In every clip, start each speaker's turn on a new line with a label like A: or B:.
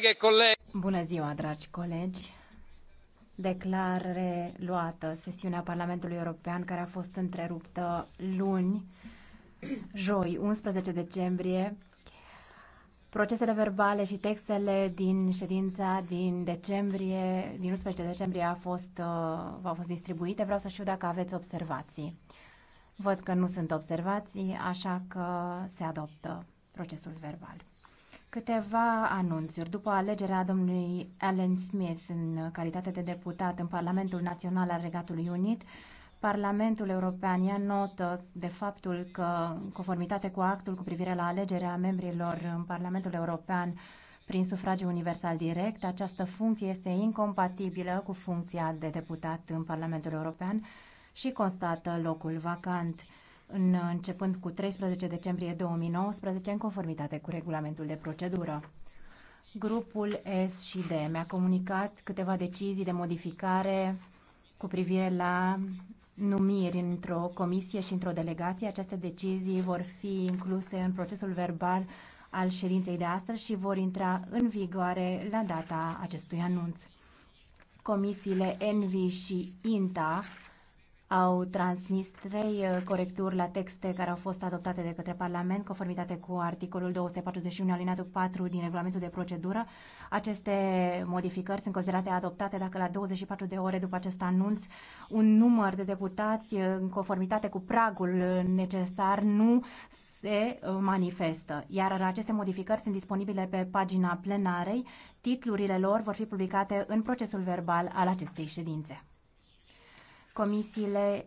A: e colleghi.
B: Bună ziua, dragi colegi. Declar reluată sesiunea Parlamentului European care a fost întreruptă luni, joi, 11 decembrie, Procesele verbale și textele din ședința din decembrie, din 11 decembrie au fost, uh, au fost distribuite. Vreau să știu dacă aveți observații. Văd că nu sunt observați, așa că se adoptă procesul verbal. Câteva anunțuri. După alegerea domnului Alan Smith în calitate de deputat în Parlamentul Național al Regatului Unit, Parlamentul European ia notă de faptul că, în conformitate cu actul cu privire la alegerea membrilor în Parlamentul European prin sufragiu universal direct, această funcție este incompatibilă cu funcția de deputat în Parlamentul European și constată locul vacant în, începând cu 13 decembrie 2019 în conformitate cu regulamentul de procedură. Grupul S și D mi-a comunicat câteva decizii de modificare cu privire la numiri într-o comisie și într-o delegație. Aceste decizii vor fi incluse în procesul verbal al ședinței de astăzi și vor intra în vigoare la data acestui anunț. Comisiile ENVI și INTA au transmis trei uh, corecturi la texte care au fost adoptate de către Parlament, conformitate cu articolul 241 alineatul 4 din regulamentul de procedură. Aceste modificări sunt considerate adoptate dacă la 24 de ore după acest anunț un număr de deputați uh, în conformitate cu pragul uh, necesar nu se manifestă, iar aceste modificări sunt disponibile pe pagina plenarei. Titlurile lor vor fi publicate în procesul verbal al acestei ședințe. Comisiile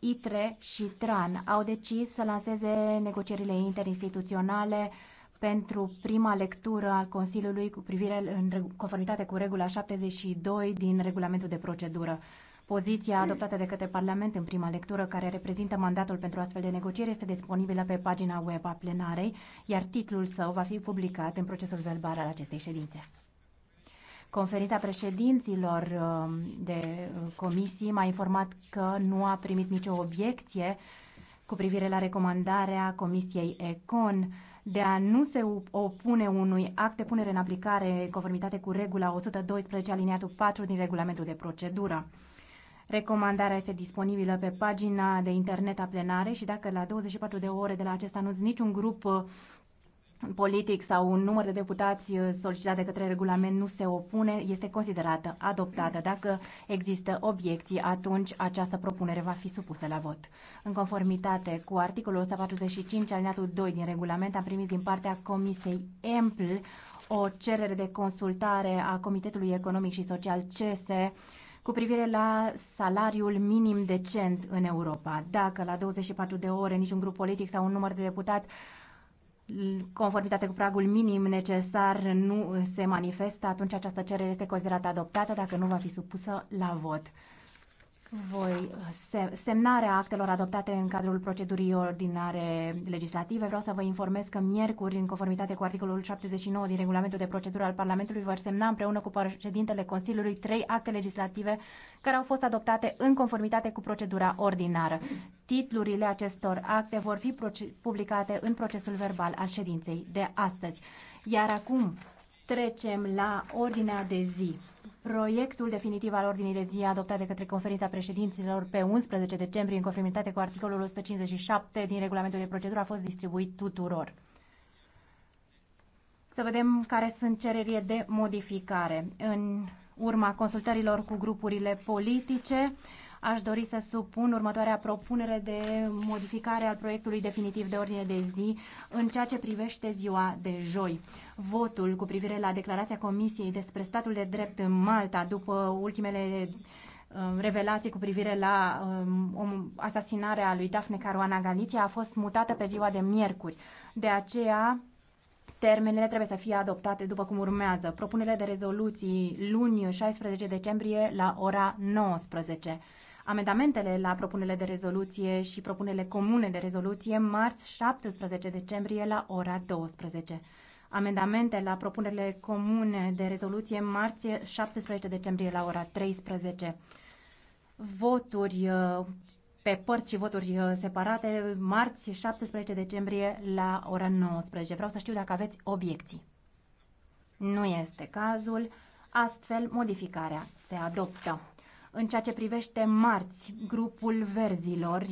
B: ITRE și TRAN au decis să lanseze negocierile interinstituționale pentru prima lectură al Consiliului cu privire în conformitate cu regula 72 din regulamentul de procedură. Poziția adoptată de către Parlament în prima lectură, care reprezintă mandatul pentru astfel de negocieri, este disponibilă pe pagina web a plenarei, iar titlul său va fi publicat în procesul verbal al acestei ședințe. Conferința președinților um, de uh, comisii m-a informat că nu a primit nicio obiecție cu privire la recomandarea Comisiei ECON de a nu se opune unui act de punere în aplicare în conformitate cu regula 112 aliniatul 4 din regulamentul de procedură. Recomandarea este disponibilă pe pagina de internet a plenarei și dacă la 24 de ore de la acest anunț niciun grup uh, politic sau un număr de deputați uh, solicitat de către regulament nu se opune, este considerată adoptată. Dacă există obiecții, atunci această propunere va fi supusă la vot. În conformitate cu articolul 145 alineatul 2 din regulament, am primit din partea Comisiei EMPL o cerere de consultare a Comitetului Economic și Social CESE cu privire la salariul minim decent în Europa. Dacă la 24 de ore niciun grup politic sau un număr de deputat conformitate cu pragul minim necesar nu se manifestă, atunci această cerere este considerată adoptată dacă nu va fi supusă la vot voi uh, semnarea actelor adoptate în cadrul procedurii ordinare legislative. Vreau să vă informez că miercuri, în conformitate cu articolul 79 din regulamentul de procedură al Parlamentului, vor semna împreună cu președintele Consiliului trei acte legislative care au fost adoptate în conformitate cu procedura ordinară. Titlurile acestor acte vor fi publicate în procesul verbal al ședinței de astăzi. Iar acum trecem la ordinea de zi. Proiectul definitiv al ordinii de zi adoptat de către conferința președinților pe 11 decembrie în conformitate cu articolul 157 din regulamentul de procedură a fost distribuit tuturor. Să vedem care sunt cererile de modificare. În urma consultărilor cu grupurile politice, aș dori să supun următoarea propunere de modificare al proiectului definitiv de ordine de zi în ceea ce privește ziua de joi votul cu privire la declarația Comisiei despre statul de drept în Malta după ultimele uh, revelații cu privire la um, asasinarea lui Daphne Caruana Galizia a fost mutată pe ziua de miercuri. De aceea, termenele trebuie să fie adoptate după cum urmează. Propunerea de rezoluții luni 16 decembrie la ora 19. Amendamentele la propunerile de rezoluție și propunerile comune de rezoluție marți 17 decembrie la ora 12 amendamente la propunerile comune de rezoluție marți 17 decembrie la ora 13. Voturi uh, pe părți și voturi uh, separate marți 17 decembrie la ora 19. Vreau să știu dacă aveți obiecții. Nu este cazul, astfel modificarea se adoptă. În ceea ce privește marți, grupul verzilor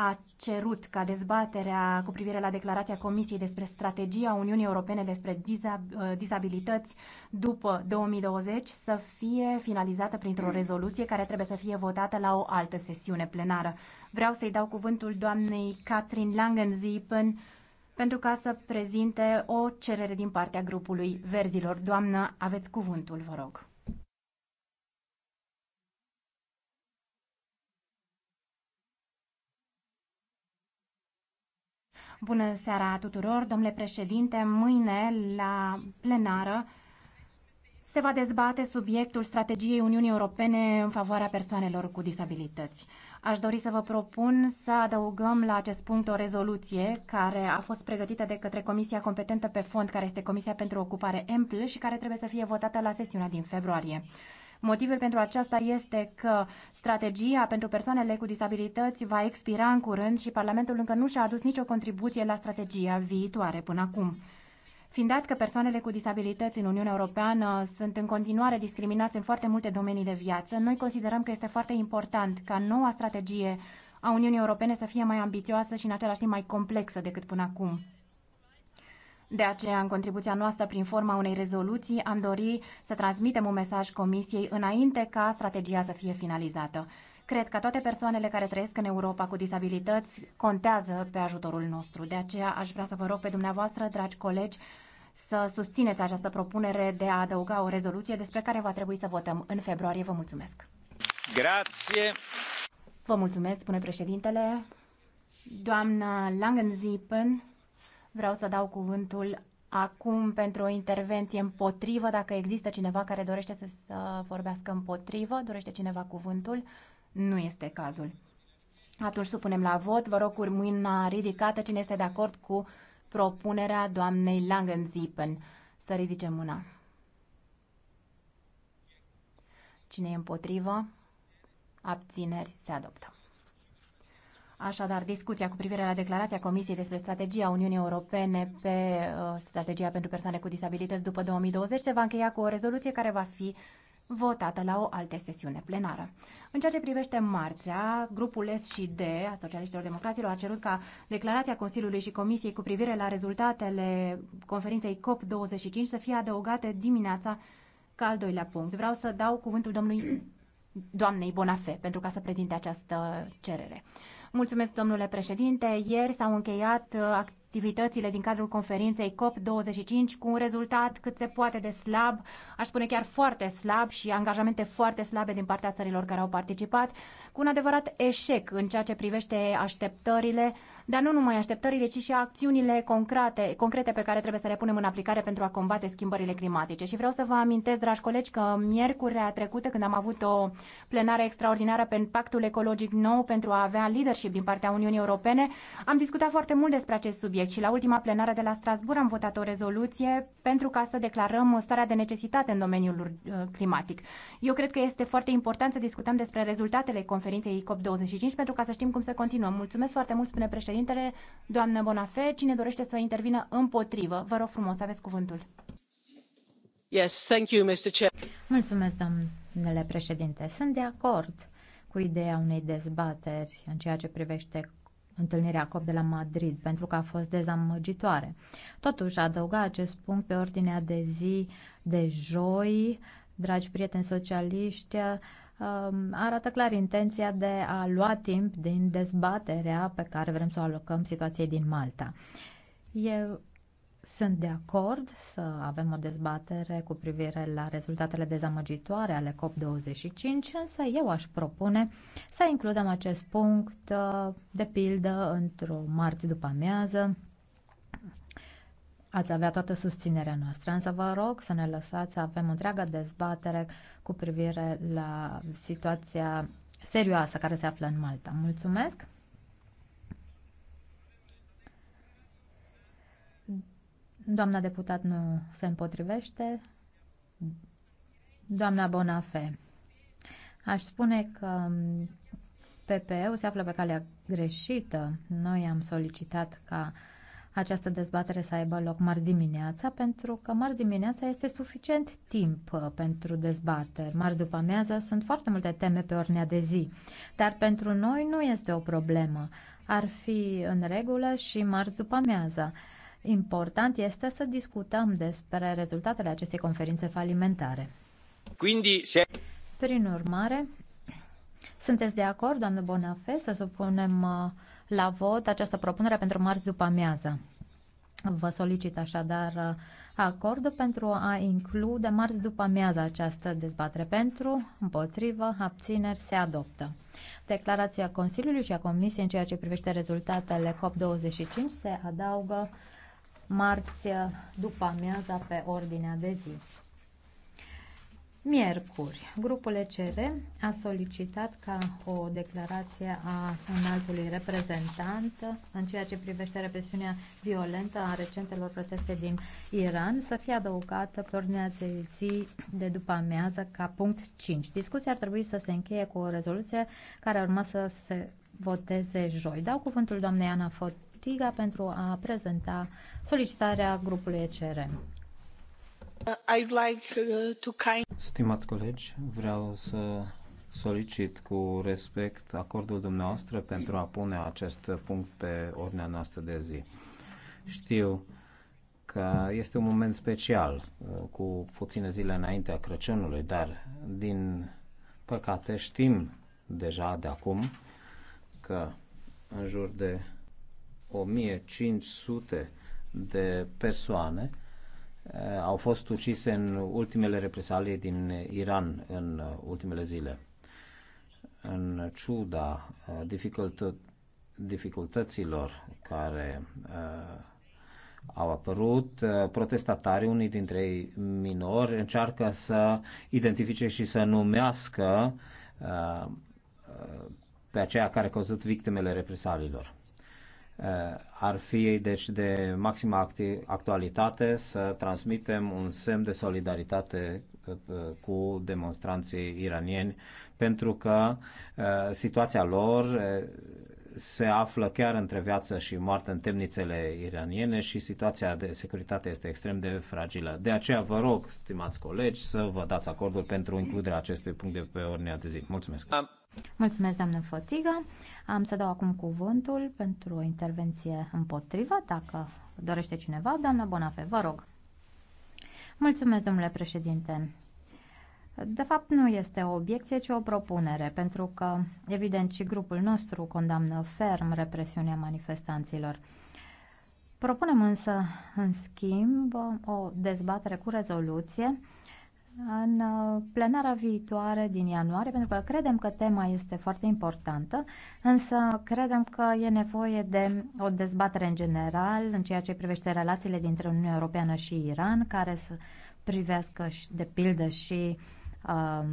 B: a cerut ca dezbaterea cu privire la declarația Comisiei despre strategia Uniunii Europene despre uh, dizabilități după 2020 să fie finalizată printr-o rezoluție care trebuie să fie votată la o altă sesiune plenară. Vreau să-i dau cuvântul doamnei Catherine Langenziepen pentru ca să prezinte o cerere din partea grupului Verzilor. Doamnă, aveți cuvântul, vă rog. Bună seara tuturor, domnule președinte. Mâine, la plenară, se va dezbate subiectul strategiei Uniunii Europene în favoarea persoanelor cu disabilități. Aș dori să vă propun să adăugăm la acest punct o rezoluție care a fost pregătită de către Comisia competentă pe fond, care este Comisia pentru Ocupare Ample și care trebuie să fie votată la sesiunea din februarie. Motivul pentru aceasta este că strategia pentru persoanele cu disabilități va expira în curând și Parlamentul încă nu și-a adus nicio contribuție la strategia viitoare până acum. Fiind dat că persoanele cu disabilități în Uniunea Europeană sunt în continuare discriminați în foarte multe domenii de viață, noi considerăm că este foarte important ca noua strategie a Uniunii Europene să fie mai ambițioasă și în același timp mai complexă decât până acum. De aceea, în contribuția noastră, prin forma unei rezoluții, am dori să transmitem un mesaj Comisiei înainte ca strategia să fie finalizată. Cred că toate persoanele care trăiesc în Europa cu disabilități contează pe ajutorul nostru. De aceea aș vrea să vă rog pe dumneavoastră, dragi colegi, să susțineți această propunere de a adăuga o rezoluție despre care va trebui să votăm în februarie. Vă mulțumesc!
A: Grație!
B: Vă mulțumesc, spune președintele. Doamna Langenzipen, Vreau să dau cuvântul acum pentru o intervenție împotrivă, dacă există cineva care dorește să, să vorbească împotrivă, dorește cineva cuvântul, nu este cazul. Atunci supunem la vot, vă rog cu mâna ridicată cine este de acord cu propunerea doamnei Langenzipen. Să ridice mâna. Cine e împotrivă? Abțineri se adoptă. Așadar, discuția cu privire la declarația Comisiei despre strategia Uniunii Europene pe uh, strategia pentru persoane cu disabilități după 2020 se va încheia cu o rezoluție care va fi votată la o altă sesiune plenară. În ceea ce privește marțea, grupul S și D a Socialiștilor Democraților a cerut ca declarația Consiliului și Comisiei cu privire la rezultatele conferinței COP25 să fie adăugate dimineața ca al doilea punct. Vreau să dau cuvântul domnului doamnei Bonafe pentru ca să prezinte această cerere. Mulțumesc, domnule președinte. Ieri s-au încheiat uh, activitățile din cadrul conferinței COP25 cu un rezultat cât se poate de slab, aș spune chiar foarte slab și angajamente foarte slabe din partea țărilor care au participat, cu un adevărat eșec în ceea ce privește așteptările dar nu numai așteptările, ci și acțiunile concrete, concrete pe care trebuie să le punem în aplicare pentru a combate schimbările climatice. Și vreau să vă amintesc, dragi colegi, că miercurea trecută, când am avut o plenară extraordinară pe Pactul Ecologic Nou pentru a avea leadership din partea Uniunii Europene, am discutat foarte mult despre acest subiect și la ultima plenară de la Strasbourg am votat o rezoluție pentru ca să declarăm starea de necesitate în domeniul uh, climatic. Eu cred că este foarte important să discutăm despre rezultatele conferinței COP25 pentru ca să știm cum să continuăm. Mulțumesc foarte mult, spune președinte președintele. Doamnă Bonafé, cine dorește să intervină împotrivă? Vă rog frumos, aveți cuvântul.
C: Yes, thank you, Mr. Chair. Mulțumesc, domnule președinte. Sunt de acord cu ideea unei dezbateri în ceea ce privește întâlnirea COP de la Madrid, pentru că a fost dezamăgitoare. Totuși, adăuga acest punct pe ordinea de zi de joi, dragi prieteni socialiști, Um, arată clar intenția de a lua timp din dezbaterea pe care vrem să o alocăm situației din Malta. Eu sunt de acord să avem o dezbatere cu privire la rezultatele dezamăgitoare ale COP25, însă eu aș propune să includem acest punct, uh, de pildă, într-o marți după amiază, Ați avea toată susținerea noastră, însă vă rog să ne lăsați să avem întreaga dezbatere cu privire la situația serioasă care se află în Malta. Mulțumesc! Doamna deputat nu se împotrivește. Doamna Bonafe, aș spune că PPE-ul se află pe calea greșită. Noi am solicitat ca uh, această dezbatere să aibă loc marți dimineața, pentru că marți dimineața este suficient timp uh, pentru dezbateri. Marți după amiază sunt foarte multe teme pe ordinea de zi, dar pentru noi nu este o problemă. Ar fi în regulă și marți după amiază. Important este să discutăm despre rezultatele acestei conferințe falimentare.
D: Quindi, se...
C: Prin urmare, sunteți de acord, doamnă Bonafe, să supunem uh, la vot această propunere pentru marți după amiază. Vă solicit așadar uh, acordul pentru a include marți după amiază această dezbatere pentru, împotrivă, abțineri se adoptă. Declarația Consiliului și a Comisiei în ceea ce privește rezultatele COP25 se adaugă marți uh, după amiaza pe ordinea de zi. Miercuri, grupul ECR a solicitat ca o declarație a înaltului reprezentant în ceea ce privește represiunea violentă a recentelor proteste din Iran să fie adăugată pe ordinea de zi de după amiază ca punct 5. Discuția ar trebui să se încheie cu o rezoluție care urma să se voteze joi. Dau cuvântul doamnei Ana Fotiga pentru a prezenta solicitarea grupului ECR.
E: Uh,
A: Stimați colegi, vreau să solicit cu respect acordul dumneavoastră pentru a pune acest punct pe ordinea noastră de zi. Știu că este un moment special, uh, cu puține zile înaintea Crăciunului, dar din păcate știm deja de acum că în jur de 1500 de persoane Eh, au fost ucise în ultimele represalii din Iran în eh, ultimele zile. În ciuda eh, dificultăților care au apărut protestatari, unii dintre ei minori, încearcă să identifice și să numească pe aceia care au căzut victimele represaliilor. Eh, ar fi deci de maximă actualitate să transmitem un semn de solidaritate eh, cu demonstranții iranieni pentru că eh, situația lor se află chiar între viață și moarte în temnițele iraniene și situația de securitate este extrem de fragilă. De aceea vă rog, stimați colegi, să vă dați acordul pentru includerea acestui punct de pe ordinea de zi. Mulțumesc! Am
C: Mulțumesc, doamnă Fotiga. Am să dau acum cuvântul pentru o intervenție împotrivă, dacă dorește cineva. Doamna Bonafe, vă rog. Mulțumesc, domnule președinte. De fapt, nu este o obiecție, ci o propunere, pentru că, evident, și grupul nostru condamnă ferm represiunea manifestanților. Propunem însă, în schimb, o dezbatere cu rezoluție în uh, plenara viitoare din ianuarie, pentru că credem că tema este foarte importantă, însă credem că e nevoie de o dezbatere în general în ceea ce privește relațiile dintre Uniunea Europeană și Iran, care să privească de pildă și um,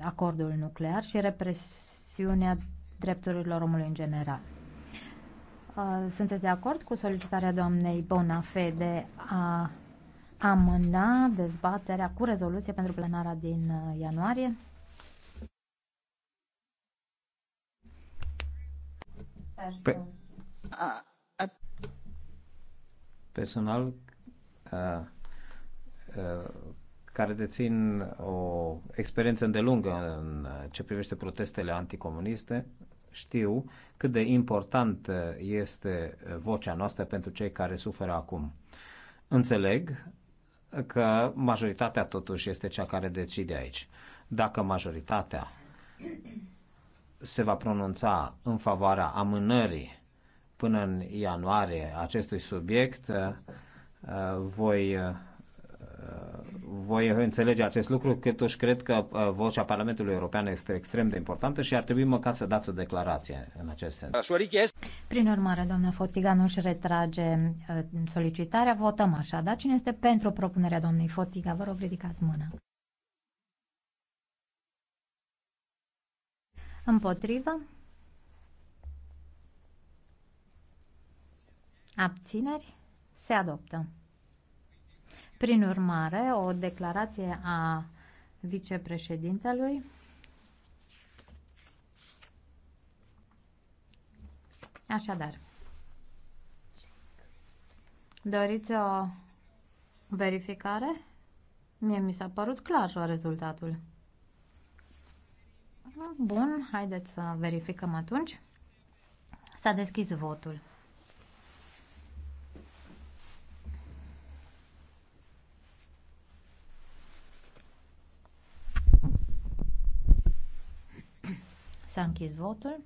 C: acordul nuclear și represiunea drepturilor omului în general. Uh, sunteți de acord cu solicitarea doamnei Bonafede a amâna dezbaterea cu rezoluție pentru plenara din uh, ianuarie?
A: Pe... Personal uh, uh, care dețin o experiență îndelungă în ce privește protestele anticomuniste, știu cât de important este vocea noastră pentru cei care suferă acum. Înțeleg că majoritatea totuși este cea care decide aici. Dacă majoritatea se va pronunța în favoarea amânării până în ianuarie acestui subiect, uh, voi uh, Uh, voi înțelege acest lucru, totuși cred că uh, vocea Parlamentului European este extrem de importantă și ar trebui măcar să dați o declarație în acest sens.
C: Prin urmare, doamna Fotiga nu își retrage uh, solicitarea, votăm așa, dar cine este pentru propunerea doamnei Fotiga? Vă rog, ridicați mâna. Împotrivă? Abțineri? Se adoptă. Prin urmare, o declarație a vicepreședintelui Așadar, doriți o verificare? Mie mi s-a părut clar rezultatul. Bun, haideți să verificăm atunci. S-a deschis votul. S-a închis votul.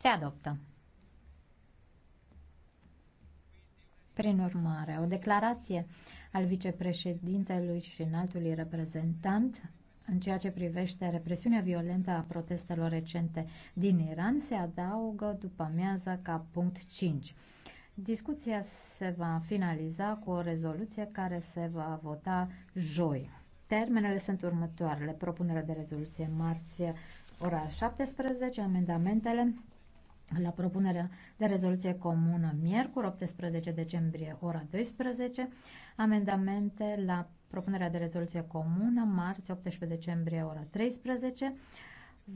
C: Se adoptă. Prin urmare, o declarație al vicepreședintelui și înaltului reprezentant în ceea ce privește represiunea violentă a protestelor recente din Iran se adaugă după amiază ca punct 5. Discuția se va finaliza cu o rezoluție care se va vota joi. Termenele sunt următoarele. Propunerea de rezoluție marți ora 17, amendamentele la propunerea de rezoluție comună miercuri 18 decembrie ora 12, amendamente la propunerea de rezoluție comună marți 18 decembrie ora 13,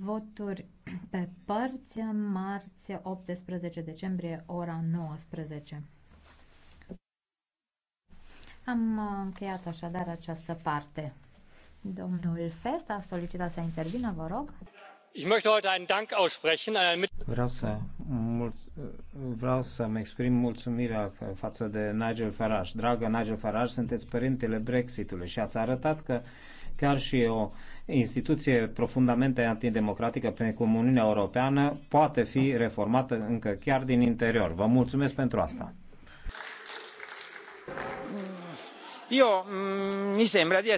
C: Voturi pe părți, marți 18 decembrie, ora 19. Am încheiat așadar această parte. Domnul Fest a solicitat să intervină, vă rog.
A: Ich möchte
D: heute einen Dank aussprechen an mit
A: Vreau să, mult, vreau să-mi exprim mulțumirea față de Nigel Farage. Dragă Nigel Farage, sunteți părintele Brexitului și ați arătat că Chiar și o instituție profundamente antidemocratică, precum Uniunea Europeană, poate fi reformată încă chiar din interior. Vă mulțumesc pentru asta. Eu, mm, mi sembra de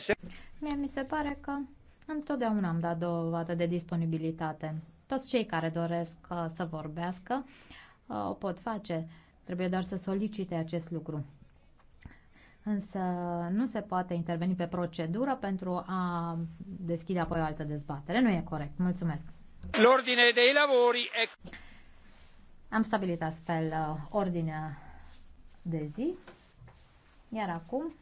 C: Mie mi se pare că întotdeauna am dat dovadă de disponibilitate. Toți cei care doresc uh, să vorbească uh, o pot face. Trebuie doar să solicite acest lucru însă nu se poate interveni pe procedură pentru a deschide apoi o altă dezbatere. Nu e corect. Mulțumesc.
D: L'ordine dei lavori e...
C: Am stabilit astfel uh, ordinea de zi, iar acum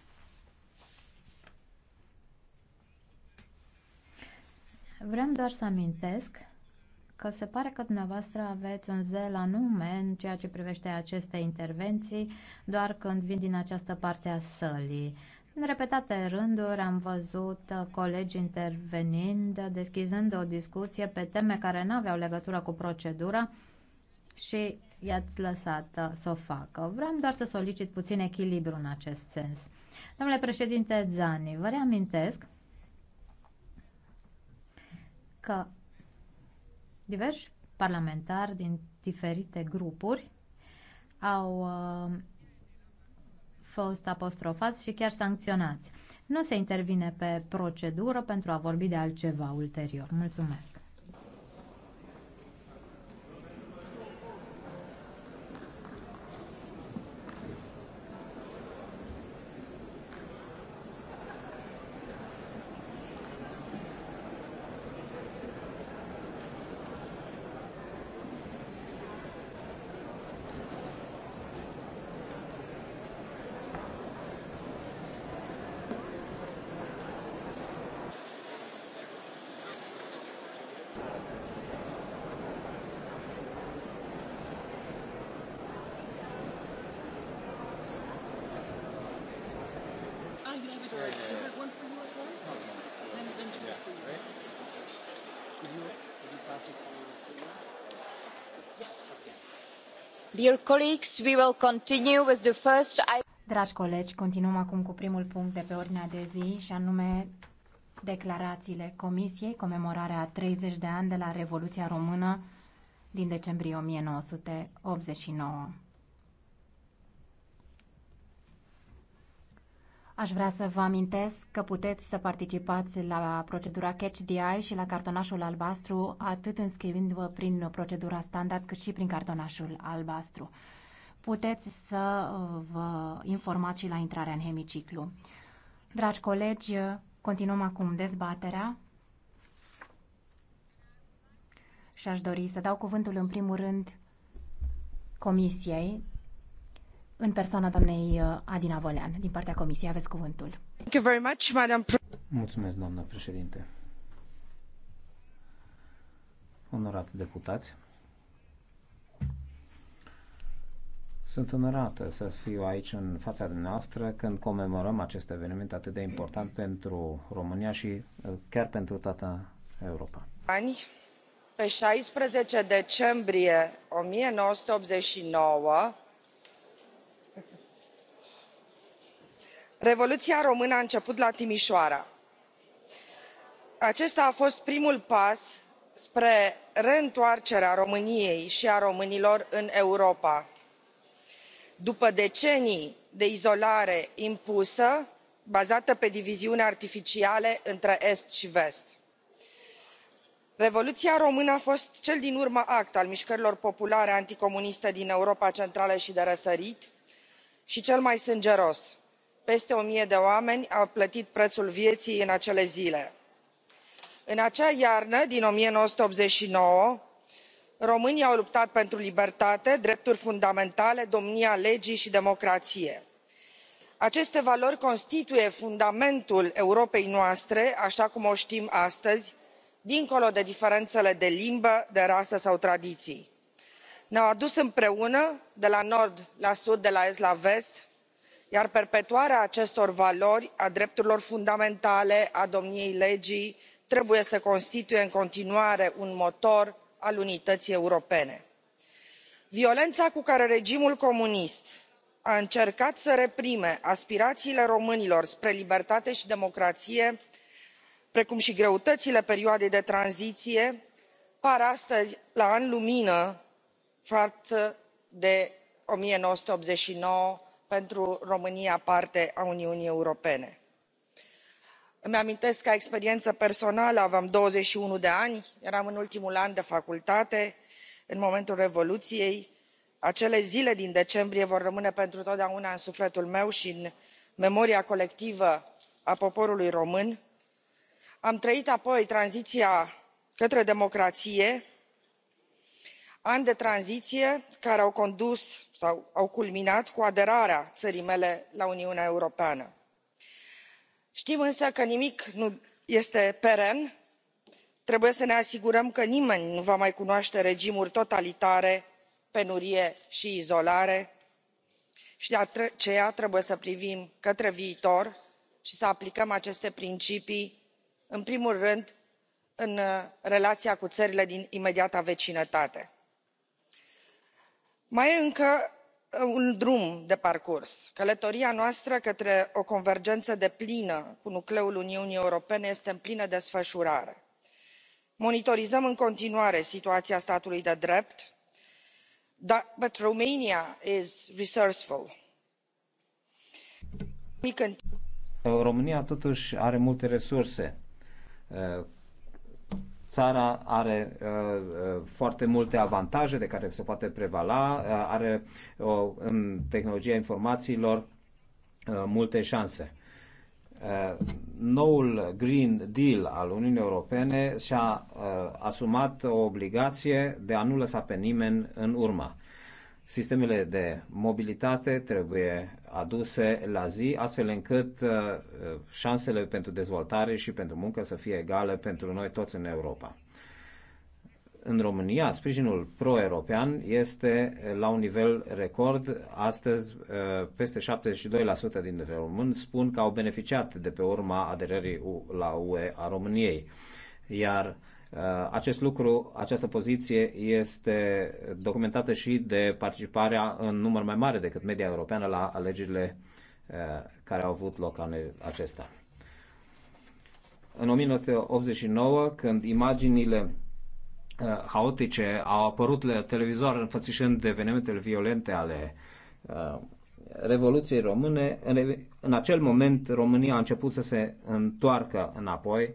C: Vrem doar să amintesc că se pare că dumneavoastră aveți un zel anume în ceea ce privește aceste intervenții, doar când vin din această parte a sălii. În repetate rânduri am văzut colegi intervenind, deschizând o discuție pe teme care nu aveau legătură cu procedura și i-ați lăsat să o facă. Vreau doar să solicit puțin echilibru în acest sens. Domnule președinte Zani, vă reamintesc că Diversi parlamentari din diferite grupuri au uh, fost apostrofați și chiar sancționați. Nu se intervine pe procedură pentru a vorbi de altceva ulterior. Mulțumesc!
B: Dragi colegi, continuăm acum cu primul punct de pe ordinea de zi și anume declarațiile Comisiei, comemorarea a 30 de ani de la Revoluția Română din decembrie 1989. Aș vrea să vă amintesc că puteți să participați la procedura Catch the Eye și la cartonașul albastru, atât înscriindu-vă prin procedura standard, cât și prin cartonașul albastru. Puteți să uh, vă informați și la intrarea în hemiciclu. Dragi colegi, continuăm acum dezbaterea. Și aș dori să dau cuvântul în primul rând Comisiei în persoana doamnei uh, Adina Volean, din partea Comisiei. Aveți cuvântul.
E: Thank you very much, Madam
A: Mulțumesc, doamnă președinte. Onorați deputați, Sunt onorată să fiu aici în fața dumneavoastră când comemorăm acest eveniment atât de important pentru România și uh, chiar pentru toată Europa.
E: Ani, pe 16 decembrie 1989, revoluția română a început la timișoara. acesta a fost primul pas spre reîntoarcerea româniei și a românilor în europa după decenii de izolare impusă bazată pe diviziuni artificiale între est și vest. revoluția română a fost cel din urmă act al mișcărilor populare anticomuniste din europa centrală și de răsărit și cel mai sângeros peste o mie de oameni au plătit prețul vieții în acele zile. în acea iarnă din o mie nouă sute optzeci și nouă românii au luptat pentru libertate drepturi fundamentale domnia legii și democrație. aceste valori constituie fundamentul europei noastre așa cum o știm astăzi dincolo de diferențele de limbă de rasă sau tradiții. ne au adus împreună de la nord la sud de la est la vest iar perpetuarea acestor valori a drepturilor fundamentale a domniei legii trebuie să constituie în continuare un motor al unității europene. violența cu care regimul comunist a încercat să reprime aspirațiile românilor spre libertate și democrație precum și greutățile perioadei de tranziție par astăzi la ani lumină față de o mie nouă sute optzeci și nouă pentru românia parte a uniunii europene. îmi amintesc ca experiență personală aveam douăzeci și unu de ani eram în ultimul an de facultate în momentul revoluției acele zile din decembrie vor rămâne pentru totdeauna în sufletul meu și în memoria colectivă a poporului român. am trăit apoi tranziția către democrație ani de tranziție care au condus sau au culminat cu aderarea țării mele la uniunea europeană. știm însă că nimic nu este peren trebuie să ne asigurăm că nimeni nu va mai cunoaște regimuri totalitare penurie și izolare și de aceea trebuie să privim către viitor și să aplicăm aceste principii în primul rând în uh, relația cu țările din imediata vecinătate mai e încă uh, un drum de parcurs călătoria noastră către o convergență deplină cu nucleul uniunii europene este în plină desfășurare. monitorizăm în continuare situația statului de drept but romania is resourceful.
A: românia totuși are multe resurse uh, Țara are uh, uh, foarte multe avantaje de care se poate prevala, uh, are în tehnologia informațiilor multe șanse noul Green Deal al Uniunii Europene și-a asumat o obligație de a nu lăsa pe nimeni în urmă. Sistemele de mobilitate trebuie aduse la zi, astfel încât uh, șansele pentru dezvoltare și pentru muncă să fie egale pentru noi toți în Europa. În România, sprijinul pro-european este la un nivel record. Astăzi, uh, peste 72% dintre români spun că au beneficiat de pe urma aderării la UE a României. Iar uh, Uh, acest lucru, această poziție este documentată și de participarea în număr mai mare decât media europeană la alegerile uh, care au avut loc anul acesta. În 1989, când imaginile uh, haotice au apărut la televizor înfățișând evenimentele violente ale Revoluției Române, în, în acel moment România a început să se întoarcă înapoi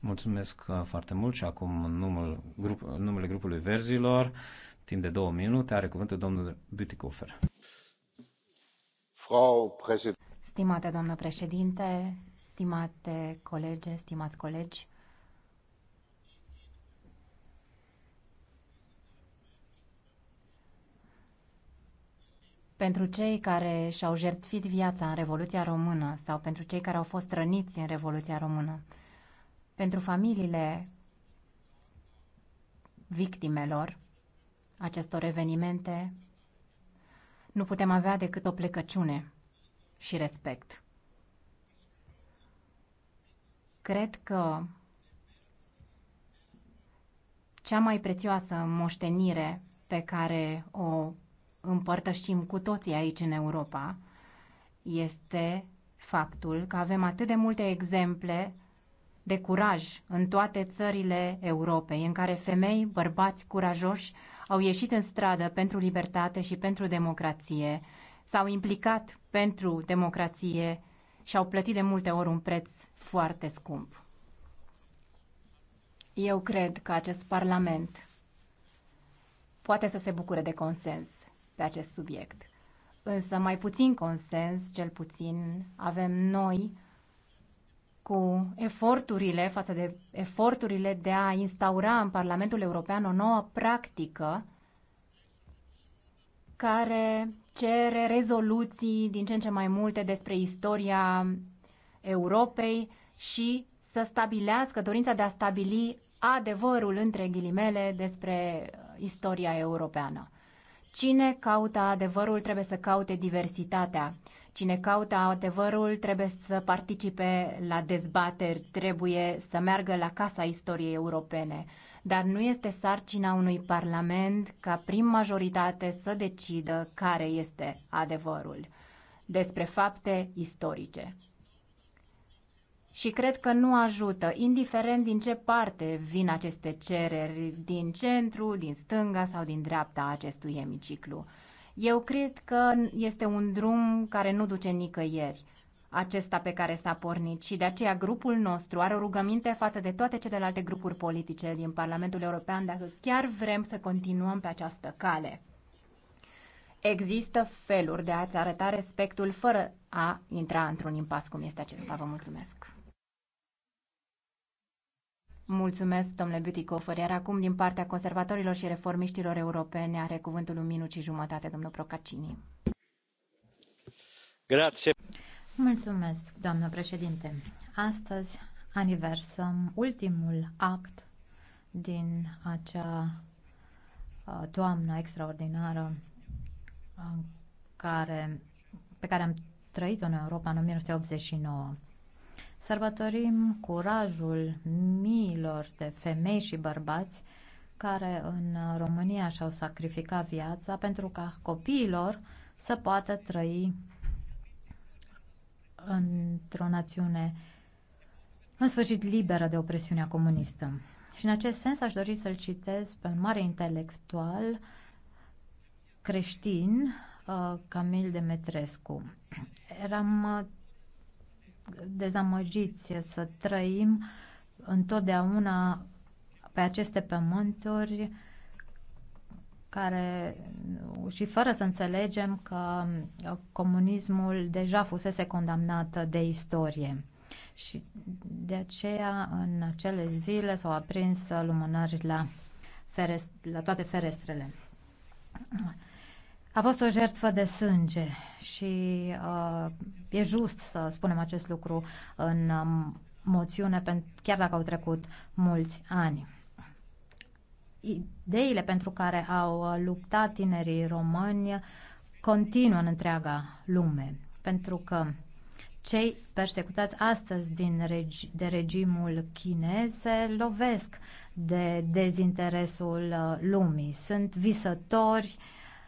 A: Mulțumesc uh, foarte mult și acum în numul, grup, în numele grupului Verzilor, timp de două minute, are cuvântul domnul Bütikofer.
F: Frau președinte.
B: Stimate doamnă președinte, stimate colege, stimați colegi, pentru cei care și-au jertfit viața în Revoluția Română sau pentru cei care au fost răniți în Revoluția Română, pentru familiile victimelor acestor evenimente, nu putem avea decât o plecăciune și respect. Cred că cea mai prețioasă moștenire pe care o împărtășim cu toții aici în Europa este faptul că avem atât de multe exemple de curaj în toate țările Europei, în care femei, bărbați curajoși au ieșit în stradă pentru libertate și pentru democrație, s-au implicat pentru democrație și au plătit de multe ori un preț foarte scump. Eu cred că acest Parlament poate să se bucure de consens pe acest subiect. Însă mai puțin consens, cel puțin, avem noi cu eforturile, față de eforturile de a instaura în Parlamentul European o nouă practică care cere rezoluții din ce în ce mai multe despre istoria Europei și să stabilească dorința de a stabili adevărul, între ghilimele, despre istoria europeană. Cine caută adevărul trebuie să caute diversitatea Cine caută adevărul trebuie să participe la dezbateri, trebuie să meargă la Casa Istoriei Europene. Dar nu este sarcina unui parlament ca prim majoritate să decidă care este adevărul despre fapte istorice. Și cred că nu ajută, indiferent din ce parte vin aceste cereri, din centru, din stânga sau din dreapta acestui emiciclu. Eu cred că este un drum care nu duce nicăieri acesta pe care s-a pornit și de aceea grupul nostru are o rugăminte față de toate celelalte grupuri politice din Parlamentul European dacă chiar vrem să continuăm pe această cale. Există feluri de a-ți arăta respectul fără a intra într-un impas cum este acesta. Vă mulțumesc! Mulțumesc, domnule Butikofer. Iar acum, din partea conservatorilor și reformiștilor europene, are
C: cuvântul un minut și jumătate, domnul Procacini. Grazie. Mulțumesc, doamnă președinte. Astăzi aniversăm ultimul act din acea uh, toamnă extraordinară uh, care, pe care am trăit-o în Europa în 1989. Sărbătorim curajul miilor de femei și bărbați care în România și-au sacrificat viața pentru ca copiilor să poată trăi într-o națiune în sfârșit liberă de opresiunea comunistă. Și în acest sens aș dori să-l citez pe un mare intelectual creștin, uh, Camil Demetrescu. Eram uh, dezamăgiți să trăim întotdeauna pe aceste pământuri care și fără să înțelegem că comunismul deja fusese condamnat de istorie. Și de aceea în acele zile s-au aprins lumânări la, ferest- la toate ferestrele a fost o jertfă de sânge și uh, e just să spunem acest lucru în um, moțiune, chiar dacă au trecut mulți ani. Ideile pentru care au uh, luptat tinerii români continuă în întreaga lume, pentru că cei persecutați astăzi din regi- de regimul chinez se lovesc de dezinteresul uh, lumii. Sunt visători uh,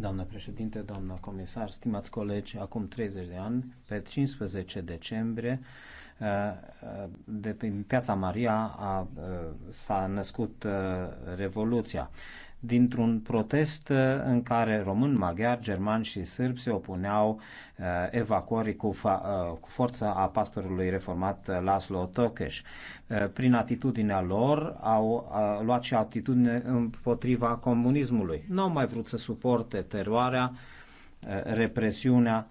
A: Doamna președinte, doamna comisar, stimați colegi, acum 30 de ani, pe 15 decembrie, uh, uh, de pe piața Maria a, uh, s-a născut Revoluția dintr-un protest uh, în care români, maghiari, germani și sârbi se opuneau uh, evacuării cu, uh, cu forța a pastorului reformat Laszlo Tokes. Prin atitudinea lor au luat și atitudine împotriva comunismului. Nu au mai vrut să suporte teroarea, represiunea,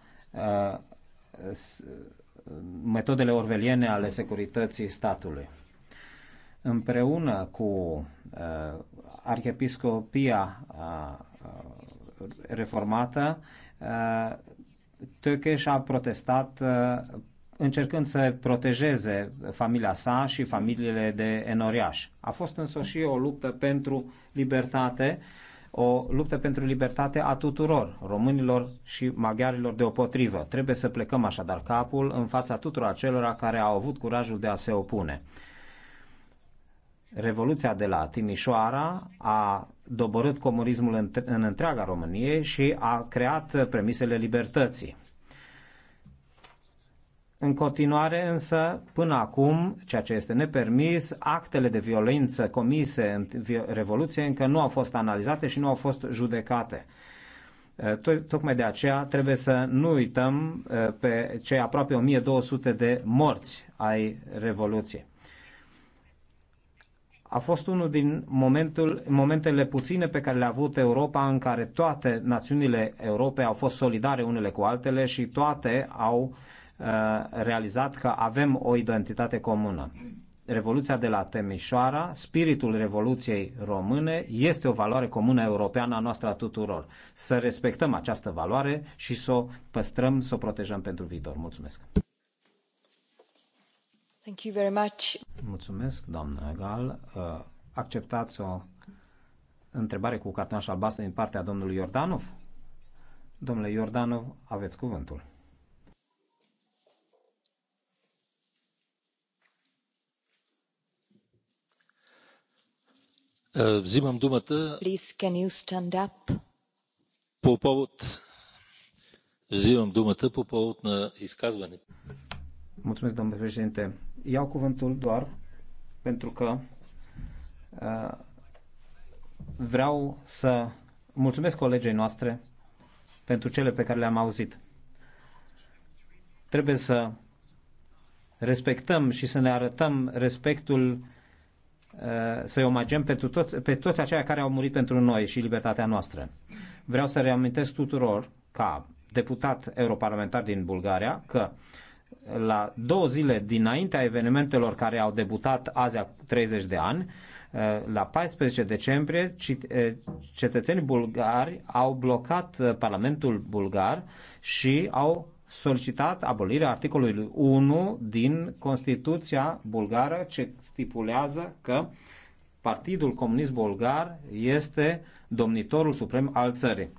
A: metodele orveliene ale securității statului. Împreună cu uh, arhiepiszkópia reformată, Tökés a protestat încercând să protejeze familia sa și familiile de enoriaș. A fost însă și o luptă pentru libertate, o luptă pentru libertate a tuturor, românilor și maghiarilor deopotrivă. Trebuie să plecăm așadar capul în fața tuturor acelora care au avut curajul de a se opune. Revoluția de la Timișoara a doborât comunismul în, în întreaga Românie și a creat premisele libertății. În continuare, însă, până acum, ceea ce este nepermis, actele de violență comise în Revoluție încă nu au fost analizate și nu au fost judecate. Tocmai de aceea trebuie să nu uităm pe cei aproape 1200 de morți ai Revoluției a fost unul din momentul, momentele puține pe care le-a avut Europa în care toate națiunile Europei au fost solidare unele cu altele și toate au uh, realizat că avem o identitate comună. Revoluția de la Temișoara, spiritul Revoluției Române, este o valoare comună europeană a noastră a tuturor. Să respectăm această valoare și să o păstrăm, să o protejăm pentru viitor. Mulțumesc!
G: Thank you very much.
A: Mulțumesc, doamnă Gal. Uh, acceptați o întrebare cu cartonaș albastră din partea domnului Iordanov? Domnule Iordanov, aveți cuvântul.
H: Uh,
G: Please, can you
H: по повод взимам думата по повод на изказването. Mulțumesc, domnule președinte.
A: Iau cuvântul doar pentru că uh, vreau să mulțumesc colegei noastre pentru cele pe care le-am auzit. Trebuie să respectăm și să ne arătăm respectul, uh, să-i omagem pentru toți, pe toți aceia care au murit pentru noi și libertatea noastră. Vreau să reamintesc tuturor, ca deputat europarlamentar din Bulgaria, că uh, la două zile dinaintea evenimentelor care au debutat azi 30 de ani, eh, la 14 decembrie, eh, cetățenii bulgari au blocat eh, Parlamentul bulgar și au solicitat abolirea articolului 1 din Constituția bulgară ce stipulează că Partidul Comunist Bulgar este domnitorul suprem al țării.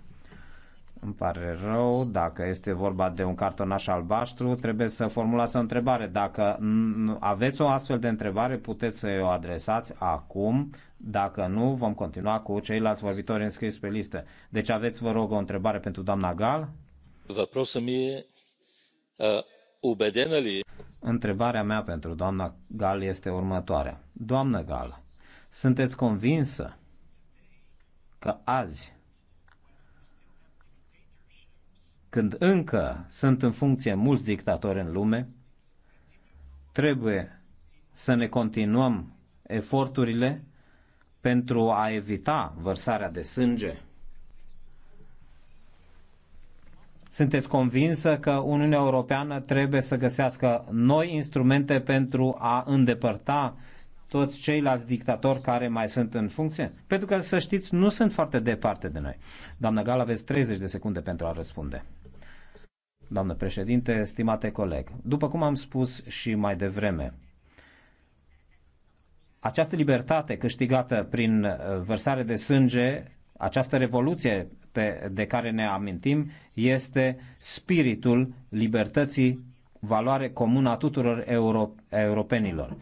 A: Îmi pare rău, dacă este vorba de un cartonaș albastru, trebuie să formulați o întrebare. Dacă aveți o astfel de întrebare, puteți să o adresați acum. Dacă nu, vom continua cu ceilalți vorbitori înscriși pe listă. Deci aveți, vă rog, o întrebare pentru doamna Gal?
H: Vă vreau să mi
A: Întrebarea mea pentru doamna Gal este următoarea. Doamnă Gal, sunteți convinsă că azi când încă sunt în funcție mulți dictatori în lume, trebuie să ne continuăm eforturile pentru a evita vărsarea de sânge. Sunteți convinsă că Uniunea Europeană trebuie să găsească noi instrumente pentru a îndepărta toți ceilalți dictatori care mai sunt în funcție? Pentru că, să știți, nu sunt foarte departe de noi. Doamna Gal, aveți 30 de secunde pentru a răspunde doamnă președinte, stimate coleg. După cum am spus și mai devreme, această libertate câștigată prin uh, vărsare de sânge, această revoluție pe, de care ne amintim, este spiritul libertății, valoare comună a tuturor euro, europenilor.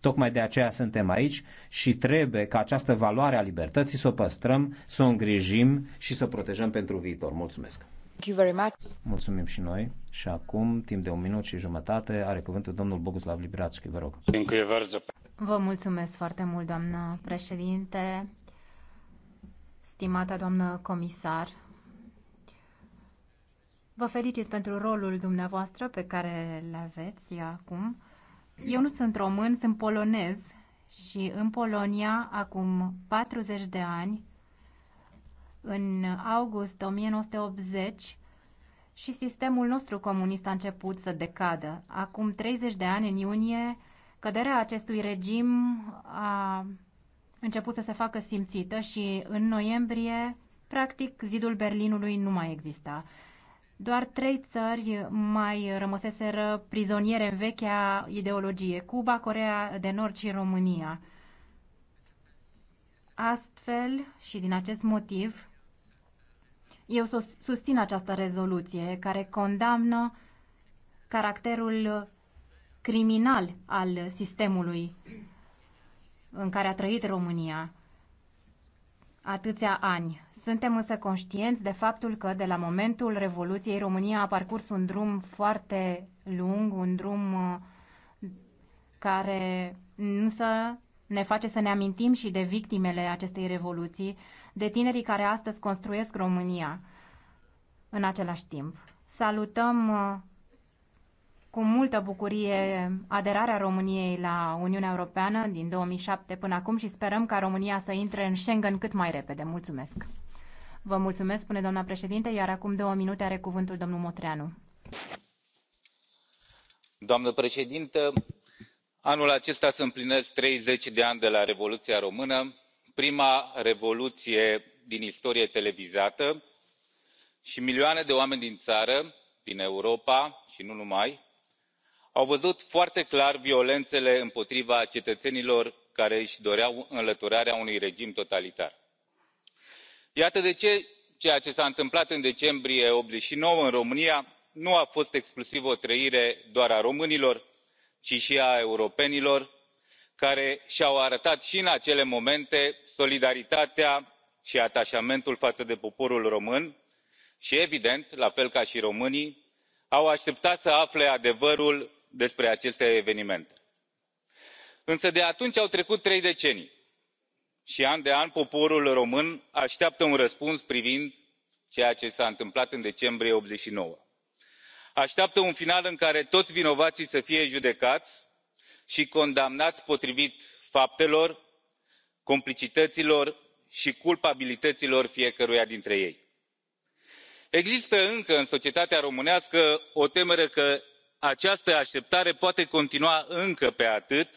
A: Tocmai de aceea suntem aici și trebuie ca această valoare a libertății să o păstrăm, să o îngrijim și să o protejăm pentru viitor. Mulțumesc! Mulțumim și noi. Și acum, timp de un minut și jumătate, are cuvântul domnul Boguslav Liberațchi, vă rog.
B: Vă mulțumesc foarte mult, doamnă președinte, stimata doamnă comisar. Vă felicit pentru rolul dumneavoastră pe care le aveți acum. Eu nu sunt român, sunt polonez și în Polonia, acum 40 de ani, în august 1980 și sistemul nostru comunist a început să decadă. Acum 30 de ani, în iunie, căderea acestui regim a început să se facă simțită și în noiembrie, practic, zidul Berlinului nu mai exista. Doar trei țări mai rămăseseră prizoniere în vechea ideologie, Cuba, Corea de Nord și România. Astăzi, fel și din acest motiv, eu susțin această rezoluție care condamnă caracterul criminal al sistemului în care a trăit România atâția ani. Suntem însă conștienți de faptul că de la momentul Revoluției România a parcurs un drum foarte lung, un drum uh, care însă ne face să ne amintim și de victimele acestei revoluții, de tinerii care astăzi construiesc România în același timp. Salutăm uh, cu multă bucurie aderarea României la Uniunea Europeană din 2007 până acum și sperăm ca România să intre în Schengen cât mai repede. Mulțumesc! Vă mulțumesc, spune doamna președinte, iar acum două minute are cuvântul domnul Motreanu.
H: Doamnă președintă, anul acesta se împlinesc treizeci de ani de la revoluția română prima revoluție din istorie televizată și milioane de oameni din țară din europa și nu numai au văzut foarte clar violențele împotriva cetățenilor care își doreau înlăturarea unui regim totalitar. iată de ce ceea ce s a întâmplat în decembrie o mie nouă sute optzeci și nouă în românia nu a fost exclusiv o trăire doar a românilor ci și a europenilor care și au arătat și în acele momente solidaritatea și atașamentul față de poporul român și evident la fel ca și românii au așteptat să afle adevărul despre aceste evenimente. însă de atunci au trecut trei decenii și an de an poporul român așteaptă un răspuns privind ceea ce s a întâmplat în decembrie. o mie nouă așteaptă un final în care toți vinovații să fie judecați și condamnați potrivit faptelor complicităților și culpabilităților fiecăruia dintre ei. există încă în societatea românească o temere că această așteptare poate continua încă pe atât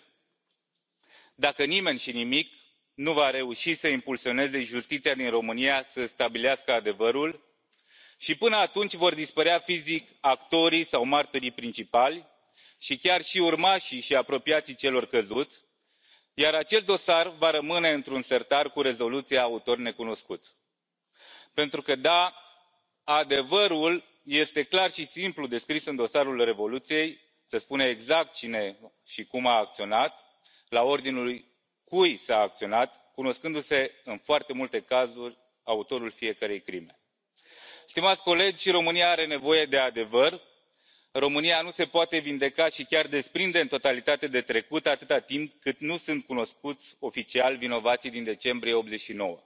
H: dacă nimeni și nimic nu va reuși să impulsioneze justiția din românia să stabilească adevărul și până atunci vor dispărea fizic actorii sau martorii principali și chiar și urmașii și apropiații celor căzuți iar acest dosar va rămâne într un sertar cu rezoluția autor necunoscut. pentru că da adevărul este clar și simplu descris în dosarul revoluției se spune exact cine și cum a acționat la ordinul cui s a acționat cunoscându se în foarte multe cazuri autorul fiecărei crime stimați colegi românia are nevoie de adevăr românia nu se poate vindeca și chiar desprinde în totalitate de trecut atâta timp cât nu sunt cunoscuți oficial vinovații din decembrie. o mie nouă sute optzeci și nouă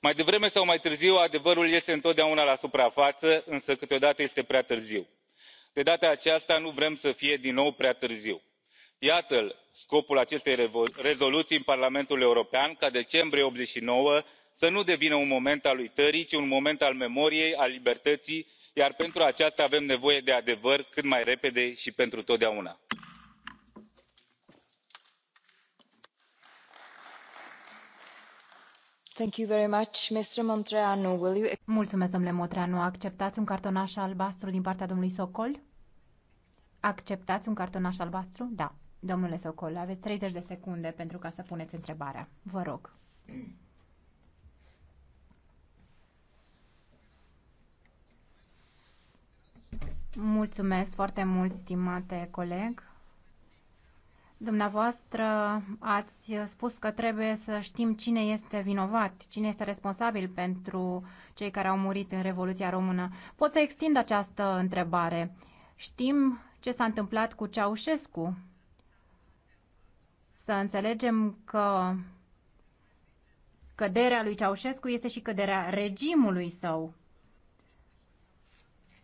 H: mai devreme sau mai târziu adevărul iese întotdeauna la suprafață însă câteodată este prea târziu. de data aceasta nu vrem să fie din nou prea târziu. iată l scopul acestei rezoluții în parlamentul european ca decembrie o mie nouă sute optzeci și nouă să nu devină un moment al uitării ci un moment al memoriei al libertății iar pentru aceasta avem nevoie de adevăr cât mai repede și pentru totdeauna.
B: Mulțumesc, domnule Montreanu. Acceptați un cartonaș albastru din partea domnului Socol? Acceptați un cartonaș albastru? Da. Domnule Socol, aveți 30 de secunde pentru ca să puneți întrebarea. Vă rog. Mulțumesc foarte mult, stimate coleg. Dumneavoastră ați spus că trebuie să știm cine este vinovat, cine este responsabil pentru cei care au murit în Revoluția Română. Pot să extind această întrebare. Știm ce s-a întâmplat cu Ceaușescu? Să înțelegem că căderea lui Ceaușescu este și căderea regimului său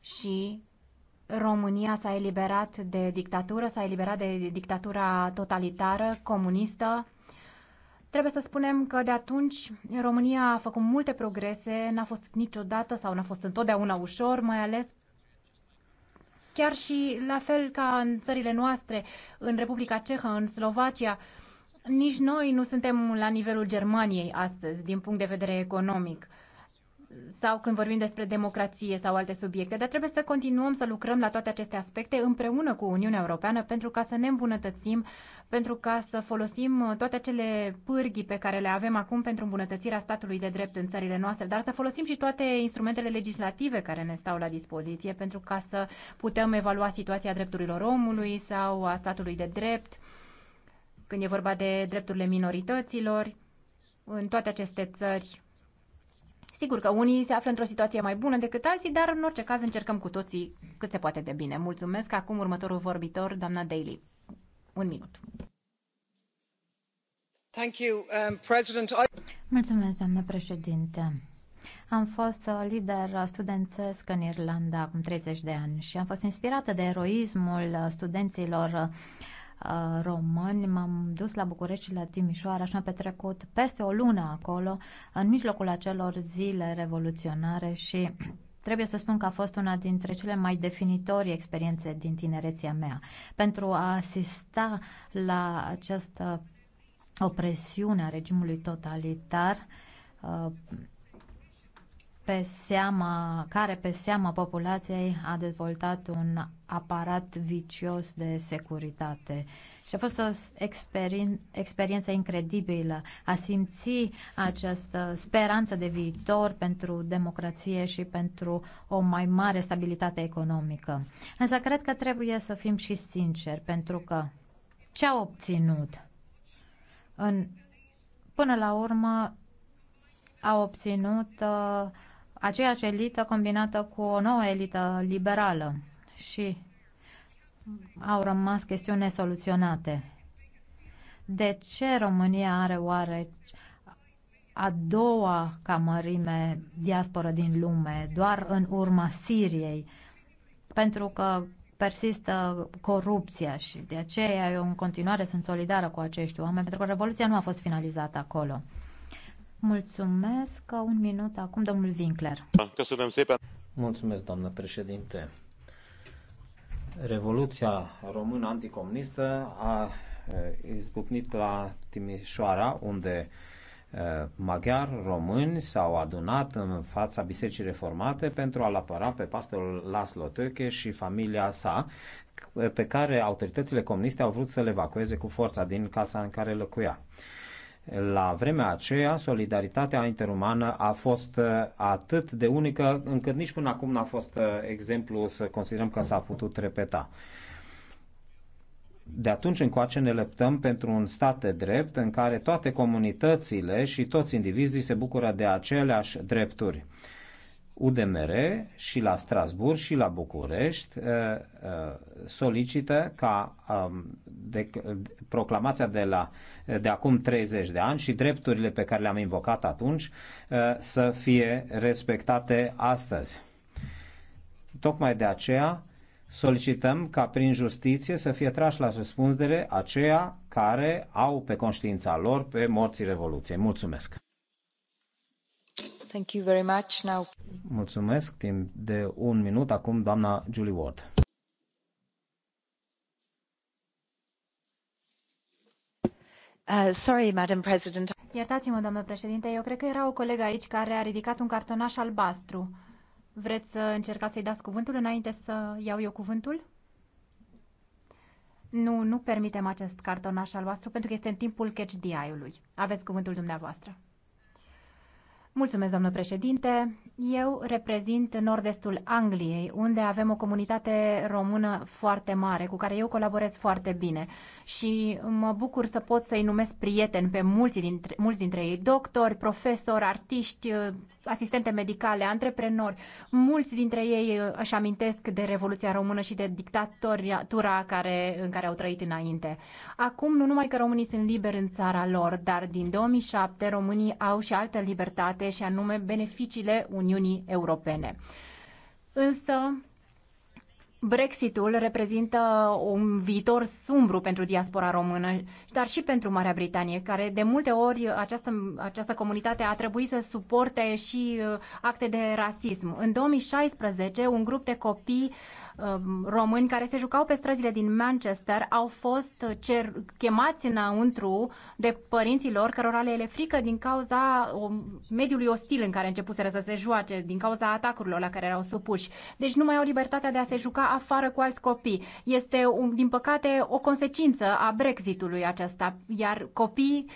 B: și România s-a eliberat de dictatură, s-a eliberat de dictatura totalitară, comunistă. Trebuie să spunem că de atunci România a făcut multe progrese, n-a fost niciodată sau n-a fost întotdeauna ușor, mai ales chiar și la fel ca în țările noastre, în Republica Cehă, în Slovacia, nici noi nu suntem la nivelul Germaniei astăzi, din punct de vedere economic sau când vorbim despre democrație sau alte subiecte, dar trebuie să continuăm să lucrăm la toate aceste aspecte împreună cu Uniunea Europeană pentru ca să ne îmbunătățim, pentru ca să folosim uh, toate acele pârghii pe care le avem acum pentru îmbunătățirea statului de drept în țările noastre, dar să folosim și toate instrumentele legislative care ne stau la dispoziție pentru ca să putem evalua situația drepturilor omului sau a statului de drept, când e vorba de drepturile minorităților în toate aceste țări Sigur că unii se află într-o situație mai bună decât alții, dar în orice caz încercăm cu toții cât se poate de bine. Mulțumesc. Acum următorul vorbitor, doamna Daly.
C: Un minut.
I: Thank you, um, President. I...
C: Mulțumesc, doamnă președinte. Am fost uh, lider studențesc în Irlanda acum 30 de ani și am fost inspirată de eroismul uh, studenților uh, Uh, români. M-am dus la București și la Timișoara și am petrecut peste o lună acolo, în mijlocul acelor zile revoluționare și Trebuie să spun că a fost una dintre cele mai definitorii experiențe din tinereția mea. Pentru a asista la această opresiune a regimului totalitar, uh, pe seama, care pe seama populației a dezvoltat un aparat vicios de securitate. Și a fost o experien- experiență incredibilă a simți această speranță de viitor pentru democrație și pentru o mai mare stabilitate economică. Însă cred că trebuie să fim și sinceri, pentru că ce a obținut? În, până la urmă a obținut uh, aceeași elită combinată cu o nouă elită liberală și au rămas chestiuni nesoluționate. De ce România are oare a doua ca mărime diasporă din lume, doar în urma Siriei, pentru că persistă corupția și de aceea eu în continuare sunt solidară cu acești oameni, pentru că Revoluția nu a fost finalizată acolo. Mulțumesc. Un minut acum, domnul Winkler.
A: Mulțumesc, doamnă președinte. Revoluția română anticomunistă a izbucnit la Timișoara, unde maghiari, români s-au adunat în fața Bisericii Reformate pentru a-l apăra pe pastorul Laszlo Töke și familia sa, pe care autoritățile comuniste au vrut să le evacueze cu forța din casa în care locuia. La vremea aceea, solidaritatea interumană a fost uh, atât de unică încât nici până acum n-a fost uh, exemplu să considerăm că s-a putut repeta. De atunci încoace ne lăptăm pentru un stat de drept în care toate comunitățile și toți indivizii se bucură de aceleași drepturi. UDMR și la Strasburg și la București uh, uh, solicită ca um, de, proclamația de, la, de acum 30 de ani și drepturile pe care le-am invocat atunci uh, să fie respectate astăzi. Tocmai de aceea solicităm ca prin justiție să fie trași la răspundere aceia care au pe conștiința lor pe morții Revoluției. Mulțumesc!
G: Thank you very much. Now...
A: Mulțumesc. Timp de un minut acum, doamna Julie Ward.
B: Uh, sorry, Madam President. Iertați-mă, doamnă președinte, eu cred că era o colegă aici care a ridicat un cartonaș albastru. Vreți să încercați să-i dați cuvântul înainte să iau eu cuvântul? Nu, nu permitem acest cartonaș albastru pentru că este în timpul catch DI-ului. Aveți cuvântul dumneavoastră. Mulțumesc, doamnă președinte. Eu reprezint nord-estul Angliei, unde avem o comunitate română foarte mare, cu care eu colaborez foarte bine. Și mă bucur să pot să-i numesc prieteni pe mulți dintre, mulți dintre ei, doctori, profesori, artiști, asistente medicale, antreprenori. Mulți dintre ei își amintesc de Revoluția Română și de dictatura care, în care au trăit înainte. Acum, nu numai că românii sunt liberi în țara lor, dar din 2007 românii au și altă libertate clare și anume beneficiile Uniunii Europene. Însă, Brexitul reprezintă un viitor sumbru pentru diaspora română, dar și pentru Marea Britanie, care de multe ori această, această comunitate a trebuit să suporte și uh, acte de rasism. În 2016, un grup de copii Um, români care se jucau pe străzile din Manchester au fost uh, cer, chemați înăuntru de părinții lor cărora le ele frică din cauza um, mediului ostil în care începuseră să se joace, din cauza atacurilor la care erau supuși. Deci nu mai au libertatea de a se juca afară cu alți copii. Este, um, din păcate, o consecință a Brexitului acesta, iar copii,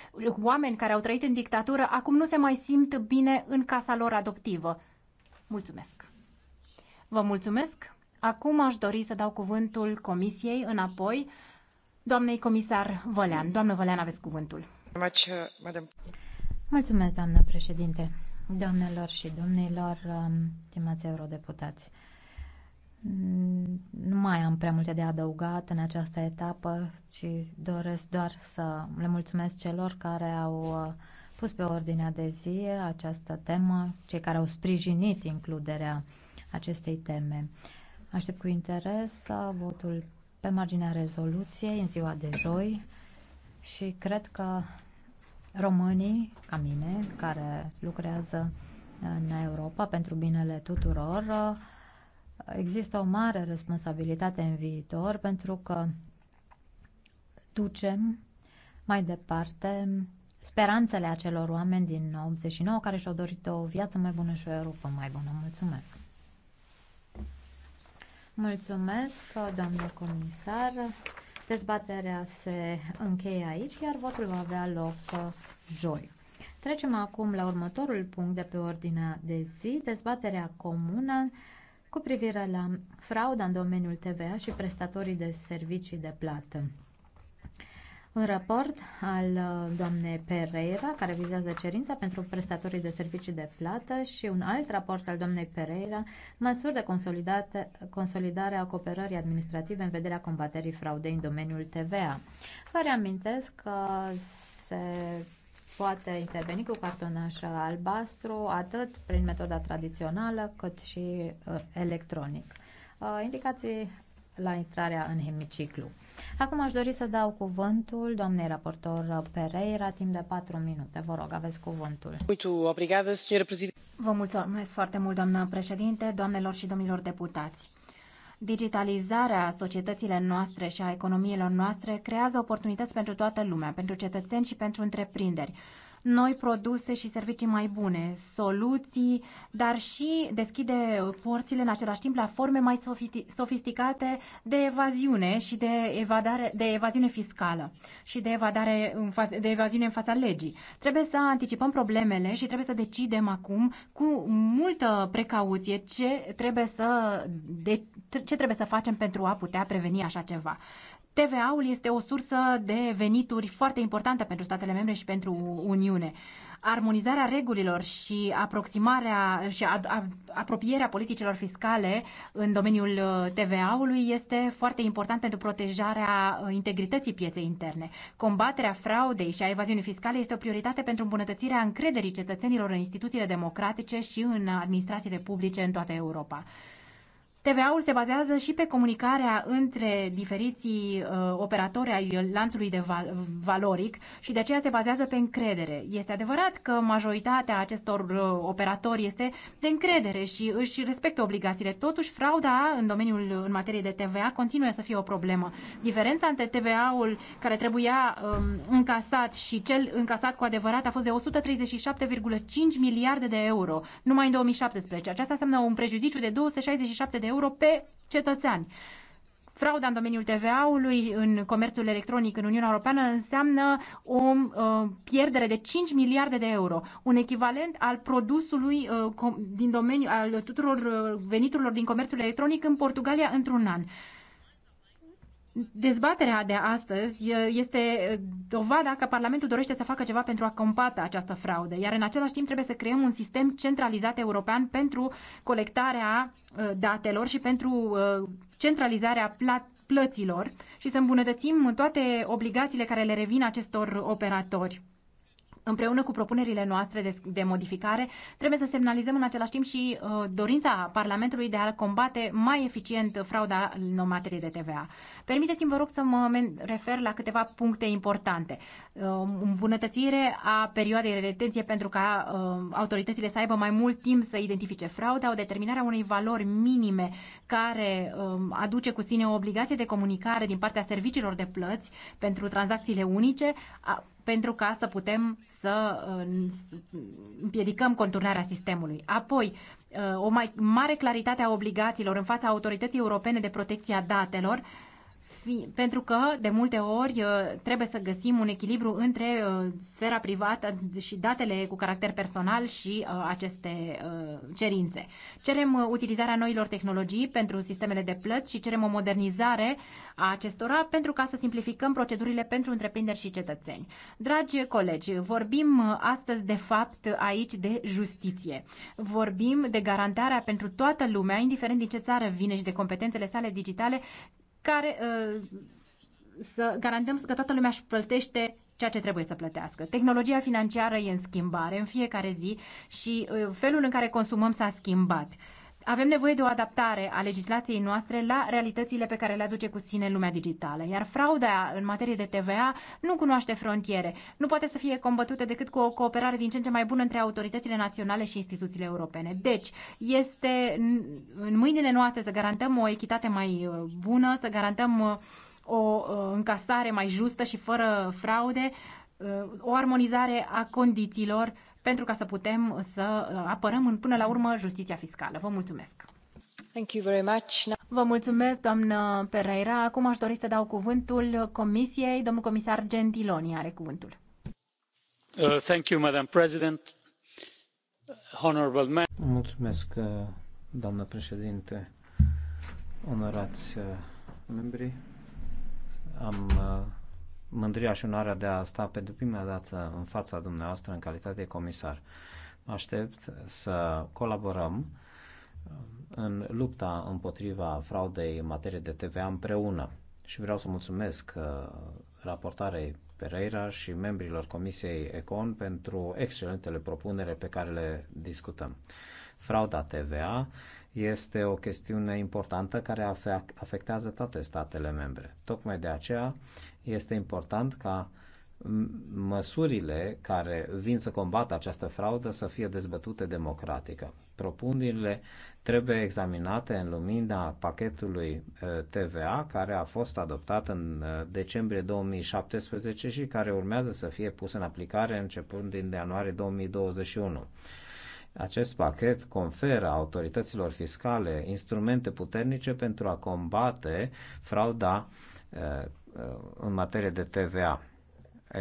B: oameni care au trăit în dictatură, acum nu se mai simt bine în casa lor adoptivă. Mulțumesc! Vă mulțumesc! Acum aș dori să dau cuvântul Comisiei înapoi, doamnei
C: comisar Vălean. Doamnă Vălean, aveți cuvântul. Mulțumesc, doamnă președinte, doamnelor și domnilor, um, stimați eurodeputați. Mm, nu mai am prea multe de adăugat în această etapă, ci doresc doar să le mulțumesc celor care au uh, pus pe ordinea de zi această temă, cei care au sprijinit includerea acestei teme. Aștept cu interes uh, votul pe marginea rezoluției în ziua de joi și cred că românii, ca mine, care lucrează în Europa pentru binele tuturor, uh, există o mare responsabilitate în viitor pentru că ducem mai departe speranțele acelor oameni din 89 care și-au dorit o viață mai bună și o Europa mai bună. Mulțumesc! Mulțumesc, doamnă comisar. Dezbaterea se încheie aici, iar votul va avea loc uh, joi. Trecem acum la următorul punct de pe ordinea de zi, dezbaterea comună cu privire la frauda în domeniul TVA și prestatorii de servicii de plată un raport al uh, doamnei Pereira care vizează cerința pentru prestatorii de servicii de plată și un alt raport al doamnei Pereira măsuri de consolidare a cooperării administrative în vederea combaterii fraudei în domeniul TVA. Vă reamintesc că se poate interveni cu cartonaș albastru atât prin metoda tradițională cât și uh, electronic. Uh, indicații la intrarea în hemiciclu. Acum aș dori să dau cuvântul doamnei raportor Pereira timp de 4 minute. Vă rog, aveți cuvântul. Vă mulțumesc foarte mult, doamna președinte, doamnelor și domnilor deputați.
B: Digitalizarea societăților noastre și a economiilor noastre creează oportunități pentru toată lumea, pentru cetățeni și pentru întreprinderi noi produse și servicii mai bune, soluții, dar și deschide porțile în același timp la forme mai sofisticate de evaziune și de evadare, de evaziune fiscală și de, evadare în fa- de evaziune în fața legii. Trebuie să anticipăm problemele și trebuie să decidem acum cu multă precauție ce trebuie să, de, ce trebuie să facem pentru a putea preveni așa ceva. TVA-ul este o sursă de venituri foarte importantă pentru statele membre și pentru Uniune. Armonizarea regulilor și aproximarea și ad, a, apropierea politicilor fiscale în domeniul uh, TVA-ului este foarte important pentru protejarea uh, integrității pieței interne. Combaterea fraudei și a evaziunii fiscale este o prioritate pentru îmbunătățirea încrederii cetățenilor în instituțiile democratice și în administrațiile publice în toată Europa. TVA-ul se bazează și pe comunicarea între diferiții uh, operatori ai lanțului de val- valoric și de aceea se bazează pe încredere. Este adevărat că majoritatea acestor uh, operatori este de încredere și își respectă obligațiile. Totuși, frauda în domeniul în materie de TVA continuă să fie o problemă. Diferența între TVA-ul care trebuia um, încasat și cel încasat cu adevărat a fost de 137,5 miliarde de euro numai în 2017. Aceasta înseamnă un prejudiciu de 267 de euro pe cetățean. Frauda în domeniul TVA-ului în comerțul electronic în Uniunea Europeană înseamnă o uh, pierdere de 5 miliarde de euro, un echivalent al produsului uh, din domeniul al tuturor uh, veniturilor din comerțul electronic în Portugalia într-un an. Uh, Dezbaterea de astăzi este dovada că Parlamentul dorește să facă ceva pentru a combate această fraudă, iar în același timp trebuie să creăm un sistem centralizat european pentru colectarea datelor și pentru centralizarea plăților și să îmbunătățim toate obligațiile care le revin acestor operatori împreună cu propunerile noastre de, de modificare, trebuie să semnalizăm în același timp și uh, dorința Parlamentului de a combate mai eficient frauda în materie de TVA. Permiteți-mi, vă rog, să mă refer la câteva puncte importante. Uh, îmbunătățire a perioadei de retenție pentru ca uh, autoritățile să aibă mai mult timp să identifice frauda, o determinare a unei valori minime care uh, aduce cu sine o obligație de comunicare din partea serviciilor de plăți pentru tranzacțiile unice, pentru ca să putem să uh, împiedicăm conturnarea sistemului. Apoi, uh, o mai mare claritate a obligațiilor în fața autorității europene de protecție a datelor fi, pentru că de multe ori uh, trebuie să găsim un echilibru între uh, sfera privată și datele cu caracter personal și uh, aceste cerințe. Cerem utilizarea noilor tehnologii pentru sistemele de plăți și cerem o modernizare a acestora pentru ca să simplificăm procedurile pentru întreprinderi și cetățeni. Dragi colegi, vorbim astăzi de fapt aici de justiție. Vorbim de garantarea pentru toată lumea, indiferent din ce țară vine și de competențele sale digitale, care uh, să garantăm că toată lumea își plătește ceea ce trebuie să plătească. Tehnologia financiară e în schimbare în fiecare zi și uh, felul în care consumăm s-a schimbat. Avem nevoie de o adaptare a legislației noastre la realitățile pe care le aduce cu sine lumea digitală, iar frauda în materie de TVA nu cunoaște frontiere. Nu poate să fie combătută decât cu o cooperare din ce în ce mai bună între autoritățile naționale și instituțiile europene. Deci, este în mâinile noastre să garantăm o echitate mai uh, bună, să garantăm uh, o uh, încasare mai justă și fără fraude, o armonizare a condițiilor pentru ca să putem să uh, apărăm în, până la urmă justiția fiscală. Vă mulțumesc! Thank you very much. Vă mulțumesc, doamnă Pereira. Acum aș dori să dau cuvântul Comisiei. Domnul comisar Gentiloni are cuvântul.
J: Uh, thank you, Madam President.
A: Honorable man. Mulțumesc, uh, doamnă președinte, onorați uh, membri. Am mândria și onoarea de a sta pentru prima dată în fața dumneavoastră în calitate de comisar. Mă aștept să colaborăm um, în lupta împotriva fraudei în materie de TVA împreună. Și vreau să mulțumesc uh, raportarei Pereira și membrilor Comisiei Econ pentru excelentele propunere pe care le discutăm. Frauda TVA este o chestiune importantă care afectează toate statele membre. Tocmai de aceea este important ca măsurile care vin să combată această fraudă să fie dezbătute democratică. Propunerile trebuie examinate în lumina pachetului uh, TVA care a fost adoptat în uh, decembrie 2017 și care urmează să fie pus în aplicare începând din ianuarie 2021. Acest pachet conferă autorităților fiscale instrumente puternice pentru a combate frauda uh, Uh, în materie de TVA.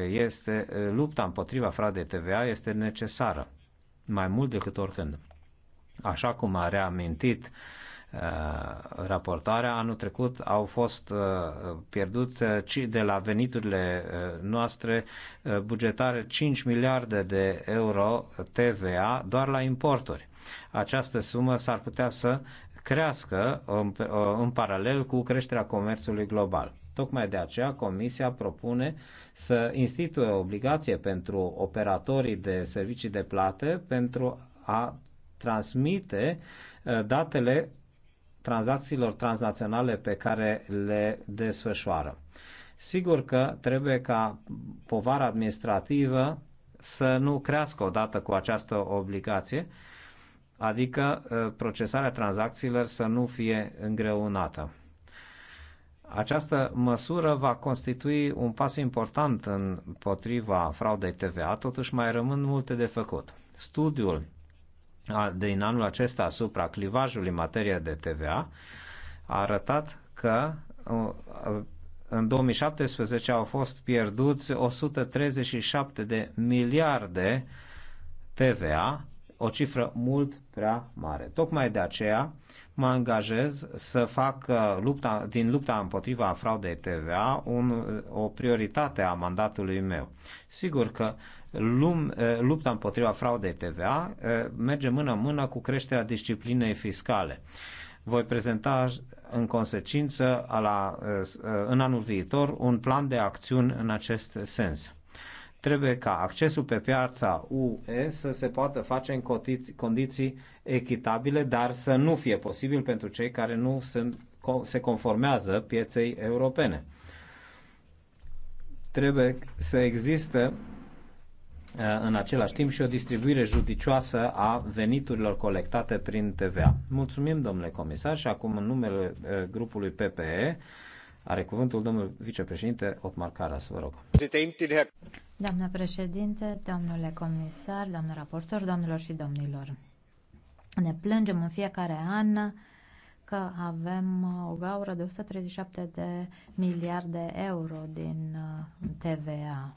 A: Este, uh, lupta împotriva fraudei TVA este necesară, mai mult decât oricând. Așa cum a reamintit uh, raportarea, anul trecut au fost pierdute de la veniturile noastre bugetare 5 miliarde de euro TVA doar la importuri. Această sumă s-ar putea să crească în, în paralel cu creșterea comerțului global. Tocmai de aceea Comisia propune să instituie o obligație pentru operatorii de servicii de plată pentru a transmite uh, datele tranzacțiilor transnaționale pe care le desfășoară. Sigur că trebuie ca povara administrativă să nu crească odată cu această obligație, adică uh, procesarea tranzacțiilor să nu fie îngreunată. Această măsură va constitui un pas important împotriva fraudei TVA, totuși mai rămân multe de făcut. Studiul din anul acesta asupra clivajului în materie de TVA a arătat că uh, uh, în 2017 au fost pierduți 137 de miliarde TVA, o cifră mult prea mare. Tocmai de aceea mă angajez să fac uh, lupta, din lupta împotriva fraudei TVA un, uh, o prioritate a mandatului meu. Sigur că lum, uh, lupta împotriva fraudei TVA merge mână-mână cu creșterea disciplinei fiscale voi prezenta în consecință la, în anul viitor un plan de acțiuni în acest sens. Trebuie ca accesul pe piața UE să se poată face în condiții, condiții echitabile, dar să nu fie posibil pentru cei care nu sunt, se conformează pieței europene. Trebuie să existe uh, în același timp și o distribuire judicioasă a veniturilor colectate prin TVA. Mulțumim, domnule comisar, și acum în numele uh, grupului PPE are cuvântul domnul vicepreședinte Otmar Caras, vă rog.
C: Doamnă președinte, domnule comisar, doamnă raportor, domnilor și domnilor. Ne plângem în fiecare an că avem uh, o gaură de 137 de miliarde euro din uh, TVA,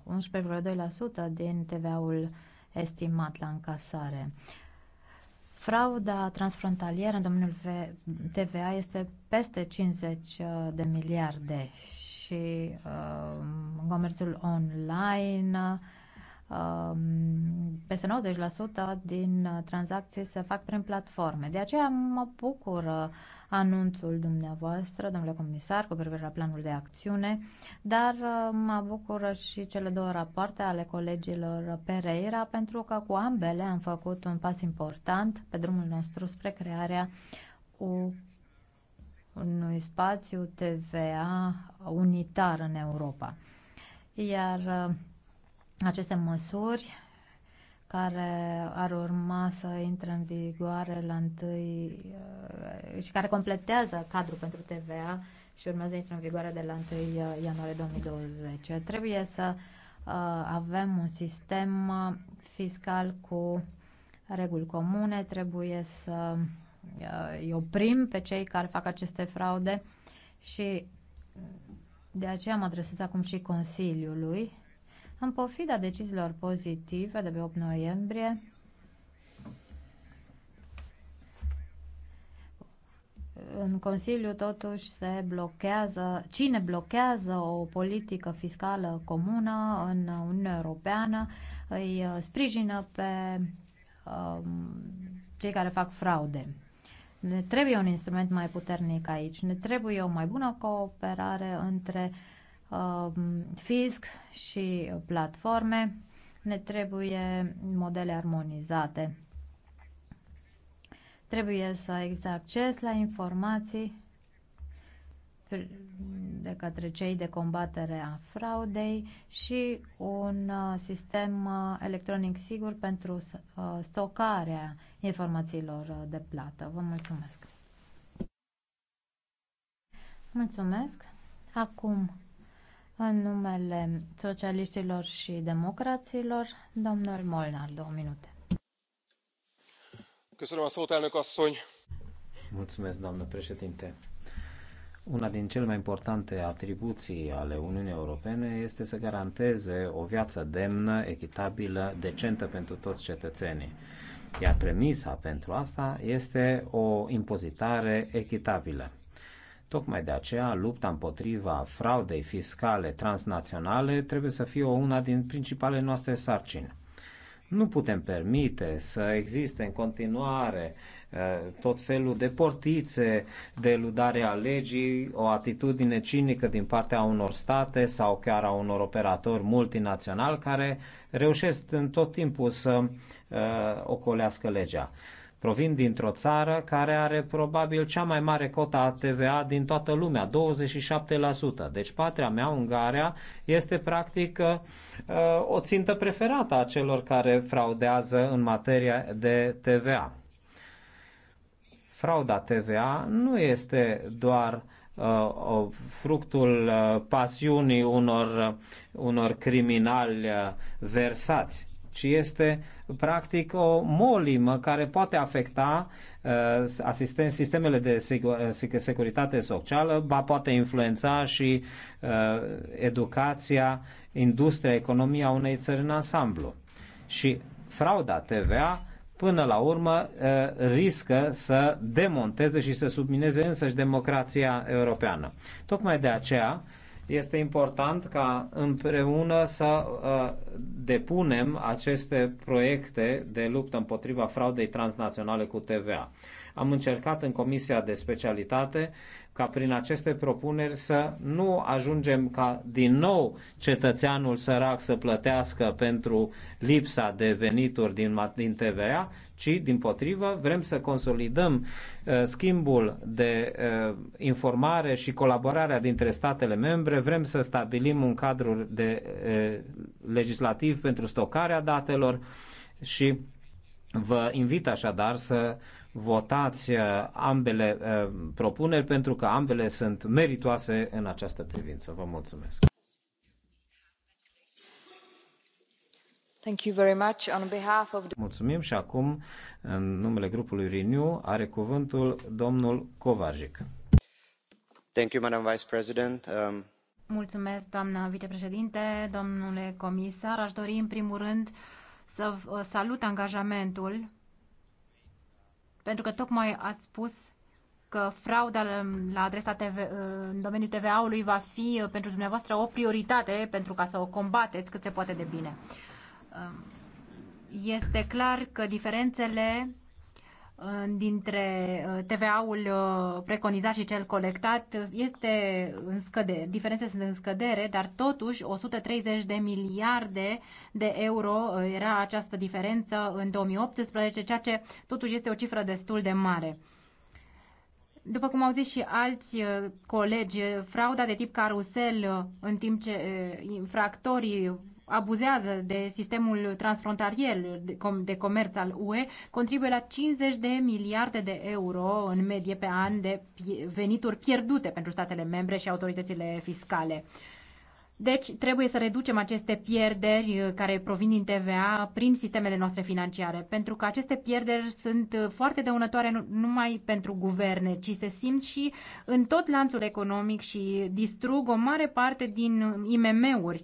C: 11,2% din TVA-ul estimat la încasare. Frauda transfrontalieră în domeniul TVA este peste 50 uh, de miliarde și uh, în comerțul online Um, peste 90% din uh, tranzacții se fac prin platforme. De aceea mă bucur anunțul dumneavoastră, domnule comisar, cu privire la planul de acțiune, dar uh, mă bucur și cele două rapoarte ale colegilor Pereira, pentru că cu ambele am făcut un pas important pe drumul nostru spre crearea unui spațiu TVA unitar în Europa. Iar uh, aceste măsuri care ar urma să intre în vigoare la întâi uh, și care completează cadrul pentru TVA și urmează să intre în vigoare de la 1 uh, ianuarie 2020. Trebuie să uh, avem un sistem fiscal cu reguli comune, trebuie să îi oprim pe cei care fac aceste fraude și de aceea am adresat acum și Consiliului în pofida deciziilor pozitive de pe 8 noiembrie, în Consiliu totuși se blochează, cine blochează o politică fiscală comună în Uniunea Europeană îi uh, sprijină pe um, cei care fac fraude. Ne trebuie un instrument mai puternic aici, ne trebuie o mai bună cooperare între uh, Um, fisc și platforme, ne trebuie modele armonizate. Trebuie să existe acces la informații de către cei de combatere a fraudei și un uh, sistem uh, electronic sigur pentru uh, stocarea informațiilor de plată. Vă mulțumesc! Mulțumesc! Acum în numele socialiștilor și democraților, domnul Molnar, două minute.
K: Mulțumesc, doamnă președinte.
A: Una din cele mai importante atribuții ale Uniunii Europene este să garanteze o viață demnă, echitabilă, decentă pentru toți cetățenii. Iar premisa pentru asta este o impozitare echitabilă. Tocmai de aceea, lupta împotriva fraudei fiscale transnaționale trebuie să fie una din principalele noastre sarcini. Nu putem permite să existe în continuare eh, tot felul de portițe de ludare a legii, o atitudine cinică din partea unor state sau chiar a unor operatori multinaționali care reușesc în tot timpul să eh, ocolească legea. Provin dintr-o țară care are probabil cea mai mare cota a TVA din toată lumea, 27%. Deci patria mea, Ungaria, este practic uh, o țintă preferată a celor care fraudează în materie de TVA. Frauda TVA nu este doar uh, fructul uh, pasiunii unor, unor criminali uh, versați ci este practic o molimă care poate afecta uh, asisten- sistemele de uh, securitate socială, ba poate influența și uh, educația, industria, economia unei țări în ansamblu. Și frauda TVA până la urmă riscă să demonteze și să submineze însăși democrația europeană. Tocmai de aceea este important ca împreună să uh, depunem aceste proiecte de luptă împotriva fraudei transnaționale cu TVA. Am încercat în Comisia de Specialitate ca prin aceste propuneri să nu ajungem ca din nou cetățeanul sărac să plătească pentru lipsa de venituri din, din TVA, ci din potrivă vrem să consolidăm uh, schimbul de uh, informare și colaborarea dintre statele membre, vrem să stabilim un cadru de uh, legislativ pentru stocarea datelor și vă invit așadar să votați uh, ambele uh, propuneri pentru că ambele sunt meritoase în această privință. Vă mulțumesc.
G: Thank you very much. On behalf of the...
A: Mulțumim și acum, în numele grupului Renew, are cuvântul domnul Kovajic. Thank you, Madam Vice President. Um...
B: Mulțumesc, doamna vicepreședinte, domnule comisar. Aș dori, în primul rând, să salut angajamentul pentru că tocmai ați spus că frauda la adresa TV, uh, în domeniul TVA-ului va fi uh, pentru dumneavoastră o prioritate pentru ca să o combateți cât se poate de bine. Um, este clar că diferențele dintre uh, TVA-ul uh, preconizat și cel colectat este în scădere, diferențe sunt în scădere, dar totuși 130 de miliarde de euro uh, era această diferență în 2018, ceea ce totuși este o cifră destul de mare. După cum au zis și alți colegi, frauda de tip carusel, în timp ce infractorii abuzează de sistemul transfrontalier de comerț al UE contribuie la 50 de miliarde de euro în medie pe an de venituri pierdute pentru statele membre și autoritățile fiscale. Deci trebuie să reducem aceste pierderi uh, care provin din TVA prin sistemele noastre financiare, pentru că aceste pierderi sunt uh, foarte dăunătoare nu numai pentru guverne, ci se simt și în tot lanțul economic și distrug o mare parte din uh, IMM-uri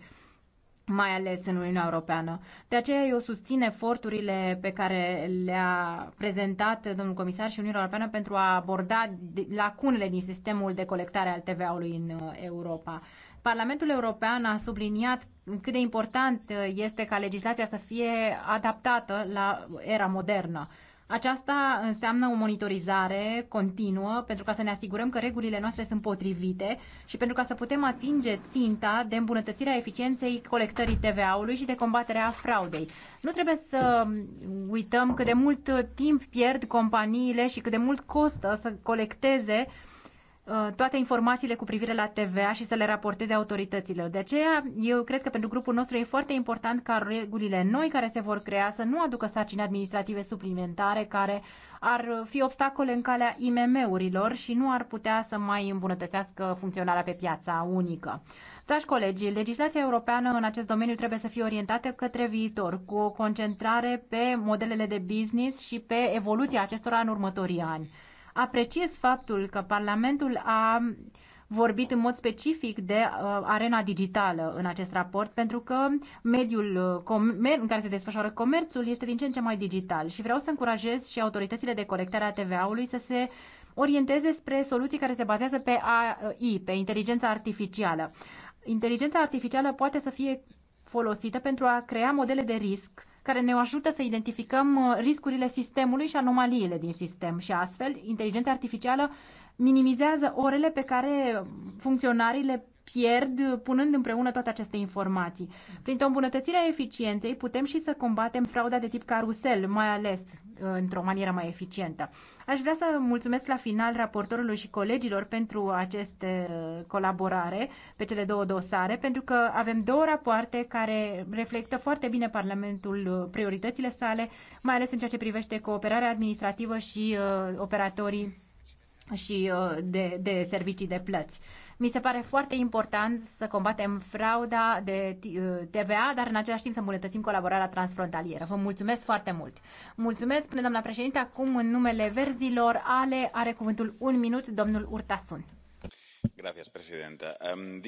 B: mai ales în Uniunea Europeană. De aceea eu susțin eforturile pe care le-a prezentat domnul comisar și Uniunea Europeană pentru a aborda lacunele din sistemul de colectare al TVA-ului în uh, Europa. Parlamentul European a subliniat cât de important uh, este ca legislația să fie adaptată la era modernă. Aceasta înseamnă o monitorizare continuă pentru ca să ne asigurăm că regulile noastre sunt potrivite și pentru ca să putem atinge ținta de îmbunătățirea eficienței colectării TVA-ului și de combaterea fraudei. Nu trebuie să uităm cât de mult timp pierd companiile și cât de mult costă să colecteze uh, Uh, toate informațiile cu privire la TVA și să le raporteze autorităților. De aceea, eu cred că pentru grupul nostru e foarte important ca regulile noi care se vor crea să nu aducă sarcini administrative suplimentare care ar fi obstacole în calea IMM-urilor și nu ar putea să mai îmbunătățească funcționarea pe piața unică. Dragi colegi, legislația europeană în acest domeniu trebuie să fie orientată către viitor, cu o concentrare pe modelele de business și pe evoluția acestora în următorii ani. Apreciez faptul că Parlamentul a vorbit în mod specific de uh, arena digitală în acest raport, pentru că mediul uh, comer- în care se desfășoară comerțul este din ce în ce mai digital și vreau să încurajez și autoritățile de colectare a TVA-ului să se orienteze spre soluții care se bazează pe AI, pe inteligența artificială. Inteligența artificială poate să fie folosită pentru a crea modele de risc care ne ajută să identificăm uh, riscurile sistemului și anomaliile din sistem și astfel inteligența artificială minimizează orele pe care funcționarii le pierd punând împreună toate aceste informații. Printr-o îmbunătățire a eficienței putem și să combatem frauda de tip carusel, mai ales uh, într-o manieră mai eficientă. Aș vrea să mulțumesc la final raportorului și colegilor pentru aceste uh, colaborare pe cele două dosare, pentru că avem două rapoarte care reflectă foarte bine Parlamentul uh, prioritățile sale, mai ales în ceea ce privește cooperarea administrativă și uh, operatorii și uh, de, de servicii de plăți. Mi se pare foarte important să combatem frauda de uh, TVA, dar în același timp să îmbunătățim colaborarea transfrontalieră. Vă mulțumesc foarte mult! Mulțumesc, până doamna președinte, acum în numele verzilor ale are cuvântul un minut domnul Urtasun.
H: Um,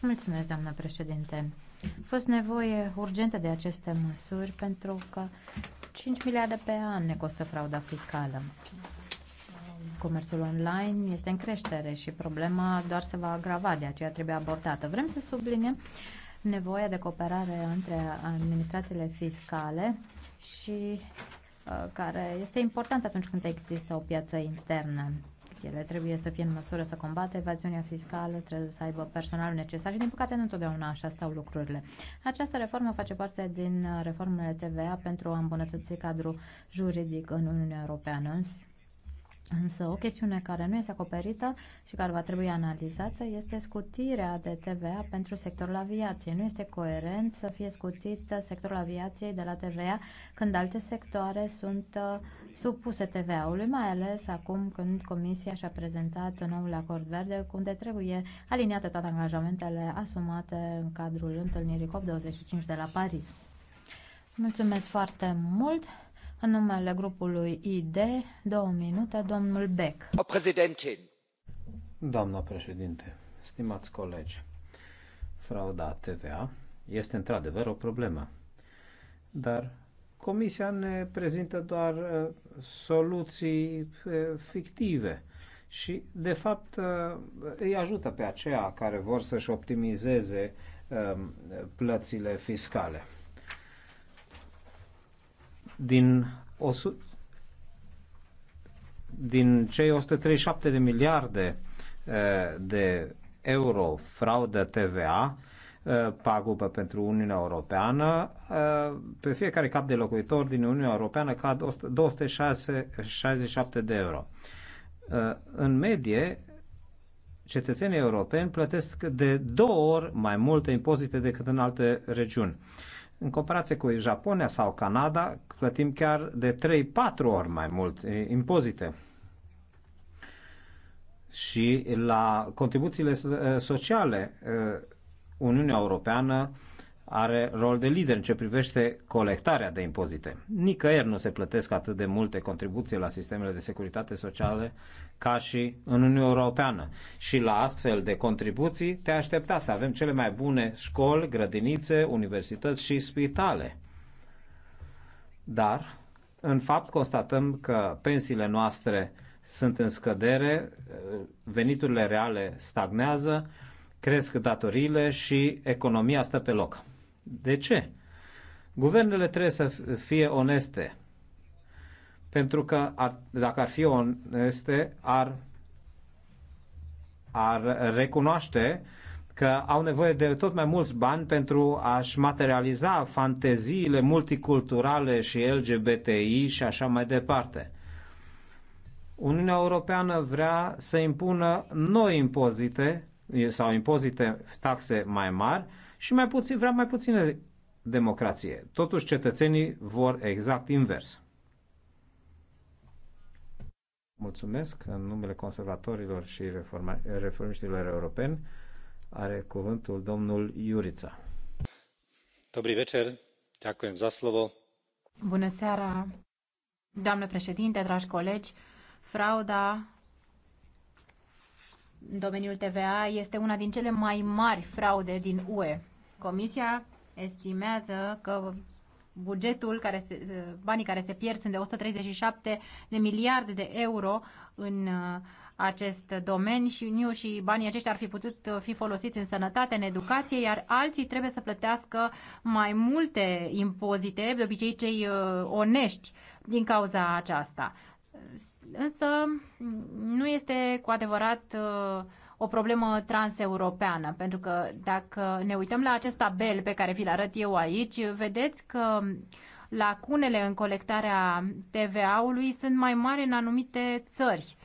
C: mulțumesc, doamnă președinte. A fost nevoie urgentă de aceste măsuri pentru că 5 miliarde pe an ne costă frauda fiscală comerțul online este în creștere și problema doar se va agrava, de aceea trebuie abordată. Vrem să subliniem nevoia de cooperare între administrațiile fiscale și uh, care este important atunci când există o piață internă. Ele trebuie să fie în măsură să combată evaziunea fiscală, trebuie să aibă personalul necesar și, din păcate, nu întotdeauna așa stau lucrurile. Această reformă face parte din uh, reformele TVA pentru a îmbunătăți cadrul juridic în Uniunea Europeană. Însă o chestiune care nu este acoperită și care va trebui analizată este scutirea de TVA pentru sectorul aviației. Nu este coerent să fie scutit sectorul aviației de la TVA când alte sectoare sunt uh, supuse TVA-ului, mai ales acum când Comisia și-a prezentat noul acord verde, unde trebuie aliniate toate angajamentele asumate în cadrul întâlnirii COP25 de la Paris. Mulțumesc foarte mult! În numele grupului ID, două minute, domnul Beck.
A: Doamna președinte, stimați colegi, frauda TVA este într-adevăr o problemă, dar Comisia ne prezintă doar uh, soluții uh, fictive și, de fapt, uh, îi ajută pe aceia care vor să-și optimizeze um, plățile fiscale. Din, osu- din cei 137 de miliarde eh, de euro fraudă TVA, eh, pagubă pentru Uniunea Europeană. Eh, pe fiecare cap de locuitor din Uniunea Europeană cad 267 de euro. În medie, cetățenii europeni plătesc de două ori mai multe impozite decât în alte regiuni. În comparație cu Japonia sau Canada, plătim chiar de 3-4 ori mai mult impozite. Și la contribuțiile sociale, Uniunea Europeană are rol de lider în ce privește colectarea de impozite. Nicăieri nu se plătesc atât de multe contribuții la sistemele de securitate sociale ca și în Uniunea Europeană. Și la astfel de contribuții te aștepta să avem cele mai bune școli, grădinițe, universități și spitale. Dar, în fapt, constatăm că pensiile noastre sunt în scădere, veniturile reale stagnează, cresc datoriile și economia stă pe loc. De ce? Guvernele trebuie să fie oneste. Pentru că ar, dacă ar fi oneste, ar, ar recunoaște că au nevoie de tot mai mulți bani pentru a-și materializa fanteziile multiculturale și LGBTI și așa mai departe. Uniunea Europeană vrea să impună noi impozite sau impozite, taxe mai mari, și mai puțin, vrea mai puțină democrație. Totuși, cetățenii vor exact invers. Mulțumesc. În numele conservatorilor și reformiștilor europeni are cuvântul domnul Iurița. Dobrý večer. Ďakujem za slovo.
B: Bună seara, doamnă președinte, dragi colegi. Frauda în domeniul TVA este una din cele mai mari fraude din UE. Comisia estimează că bugetul, care se, banii care se pierd sunt de 137 de miliarde de euro în uh, acest domeniu și, și banii aceștia ar fi putut uh, fi folosiți în sănătate, în educație, iar alții trebuie să plătească mai multe impozite, de obicei cei uh, onești, din cauza aceasta. Însă nu este cu adevărat uh, o problemă transeuropeană, pentru că dacă ne uităm la acest tabel pe care vi-l arăt eu aici, vedeți că lacunele în colectarea TVA-ului sunt mai mari în anumite țări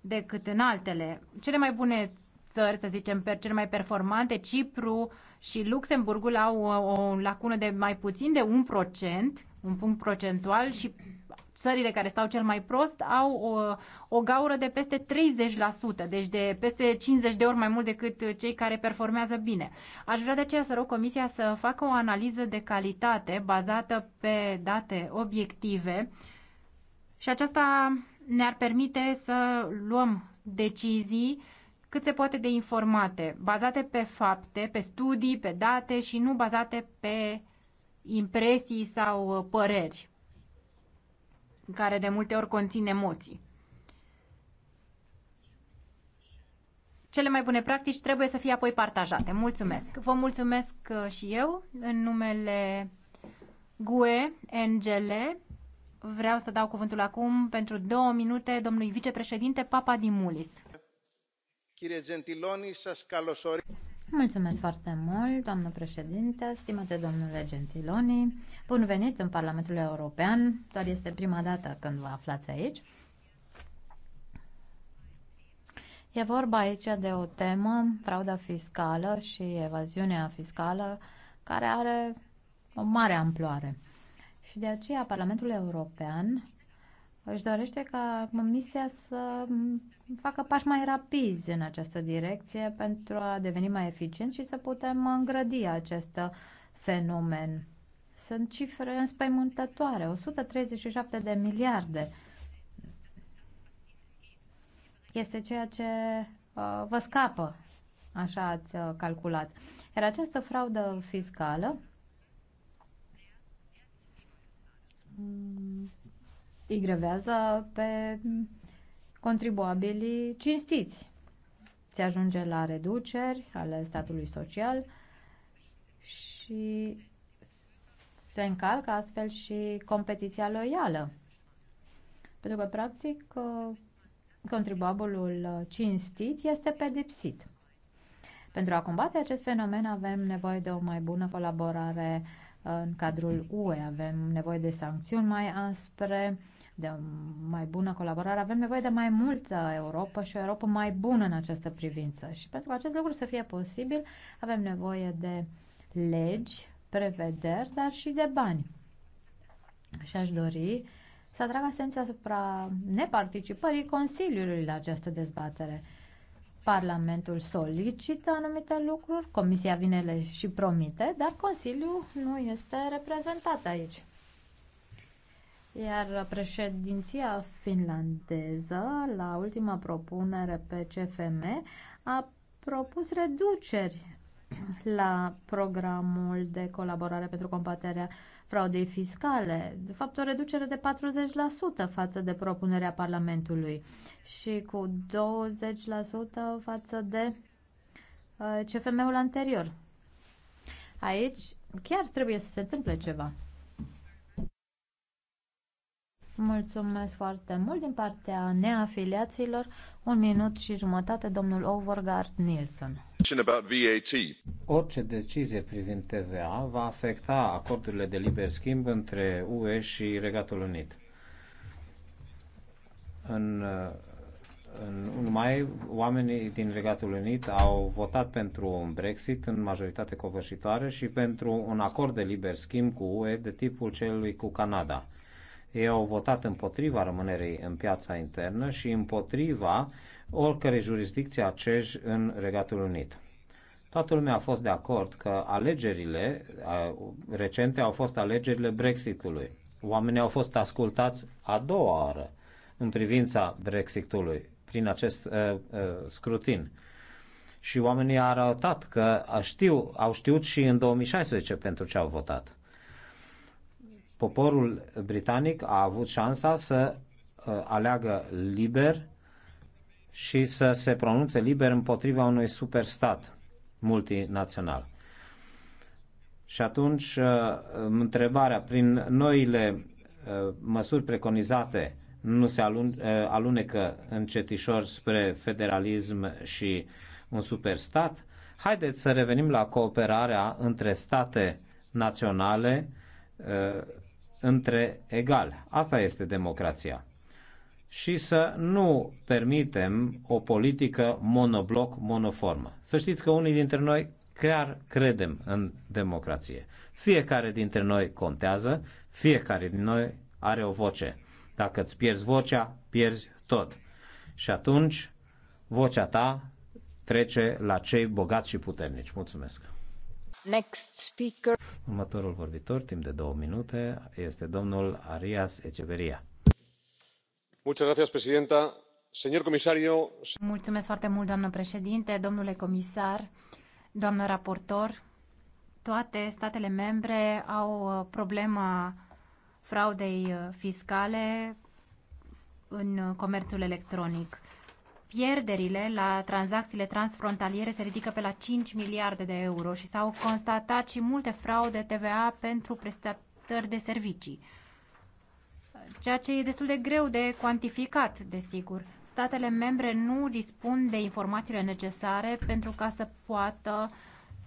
B: decât în altele. Cele mai bune țări, să zicem, per cele mai performante, Cipru și Luxemburgul au o lacună de mai puțin de 1%, un punct procentual și țările care stau cel mai prost au o, uh, o gaură de peste 30%, deci de peste 50 de ori mai mult decât uh, cei care performează bine. Aș vrea de aceea să rog Comisia să facă o analiză de calitate bazată pe date obiective și aceasta ne-ar permite să luăm decizii cât se poate de informate, bazate pe fapte, pe studii, pe date și nu bazate pe impresii sau uh, păreri care de multe ori conțin emoții. Cele mai bune practici trebuie să fie apoi partajate. Mulțumesc! Vă mulțumesc uh, și eu în numele GUE, NGL. Vreau să dau cuvântul acum pentru două minute domnului vicepreședinte Papa Dimulis.
C: Mulțumesc foarte mult, doamnă președinte, stimate domnule Gentiloni. Bun venit în Parlamentul European, doar este prima dată când vă aflați aici. E vorba aici de o temă, frauda fiscală și evaziunea fiscală, care are o mare amploare. Și de aceea Parlamentul European își dorește ca Comisia să facă pași mai rapizi în această direcție pentru a deveni mai eficient și să putem îngrădi acest fenomen. Sunt cifre înspăimântătoare, 137 de miliarde. Este ceea ce uh, vă scapă, așa ați uh, calculat. Iar această fraudă fiscală mm, îi grevează pe contribuabilii cinstiți. Se ajunge la reduceri ale statului social și se încalcă astfel și competiția loială. Pentru că, practic, contribuabilul cinstit este pedepsit. Pentru a combate acest fenomen avem nevoie de o mai bună colaborare în cadrul UE, avem nevoie de sancțiuni mai aspre, de o mai bună colaborare, avem nevoie de mai multă Europa și o Europa mai bună în această privință. Și pentru că acest lucru să fie posibil, avem nevoie de legi, prevederi, dar și de bani. Și aș dori să atrag atenția asupra neparticipării Consiliului la această dezbatere. Parlamentul solicită anumite lucruri, Comisia vine și promite, dar Consiliul nu este reprezentat aici. Iar președinția finlandeză, la ultima propunere pe CFM, a propus reduceri la programul de colaborare pentru combaterea fraudei fiscale. De fapt, o reducere de 40% față de propunerea Parlamentului și cu 20% față de uh, CFM-ul anterior. Aici chiar trebuie să se întâmple ceva. Mulțumesc foarte mult din partea neafiliaților. Un minut și jumătate, domnul Overgaard Nielsen.
A: Orice decizie privind TVA va afecta acordurile de liber schimb între UE și Regatul Unit. În, în mai, oamenii din Regatul Unit au votat pentru un Brexit în majoritate covârșitoare și pentru un acord de liber schimb cu UE de tipul celui cu Canada ei au votat împotriva rămânerii în piața internă și împotriva oricărei jurisdicții a CEJ în Regatul Unit. Toată lumea a fost de acord că alegerile recente au fost alegerile Brexitului. Oamenii au fost ascultați a doua oară în privința Brexitului prin acest uh, uh, scrutin. Și oamenii au arătat că știu, au știut și în 2016 pentru ce au votat. Poporul britanic a avut șansa să uh, aleagă liber și să se pronunțe liber împotriva unui superstat multinațional. Și atunci, uh, întrebarea, prin noile uh, măsuri preconizate, nu se alunecă încetișor spre federalism și un superstat? Haideți să revenim la cooperarea între state naționale între egali. Asta este democrația. Și să nu permitem o politică monobloc, monoformă. Să știți că unii dintre noi chiar credem în democrație. Fiecare dintre noi contează, fiecare din noi are o voce. Dacă îți pierzi vocea, pierzi tot. Și atunci, vocea ta trece la cei bogați și puternici. Mulțumesc! Următorul vorbitor, timp de două minute, este domnul Arias Echeveria.
B: Mulțumesc foarte mult, doamnă președinte, domnule comisar, doamnă raportor. Toate statele membre au uh, problema fraudei uh, fiscale în uh, comerțul electronic. Pierderile la tranzacțiile transfrontaliere se ridică pe la 5 miliarde de euro și s-au constatat și multe fraude TVA pentru prestatări de servicii, ceea ce e destul de greu de cuantificat, desigur. Statele membre nu dispun de informațiile necesare pentru ca să poată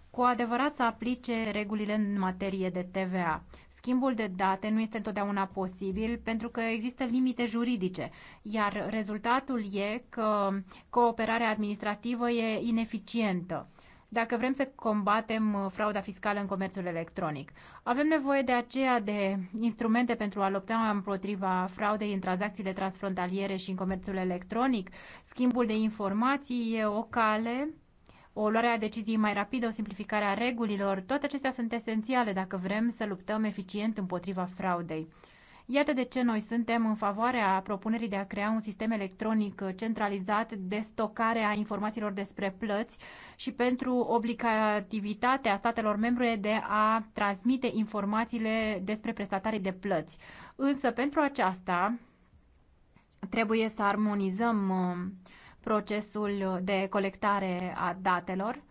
B: cu adevărat să aplice regulile în materie de TVA. Schimbul de date nu este întotdeauna posibil pentru că există limite juridice, iar rezultatul e că cooperarea administrativă e ineficientă dacă vrem să combatem uh, frauda fiscală în comerțul electronic. Avem nevoie de aceea de instrumente pentru a lupta împotriva fraudei în tranzacțiile transfrontaliere și în comerțul electronic. Schimbul de informații e o cale o luare a decizii mai rapidă, o simplificare a regulilor, toate acestea sunt esențiale dacă vrem să luptăm eficient împotriva fraudei. Iată de ce noi suntem în favoarea propunerii de a crea un sistem electronic centralizat de stocare a informațiilor despre plăți și pentru obligativitatea statelor membre de a transmite informațiile despre prestatarii de plăți. Însă, pentru aceasta, trebuie să armonizăm uh, procesul de colectare a datelor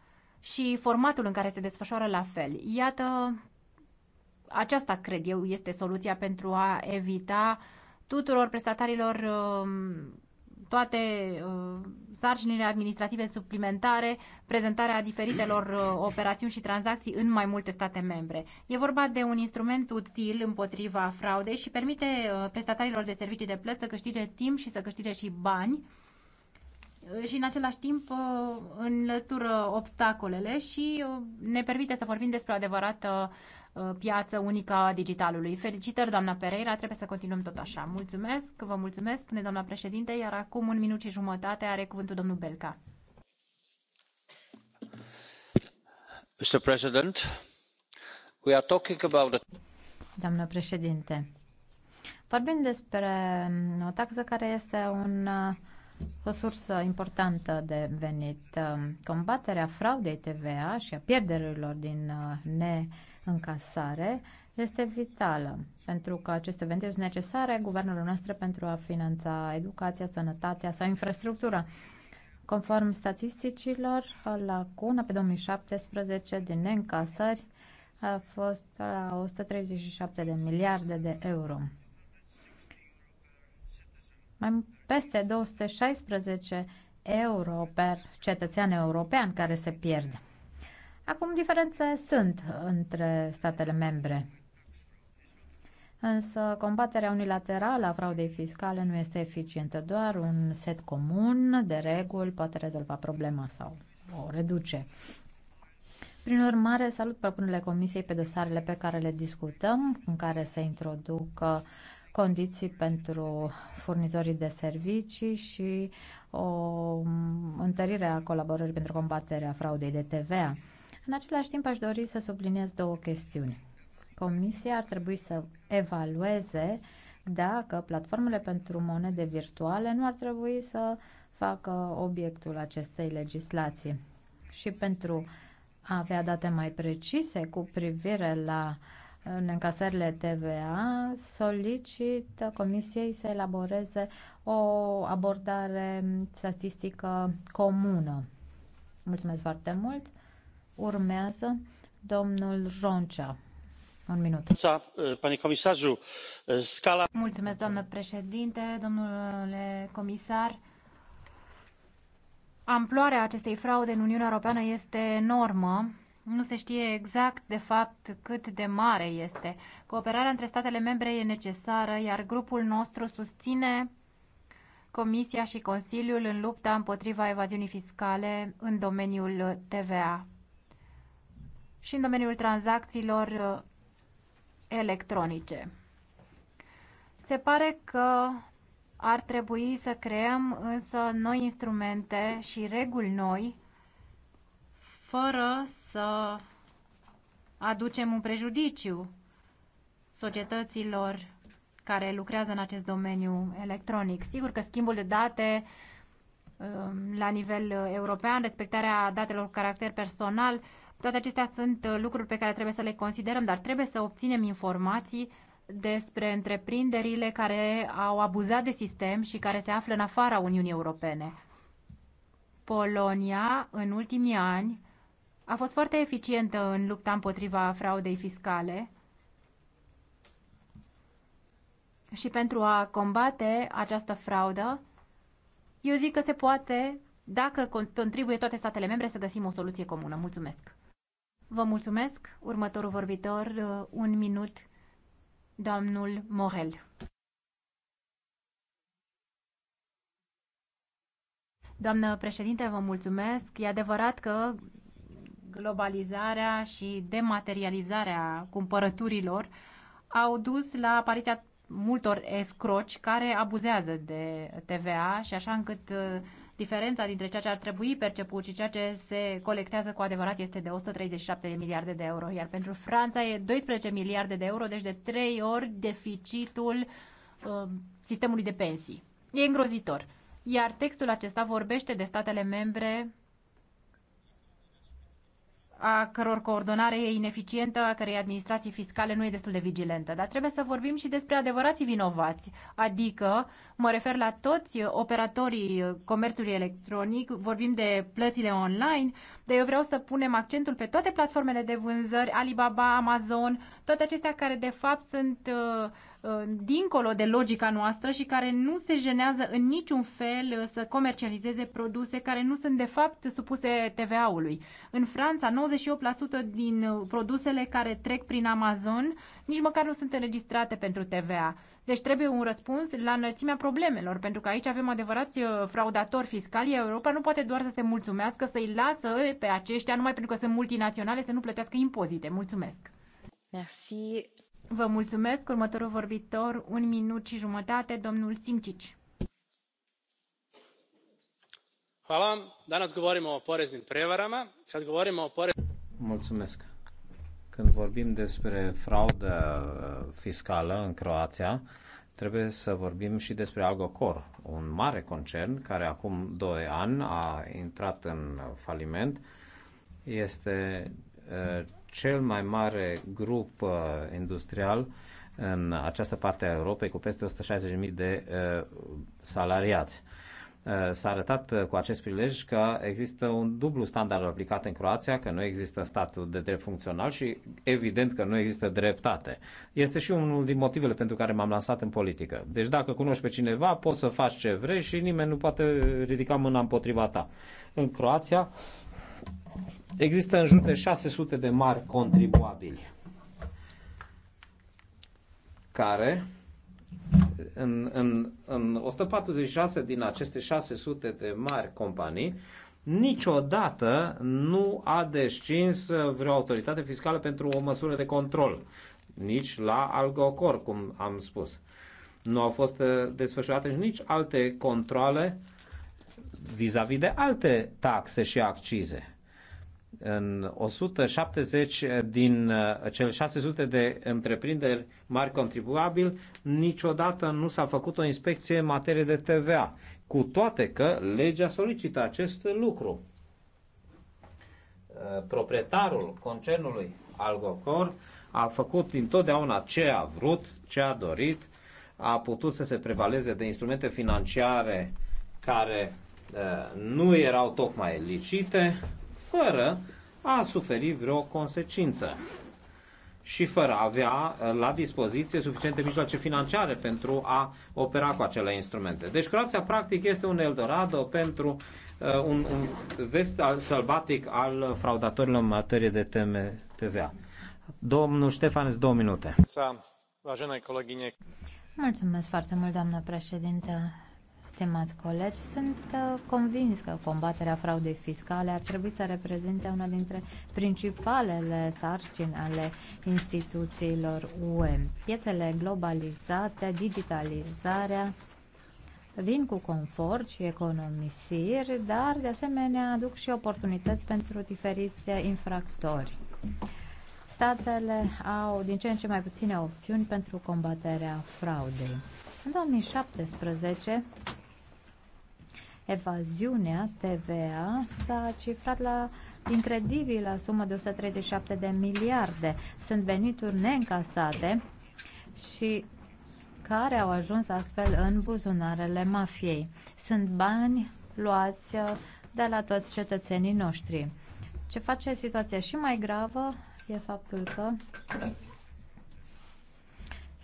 B: și formatul în care se desfășoară la fel. Iată, aceasta cred eu este soluția pentru a evita tuturor prestatarilor um, toate um, sarcinile administrative suplimentare, prezentarea diferitelor uh, operațiuni și tranzacții în mai multe state membre. E vorba de un instrument util împotriva fraudei și permite uh, prestatarilor de servicii de plăți să câștige timp și să câștige și bani și în același timp uh, înlătură obstacolele și uh, ne permite să vorbim despre o adevărată uh, piață unică a digitalului. Felicitări, doamna Pereira, trebuie să continuăm tot așa. Mulțumesc, vă mulțumesc, spune doamna președinte, iar acum un minut și jumătate are cuvântul domnul Belca.
F: Mr. President,
A: we are talking about the...
C: Doamnă președinte, vorbim despre o taxă care este un uh, o sursă importantă de venit. Um, combaterea fraudei TVA și a pierderilor din uh, neîncasare este vitală, pentru că aceste venituri sunt necesare guvernului nostru pentru a finanța educația, sănătatea sau infrastructura. Conform statisticilor, CUNA pe 2017 din neîncasări a fost la 137 de miliarde de euro. Mai peste 216 euro per cetățean european care se pierde. Acum, diferențe sunt între statele membre. Însă, combaterea unilaterală a fraudei fiscale nu este eficientă. Doar un set comun de reguli poate rezolva problema sau o reduce. Prin urmare, salut propunerile Comisiei pe dosarele pe care le discutăm, în care se introducă uh, condiții pentru furnizorii de servicii și o întărire a colaborării pentru combaterea fraudei de TVA. În același timp, aș dori să subliniez două chestiuni. Comisia ar trebui să evalueze dacă platformele pentru monede virtuale nu ar trebui să facă obiectul acestei legislații. Și pentru a avea date mai precise cu privire la uh, în încasările TVA, solicit Comisiei să elaboreze o abordare statistică comună. Mulțumesc foarte mult. Urmează domnul Roncea. Un minut. Mulțumesc, doamnă
B: președinte, domnule comisar. Amploarea acestei fraude în Uniunea Europeană este enormă nu se știe exact, de fapt, cât de mare este. Cooperarea între statele membre e necesară, iar grupul nostru susține Comisia și Consiliul în lupta împotriva evaziunii fiscale în domeniul TVA și în domeniul tranzacțiilor electronice. Se pare că ar trebui să creăm însă noi instrumente și reguli noi fără să aducem un prejudiciu societăților care lucrează în acest domeniu electronic. Sigur că schimbul de date um, la nivel uh, european, respectarea datelor cu caracter personal, toate acestea sunt uh, lucruri pe care trebuie să le considerăm, dar trebuie să obținem informații despre întreprinderile care au abuzat de sistem și care se află în afara Uniunii Europene. Polonia, în ultimii ani, a fost foarte eficientă în lupta împotriva fraudei fiscale și pentru a combate această fraudă, eu zic că se poate, dacă contribuie toate statele membre, să găsim o soluție comună. Mulțumesc! Vă mulțumesc! Următorul vorbitor, uh, un minut, domnul Morel. Doamnă președinte, vă mulțumesc. E adevărat că globalizarea și dematerializarea cumpărăturilor au dus la apariția multor escroci care abuzează de TVA și așa încât uh, diferența dintre ceea ce ar trebui perceput și ceea ce se colectează cu adevărat este de 137 de miliarde de euro, iar pentru Franța e 12 miliarde de euro, deci de 3 ori deficitul uh, sistemului de pensii. E îngrozitor. Iar textul acesta vorbește de statele membre a căror coordonare e ineficientă, a cărei administrație fiscale nu e destul de vigilentă. Dar trebuie să vorbim și despre adevărații vinovați, adică mă refer la toți operatorii comerțului electronic, vorbim de plățile online, dar eu vreau să punem accentul pe toate platformele de vânzări, Alibaba, Amazon, toate acestea care de fapt sunt uh, Uh, dincolo de logica noastră și care nu se jenează în niciun fel uh, să comercializeze produse care nu sunt de fapt supuse TVA-ului. În Franța, 98% din uh, produsele care trec prin Amazon nici măcar nu sunt înregistrate pentru TVA. Deci trebuie un răspuns la înălțimea problemelor, pentru că aici avem adevărați fraudatori fiscali. Europa nu poate doar să se mulțumească, să-i lasă pe aceștia, numai pentru că sunt multinaționale, să nu plătească impozite. Mulțumesc! Merci. Vă mulțumesc. Următorul vorbitor, un minut și jumătate, domnul Simcici.
D: Hvala. Danas govorimo o poreznim prevarama. Kad govorimo o porez...
A: Mulțumesc. Când vorbim despre fraudă uh, fiscală în Croația, trebuie să vorbim și despre Algocor, un mare concern care acum 2 ani a intrat în faliment. Este uh, cel mai mare grup uh, industrial în această parte a Europei, cu peste 160.000 de uh, salariați. Uh, s-a arătat uh, cu acest prilej că există un dublu standard aplicat în Croația, că nu există statul de drept funcțional și evident că nu există dreptate. Este și unul din motivele pentru care m-am lansat în politică. Deci dacă cunoști pe cineva, poți să faci ce vrei și nimeni nu poate ridica mâna împotriva ta. În Croația, uh, există în jur de 600 de mari contribuabili care în, în, în 146 din aceste 600 de mari companii niciodată nu a descins vreo autoritate fiscală pentru o măsură de control, nici la Algocor, cum am spus. Nu au fost uh, desfășurate nici alte controle vis-a-vis -vis de alte taxe și accize în 170 din uh, cele 600 de întreprinderi mari contribuabili, niciodată nu s-a făcut o inspecție în materie de TVA, cu toate că legea solicită acest lucru. Uh, proprietarul concernului Algocor a făcut întotdeauna ce a vrut, ce a dorit, a putut să se prevaleze de instrumente financiare care uh, nu erau tocmai licite, fără a suferi vreo consecință și fără a avea uh, la dispoziție suficiente mijloace financiare pentru a opera cu acele instrumente. Deci Croația practic este un Eldorado pentru uh, un, un vest al, sălbatic al fraudatorilor în materie de teme TVA. Domnul îți două minute.
C: Mulțumesc foarte mult, doamnă președinte stimați colegi, sunt uh, convins că combaterea fraudei fiscale ar trebui să reprezinte una dintre principalele sarcini ale instituțiilor UE. Piețele globalizate, digitalizarea vin cu confort și economisiri, dar de asemenea aduc și oportunități pentru diferiți infractori statele au din ce în ce mai puține opțiuni pentru combaterea fraudei. În 2017, evaziunea TVA s-a cifrat la incredibilă sumă de 137 de miliarde. Sunt venituri neîncasate și care au ajuns astfel în buzunarele mafiei. Sunt bani luați uh, de la toți cetățenii noștri. Ce face situația și mai gravă e faptul că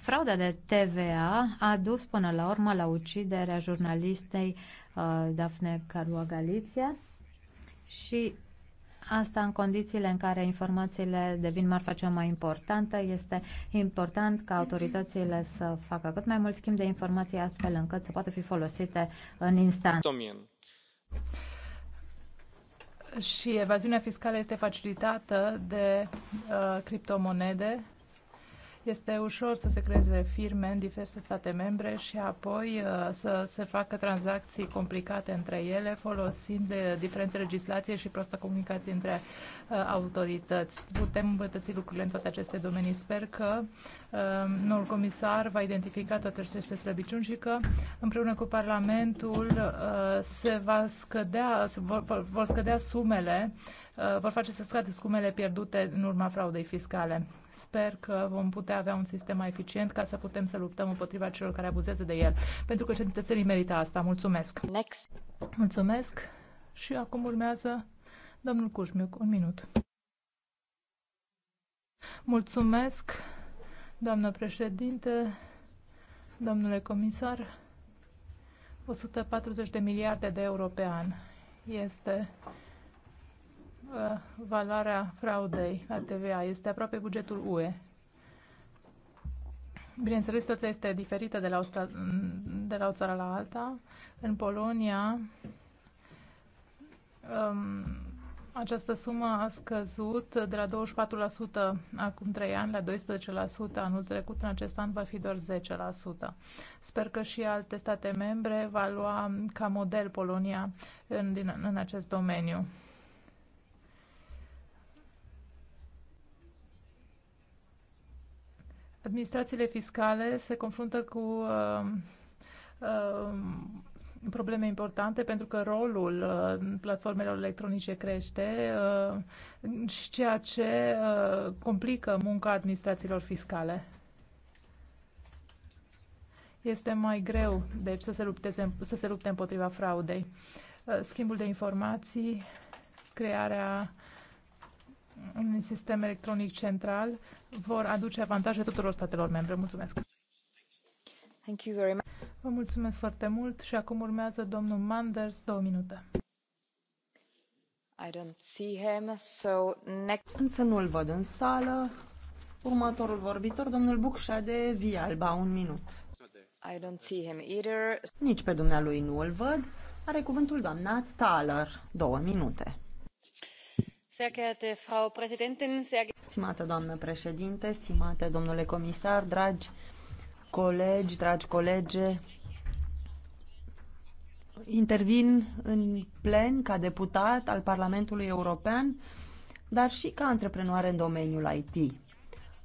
C: Frauda de TVA a dus până la urmă la uciderea jurnalistei uh, Dafne Caruana Galizia și Asta în condițiile în care informațiile devin marfa cea mai importantă. Este important ca autoritățile să facă cât mai mult schimb de informații astfel încât să poată fi folosite în instant. Domien.
L: Și evaziunea fiscală este facilitată de uh, criptomonede este ușor să se creeze firme în diverse state membre și apoi uh, să se facă tranzacții complicate între ele folosind de uh, diferențe legislație și prostă comunicație între uh, autorități. Putem îmbătăți lucrurile în toate aceste domenii. Sper că noul comisar va identifica toate aceste slăbiciuni și că împreună cu Parlamentul se va scădea, vor, vor scădea sumele Uh, vor face să scadă sumele pierdute în urma fraudei fiscale. Sper că vom putea avea un sistem mai eficient ca să putem să luptăm împotriva celor care abuzează de el, pentru că cetățenii merită asta. Mulțumesc! Next. Mulțumesc! Și acum urmează domnul Cușmiuc. Un minut. Mulțumesc, doamnă președinte, domnule comisar. 140 de miliarde de euro pe an este Uh, valoarea fraudei la TVA este aproape bugetul UE. Bineînțeles, situația este diferită de la, o sta- de la o țară la alta. În Polonia, um, această sumă a scăzut de la 24% acum 3 ani la 12% anul trecut, în acest an va fi doar 10%. Sper că și alte state membre va lua ca model Polonia în, din, în acest domeniu. Administrațiile fiscale se confruntă cu uh, uh, probleme importante pentru că rolul uh, platformelor electronice crește uh, și ceea ce uh, complică munca administrațiilor fiscale. Este mai greu, deci, să se, lupteze, să se lupte împotriva fraudei. Uh, schimbul de informații, crearea uh, un sistem electronic central vor aduce avantaje tuturor statelor membre. Mulțumesc! Thank you very much. Vă mulțumesc foarte mult și acum urmează domnul Manders, două minute.
M: I don't see him, so next... Însă nu-l văd în sală. Următorul vorbitor, domnul Bucșa de Vialba, un minut. I don't see him either. Nici pe dumnealui nu îl văd. Are cuvântul doamna Thaler, două minute. Stimată doamnă președinte, stimate domnule comisar, dragi colegi, dragi colege, intervin în plen ca deputat al Parlamentului European, dar și ca antreprenoare în domeniul IT.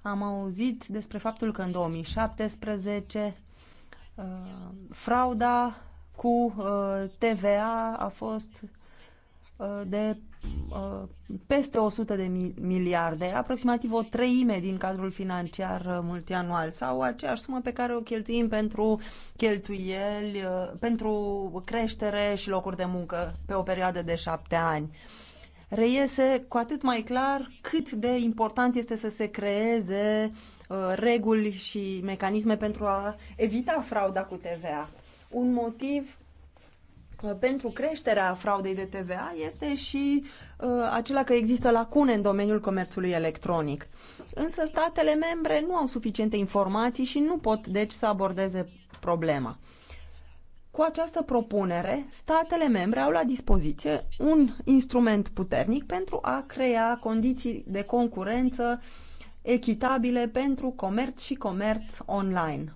M: Am auzit despre faptul că în 2017 uh, frauda cu uh, TVA a fost uh, de Uh, peste 100 de miliarde, aproximativ o treime din cadrul financiar uh, multianual sau aceeași sumă pe care o cheltuim pentru cheltuieli, uh, pentru creștere și locuri de muncă pe o perioadă de șapte ani. Reiese cu atât mai clar cât de important este să se creeze reguli și mecanisme pentru a evita frauda cu TVA. Un motiv pentru creșterea fraudei de TVA este și uh, acela că există lacune în domeniul comerțului electronic. Însă statele membre nu au suficiente informații și nu pot deci să abordeze problema. Cu această propunere, statele membre au la dispoziție un instrument puternic pentru a crea condiții de concurență echitabile pentru comerț și comerț online.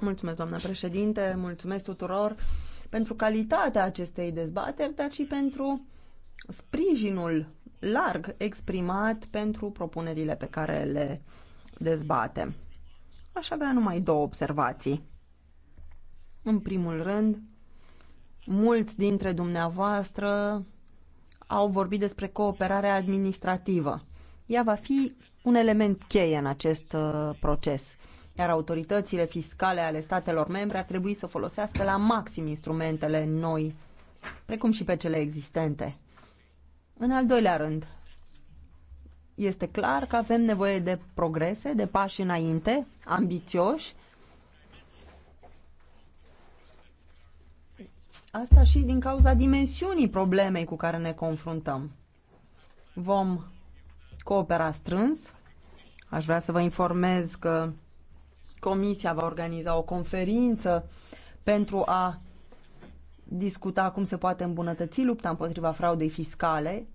M: Mulțumesc, doamnă președinte, mulțumesc tuturor pentru calitatea acestei dezbateri, dar și pentru sprijinul larg exprimat pentru propunerile pe care le dezbatem. Aș avea numai două observații. În primul rând, mulți dintre dumneavoastră au vorbit despre cooperarea administrativă. Ea va fi un element cheie în acest uh, proces iar autoritățile fiscale ale statelor membre ar trebui să folosească la maxim instrumentele noi, precum și pe cele existente. În al doilea rând, este clar că avem nevoie de progrese, de pași înainte, ambițioși, asta și din cauza dimensiunii problemei cu care ne confruntăm. Vom coopera strâns Aș vrea să vă informez că Comisia va organiza o conferință pentru a discuta cum se poate îmbunătăți lupta împotriva fraudei fiscale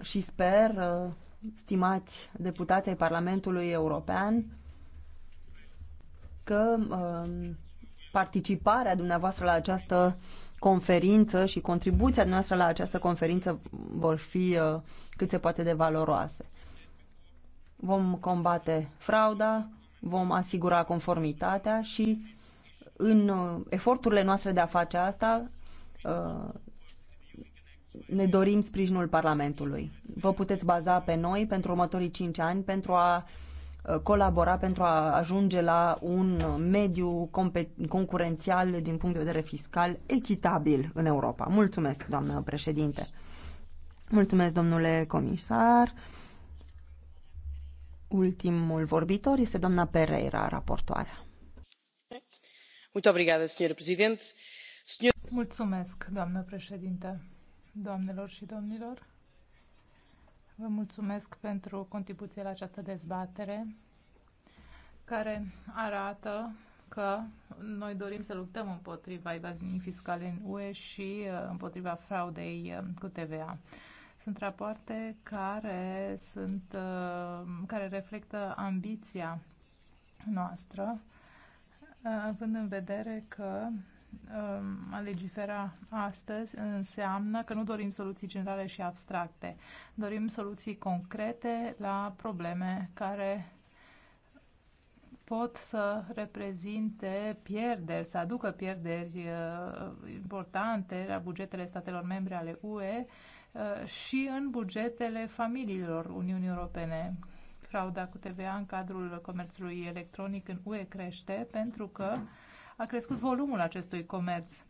M: și sper, uh, stimați deputați ai Parlamentului European, că um, participarea dumneavoastră la această conferință și contribuția noastră la această conferință vor fi uh, cât se poate de valoroase vom combate frauda, vom asigura conformitatea și în uh, eforturile noastre de a face asta uh, ne dorim sprijinul Parlamentului. Vă puteți baza pe noi pentru următorii cinci ani pentru a uh, colabora pentru a ajunge la un mediu concurențial din punct de vedere fiscal echitabil în Europa. Mulțumesc, doamnă președinte. Mulțumesc, domnule comisar. Ultimul vorbitor este doamna Pereira, raportoarea.
L: Mulțumesc, doamnă președinte, doamnelor și domnilor. Vă mulțumesc pentru contribuția la această dezbatere care arată că noi dorim să luptăm împotriva evaziunii fiscale în UE și uh, împotriva fraudei uh, cu TVA. Sunt rapoarte care, sunt, uh, care reflectă ambiția noastră, uh, având în vedere că um, a legifera astăzi înseamnă că nu dorim soluții generale și abstracte. Dorim soluții concrete la probleme care pot să reprezinte pierderi, să aducă pierderi uh, importante la bugetele statelor membre ale UE Uh, și în bugetele familiilor Uniunii Europene. Frauda cu TVA în cadrul comerțului electronic în UE crește pentru că a crescut volumul acestui comerț.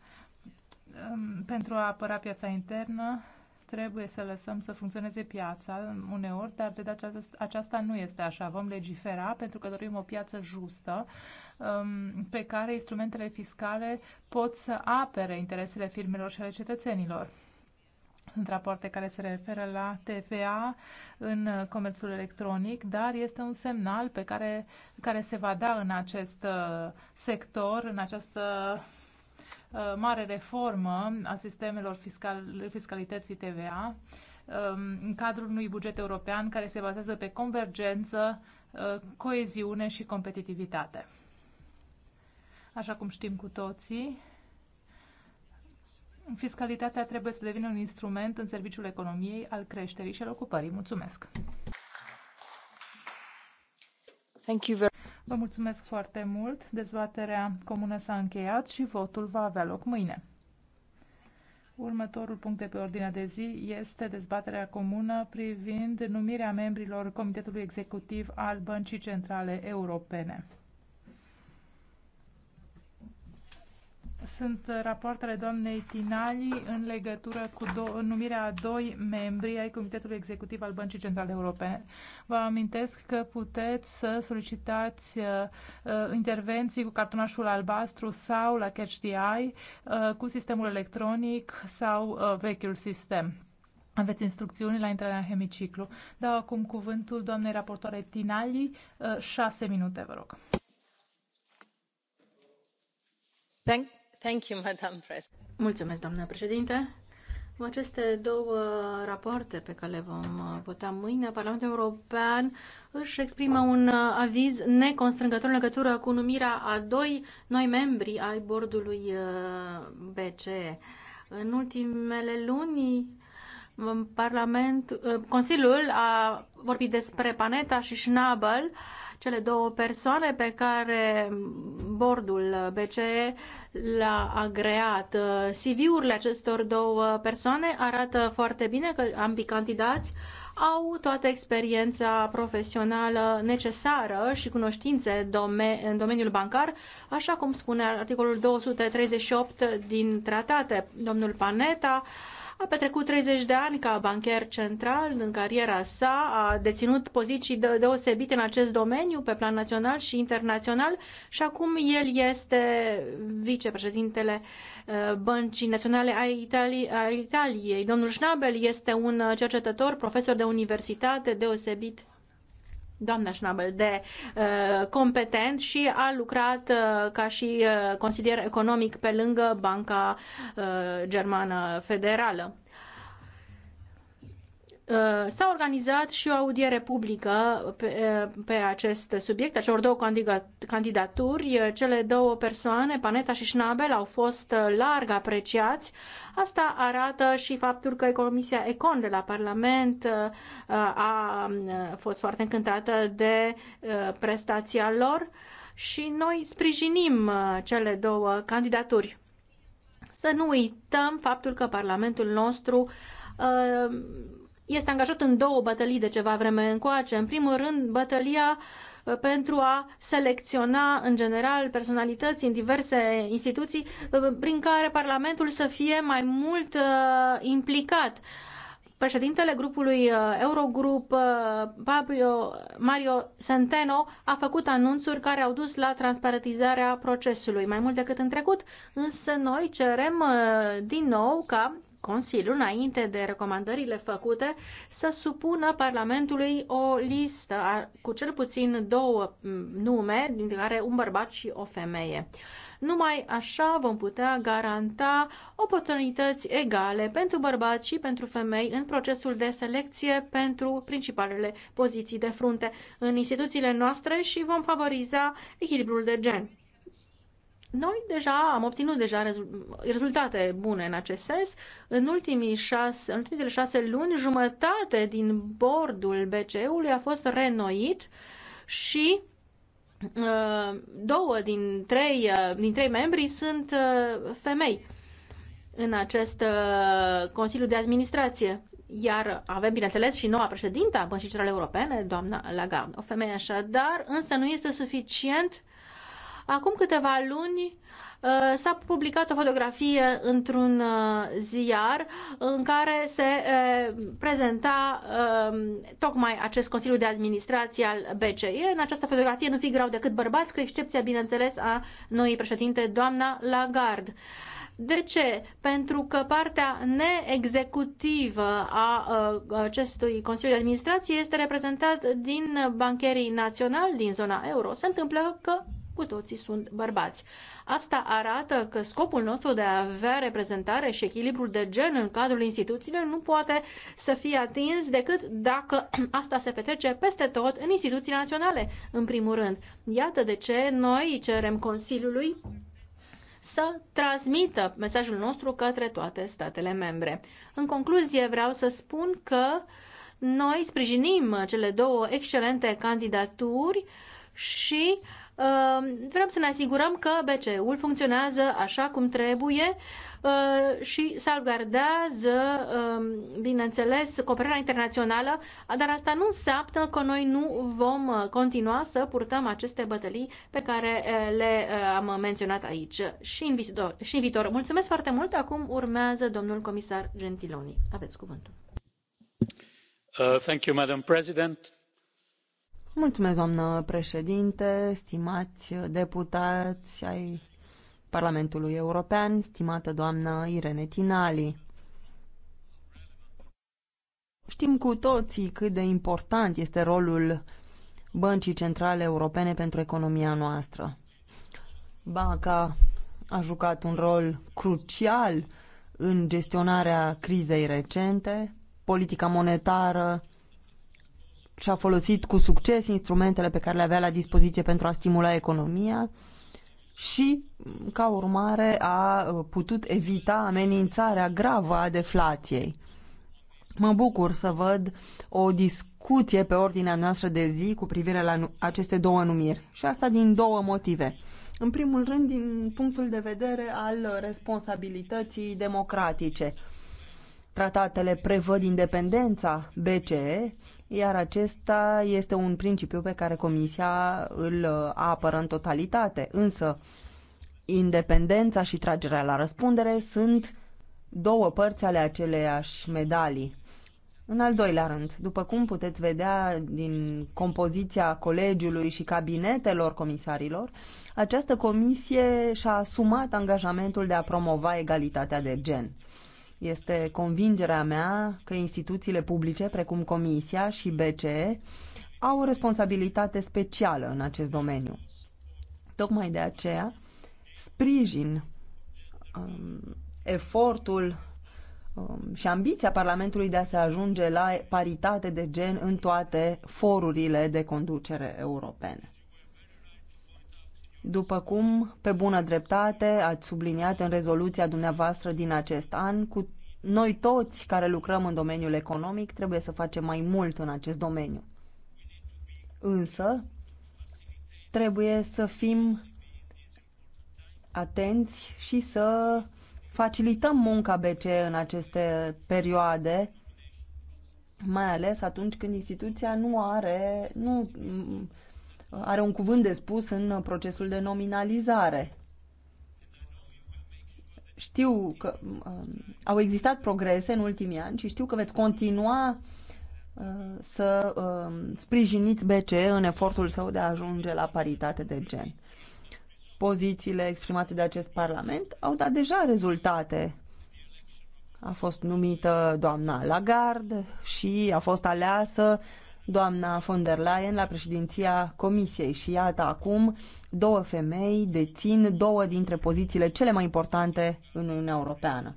L: Um, pentru a apăra piața internă, trebuie să lăsăm să funcționeze piața uneori, dar de data aceasta nu este așa. Vom legifera pentru că dorim o piață justă um, pe care instrumentele fiscale pot să apere interesele firmelor și ale cetățenilor. Sunt rapoarte care se referă la TVA în comerțul electronic, dar este un semnal pe care, care se va da în acest uh, sector, în această uh, mare reformă a sistemelor fiscal, fiscalității TVA um, în cadrul unui buget european care se bazează pe convergență, uh, coeziune și competitivitate. Așa cum știm cu toții, fiscalitatea trebuie să devină un instrument în serviciul economiei, al creșterii și al ocupării. Mulțumesc! Thank you very Vă mulțumesc foarte mult. Dezbaterea comună s-a încheiat și votul va avea loc mâine. Următorul punct de pe ordinea de zi este dezbaterea comună privind numirea membrilor Comitetului Executiv al Băncii Centrale Europene. sunt rapoartele doamnei Tinali în legătură cu do- numirea a doi membri ai Comitetului Executiv al Băncii Centrale Europene. Vă amintesc că puteți să solicitați uh, uh, intervenții cu cartonașul albastru sau la Catch the Eye uh, cu sistemul electronic sau uh, vechiul sistem. Aveți instrucțiuni la intrarea în hemiciclu. Dau acum cuvântul doamnei raportoare Tinali. Uh, șase minute, vă rog. Thank- Mulțumesc, doamnă președinte.
N: În aceste două rapoarte pe care le vom uh, vota mâine, Parlamentul European își exprimă un uh, aviz neconstrângător în legătură cu numirea a doi noi membri ai bordului uh, BCE. În ultimele luni, Parlament, Consiliul a vorbit despre Paneta și Schnabel, cele două persoane pe care bordul BCE l-a agreat. CV-urile acestor două persoane arată foarte bine că ambii candidați au toată experiența profesională necesară și cunoștințe în domeniul bancar, așa cum spune articolul 238 din tratate. Domnul Paneta a petrecut 30 de ani ca bancher central în cariera sa, a deținut poziții de- deosebite în acest domeniu pe plan național și internațional și acum el este vicepreședintele uh, Băncii Naționale a, Itali- a Italiei. Domnul Schnabel este un cercetător, profesor de universitate deosebit doamna Schnabel, de uh, competent și a lucrat uh, ca și uh, consilier economic pe lângă Banca uh, Germană Federală. Uh, s-a organizat și o audiere publică pe, uh, pe acest subiect, acelor două candidaturi. Uh, cele două persoane, Paneta și Schnabel, au fost larg apreciați. Asta arată și faptul că Comisia Econ de la Parlament a fost foarte încântată de prestația lor și noi sprijinim cele două candidaturi. Să nu uităm faptul că Parlamentul nostru este angajat în două bătălii de ceva vreme încoace. În primul rând, bătălia uh, pentru a selecționa în general personalități în diverse instituții uh, prin care Parlamentul să fie mai mult uh, implicat. Președintele grupului Eurogrup, Pablo Mario Centeno, a făcut anunțuri care au dus la transparentizarea procesului, mai mult decât în trecut, însă noi cerem din nou ca Consiliul, înainte de recomandările făcute, să supună Parlamentului o listă cu cel puțin două mm, nume, dintre care un bărbat și o femeie. Numai așa vom putea garanta oportunități egale pentru bărbați și pentru femei în procesul de selecție pentru principalele poziții de frunte în instituțiile noastre și vom favoriza echilibrul de gen. Noi deja am obținut deja rezultate bune în acest sens. În, ultimii șase, în ultimele șase luni, jumătate din bordul BCE-ului a fost renoit și uh, două din trei, uh, din trei membri sunt uh, femei în acest Consiliu de Administrație. Iar avem, bineînțeles, și noua președintă a Băncii Centrale Europene, doamna Lagarde, o femeie așadar, însă nu este suficient uh, Acum câteva luni uh, s-a publicat o fotografie într-un uh, ziar în care se uh, prezenta um, tocmai acest Consiliu de Administrație al BCE. În această fotografie nu figurau decât bărbați, cu excepția, bineînțeles, a noii președinte, doamna Lagarde. De ce? Pentru că partea neexecutivă a acestui Consiliu de Administrație este reprezentat din bancherii naționali din zona euro. Se întâmplă că cu toții sunt bărbați. Asta arată că scopul nostru de a avea reprezentare și echilibrul de gen în cadrul instituțiilor nu poate să fie atins decât dacă asta se petrece peste tot în instituții naționale, în primul rând. Iată de ce noi cerem Consiliului să transmită mesajul nostru către toate statele membre. În concluzie, vreau să spun că noi sprijinim cele două excelente candidaturi și uh, Ehm, vrem să ne asigurăm că BCE-ul funcționează așa cum trebuie ehm, și salvgardează, ehm, bineînțeles, cooperarea internațională, dar asta nu înseamnă că noi nu vom uh, continua să purtăm aceste bătălii pe care uh, le-am uh, menționat aici și în, viitor, și în viitor. Mulțumesc foarte mult. Acum urmează domnul comisar Gentiloni. Aveți cuvântul.
J: Uh, thank you, Madam President
N: Mulțumesc, doamnă președinte,
M: stimați deputați ai Parlamentului European, stimată doamnă Irene Tinali. Știm cu toții cât de important este rolul Băncii Centrale Europene pentru economia noastră. Banca a jucat un rol crucial în gestionarea crizei recente, politica monetară și-a folosit cu succes instrumentele pe care le avea la dispoziție pentru a stimula economia și, ca urmare, a uh, putut evita amenințarea gravă a deflației. Mă bucur să văd o discuție pe ordinea noastră de zi cu privire la aceste două numiri. Și asta din două motive. În primul rând, din punctul de vedere al responsabilității democratice. Tratatele prevăd independența BCE iar acesta este un principiu pe care Comisia îl uh, apără în totalitate. Însă, independența și tragerea la răspundere sunt două părți ale aceleiași medalii. În al doilea rând, după cum puteți vedea din compoziția colegiului și cabinetelor comisarilor, această comisie și-a asumat angajamentul de a promova egalitatea de gen. Este convingerea mea că instituțiile publice, precum Comisia și BCE, au o responsabilitate specială în acest domeniu. Tocmai de aceea sprijin um, efortul um, și ambiția Parlamentului de a se ajunge la paritate de gen în toate forurile de conducere europene. După cum, pe bună dreptate, ați subliniat în rezoluția dumneavoastră din acest an, cu noi toți care lucrăm în domeniul economic trebuie să facem mai mult în acest domeniu. Însă, trebuie să fim atenți și să facilităm munca BCE în aceste perioade, mai ales atunci când instituția nu are, nu, are un cuvânt de spus în procesul de nominalizare știu că uh, au existat progrese în ultimii ani și știu că veți continua uh, să uh, sprijiniți BCE în efortul său de a ajunge la paritate de gen. Pozițiile exprimate de acest Parlament au dat deja rezultate. A fost numită doamna Lagarde și a fost aleasă uh, doamna von der Leyen la președinția Comisiei și iată acum două femei dețin două dintre pozițiile cele mai importante în Uniunea Europeană.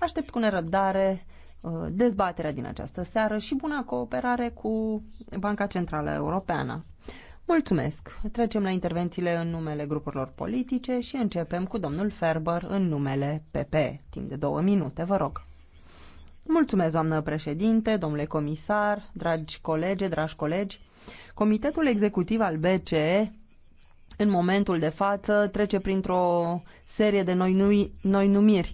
M: Aștept cu nerăbdare uh, dezbaterea din această seară și buna cooperare cu Banca Centrală Europeană. Mulțumesc! Trecem la intervențiile în numele grupurilor politice și începem cu domnul Ferber în numele PP. Timp de două minute, vă rog. Mulțumesc, doamnă președinte, domnule comisar, dragi colegi, dragi colegi. Comitetul executiv al BCE în momentul de față trece printr-o serie de noi, nui, noi numiri.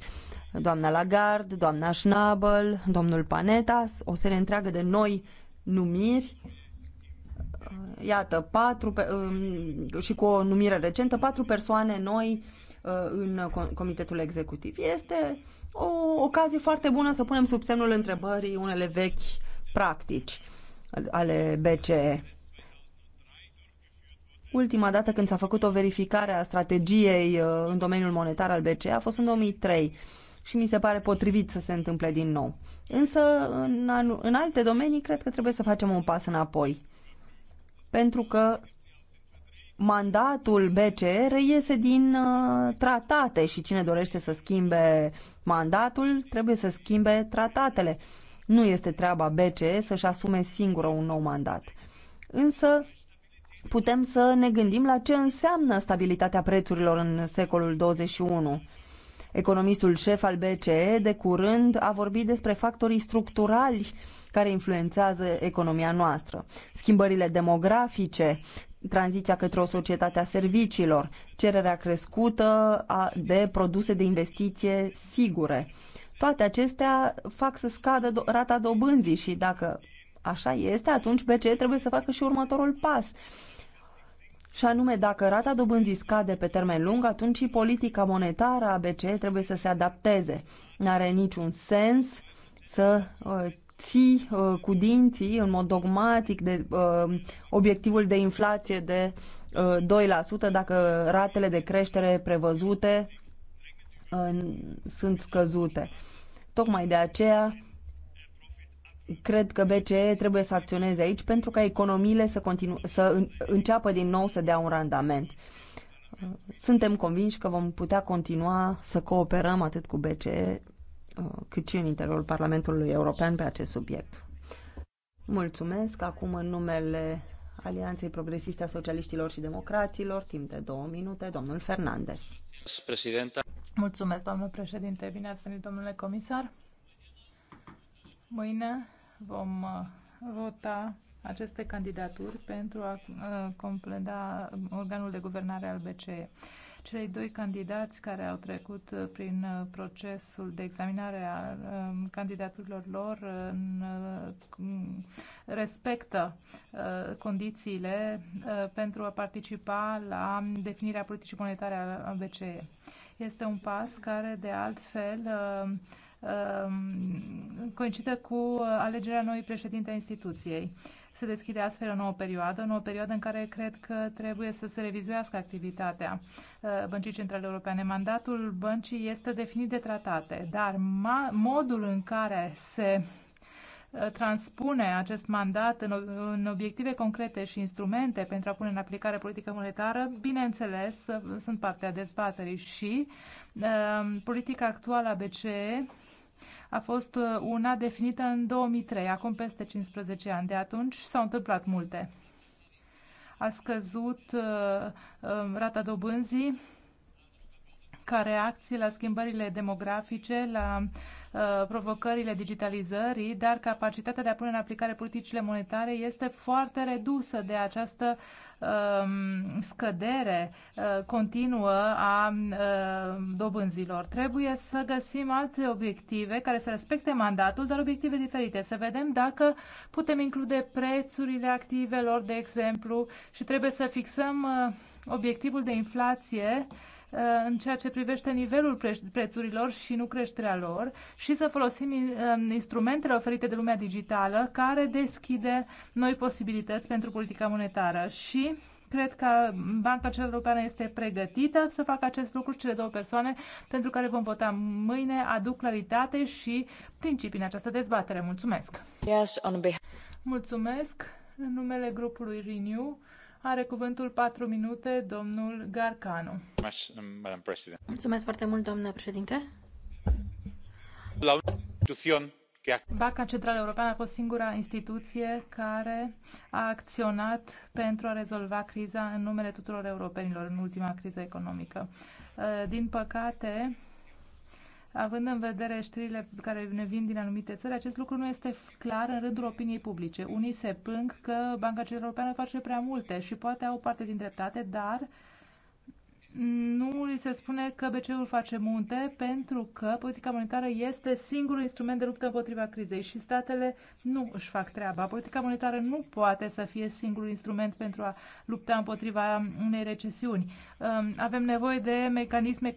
M: Doamna Lagarde, doamna Schnabel, domnul Panetas, o serie întreagă de noi numiri. Iată, patru um, și cu o numire recentă, patru persoane noi uh, în comitetul executiv. Este o ocazie foarte bună să punem sub semnul întrebării unele vechi practici ale BCE. Ultima dată când s-a făcut o verificare a strategiei uh, în domeniul monetar al BCE a fost în 2003 și mi se pare potrivit să se întâmple din nou. Însă, în, în alte domenii, cred că trebuie să facem un pas înapoi. Pentru că mandatul BCR iese din uh, tratate și cine dorește să schimbe mandatul trebuie să schimbe tratatele. Nu este treaba BCE să-și asume singură un nou mandat. Însă putem să ne gândim la ce înseamnă stabilitatea prețurilor în secolul 21. Economistul șef al BCE de curând a vorbit despre factorii structurali care influențează economia noastră. Schimbările demografice, tranziția către o societate a serviciilor, cererea crescută de produse de investiție sigure. Toate acestea fac să scadă rata dobânzii și dacă așa este, atunci BCE trebuie să facă și următorul pas. Și anume, dacă rata dobânzii scade pe termen lung, atunci și politica monetară a BCE trebuie să se adapteze. N-are niciun sens să uh, ții uh, cu dinții în mod dogmatic de uh, obiectivul de inflație de uh, 2% dacă ratele de creștere prevăzute uh, sunt scăzute. Tocmai de aceea cred că BCE trebuie să acționeze aici pentru ca economiile să, continu- să înceapă din nou să dea un randament. Suntem convinși că vom putea continua să cooperăm atât cu BCE Uh, cât și în interiorul Parlamentului European pe acest subiect. Mulțumesc. Acum, în numele Alianței Progresiste a Socialiștilor și Democraților, timp de două minute, domnul Fernandez. Președinte. Mulțumesc, domnul
L: președinte. Bine ați venit, domnule comisar. Mâine vom uh, vota aceste candidaturi pentru a uh, completa organul de guvernare al BCE. Cei doi candidați care au trecut uh, prin uh, procesul de examinare a um, candidaturilor lor uh, mm, respectă condițiile pentru a participa la definirea politicii monetare a BCE. Este un pas care, de altfel, um, coincide cu alegerea noii președinte a instituției. Se deschide astfel o nouă perioadă, o nouă perioadă în care cred că trebuie să se revizuiască activitatea uh, Băncii Centrale Europene. Mandatul băncii este definit de tratate, dar modul în care se uh, transpune acest mandat în, obiective concrete și instrumente pentru a pune în aplicare politică monetară, bineînțeles, sunt partea dezbaterii și uh, politica actuală a BCE a fost uh, una definită în 2003, acum peste 15 ani. De atunci s-au întâmplat multe. A scăzut uh, uh rata dobânzii, ca reacție la schimbările demografice, la uh, provocările digitalizării, dar capacitatea de a pune în aplicare politicile monetare este foarte redusă de această uh, scădere uh, continuă a uh, dobânzilor. Trebuie să găsim alte obiective care să respecte mandatul, dar obiective diferite. Să vedem dacă putem include prețurile activelor, de exemplu, și trebuie să fixăm uh, obiectivul de inflație uh, Uh, în ceea ce privește nivelul prețurilor și nu creșterea lor și să folosim uh, instrumentele oferite de lumea digitală care deschide noi posibilități pentru politica monetară și cred că Banca Centrală Europeană este pregătită să facă acest lucru și cele două persoane pentru care vom vota mâine aduc claritate și principii în această dezbatere. Mulțumesc! Yes, on Mulțumesc! În numele grupului Renew, are cuvântul 4 minute domnul Garcanu.
H: Um,
L: Mulțumesc foarte mult, doamnă președinte. La Banca Centrală Europeană a fost singura instituție care a acționat pentru a rezolva criza în numele tuturor europenilor în ultima criză economică. Uh, din păcate, având în vedere știrile care ne vin din anumite țări, acest lucru nu este clar în rândul opiniei publice. Unii se plâng că Banca Centrală Europeană face prea multe și poate au parte din dreptate, dar nu li se spune că BCE-ul face munte pentru că politica monetară este singurul instrument de luptă împotriva crizei și statele nu își fac treaba. Politica monetară nu poate să fie singurul instrument pentru a lupta împotriva unei recesiuni. Um, avem nevoie de mecanisme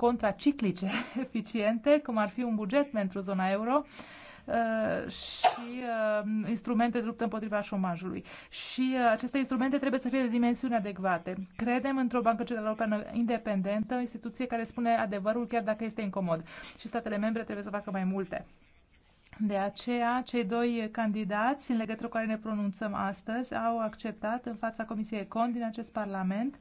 L: contraciclice eficiente, cum ar fi un buget pentru zona euro, Uh, și uh, instrumente de luptă împotriva șomajului. Și uh, aceste instrumente trebuie să fie de dimensiuni adecvate. Credem într-o bancă centrală europeană independentă, o instituție care spune adevărul chiar dacă este incomod. Și statele membre trebuie să facă mai multe. De aceea, cei doi candidați în legătură cu care ne pronunțăm astăzi au acceptat în fața Comisiei Cond din acest Parlament uh,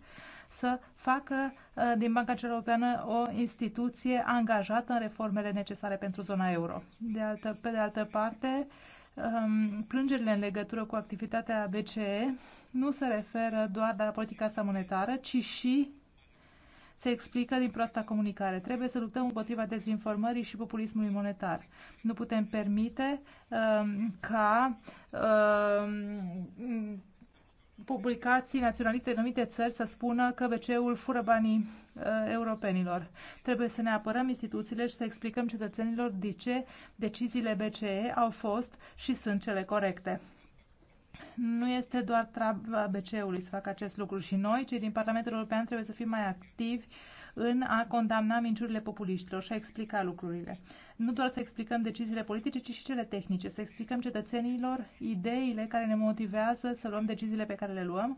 L: să facă uh, din Banca Europeană o instituție angajată în reformele necesare pentru zona euro. De altă, pe de altă parte, um, plângerile în legătură cu activitatea BCE nu se referă doar la politica sa monetară, ci și se explică din proasta comunicare. Trebuie să luptăm împotriva dezinformării și populismului monetar. Nu putem permite uh, ca uh, publicații naționaliste în anumite țări să spună că BCE-ul fură banii uh, europenilor. Trebuie să ne apărăm instituțiile și să explicăm cetățenilor de ce deciziile BCE au fost și sunt cele corecte nu este doar treaba BCE-ului să facă acest lucru și noi, cei din Parlamentul European, trebuie să fim mai activi în a condamna minciurile populiștilor și a explica lucrurile. Nu doar să explicăm deciziile politice, ci și cele tehnice, să explicăm cetățenilor ideile care ne motivează să luăm deciziile pe care le luăm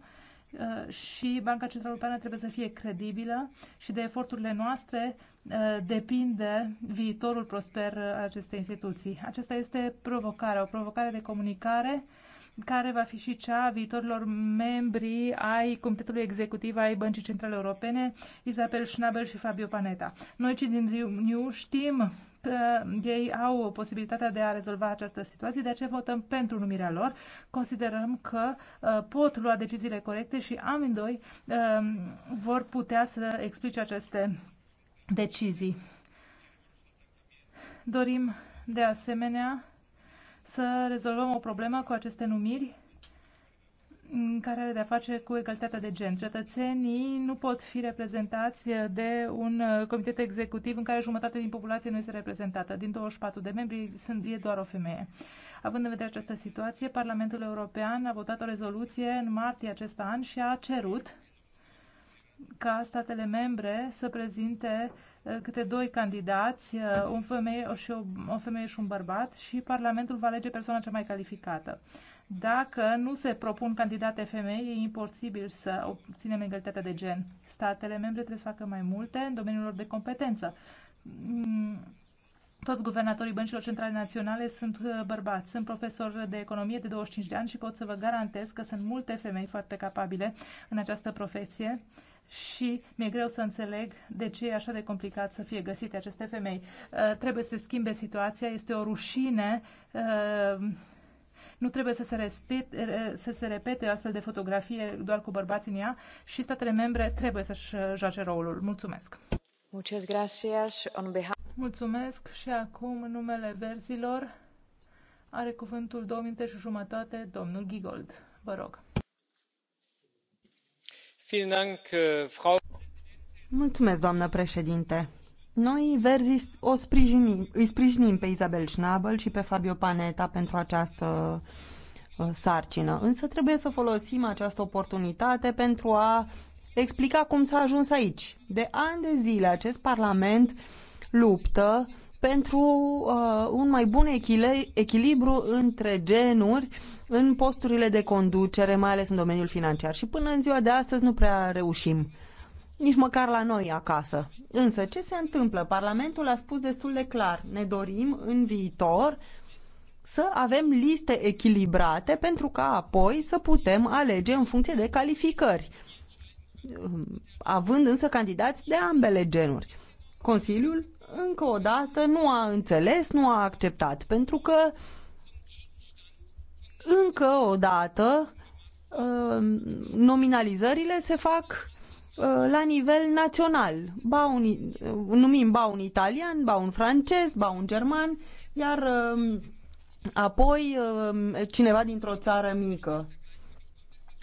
L: uh, și Banca Centrală Europeană trebuie să fie credibilă și de eforturile noastre uh, depinde viitorul prosper al acestei instituții. Aceasta este provocarea, o provocare de comunicare care va fi și cea a viitorilor membri ai Comitetului Executiv ai Băncii Centrale Europene, Isabel Schnabel și Fabio Paneta. Noi cei din Renew știm că ei au posibilitatea de a rezolva această situație, de aceea votăm pentru numirea lor. Considerăm că uh, pot lua deciziile corecte și amândoi um, vor putea să explice aceste decizii. Dorim de asemenea să rezolvăm o problemă cu aceste numiri care are de-a face cu egalitatea de gen. Cetățenii nu pot fi reprezentați de un comitet executiv în care jumătate din populație nu este reprezentată. Din 24 de membri sunt, e doar o femeie. Având în vedere această situație, Parlamentul European a votat o rezoluție în martie acest an și a cerut ca statele membre să prezinte uh, câte doi candidați, o uh, femeie și, o, o femeie și un bărbat, și Parlamentul va alege persoana cea mai calificată. Dacă nu se propun candidate femei, e imposibil să obținem egalitatea de gen. Statele membre trebuie să facă mai multe în domeniul lor de competență. Mm, toți guvernatorii băncilor centrale naționale sunt uh, bărbați. Sunt profesor de economie de 25 de ani și pot să vă garantez că sunt multe femei foarte capabile în această profesie și mi-e greu să înțeleg de ce e așa de complicat să fie găsite aceste femei. Uh, trebuie să schimbe situația, este o rușine. Uh, nu trebuie să se, respet, uh, să se repete astfel de fotografie doar cu bărbații în ea și statele membre trebuie să-și joace rolul. Mulțumesc! Mulțumesc și acum în numele verzilor are cuvântul două minute și jumătate domnul Gigold. Vă rog. Äh, doamnă
M: președinte. Noi, verzi îi sprijinim pe Isabel Schnabel și pe Fabio Panetta pentru această uh, sarcină. Însă trebuie să folosim această oportunitate pentru a explica cum s-a ajuns aici. De ani de zile acest Parlament luptă pentru uh, un mai bun echile- echilibru între genuri în posturile de conducere, mai ales în domeniul financiar. Și până în ziua de astăzi nu prea reușim, nici măcar la noi acasă. Însă, ce se întâmplă? Parlamentul a spus destul de clar, ne dorim în viitor să avem liste echilibrate pentru ca apoi să putem alege în funcție de calificări, având însă candidați de ambele genuri. Consiliul, încă o dată, nu a înțeles, nu a acceptat, pentru că uh, încă o dată uh, nominalizările se fac uh, la nivel național. Ba un, uh, numim ba un italian, ba un francez, ba un german, iar um, apoi um, cineva dintr-o țară mică.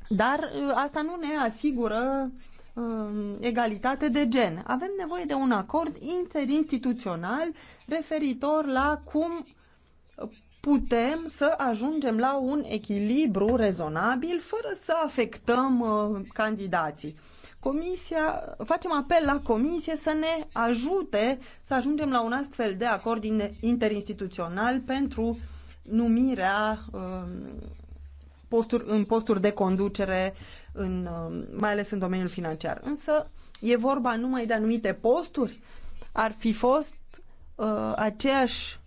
M: Dar asta nu ne asigură um, egalitate de gen. Avem nevoie de un acord interinstituțional referitor la cum putem să ajungem la un echilibru rezonabil fără să afectăm uh, candidații. Comisia, facem apel la comisie să ne ajute să ajungem la un astfel de acord interinstituțional pentru numirea uh, posturi, în posturi de conducere, în, uh, mai ales în domeniul financiar. Însă e vorba numai de anumite posturi? Ar fi fost uh, aceeași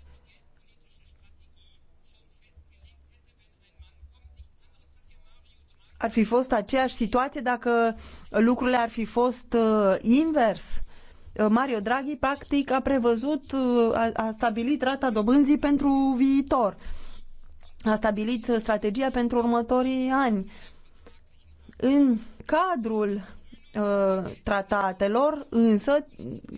M: ar fi fost aceeași situație dacă lucrurile ar fi fost uh, invers. Uh, Mario Draghi practic a prevăzut, uh, a, a stabilit rata dobânzii pentru viitor. A stabilit strategia pentru următorii ani. În cadrul uh, tratatelor, însă,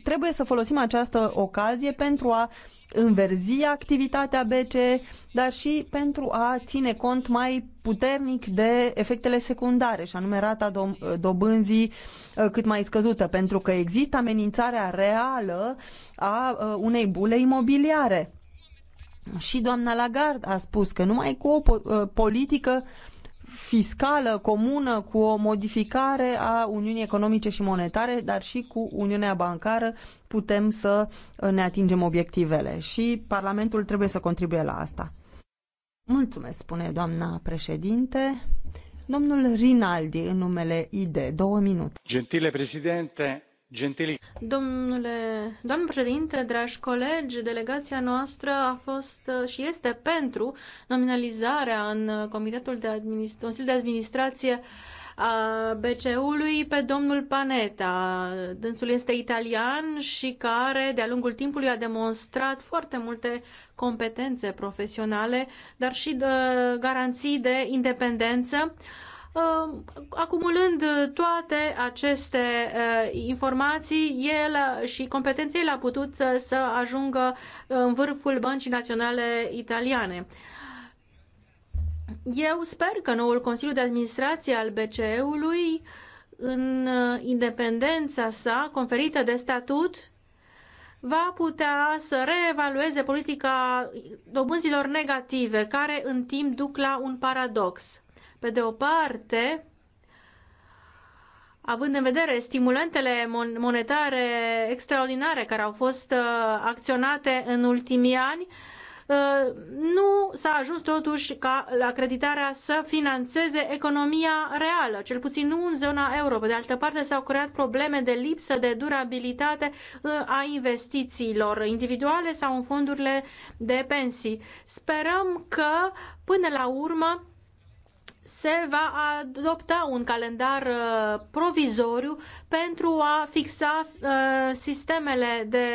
M: trebuie să folosim această ocazie pentru a înverzi activitatea BCE, dar și pentru a ține cont mai puternic de efectele secundare, și anume rata dobânzii uh, cât mai scăzută, pentru că există amenințarea reală a uh, unei bule imobiliare. Și doamna Lagarde a spus că numai cu o uh, politică fiscală comună cu o modificare a Uniunii Economice și Monetare, dar și cu Uniunea Bancară putem să ne atingem obiectivele și Parlamentul trebuie să contribuie la asta. Mulțumesc, spune doamna președinte. Domnul
N: Rinaldi, în numele ID, două minute.
O: Gentile președinte, Gentili.
N: Domnule, doamnă președinte, dragi colegi, delegația noastră a fost uh, și este pentru nominalizarea în Comitetul de, administ- Consiliul de Administrație a BCE-ului pe domnul Paneta. Dânsul este italian și care de-a lungul timpului a demonstrat foarte multe competențe profesionale, dar și de uh, garanții de independență Um, acumulând toate aceste uh, informații, el și competenței l a putut să ajungă în vârful Băncii Naționale Italiane. Eu sper că noul Consiliu de Administrație al BCE-ului, în uh, independența sa conferită de statut, va putea să reevalueze politica dobânzilor negative, care în timp duc la un paradox pe de o parte, având în vedere stimulentele monetare extraordinare care au fost uh, acționate în ultimii ani, uh, nu s-a ajuns totuși ca creditarea să financeze economia reală, cel puțin nu în zona euro. Pe de altă parte, s-au creat probleme de lipsă de durabilitate uh, a investițiilor individuale sau în fondurile de pensii. Sperăm că, până la urmă, se va adopta un calendar uh, provizoriu pentru a fixa uh, sistemele de,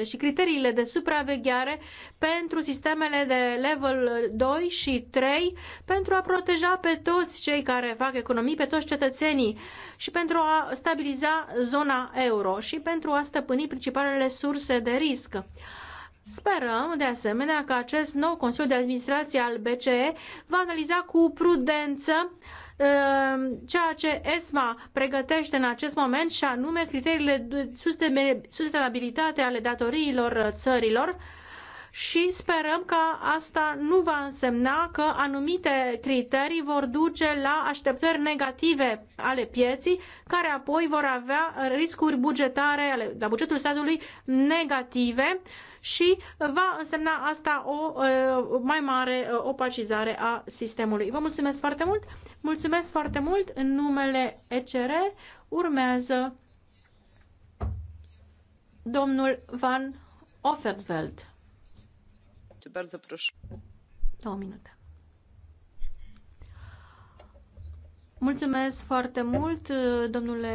N: uh, și criteriile de supraveghere pentru sistemele de level 2 și 3 pentru a proteja pe toți cei care fac economii, pe toți cetățenii și pentru a stabiliza zona euro și pentru a stăpâni principalele surse de risc. Sperăm, de asemenea, că acest nou Consiliu de Administrație al BCE va analiza cu prudență uh, ceea ce ESMA pregătește în acest moment și anume criteriile de sustenabilitate ale datoriilor uh, țărilor și sperăm că asta nu va însemna că anumite criterii vor duce la așteptări negative ale pieții, care apoi vor avea riscuri bugetare la bugetul statului negative și va însemna asta o mai mare opacizare a sistemului. Vă mulțumesc foarte mult! Mulțumesc foarte mult! În numele ECR urmează domnul Van Offerveld. Două minute. Mulțumesc foarte mult, domnule,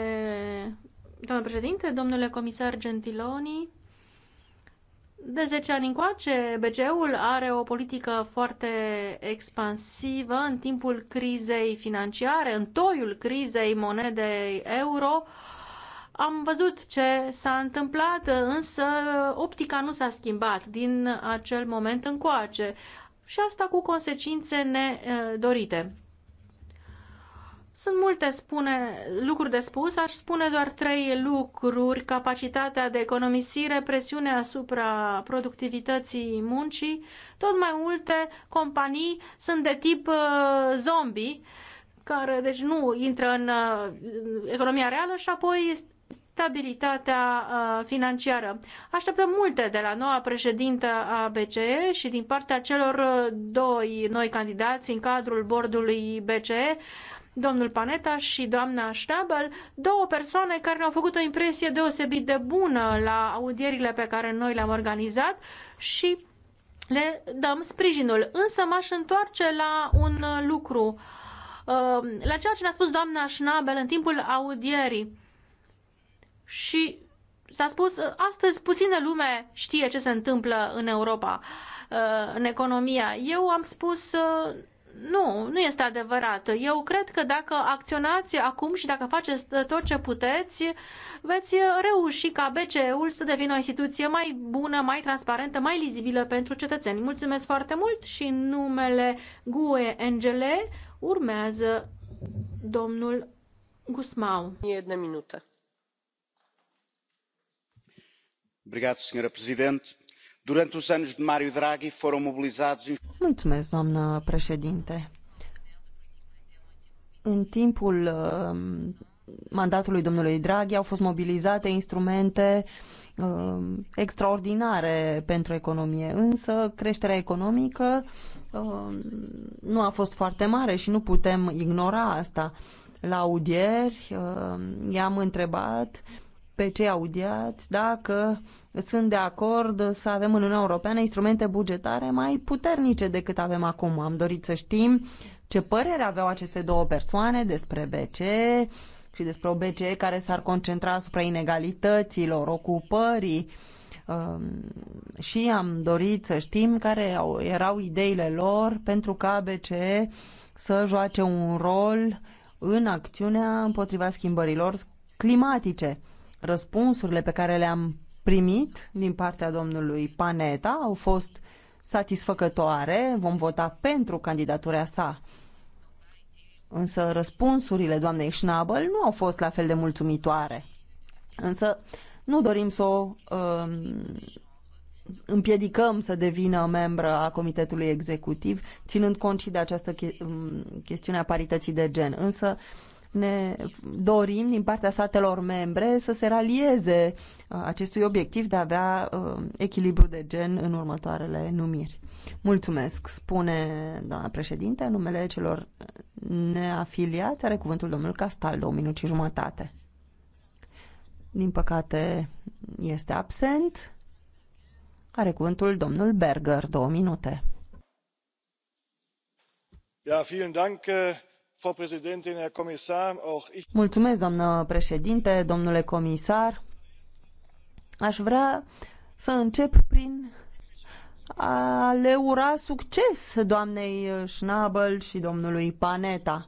N: domnule președinte, domnule comisar Gentiloni. De 10 ani încoace, BCE-ul are o politică foarte expansivă în timpul crizei financiare, în toiul crizei monedei euro. Am văzut ce s-a întâmplat, însă optica nu s-a schimbat din acel moment încoace și asta cu consecințe nedorite. Sunt multe spune, lucruri de spus, aș spune doar trei lucruri. Capacitatea de economisire, presiunea asupra productivității muncii. Tot mai multe companii sunt de tip uh, zombie, care deci nu intră în uh, economia reală și apoi stabilitatea uh, financiară. Așteptăm multe de la noua președintă a BCE și din partea celor uh, doi noi candidați în cadrul bordului BCE domnul Paneta și doamna Schnabel, două persoane care ne-au făcut o impresie deosebit de bună la audierile pe care noi le-am organizat și le dăm sprijinul. Însă m-aș întoarce la un lucru, uh, la ceea ce ne-a spus doamna Schnabel în timpul audierii. Și s-a spus, astăzi puțină lume știe ce se întâmplă în Europa, uh, în economia. Eu am spus, uh, nu, nu este adevărat. Eu cred că dacă acționați acum și dacă faceți tot ce puteți, veți reuși ca BCE-ul să devină o instituție mai bună, mai transparentă, mai lizibilă pentru cetățeni. Mulțumesc foarte mult și în numele GUE NGL urmează domnul Gusmau. Jedna minută.
P: Obrigado, senhora Presidente
M: Mulțumesc, doamnă președinte. În timpul um, mandatului domnului Draghi au fost mobilizate instrumente um, extraordinare pentru economie, însă creșterea economică um, nu a fost foarte mare și nu putem ignora asta. La audieri i-am întrebat pe cei audiați dacă sunt de acord să avem în Uniunea Europeană instrumente bugetare mai puternice decât avem acum. Am dorit să știm ce părere aveau aceste două persoane despre BCE și despre o BCE care s-ar concentra asupra inegalităților, ocupării um, și am dorit să știm care erau ideile lor pentru ca BCE să joace un rol în acțiunea împotriva schimbărilor climatice. Răspunsurile pe care le-am primit din partea domnului Paneta au fost satisfăcătoare, vom vota pentru candidatura sa. Însă răspunsurile doamnei Schnabel nu au fost la fel de mulțumitoare. Însă nu dorim să o um, împiedicăm să devină membră a Comitetului Executiv, ținând cont și de această che- um, chestiune a parității de gen. Însă uh, ne dorim din partea statelor membre să se ralieze uh, acestui obiectiv de a avea uh, echilibru de gen în următoarele numiri. Mulțumesc, spune doamna președinte, numele celor neafiliați are cuvântul domnul Castal, două minute și jumătate. Din păcate este absent. Are cuvântul domnul Berger, două minute.
K: Ja, vielen Dank, äh,
M: Mulțumesc, doamnă președinte, domnule comisar. Aș vrea să încep prin a le ura succes doamnei Schnabel și domnului Panetta.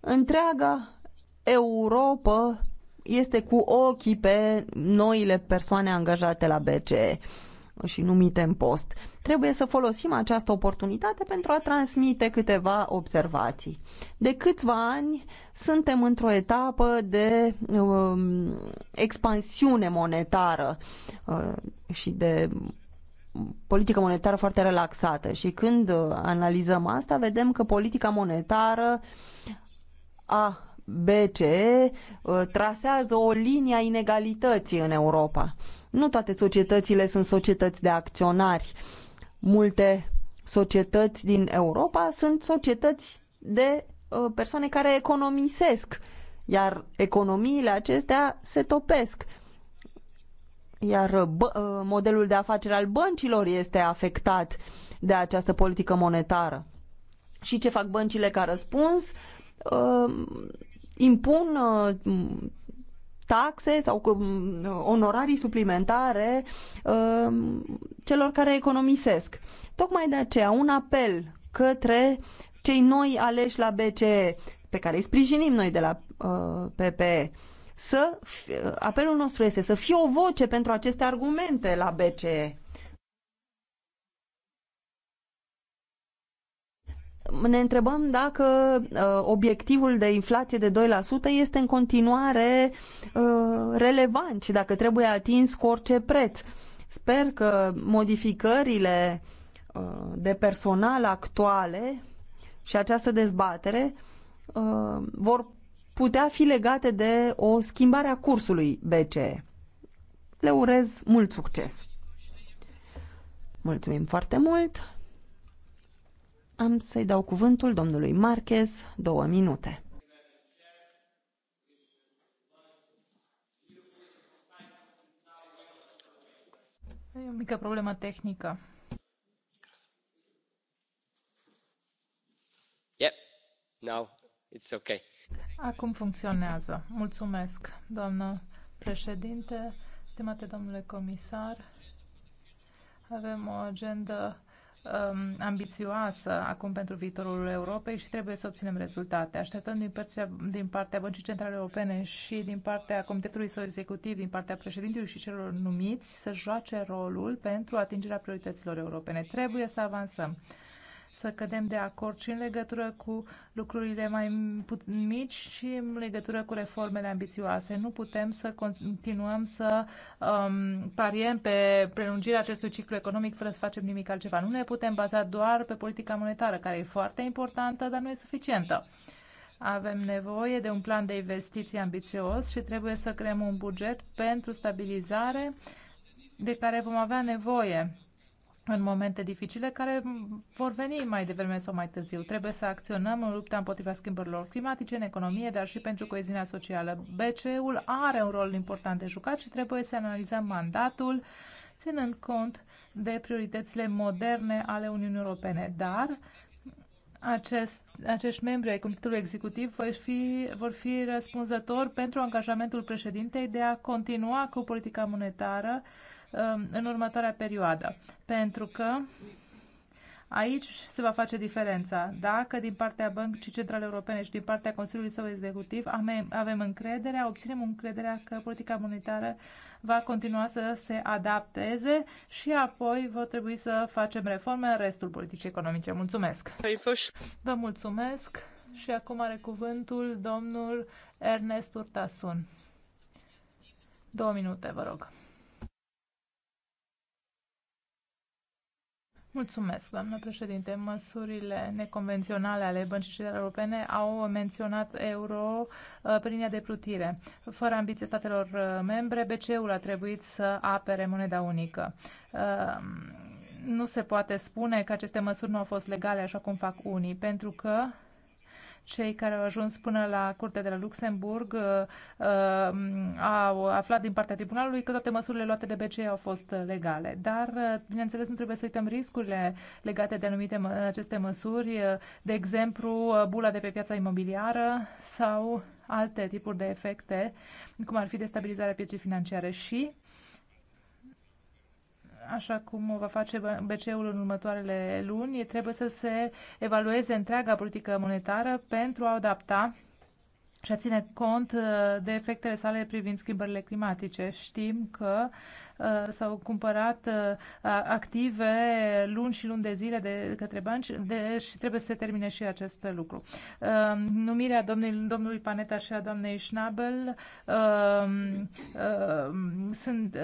M: Întreaga Europa este cu ochii pe noile persoane angajate la BCE și numite în post. Trebuie să folosim această oportunitate pentru a transmite câteva observații. De câțiva ani suntem într-o etapă de um, expansiune monetară uh, și de politică monetară foarte relaxată și când uh, analizăm asta, vedem că politica monetară a BCE uh, trasează o linie a inegalității în Europa. Nu toate societățile sunt societăți de acționari. Multe societăți din Europa sunt societăți de uh, persoane care economisesc, iar economiile acestea se topesc. Iar uh, uh, modelul de afacere al băncilor este afectat de această politică monetară. Și ce fac băncile ca răspuns? Impun taxe sau cu mm, onorarii suplimentare um, celor care economisesc. Tocmai de aceea un apel către cei noi aleși la BCE, pe care îi sprijinim noi de la uh, PPE, să, uh, apelul nostru este să fie o voce pentru aceste argumente la BCE. ne întrebăm dacă uh, obiectivul de inflație de 2% este în continuare uh, relevant și dacă trebuie atins cu orice preț. Sper că modificările uh, de personal actuale și această dezbatere vor putea fi legate de o schimbare a cursului BCE. Le urez mult succes! Mulțumim foarte mult! Am să-i dau cuvântul domnului Marquez, două minute.
L: E o mică problemă tehnică.
D: Yep, now it's okay.
L: Acum funcționează. Mulțumesc, doamnă președinte, stimate domnule comisar. Avem o agendă um, ambițioasă acum pentru viitorul Europei și trebuie să obținem rezultate. Așteptăm din, părția, din partea Băncii Centrale Europene și din partea Comitetului Său Executiv, din partea președintelui și celor numiți, să joace rolul pentru atingerea priorităților europene. Trebuie să avansăm să cădem de acord și în legătură cu lucrurile mai mici și în legătură cu reformele ambițioase. Nu putem să continuăm să um, pariem pe prelungirea acestui ciclu economic fără să facem nimic altceva. Nu ne putem baza doar pe politica monetară, care e foarte importantă, dar nu e suficientă. Avem nevoie de un plan de investiții ambițios și trebuie să creăm un buget pentru stabilizare de care vom avea nevoie în momente dificile care vor veni mai devreme sau mai târziu. Trebuie să acționăm în lupta împotriva schimbărilor climatice, în economie, dar și pentru coeziunea socială. BCE-ul are un rol important de jucat și trebuie să analizăm mandatul ținând cont de prioritățile moderne ale Uniunii Europene. Dar acest, acești membri ai Comitetului Executiv vor fi, vor fi răspunzători pentru angajamentul președintei de a continua cu politica monetară uh, Um, în următoarea perioadă, pentru că Aici se va face diferența. Dacă din partea Băncii Centrale Europene și din partea Consiliului său executiv avem încrederea, obținem încrederea că politica monetară va continua să se adapteze și apoi va trebui să facem reforme în restul politicii economice. Mulțumesc! Vă mulțumesc și acum are cuvântul domnul Ernest Urtasun. Două minute, vă rog. Mulțumesc, doamnă președinte. Măsurile neconvenționale ale Băncii Centrale Europene au menționat euro uh, prin linia de plutire. Fără ambiție statelor uh, membre, BCE-ul a trebuit să apere moneda unică uh, nu se poate spune că aceste măsuri nu au fost legale, așa cum fac unii, pentru că cei care au ajuns până la Curtea de la Luxemburg uh, uh, au aflat din partea tribunalului că toate măsurile luate de BCE au fost uh, legale. Dar, bineînțeles, nu trebuie să uităm riscurile legate de anumite aceste măsuri, de exemplu, bula de pe piața imobiliară sau alte tipuri de efecte, cum ar fi destabilizarea pieței financiare și așa cum va face BCE-ul în următoarele luni, trebuie să se evalueze întreaga politică monetară pentru a adapta și a ține cont uh, de efectele sale privind schimbările climatice. Știm că Uh, s-au cumpărat uh, active luni și luni de zile de către bani de, și trebuie să se termine și acest lucru. Uh, numirea domnului, domnului Paneta și a doamnei Schnabel sunt,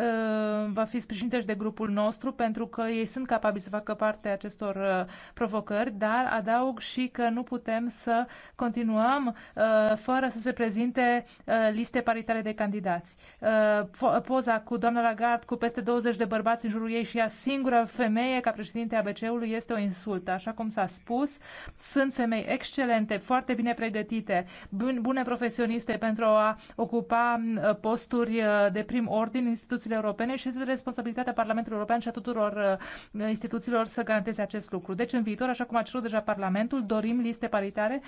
L: va fi sprijinită și de grupul nostru pentru că ei sunt capabili să facă parte acestor provocări, dar adaug și că nu putem să continuăm fără să se prezinte liste paritare de candidați. Poza cu doamna Lagarde cu peste 20 de bărbați în jurul ei și ea singură femeie ca președinte a BCE-ului este o insultă. Așa cum s-a spus, sunt femei excelente, foarte bine pregătite, bune profesioniste pentru a ocupa uh, posturi uh, de prim ordin în instituțiile europene și este de responsabilitatea Parlamentului European și a tuturor uh, instituțiilor să garanteze acest lucru. Deci în viitor, așa cum a cerut deja Parlamentul, dorim liste paritare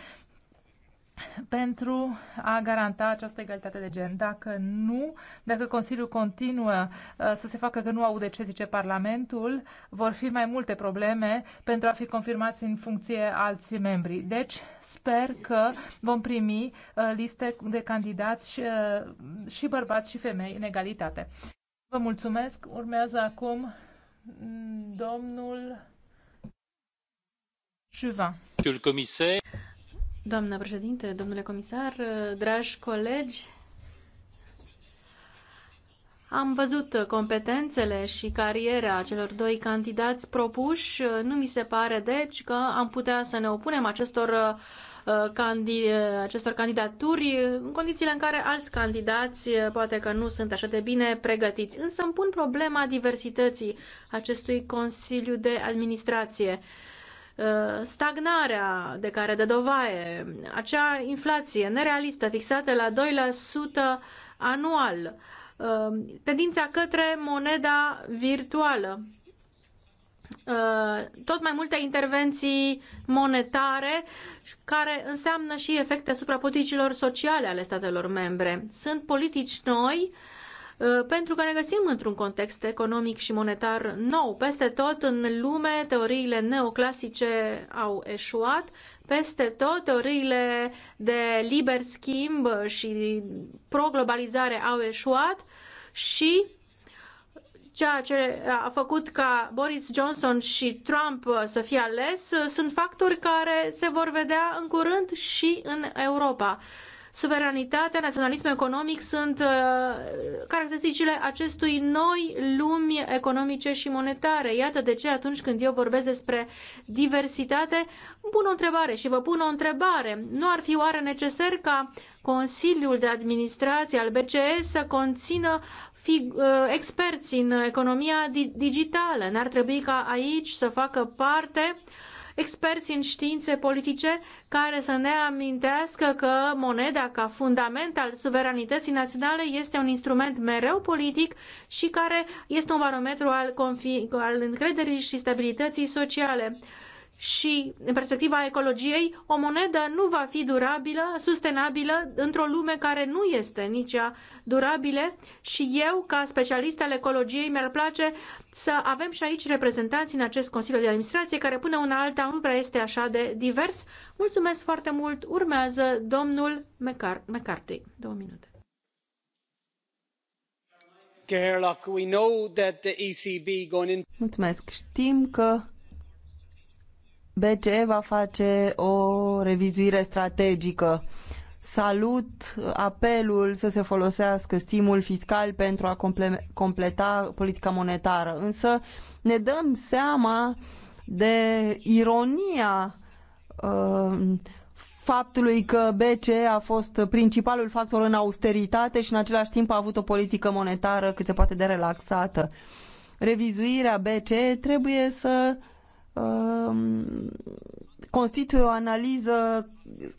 L: pentru a garanta această egalitate de gen. Dacă nu, dacă Consiliul continuă uh, să se facă că nu aude ce zice Parlamentul, vor fi mai multe probleme pentru a fi confirmați în funcție alți membri. Deci, sper că vom primi uh, liste de candidați și, uh, și bărbați și femei în egalitate. Vă mulțumesc. Urmează acum mm, domnul Juvan.
D: Monsieur Comisar.
L: Doamna președinte, domnule comisar,
N: dragi colegi, am văzut competențele și cariera celor doi candidați propuși. Nu mi se pare, deci, că am putea să ne opunem acestor, uh, candi- acestor candidaturi în condițiile în care alți candidați uh, poate că nu sunt așa de bine pregătiți. Însă îmi pun problema diversității acestui Consiliu de Administrație. Uh, Uh, stagnarea de care dă dovaie, acea inflație nerealistă fixată la 2% anual, uh, tendința către moneda virtuală, uh, tot mai multe intervenții monetare care înseamnă și efecte asupra politicilor sociale ale statelor membre. Sunt politici noi uh, Uh, pentru că ne găsim într-un context economic și monetar nou. Peste tot în lume teoriile neoclasice au eșuat, peste tot teoriile de liber schimb și pro-globalizare au eșuat și ceea ce a făcut ca Boris Johnson și Trump să fie ales sunt factori care se vor vedea în curând și în Europa suveranitatea, naționalismul economic sunt uh, caracteristicile acestui noi lumi economice și monetare. Iată de ce atunci când eu vorbesc despre diversitate, îmi pun o întrebare și vă pun o întrebare. Nu ar fi oare necesar ca Consiliul de Administrație al BCE să conțină uh, experți în economia digitală? N-ar trebui ca aici să facă parte uh, experți în științe politice care să ne amintească că moneda ca fundament al suveranității naționale este un instrument mereu politic și care este un barometru al, al încrederii și stabilității sociale și în perspectiva ecologiei, o monedă nu va fi durabilă, sustenabilă într-o lume care nu este nici ea durabile și eu, ca specialist al ecologiei, mi-ar place să avem și aici reprezentanți în acest Consiliu de Administrație, care până una alta nu prea este așa de divers. Mulțumesc foarte mult! Urmează domnul McCarthy. Două minute.
M: Mulțumesc. Știm că BCE va face o revizuire strategică. Salut apelul să se folosească stimul fiscal pentru a comple completa politica monetară, însă ne dăm seama de ironia uh, faptului că BCE a fost principalul factor în austeritate și în același timp a avut o politică monetară cât se poate de relaxată. Revizuirea BCE trebuie să Um, constituie o analiză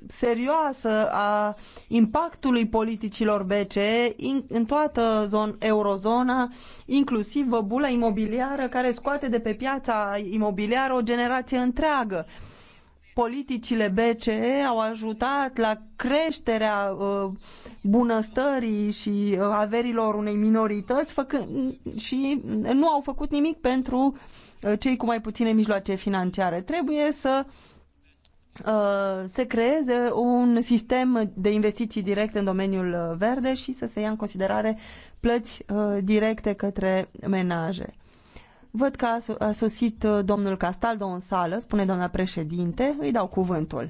M: serioasă a impactului politicilor BCE în toată zon, eurozona, inclusiv bula imobiliară care scoate de pe piața imobiliară o generație întreagă. Politicile BCE au ajutat la creșterea uh, bunăstării și uh, averilor unei minorități și nu au făcut nimic pentru uh, Uh, cei cu mai puține mijloace financiare. Trebuie să uh, se creeze un sistem de investiții directe în domeniul uh, verde și să se ia în considerare plăți directe către menaje. Văd că a sosit domnul Castaldo în sală, spune doamna președinte, îi dau cuvântul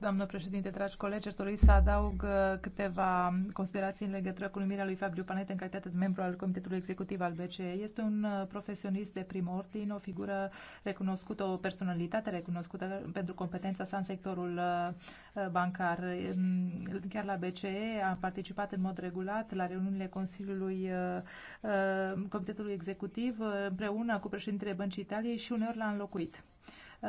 L: doamnă președintă dragi colegi aș dori să adaug uh, câteva considerații în legătură cu numirea lui Fabio Panetta în calitate de membru al Comitetului Executiv al BCE. Este un uh, profesionist de prim ordin, o figură recunoscută, o personalitate recunoscută pentru competența sa în sectorul uh, bancar. Chiar la BCE a participat în mod regulat la reuniunile Consiliului Comitetului Executiv împreună cu președintele Băncii Italiei și uneori l-a înlocuit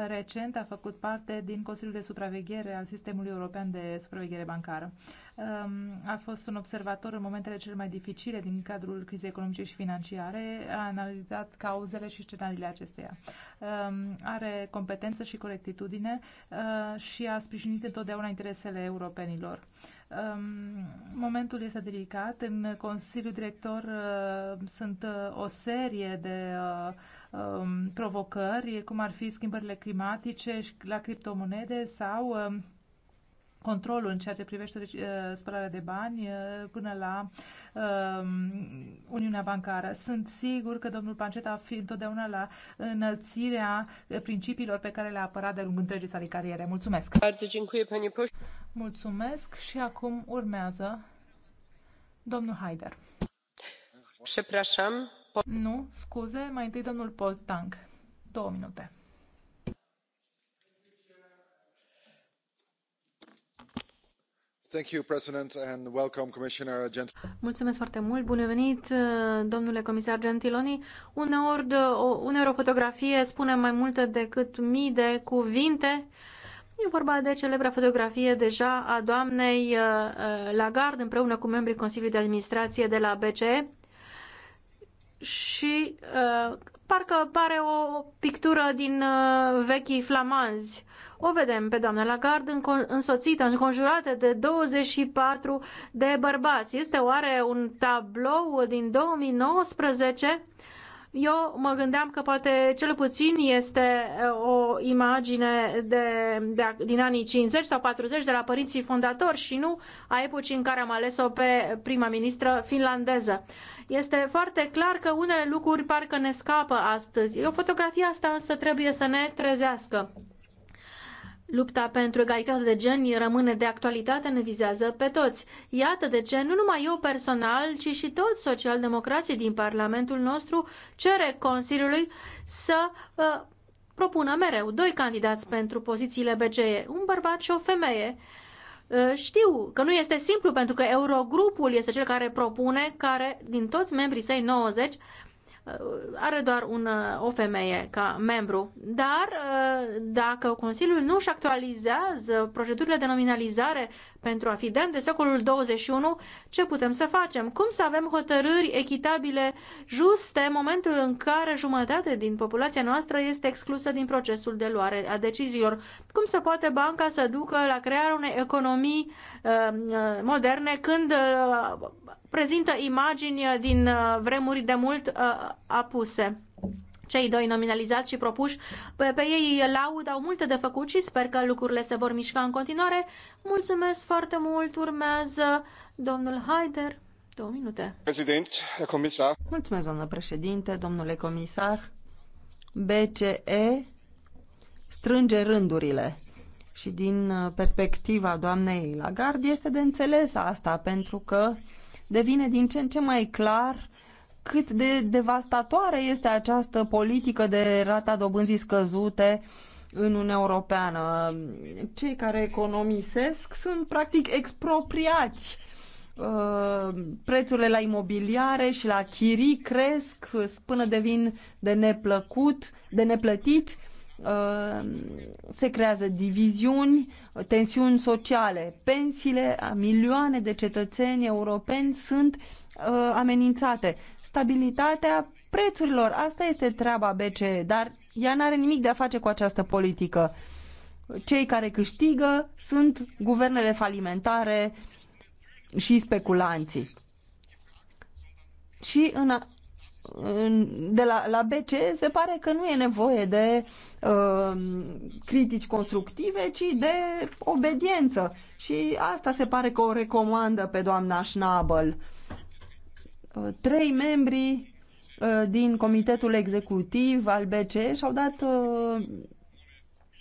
L: recent a făcut parte din Consiliul de Supraveghere al Sistemului European de Supraveghere Bancară. Um, a fost un observator în momentele cele mai dificile din cadrul crizei economice și financiare, a analizat cauzele și scenariile acesteia. Um, are competență și corectitudine uh, și a sprijinit întotdeauna interesele europenilor. Ehm, momentul este delicat. În Consiliul Director ehm, sunt eh, o serie de eh, ehm, provocări, cum ar fi schimbările climatice la criptomonede sau controlul în ceea ce privește uh, spălarea de bani până la uh, Uniunea Bancară. Sunt sigur că domnul Panceta a fi întotdeauna la înălțirea principiilor pe care le-a apărat de-a lungul întregii sale cariere. Mulțumesc! Mulțumesc și acum urmează domnul Haider. Nu, scuze, mai întâi domnul Tang. Două minute.
N: Mulțumesc foarte mult. Bun venit, domnule comisar Gentiloni. Uneori, uneori o fotografie spune mai multe decât mii de cuvinte. Uh, E vorba de celebra fotografie deja a doamnei uh, uh, Lagarde împreună cu membrii Consiliului de Administrație de la BCE și uh, parcă pare o pictură din uh, vechii flamanzi. O vedem pe doamna Lagarde însoțită, înconjurată de 24 de bărbați. Este oare un tablou din 2019? Eu mă gândeam că poate cel puțin este o imagine de, de, din anii 50 sau 40 de la părinții fondatori și nu a epocii în care am ales-o pe prima ministră finlandeză. Este foarte clar că unele lucruri parcă ne scapă astăzi. O fotografie asta însă trebuie să ne trezească. Lupta pentru egalitate de gen rămâne de actualitate, ne vizează pe toți. Iată de ce nu numai eu personal, ci și toți socialdemocrații din Parlamentul nostru cere Consiliului să uh, propună mereu doi candidați pentru pozițiile BCE, un bărbat și o femeie. Uh, știu că nu este simplu pentru că Eurogrupul este cel care propune, care din toți membrii săi 90 Uh, are doar un, uh, o femeie ca membru, dar uh, dacă Consiliul nu își actualizează procedurile de nominalizare pentru a fi demn de secolul 21, ce putem să facem? Cum să avem hotărâri echitabile, juste, în momentul în care jumătate din populația noastră este exclusă din procesul de luare a deciziilor? Cum se poate banca să ducă la crearea unei economii uh, uh moderne când uh, prezintă imagini din uh, vremuri de mult uh, apuse? cei doi nominalizați și propuși, pe, pe ei laud, au multe de făcut și sper că lucrurile se vor mișca în continuare. Mulțumesc foarte mult, urmează domnul Haider. Două minute.
F: comisar.
M: Mulțumesc, doamnă președinte, domnule comisar. BCE strânge rândurile. Și din uh, perspectiva doamnei Lagarde este de înțeles asta, pentru că devine din ce în ce mai clar cât de devastatoare este această politică de rata dobânzii scăzute în Uniunea Europeană. Cei care economisesc sunt practic expropriați. Uh, prețurile la imobiliare și la chirii cresc până devin de neplăcut, de neplătit uh, se creează diviziuni, tensiuni sociale. Pensiile a milioane de cetățeni europeni sunt Uh, amenințate. Stabilitatea prețurilor, asta este treaba BCE, dar ea nu are nimic de a face cu această politică. Cei care câștigă sunt guvernele falimentare și speculanții. Și în, a, în, de la, la BC se pare că nu e nevoie de uh, critici constructive, ci de obediență. Și asta se pare că o recomandă pe doamna Schnabel. Uh, Uh, trei membri uh, din comitetul executiv al BCE și-au dat uh,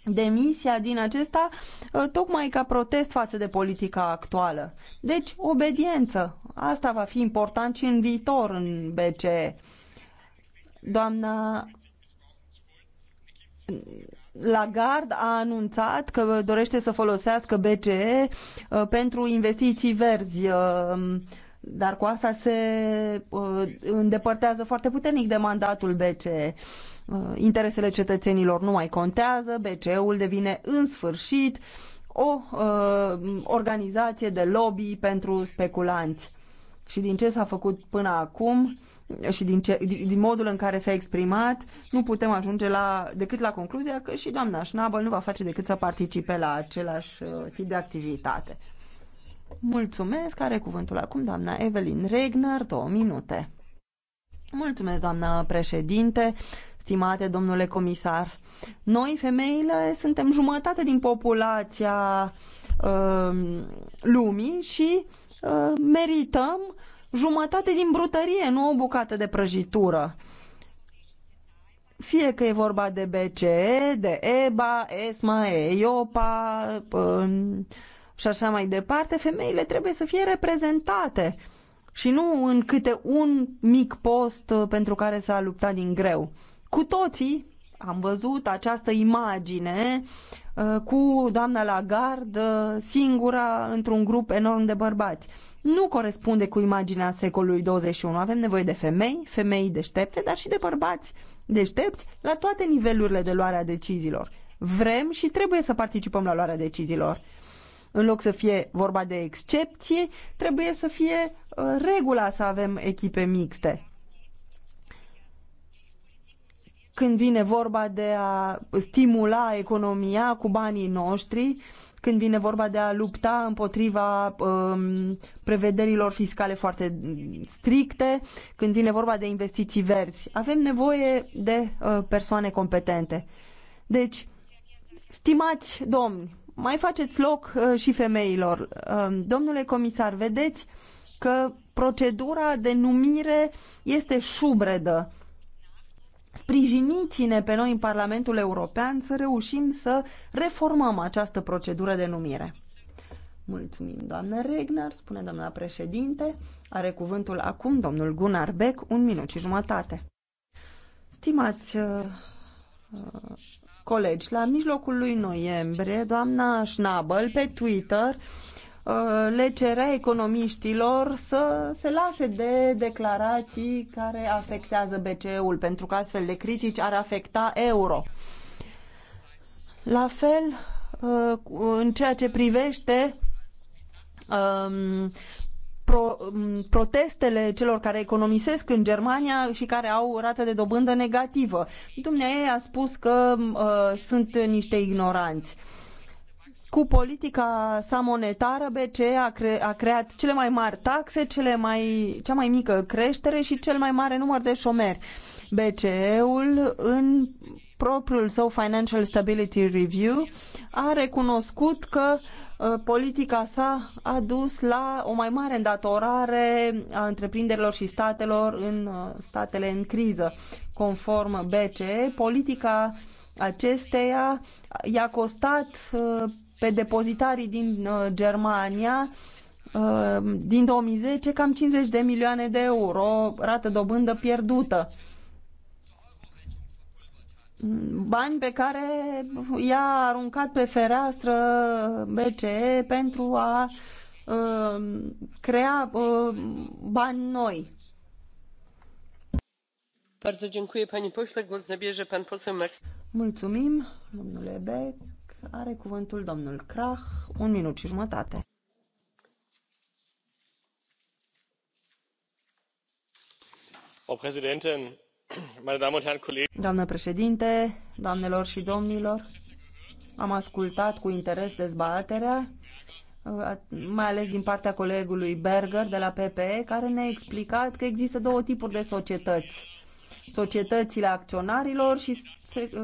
M: demisia din acesta tocmai ca protest față de politica actuală. Deci, obediență. Asta va fi important și în viitor în BCE. Doamna Lagarde a anunțat că dorește să folosească BCE pentru investiții verzi dar cu asta se uh, îndepărtează foarte puternic de mandatul BCE. Uh, interesele cetățenilor nu mai contează, BCE-ul devine în sfârșit o uh, organizație de lobby pentru speculanți. Și din ce s-a făcut până acum și din, ce, din modul în care s-a exprimat, nu putem ajunge la, decât la concluzia că și doamna Schnabel nu va face decât să participe la același uh, tip de activitate. Mulțumesc. Are cuvântul acum doamna Evelyn Regner, două minute. Mulțumesc, doamna președinte, stimate domnule comisar. Noi, femeile, suntem jumătate din populația uh, lumii și uh, merităm jumătate din brutărie, nu o bucată de prăjitură. Fie că e vorba de BCE, de EBA, ESMA, EIOPA, uh, și așa mai departe, femeile trebuie să fie reprezentate și nu în câte un mic post uh, pentru care s-a luptat din greu. Cu toții am văzut această imagine uh, cu doamna Lagarde uh, singura într-un grup enorm de bărbați. Nu corespunde cu imaginea secolului 21. Avem nevoie de femei, femei deștepte, dar și de bărbați deștepți la toate nivelurile de luare a deciziilor. Vrem și trebuie să participăm la luarea deciziilor. În loc să fie vorba de excepție, trebuie să fie uh, regula să avem echipe mixte. Când vine vorba de a stimula economia cu banii noștri, când vine vorba de a lupta împotriva um, prevederilor fiscale foarte stricte, când vine vorba de investiții verzi. Avem nevoie de uh, persoane competente. Deci, stimați domni, mai faceți loc uh, și femeilor. Um, domnule comisar, vedeți că procedura de numire este șubredă. Sprijiniți-ne pe noi în Parlamentul European să reușim să reformăm această procedură de numire. Mulțumim, doamnă Regner, spune doamna președinte. Are cuvântul acum domnul Gunnar Beck, un minut și jumătate. Stimați uh, uh colegi. La mijlocul lui noiembrie, doamna Schnabel pe Twitter uh, le cerea economiștilor să se lase de declarații care afectează BCE-ul, pentru că astfel de critici ar afecta euro. La fel, uh, în ceea ce privește um, pro, protestele celor care economisesc în Germania și care au rată de dobândă negativă. Dumnezeu a spus că uh, sunt niște ignoranți. Cu politica sa monetară, BCE a, cre- a creat cele mai mari taxe, cele mai, cea mai mică creștere și cel mai mare număr de șomeri. BCE-ul în propriul său Financial Stability Review a recunoscut că uh, Uh, politica sa a dus la o mai mare îndatorare a întreprinderilor și statelor în uh, statele în criză. Conform BCE, politica acesteia i-a costat uh, pe depozitarii din Germania din 2010 cam 50 de milioane de euro, rată dobândă pierdută bani pe care i-a aruncat pe fereastră BCE pentru a uh, crea uh, bani noi. Mulțumim, domnule Beck. Are cuvântul domnul Krach, un minut și jumătate.
D: Frau Präsidentin,
M: Doamnă președinte, doamnelor și domnilor, am ascultat cu interes dezbaterea, mai ales din partea colegului Berger de la PPE, care ne-a explicat că există două tipuri de societăți. Societățile acționarilor și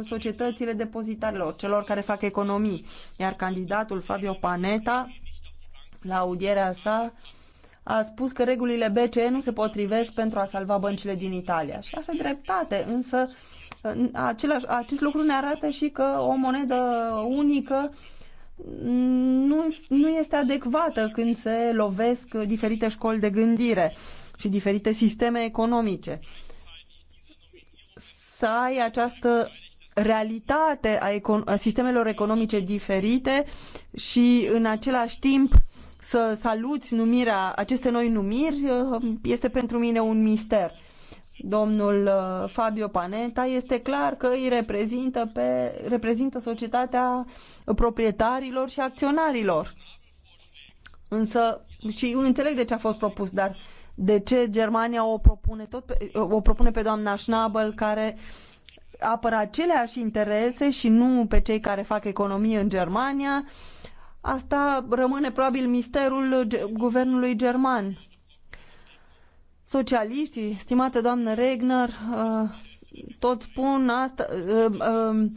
M: societățile depozitarilor, celor care fac economii. Iar candidatul Fabio Paneta, la audierea sa, a spus că regulile BCE nu se potrivesc pentru a salva băncile din Italia și are dreptate, însă același, acest lucru ne arată și că o monedă unică nu, nu este adecvată când se lovesc diferite școli de gândire și diferite sisteme economice. Să ai această realitate a, econ- a sistemelor economice diferite și în același timp să saluți numirea, aceste noi numiri uh, este pentru mine un mister. Domnul uh, Fabio Panetta este clar că îi reprezintă, pe, reprezintă societatea proprietarilor și acționarilor. Însă, și înțeleg de ce a fost propus, dar de ce Germania o propune, tot pe, uh, o propune pe doamna Schnabel, care apără aceleași interese și nu pe cei care fac economie în Germania, uh, Asta rămâne probabil misterul guvernului german. Socialiștii, stimată doamnă Regner, uh, tot spun asta. Uh, um,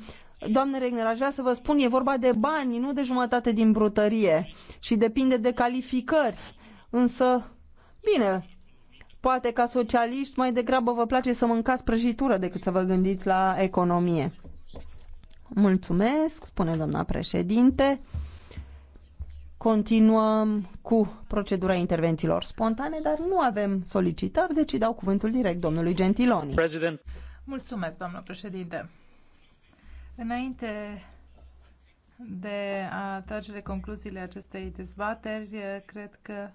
M: Doamne Regner, aș vrea să vă spun, e vorba de bani, nu de jumătate din brutărie și depinde de calificări. Însă, bine, poate ca socialiști mai degrabă vă place să mâncați prăjitură decât să vă gândiți la economie. Mulțumesc, spune doamna președinte. Continuăm cu procedura intervențiilor spontane, dar nu avem solicitări, deci dau cuvântul direct domnului Gentiloni. President.
L: Mulțumesc, doamnă președinte. Înainte de a trage de concluziile acestei dezbateri, cred că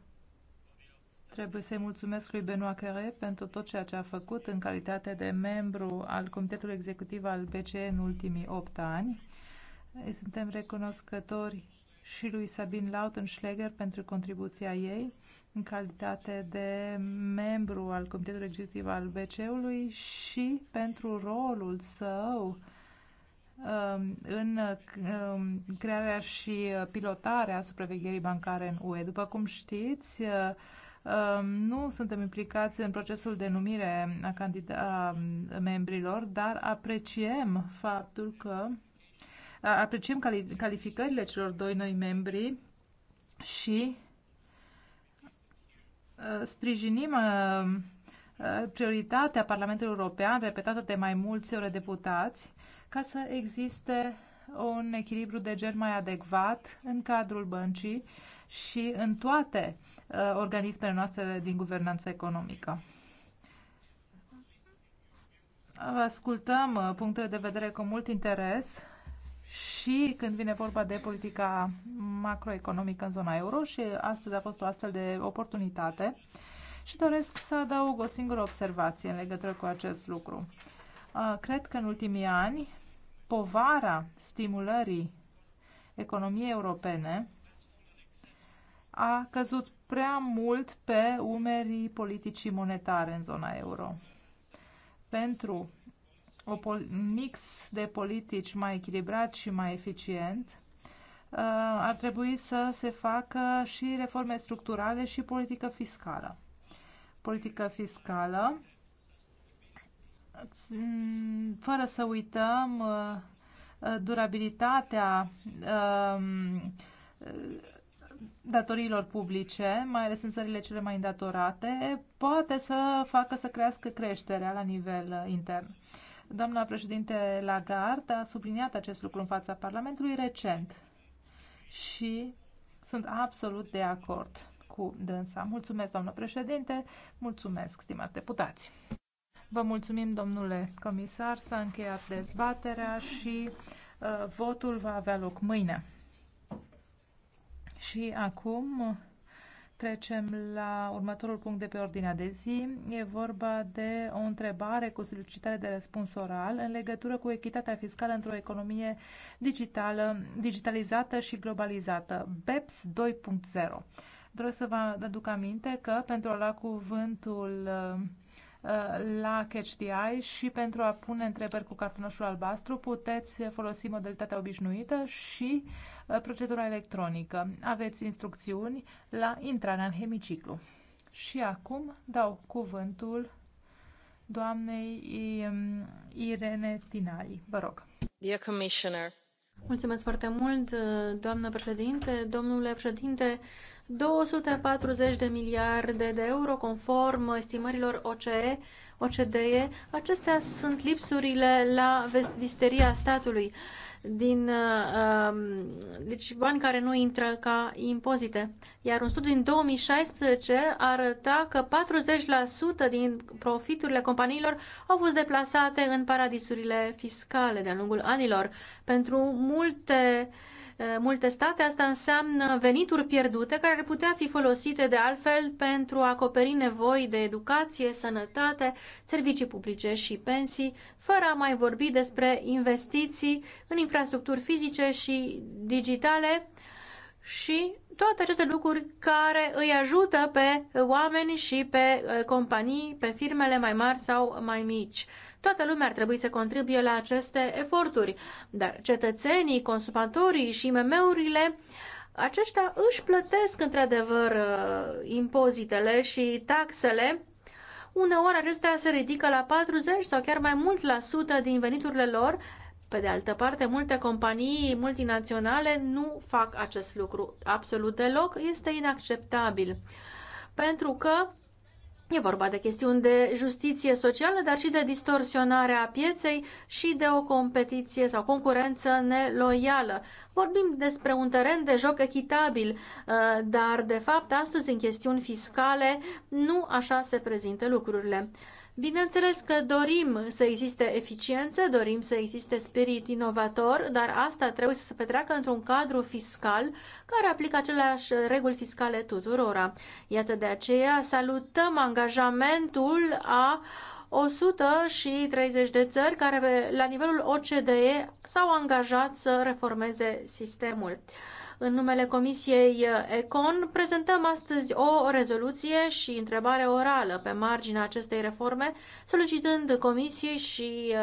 L: Trebuie să-i mulțumesc lui Benoît Carré pentru tot ceea ce a făcut în calitate de membru al Comitetului Executiv al BCE în ultimii 8 ani. Suntem recunoscători și lui Sabine Lautenschläger pentru contribuția ei în calitate de membru al Comitetului Executiv al BC-ului și pentru rolul său um, în um, crearea și pilotarea supravegherii bancare în UE. După cum știți, um, nu suntem implicați în procesul de numire a, a membrilor, dar apreciem faptul că Apreciem calificările celor doi noi membri și sprijinim prioritatea Parlamentului European, repetată de mai mulți eurodeputați, ca să existe un echilibru de gen mai adecvat în cadrul băncii și în toate organismele noastre din guvernanță economică. Ascultăm punctele de vedere cu mult interes și când vine vorba de politica macroeconomică în zona euro și astăzi a fost o astfel de oportunitate și doresc să adaug o singură observație în legătură cu acest lucru. Cred că în ultimii ani povara stimulării economiei europene a căzut prea mult pe umerii politicii monetare în zona euro. Pentru un mix de politici mai echilibrat și mai eficient, uh, ar trebui să se facă și reforme structurale și politică fiscală. Politică fiscală, fără să uităm uh, uh, durabilitatea um, datoriilor publice, mai ales în țările cele mai îndatorate, poate să facă să crească creșterea la nivel intern. Doamna președinte Lagarde a subliniat acest lucru în fața Parlamentului recent și sunt absolut de acord cu dânsa. Mulțumesc, doamnă președinte, mulțumesc, stimați deputați. Vă mulțumim, domnule comisar, s-a încheiat dezbaterea și uh, votul va avea loc mâine. Și acum Trecem la următorul punct de pe ordinea de zi. E vorba de o întrebare cu solicitare de răspuns oral în legătură cu echitatea fiscală într-o economie digitală, digitalizată și globalizată, BEPS 2.0. Vreau să vă aduc aminte că pentru a lua cuvântul uh, Uh, la Catch the Eye și pentru a pune întrebări cu cartonașul albastru puteți folosi modalitatea obișnuită și uh, procedura electronică. Aveți instrucțiuni la intrarea în hemiciclu. Și acum dau cuvântul doamnei um, Irene Tinali. Vă rog.
N: Dear Commissioner. Mulțumesc foarte mult, uh, doamnă președinte. Domnule președinte, 240 de miliarde de euro conform estimărilor OCE, OCDE. Acestea sunt lipsurile la vestisteria statului din um, deci bani care nu intră ca impozite. Iar un studiu din 2016 arăta că 40% din profiturile companiilor au fost deplasate în paradisurile fiscale de-a lungul anilor. Pentru multe uh, Eh, multe state, asta înseamnă venituri pierdute care ar putea fi folosite de altfel pentru a acoperi nevoi de educație, sănătate, servicii publice și pensii, fără a mai vorbi despre investiții în infrastructuri fizice și digitale și toate aceste lucruri care îi ajută pe oameni și pe eh, companii, pe firmele mai mari sau mai mici. Toată lumea ar trebui să contribuie la aceste eforturi, dar cetățenii, consumatorii și MM-urile aceștia își plătesc într-adevăr uh, impozitele și taxele. Uneori acestea se ridică la 40 sau chiar mai mult la sută din veniturile lor. Pe de altă parte, multe companii multinaționale nu fac acest lucru absolut deloc. Este inacceptabil. Pentru că E vorba de chestiuni de justiție socială, dar și de distorsionarea pieței și de o competiție sau concurență neloială. Vorbim despre un teren de joc echitabil, uh, dar de fapt astăzi în chestiuni fiscale nu așa se prezintă lucrurile. Bineînțeles că dorim să existe eficiență, dorim să existe spirit inovator, dar asta trebuie să se petreacă într-un cadru fiscal care aplică aceleași reguli fiscale tuturora. Iată de aceea salutăm angajamentul a 130 de țări care la nivelul OCDE s-au angajat să reformeze sistemul. În numele Comisiei eh, Econ prezentăm astăzi o rezoluție și întrebare orală pe marginea acestei reforme, solicitând Comisiei și eh,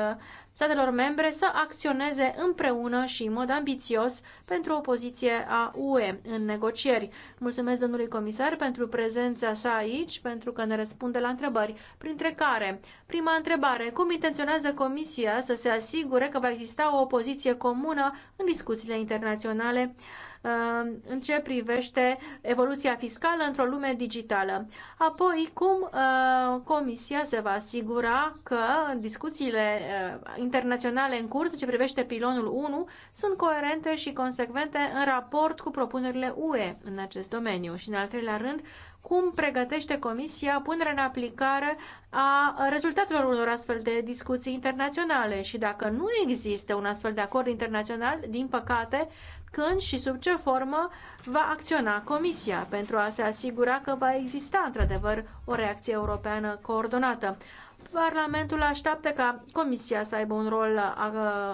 N: statelor membre să acționeze împreună și în mod ambițios pentru o poziție a UE în negocieri. Mulțumesc domnului comisar pentru prezența sa aici, pentru că ne răspunde la întrebări, printre care prima întrebare, cum intenționează Comisia să se asigure că va exista o poziție comună în discuțiile internaționale? Uh, Uh, în ce privește evoluția fiscală într-o lume digitală. Apoi, cum uh, Comisia se va asigura că discuțiile uh, internaționale în curs în ce privește pilonul 1 sunt coerente și consecvente în raport cu propunerile UE în acest domeniu și, în al treilea rând, cum pregătește Comisia punerea în aplicare a rezultatelor unor astfel de discuții internaționale și dacă nu există un astfel de acord internațional, din păcate, când și sub ce formă va acționa Comisia pentru a se asigura că va exista într-adevăr o reacție europeană coordonată. Parlamentul așteaptă ca Comisia să aibă un rol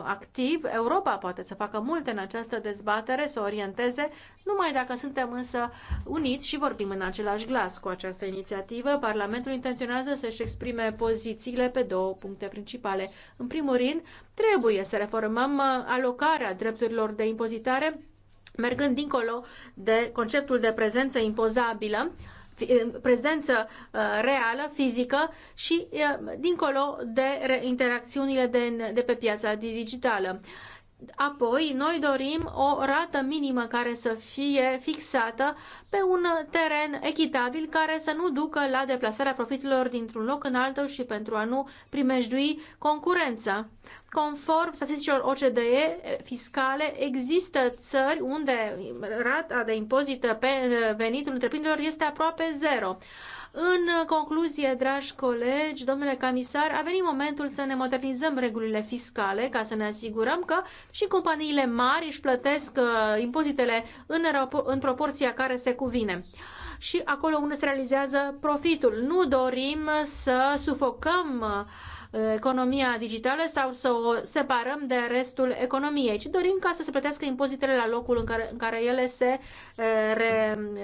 N: activ. Europa poate să facă multe în această dezbatere, să orienteze, numai dacă suntem însă uniți și vorbim în același glas cu această inițiativă. Parlamentul intenționează să-și exprime pozițiile pe două puncte principale. În primul rând, trebuie să reformăm alocarea drepturilor de impozitare, mergând dincolo de conceptul de prezență impozabilă prezență uh, reală, fizică și uh, dincolo de interacțiunile de, de pe piața digitală. Apoi, noi dorim o rată minimă care să fie fixată pe un teren echitabil care să nu ducă la deplasarea profitelor dintr-un loc în altul și pentru a nu primejdui concurența. Conform statisticilor OCDE eh, fiscale, există țări unde rata de impozit pe venitul întreprinderilor este aproape zero. În concluzie, dragi colegi, domnule comisar, a venit momentul să ne modernizăm regulile fiscale ca să ne asigurăm că și companiile mari își plătesc eh, impozitele în, în proporția care se cuvine și acolo unde se realizează profitul. Nu dorim să sufocăm uh, economia digitală sau să o separăm de restul economiei, ci dorim ca să se plătească impozitele la locul în care, în care ele se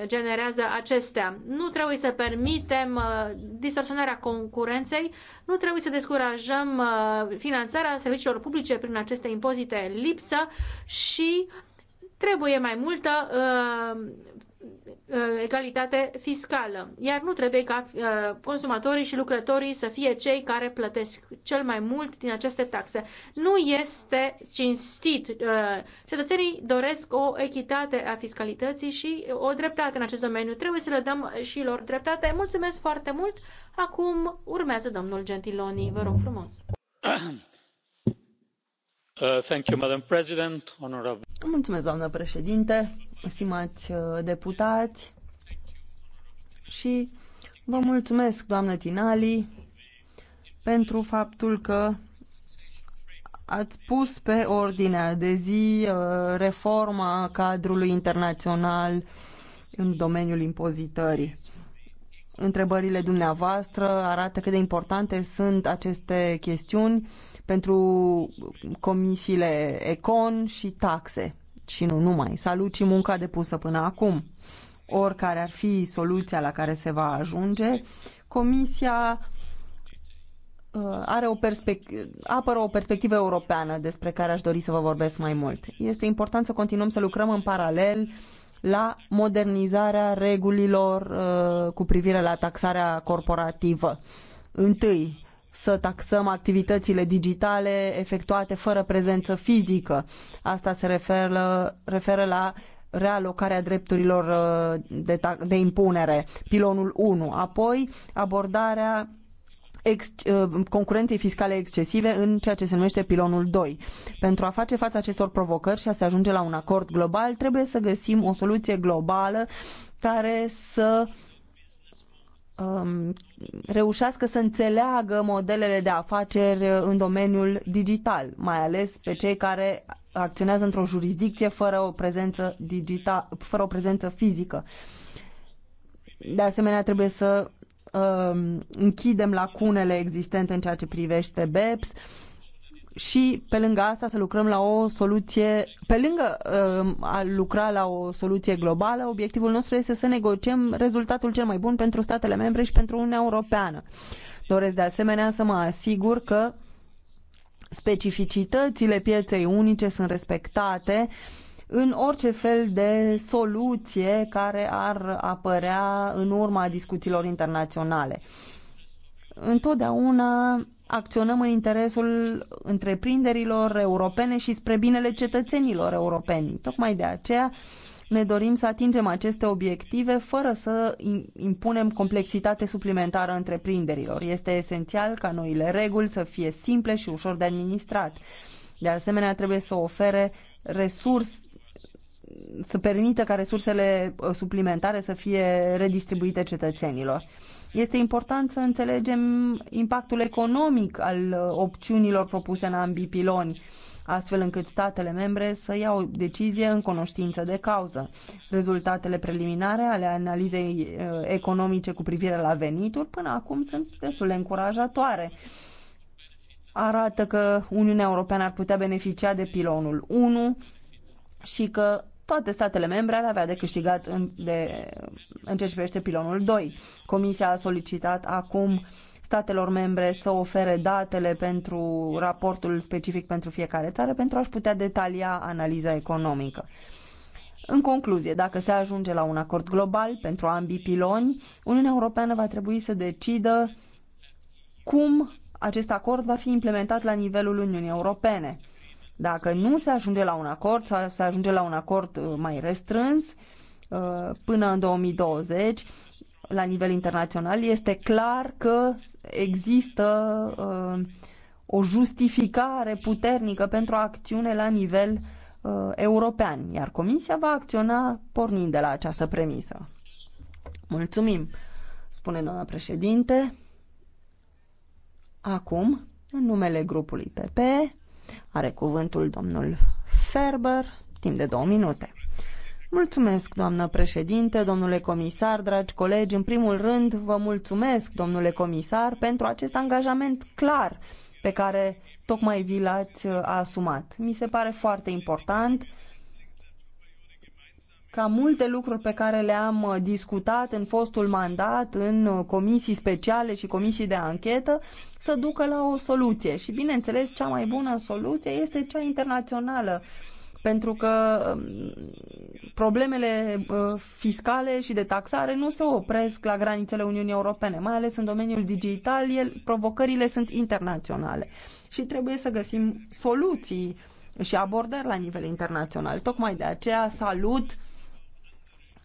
N: regenerează acestea. Nu trebuie să permitem distorsionarea concurenței, nu trebuie să descurajăm finanțarea serviciilor publice prin aceste impozite lipsă și trebuie mai multă Uh, egalitate fiscală, iar nu trebuie ca uh, consumatorii și lucrătorii să fie cei care plătesc cel mai mult din aceste taxe. Nu este cinstit. Uh, cetățenii doresc o echitate a fiscalității și o dreptate în acest domeniu. Trebuie să le dăm și lor dreptate. Mulțumesc foarte mult. Acum urmează domnul Gentiloni. Vă rog frumos.
A: Uh, thank you, Madam President. Honorable.
M: Mulțumesc, doamnă președinte stimați uh, deputați, și vă mulțumesc, doamnă Tinali, pentru faptul că ați pus pe ordinea de zi uh, reforma cadrului internațional în domeniul impozitării. Întrebările dumneavoastră arată cât de importante sunt aceste chestiuni pentru comisiile Econ și taxe și nu numai. Salut și munca depusă până acum. Oricare ar fi soluția la care se va ajunge, Comisia uh, are o apără o perspectivă europeană despre care aș dori să vă vorbesc mai mult. Este important să continuăm să lucrăm în paralel la modernizarea regulilor uh, cu privire la taxarea corporativă. Întâi, să taxăm activitățile digitale efectuate fără prezență fizică. Asta se referă, referă la realocarea drepturilor uh, de, de impunere, pilonul 1. Apoi, abordarea ex, uh, concurenței fiscale excesive în ceea ce se numește pilonul 2. Pentru a face față acestor provocări și a se ajunge la un acord global, trebuie să găsim o soluție globală care să Um, reușească să înțeleagă modelele de afaceri uh, în domeniul digital, mai ales pe cei care acționează într-o jurisdicție fără o prezență, digital, fără o prezență fizică. De asemenea, trebuie să uh, închidem lacunele existente în ceea ce privește BEPS, uh, și pe lângă asta să lucrăm la o soluție, pe lângă uh, a lucra la o soluție globală, obiectivul nostru este să negociem rezultatul cel mai bun pentru statele membre și pentru Uniunea Europeană. Doresc de asemenea să mă asigur că specificitățile pieței unice sunt respectate în orice fel de soluție care ar apărea în urma discuțiilor internaționale. Întotdeauna acționăm în interesul întreprinderilor europene și spre binele cetățenilor europeni. Tocmai de aceea ne dorim să atingem aceste obiective fără să impunem complexitate suplimentară întreprinderilor. Este esențial ca noile reguli să fie simple și ușor de administrat. De asemenea, trebuie să ofere resurse să permită ca resursele uh, suplimentare să fie redistribuite cetățenilor. Este important să înțelegem impactul economic al uh, opțiunilor propuse în ambii piloni astfel încât statele membre să iau o decizie în cunoștință de cauză. Rezultatele preliminare ale analizei uh, economice cu privire la venituri până acum sunt destul de încurajatoare. Arată că Uniunea Europeană ar putea beneficia de pilonul 1 și că toate statele membre ar avea de câștigat în, de, în ce privește pilonul 2. Comisia a solicitat acum statelor membre să ofere datele pentru raportul specific pentru fiecare țară pentru a-și putea detalia analiza economică. În concluzie, dacă se ajunge la un acord global pentru ambii piloni, Uniunea Europeană va trebui să decidă cum acest acord va fi implementat la nivelul Uniunii Europene. Dacă nu se ajunge la un acord sau se ajunge la un acord uh, mai restrâns uh, până în 2020, la nivel internațional, este clar că există uh, o justificare puternică pentru acțiune la nivel european, iar Comisia va acționa pornind de la această premisă. Mulțumim, spune doamna președinte. Acum, în numele grupului PP, are cuvântul domnul Ferber, timp de două minute. Mulțumesc, doamnă președinte, domnule comisar, dragi colegi. În primul rând, vă mulțumesc, domnule comisar, pentru acest angajament clar pe care tocmai vi l-ați uh, asumat. Mi se pare foarte important ca multe lucruri pe care le-am uh, discutat în fostul mandat, în uh, comisii speciale și comisii de anchetă, să ducă la o soluție. Și, bineînțeles, cea mai bună soluție este cea internațională, pentru că um, problemele uh, fiscale și de taxare nu se opresc la granițele Uniunii Europene, mai ales în domeniul digital, el, provocările sunt internaționale și trebuie să găsim soluții și abordări la nivel internațional. Tocmai de aceea salut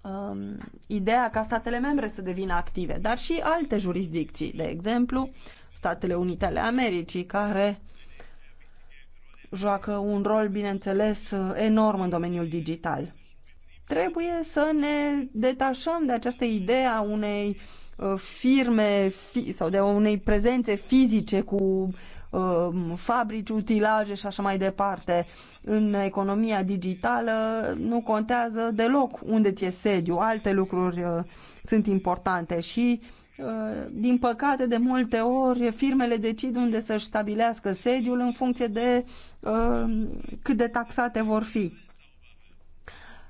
M: um, ideea ca statele membre să devină active, dar și alte jurisdicții, de exemplu Statele Unite ale Americii, care joacă un rol, bineînțeles, enorm în domeniul digital. Trebuie să ne detașăm de această idee a unei uh, firme fi, sau de unei prezențe fizice cu Um, fabrici, utilaje și așa mai departe. În economia digitală nu contează deloc unde ți-e sediu, alte lucruri uh, sunt importante și uh, din păcate, de multe ori, firmele decid unde să-și stabilească sediul în funcție de uh, cât de taxate vor fi.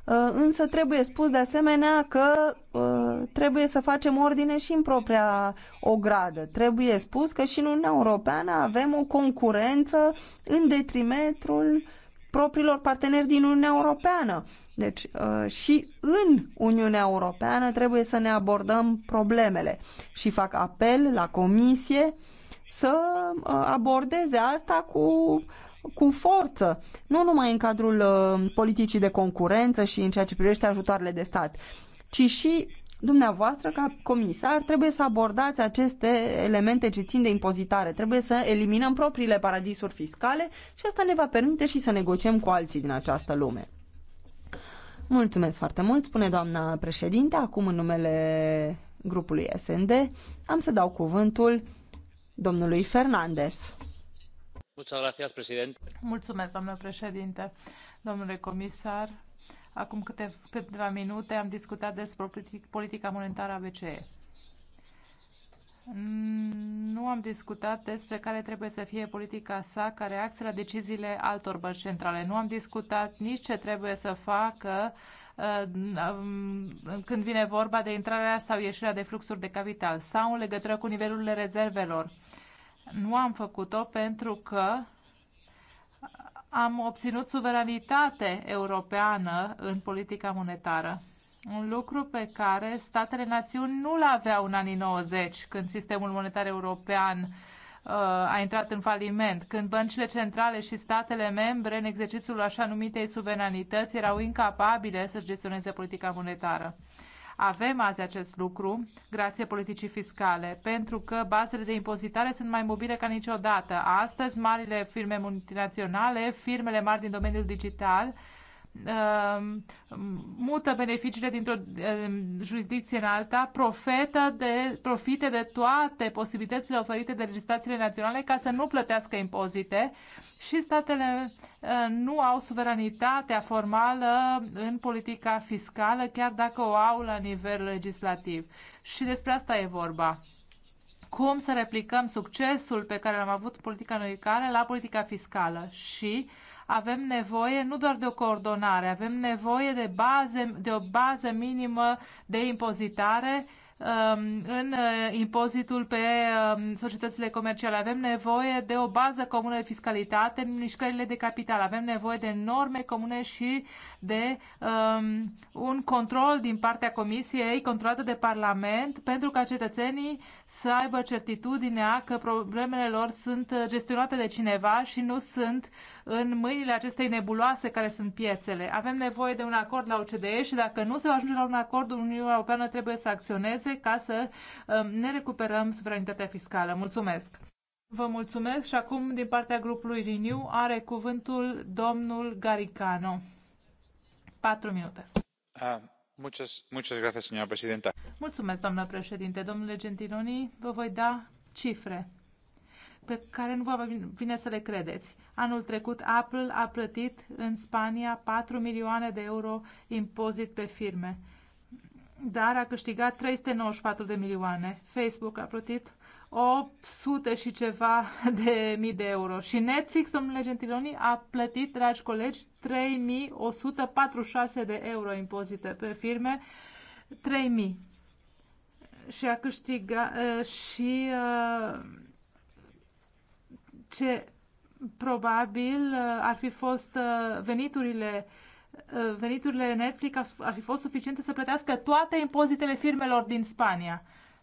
M: Uh, însă trebuie spus de asemenea că uh, trebuie să facem ordine și în propria ogradă. Trebuie spus că și în Uniunea Europeană avem o concurență în detrimentul propriilor parteneri din Uniunea Europeană. Deci uh, și în Uniunea Europeană trebuie să ne abordăm problemele și fac apel la Comisie să abordeze asta cu uh, cu forță, nu numai în cadrul uh, politicii de concurență și în ceea ce privește ajutoarele de stat, ci și dumneavoastră, ca comisar, trebuie să abordați aceste elemente ce țin de impozitare. Trebuie să eliminăm propriile paradisuri fiscale și asta ne va permite și să negociem cu alții din această lume. Mulțumesc foarte mult, spune doamna președinte. Acum, în numele grupului SND, am să dau cuvântul domnului
L: Fernandez. Mulțumesc, doamnă președinte, domnule comisar. Acum câteva minute am discutat despre politica monetară a BCE. Nu am discutat despre care trebuie să fie politica sa ca reacție la deciziile altor bănci centrale. Nu am discutat nici ce trebuie să facă uh, um, când vine vorba de intrarea sau ieșirea de fluxuri de capital sau în legătură cu nivelurile rezervelor nu am făcut-o pentru că am obținut suveranitate europeană în politica monetară. Un lucru pe care statele națiuni nu-l aveau în anii 90, când sistemul monetar european uh, a intrat în faliment, când băncile centrale și statele membre, în exercițiul așa numitei suveranități, erau incapabile să-și gestioneze politica monetară. Avem azi acest lucru, grație politicii fiscale, pentru că bazele de impozitare sunt mai mobile ca niciodată. Astăzi, marile firme multinaționale, firmele mari din domeniul digital, Um, mută beneficiile dintr-o um, jurisdicție în alta, profită de, profite de toate posibilitățile oferite de legislațiile naționale ca să nu plătească impozite și statele uh, nu au suveranitatea formală în politica fiscală, chiar dacă o au la nivel legislativ. Și despre asta e vorba cum să replicăm succesul pe care l-am avut politica americană la politica fiscală și avem nevoie nu doar de o coordonare, avem nevoie de, baze, de o bază minimă de impozitare um, în uh, impozitul pe um, societățile comerciale. Avem nevoie de o bază comună de fiscalitate în mișcările de capital. Avem nevoie de norme comune și de um, un control din partea Comisiei controlată de Parlament pentru ca cetățenii să aibă certitudinea că problemele lor sunt gestionate de cineva și nu sunt în mâinile acestei nebuloase care sunt piețele. Avem nevoie de un acord la OCDE și dacă nu se va ajunge la un acord, Uniunea Europeană trebuie să acționeze ca să um, ne recuperăm suveranitatea fiscală. Mulțumesc! Vă mulțumesc și acum din partea grupului Renew are cuvântul domnul Garicano. Patru minute. Ah, doamnă președinte. Domnule Gentiloni, vă voi da cifre pe care nu vă vine să le credeți. Anul trecut Apple a plătit în Spania 4 milioane de euro impozit pe firme, dar a câștigat 394 de milioane. Facebook a plătit 800 și ceva de mii de euro. Și Netflix, domnule Gentiloni, a plătit, dragi colegi, 3146 de euro impozite pe firme, 3000. Și a câștigat și ce probabil ar fi fost veniturile veniturile Netflix ar fi fost suficiente să plătească toate impozitele firmelor din Spania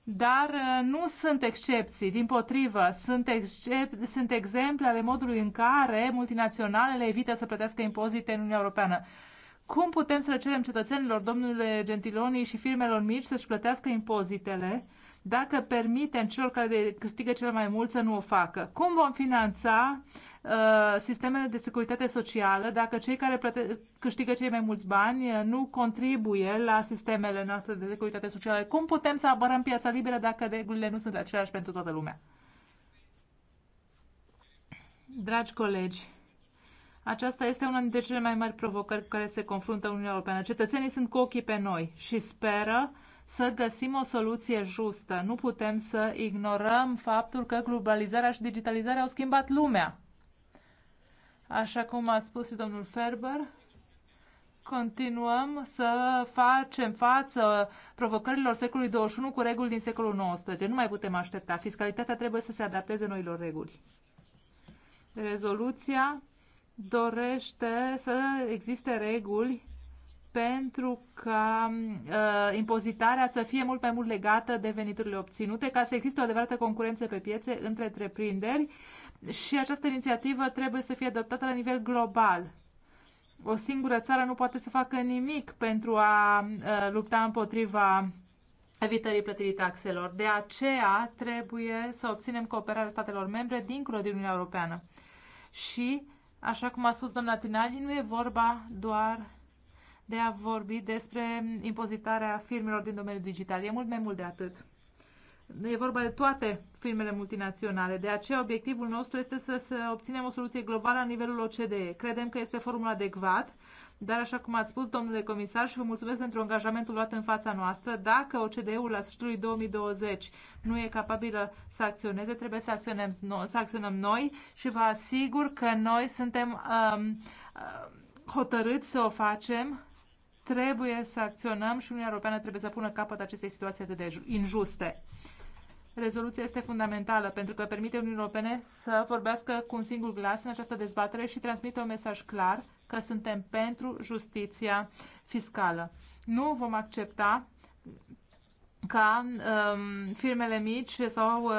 L: dar uh, nu sunt excepții, din potrivă, sunt, excep- sunt exemple ale modului în care multinaționalele evită să plătească impozite în Uniunea Europeană. Cum putem să le cerem cetățenilor, domnule Gentiloni și firmelor mici să-și plătească impozitele dacă permitem celor care câștigă cel mai mult să nu o facă? Cum vom finanța Uh, sistemele de securitate socială dacă cei care plăte- câștigă cei mai mulți bani uh, nu contribuie la sistemele noastre de securitate socială? Cum putem să apărăm piața liberă dacă regulile nu sunt aceleași pentru toată lumea? Dragi colegi, aceasta este una dintre cele mai mari provocări cu care se confruntă Uniunea Europeană. Cetățenii sunt cu ochii pe noi și speră să găsim o soluție justă. Nu putem să ignorăm faptul că globalizarea și digitalizarea au schimbat lumea. Așa cum a spus și domnul Ferber, continuăm să facem față provocărilor secolului 21 cu reguli din secolul 19. Nu mai putem aștepta. Fiscalitatea trebuie să se adapteze noilor reguli. Rezoluția dorește să existe reguli pentru ca uh, impozitarea să fie mult mai mult legată de veniturile obținute, ca să existe o adevărată concurență pe piețe între întreprinderi și această inițiativă trebuie să fie adoptată la nivel global. O singură țară nu poate să facă nimic pentru a lupta împotriva evitării plătirii taxelor. De aceea trebuie să obținem cooperarea statelor membre dincolo de Uniunea Europeană. Și, așa cum a spus doamna Tinali, nu e vorba doar de a vorbi despre impozitarea firmelor din domeniul digital. E mult mai mult de atât. E vorba de toate firmele multinaționale. De aceea, obiectivul nostru este să, să obținem o soluție globală la nivelul OCDE. Credem că este formula adecvat, dar așa cum ați spus, domnule comisar, și vă mulțumesc pentru angajamentul luat în fața noastră, dacă OCDE-ul la sfârșitul 2020 nu e capabilă să acționeze, trebuie să acționăm, să acționăm noi și vă asigur că noi suntem um, uh, hotărâți să o facem trebuie să acționăm și Uniunea Europeană trebuie să pună capăt acestei situații atât de injuste. Rezoluția este fundamentală pentru că permite Uniunii Europene să vorbească cu un singur glas în această dezbatere și transmite un mesaj clar că suntem pentru justiția fiscală. Nu vom accepta ca um, firmele mici sau uh,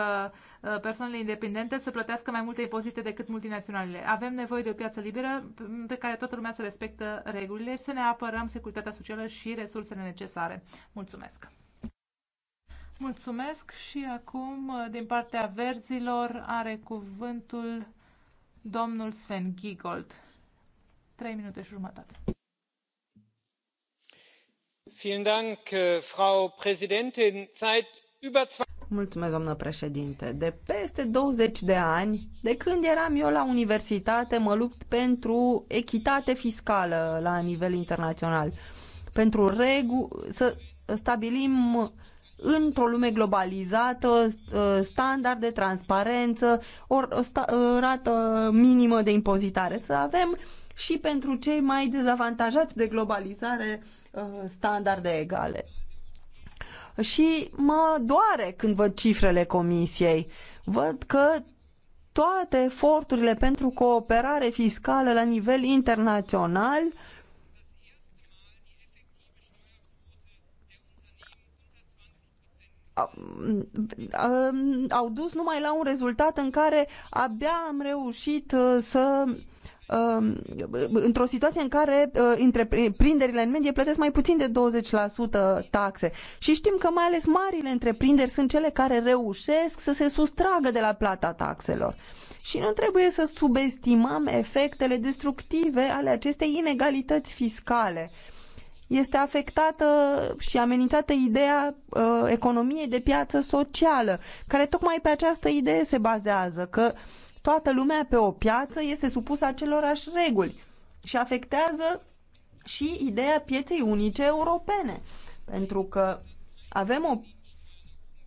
L: uh persoanele independente să plătească mai multe impozite decât multinaționalele. Avem nevoie de o piață liberă pe care toată lumea să respectă regulile și să ne apărăm securitatea socială și resursele necesare. Mulțumesc! Mulțumesc și acum, din partea verzilor, are cuvântul domnul Sven Giegold. Trei minute și jumătate.
D: Äh,
M: Mulțumesc, doamnă președinte. De peste 20 de ani, de când eram eu la universitate, mă lupt pentru echitate fiscală la nivel internațional. Pentru regu- să stabilim într-o lume globalizată, ă, standard de transparență, o ă, rată minimă de impozitare. Să avem și pentru cei mai dezavantajați de globalizare ă, standarde egale. Și mă doare când văd cifrele comisiei. Văd că toate eforturile pentru cooperare fiscală la nivel internațional uh, au dus numai la un rezultat în care abia am reușit uh, să um, într-o situație în care uh, întreprinderile în medie plătesc mai puțin de 20% taxe. Și știm că mai ales marile întreprinderi sunt cele care reușesc să se sustragă de la plata taxelor. Și nu trebuie să subestimăm efectele destructive ale acestei inegalități fiscale. Uh, este afectată și amenințată ideea uh, economiei de piață socială, care tocmai pe această idee se bazează, că toată lumea pe o piață este supusă acelorași reguli și afectează și ideea pieței unice europene, pentru că avem o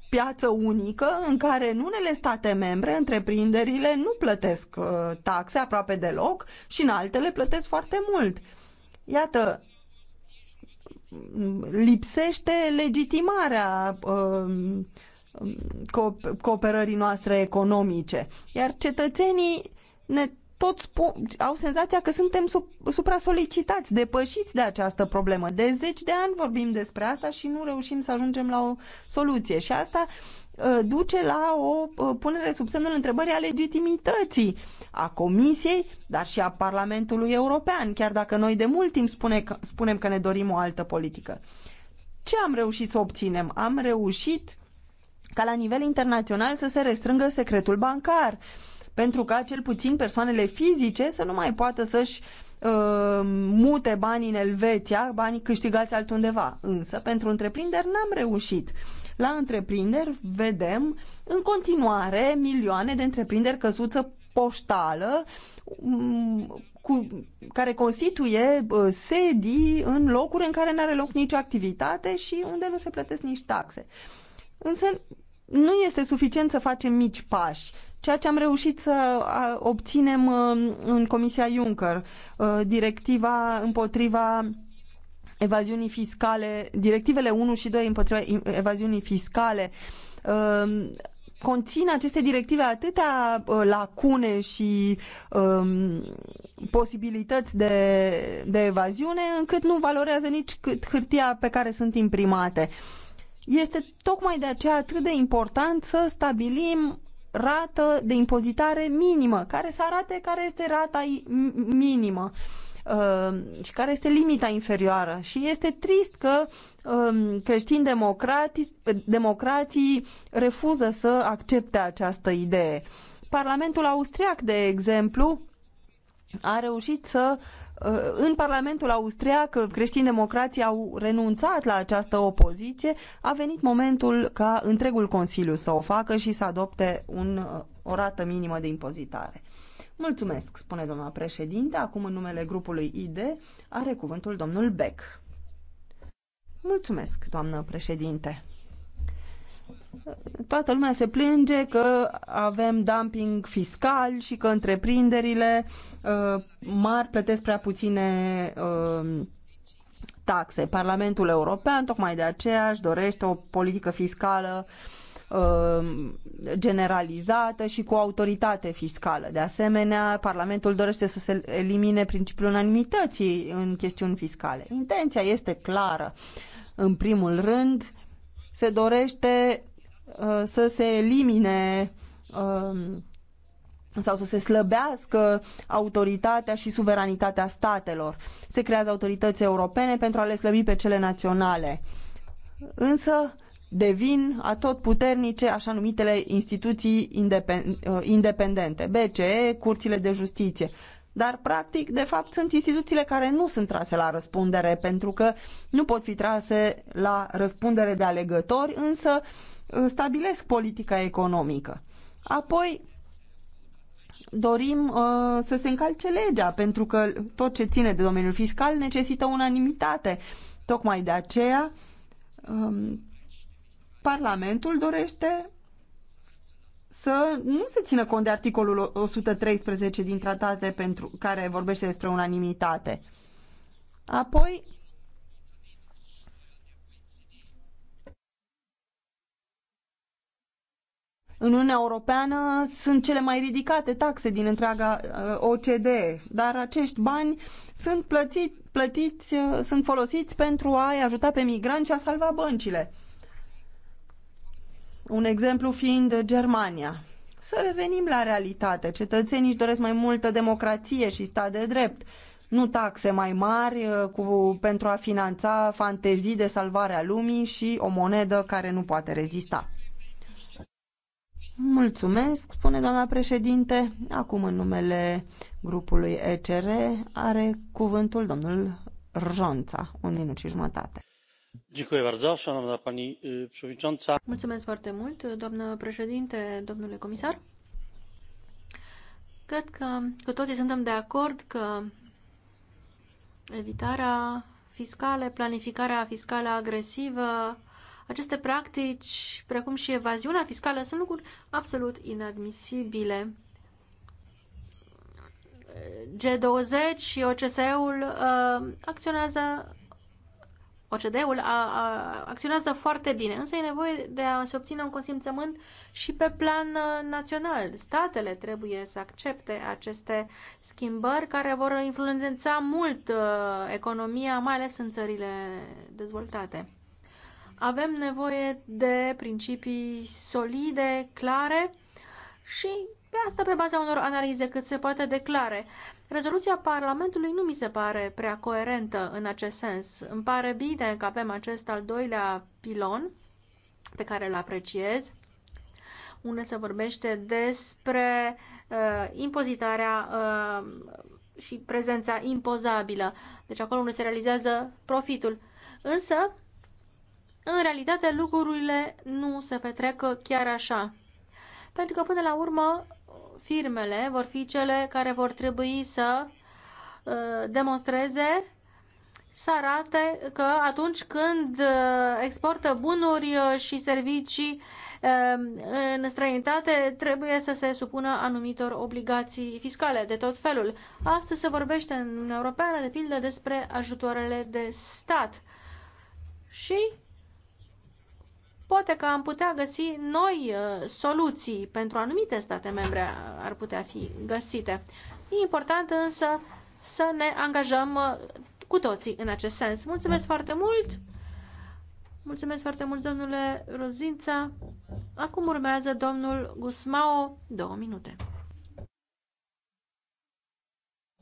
M: piață unică în care în unele state membre întreprinderile nu plătesc uh, taxe aproape deloc și în altele plătesc foarte mult. Iată, lipsește legitimarea um, cooperării noastre economice. Iar cetățenii ne tot spun, au senzația că suntem supra-solicitați, depășiți de această problemă. De zeci de ani vorbim despre asta și nu reușim să ajungem la o soluție. Și asta uh, duce la o uh, punere sub semnul întrebării a legitimității a Comisiei, dar și a Parlamentului European, chiar dacă noi de mult timp spune că, spunem că ne dorim o altă politică. Ce am reușit să obținem? Am reușit ca la nivel internațional să se restrângă secretul bancar, pentru ca cel puțin persoanele fizice să nu mai poată să-și uh, mute banii în Elveția, banii câștigați altundeva. Însă, pentru întreprinderi n-am reușit. La întreprinderi vedem în continuare milioane de întreprinderi căzuță, poștală mm, cu, care constituie sedii în locuri în care nu are loc nicio activitate și unde nu se plătesc nici taxe. Însă nu este suficient să facem mici pași. Ceea ce am reușit să obținem ă, în Comisia Juncker, ă, directiva împotriva evaziunii fiscale, directivele 1 și 2 împotriva evaziunii fiscale, ă, conține aceste directive atâtea uh, lacune și um, posibilități de, de evaziune încât nu valorează nici cât hârtia pe care sunt imprimate. Este tocmai de aceea atât de important să stabilim rată de impozitare minimă, care să arate care este rata minimă. Uh, Uh, și care este limita inferioară. Și este trist că um, creștini democrații, democrații refuză să accepte această idee. Parlamentul austriac, de exemplu, a reușit să uh, în Parlamentul austriac creștini democrații au renunțat la această opoziție, a venit momentul ca întregul Consiliu să o facă și să adopte un, uh, o rată minimă de impozitare. Mulțumesc, spune doamna președinte. Acum, în numele grupului ID, are cuvântul domnul Beck. Mulțumesc, doamnă președinte. Toată lumea se plânge că avem dumping fiscal și că întreprinderile uh, mari plătesc prea puține uh, taxe. Parlamentul European tocmai de aceea își dorește o politică fiscală uh, Uh, generalizată și cu autoritate fiscală. De asemenea, Parlamentul dorește să se elimine principiul unanimității în chestiuni fiscale. Intenția este clară. În primul rând, se dorește uh, să se elimine uh, sau să se slăbească autoritatea și suveranitatea statelor. Se creează autorități europene pentru a le slăbi pe cele naționale. Însă devin atot puternice așa numitele instituții uh, independente, BCE, curțile de justiție. Dar, practic, de fapt, sunt instituțiile care nu sunt trase la răspundere, pentru că nu pot fi trase la răspundere de alegători, însă uh, stabilesc politica economică. Apoi, dorim uh, să se încalce legea, pentru că tot ce ține de domeniul fiscal necesită unanimitate. Tocmai de aceea, um, Parlamentul dorește să nu se țină cont de articolul 113 din tratate pentru care vorbește despre unanimitate. Apoi, în Uniunea Europeană sunt cele mai ridicate taxe din întreaga uh, OCDE, dar acești bani sunt plătiți, plătiți uh, sunt folosiți pentru a-i ajuta pe migranți și a salva băncile un exemplu fiind Germania. Să revenim la realitate. Cetățenii își doresc mai multă democrație și stat de drept, nu taxe mai mari uh, cu, pentru a finanța fantezii de salvare a lumii și o monedă care nu poate rezista. Mulțumesc, spune doamna președinte. Acum, în numele grupului ECR, are cuvântul domnul
N: Ronța.
M: Un minut și jumătate
N: mult, doamnă președinte, domnule comisar. Cred că cu toții suntem de acord că evitarea fiscală, planificarea fiscală agresivă, aceste practici, precum și evaziunea fiscală, sunt lucruri absolut inadmisibile. G20 și OCSE-ul uh, acționează OCD-ul a, a, acționează foarte bine, însă e nevoie de a se obține un consimțământ și pe plan uh, național. Statele trebuie să accepte aceste schimbări care vor influența mult uh, economia, mai ales în țările dezvoltate. Avem nevoie de principii solide, clare și pe asta pe baza unor analize cât se poate de clare. Rezoluția Parlamentului nu mi se pare prea coerentă în acest sens. Îmi pare bine că avem acest al doilea pilon pe care îl apreciez, unde se vorbește despre uh, impozitarea uh, și prezența impozabilă, deci acolo unde se realizează profitul. Însă, în realitate, lucrurile nu se petrec chiar așa. Pentru că, până la urmă, firmele vor fi cele care vor trebui să uh, demonstreze să arate că atunci când uh, exportă bunuri uh, și servicii în străinitate trebuie să se supună anumitor obligații fiscale de tot felul. Astăzi se vorbește în Europeană de pildă despre ajutoarele de stat și Poate că am putea găsi noi uh, soluții pentru anumite state membre uh, ar putea fi găsite. E important însă să ne angajăm uh, cu toții în acest sens. Mulțumesc foarte mult! Mulțumesc foarte mult, domnule Rozința. Acum urmează domnul Gusmao, două minute.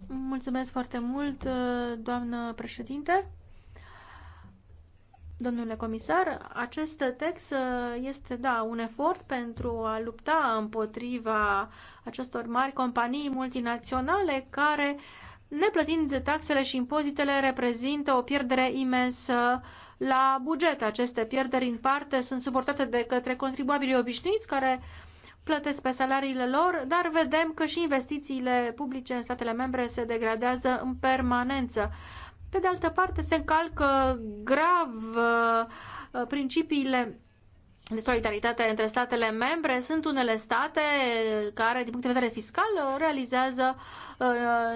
N: Mulțumesc foarte mult, doamnă președinte. Domnule comisar, acest text uh, este, da, un efort pentru a lupta împotriva acestor mari companii multinaționale care, neplătind taxele și impozitele, reprezintă o pierdere imensă la buget. Aceste pierderi, în parte, sunt suportate de către contribuabilii obișnuiți care plătesc pe salariile lor, dar vedem că și investițiile publice în statele membre se degradează în permanență. Pe de altă parte, se încalcă grav uh, principiile de solidaritate între statele membre. Sunt unele state uh, care, din punct de vedere fiscal, uh, realizează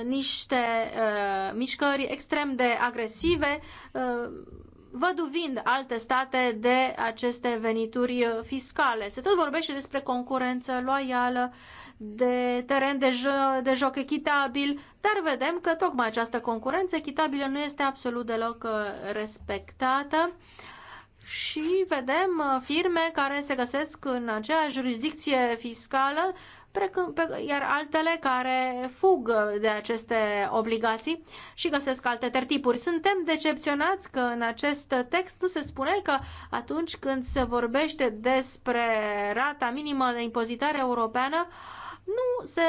N: niște mișcări extrem de agresive, văduvind alte state de aceste venituri fiscale. Se tot vorbește despre concurență loială, de teren de, jo- de joc echitabil, dar vedem că tocmai această concurență echitabilă nu este absolut deloc uh, respectată și vedem uh, firme care se găsesc în aceeași jurisdicție fiscală, precum, pe, iar altele care fug de aceste obligații și găsesc alte tertipuri. Suntem decepționați că în acest text nu se spune că atunci când se vorbește despre rata minimă de impozitare europeană, uh, nu se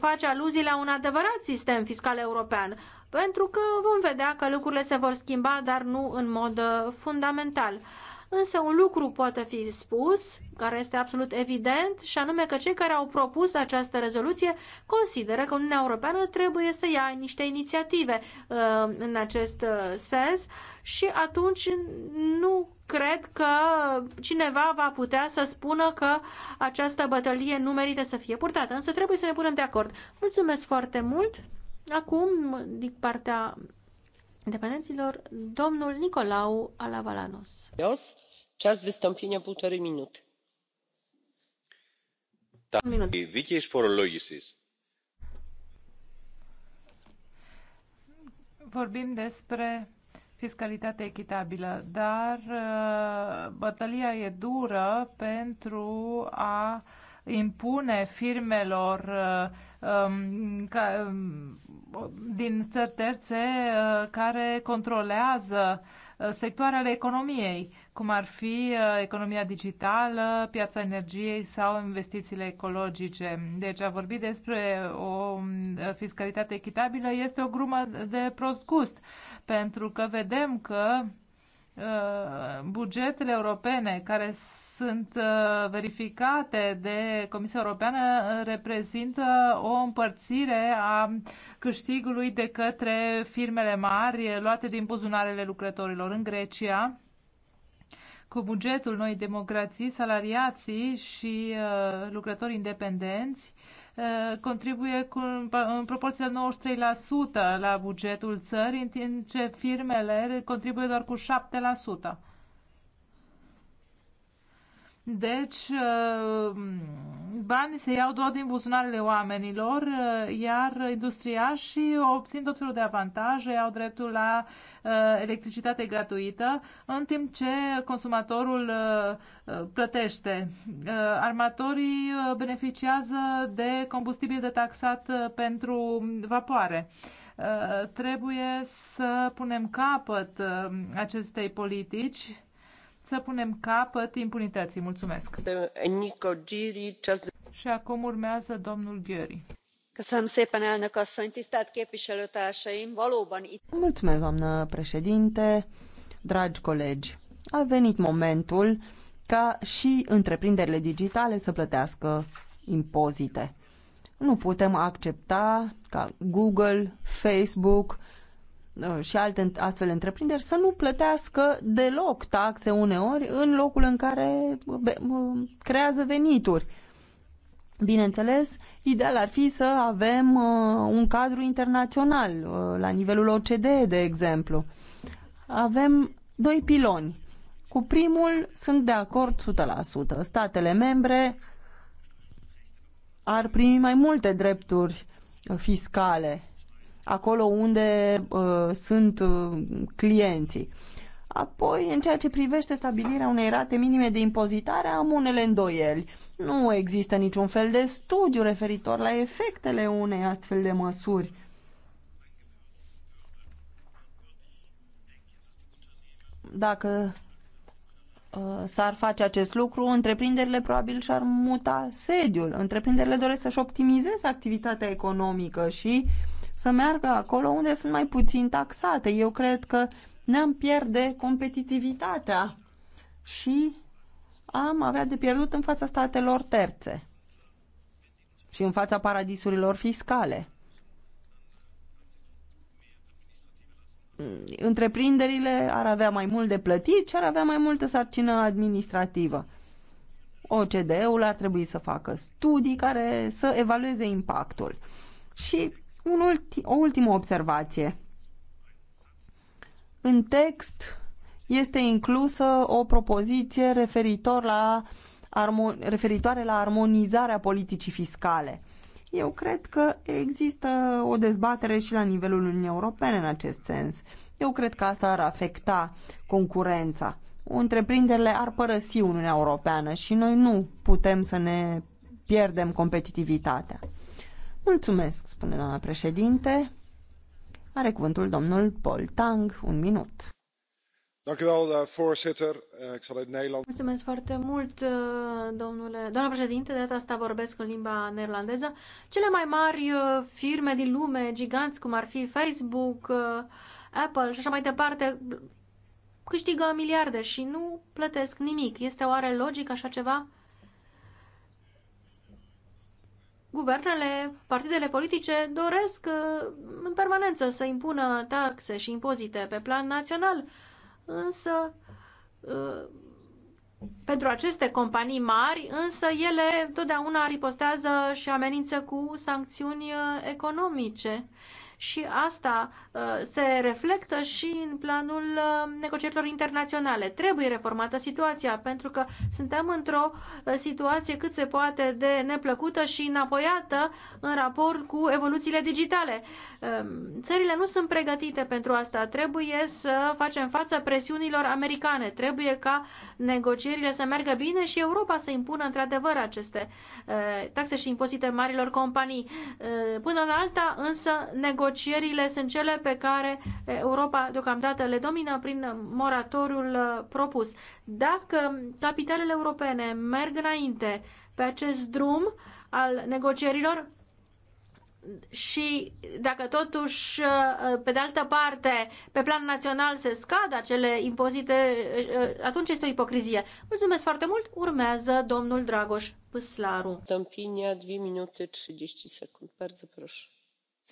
N: face aluzii la un adevărat sistem fiscal european, pentru că vom vedea că lucrurile se vor schimba, dar nu în mod uh, fundamental. Însă un lucru poate fi spus, care este absolut evident, și anume că cei care au propus această rezoluție consideră că Uniunea Europeană trebuie să ia niște inițiative uh, în acest uh, sens și atunci nu cred că cineva va putea să spună că această bătălie nu merită să fie purtată, însă trebuie să ne punem de acord. Mulțumesc foarte mult! Acum, din partea independenților, domnul Nicolau Alavalanos. Czas wystąpienia półtorej
L: da. minut.
H: Da. Δίκαιης φορολόγησης.
L: Vorbim despre fiscalitate echitabilă, dar uh, bătălia e dură pentru a impune firmelor uh, um, um, din țări terțe uh, care controlează uh, sectoare ale economiei, cum ar fi economia digitală, piața energiei sau investițiile ecologice. Deci a vorbi despre o um, fiscalitate echitabilă este o grumă de prost gust, pentru că vedem că Uh, bugetele europene care sunt uh, verificate de Comisia Europeană uh, reprezintă o împărțire a câștigului de către firmele mari luate din buzunarele lucrătorilor în Grecia. Cu bugetul noi democrații, salariații și uh, lucrători independenți uh, Eh, contribuie cu, în proporție de 93% la bugetul țării, în timp ce firmele contribuie doar cu 7%. Deci, uh, banii se iau doar din buzunarele oamenilor, uh, iar industriașii obțin tot felul de avantaje, au dreptul la uh, electricitate gratuită, în timp ce consumatorul plătește. Armatorii beneficiază de combustibil de taxat pentru vapoare trebuie să punem capăt acestei politici să punem capăt impunității. Mulțumesc! Și acum urmează domnul Gheri.
M: Mulțumesc, doamnă președinte, dragi colegi. A venit momentul ca și întreprinderile digitale să plătească impozite. Nu putem accepta ca Google, Facebook, Uh, și alte astfel întreprinderi să nu plătească deloc taxe uneori în locul în care uh, creează venituri. Bineînțeles, ideal ar fi să avem uh, un cadru internațional, la nivelul OCDE, de exemplu. Avem doi piloni. Cu primul sunt de acord 100%. Statele membre ar primi mai multe drepturi fiscale acolo unde uh, sunt uh, clienții. Apoi, în ceea ce privește stabilirea unei rate minime de impozitare, am unele îndoieli. Nu există niciun fel de studiu referitor la efectele unei astfel de măsuri. Dacă uh, s-ar face acest lucru, întreprinderile probabil și-ar muta sediul. Întreprinderile doresc să-și optimizeze activitatea economică și uh, să meargă acolo unde sunt mai puțin taxate. Eu cred că ne-am pierde competitivitatea și am avea de pierdut în fața statelor terțe și în fața paradisurilor fiscale. Întreprinderile ar avea mai mult de plătit și ar avea mai multă sarcină administrativă. OCDE-ul ar trebui să facă studii care să evalueze impactul. Și un ulti, o ultimă observație. În text este inclusă o propoziție referitor la, armo, referitoare la armonizarea politicii fiscale. Eu cred că există o dezbatere și la nivelul Uniunii Europene în acest sens. Eu cred că asta ar afecta concurența. Întreprinderile ar părăsi Uniunea Europeană și noi nu putem să ne pierdem competitivitatea. Mulțumesc, spune doamna președinte. Are cuvântul domnul Paul Tang, un minut.
Q: Eh, eh, Mulțumesc foarte
N: mult, eh, domnule, doamna președinte, de data asta vorbesc în limba neerlandeză. Cele mai mari firme din lume, giganți cum ar fi Facebook, Apple și așa mai departe, câștigă miliarde și nu plătesc nimic. Este oare logic așa ceva? guvernele, partidele politice doresc uh, în permanență să impună taxe și impozite pe plan național, însă uh, pentru aceste companii mari, însă ele totdeauna ripostează și amenință cu sancțiuni uh, economice și asta uh, se reflectă și în planul uh, negocierilor internaționale. Trebuie reformată situația pentru că suntem într-o uh, situație cât se poate de neplăcută și înapoiată în raport cu evoluțiile digitale. Um, țările nu sunt pregătite pentru asta. Trebuie să facem față presiunilor americane. Trebuie ca negocierile să meargă bine și Europa să impună într-adevăr aceste taxe și impozite marilor companii. Până la alta, însă, negocierile negocierile sunt cele pe care eh, Europa deocamdată le domină prin moratoriul eh, propus. Dacă capitalele europene merg înainte pe acest drum al negocierilor, și dacă totuși, eh, pe de altă parte, pe plan național se scad acele impozite, atunci este o ipocrizie. Mulțumesc foarte mult. Urmează domnul Dragoș Păslaru. Tampinia 2 minute 30 secunde. Foarte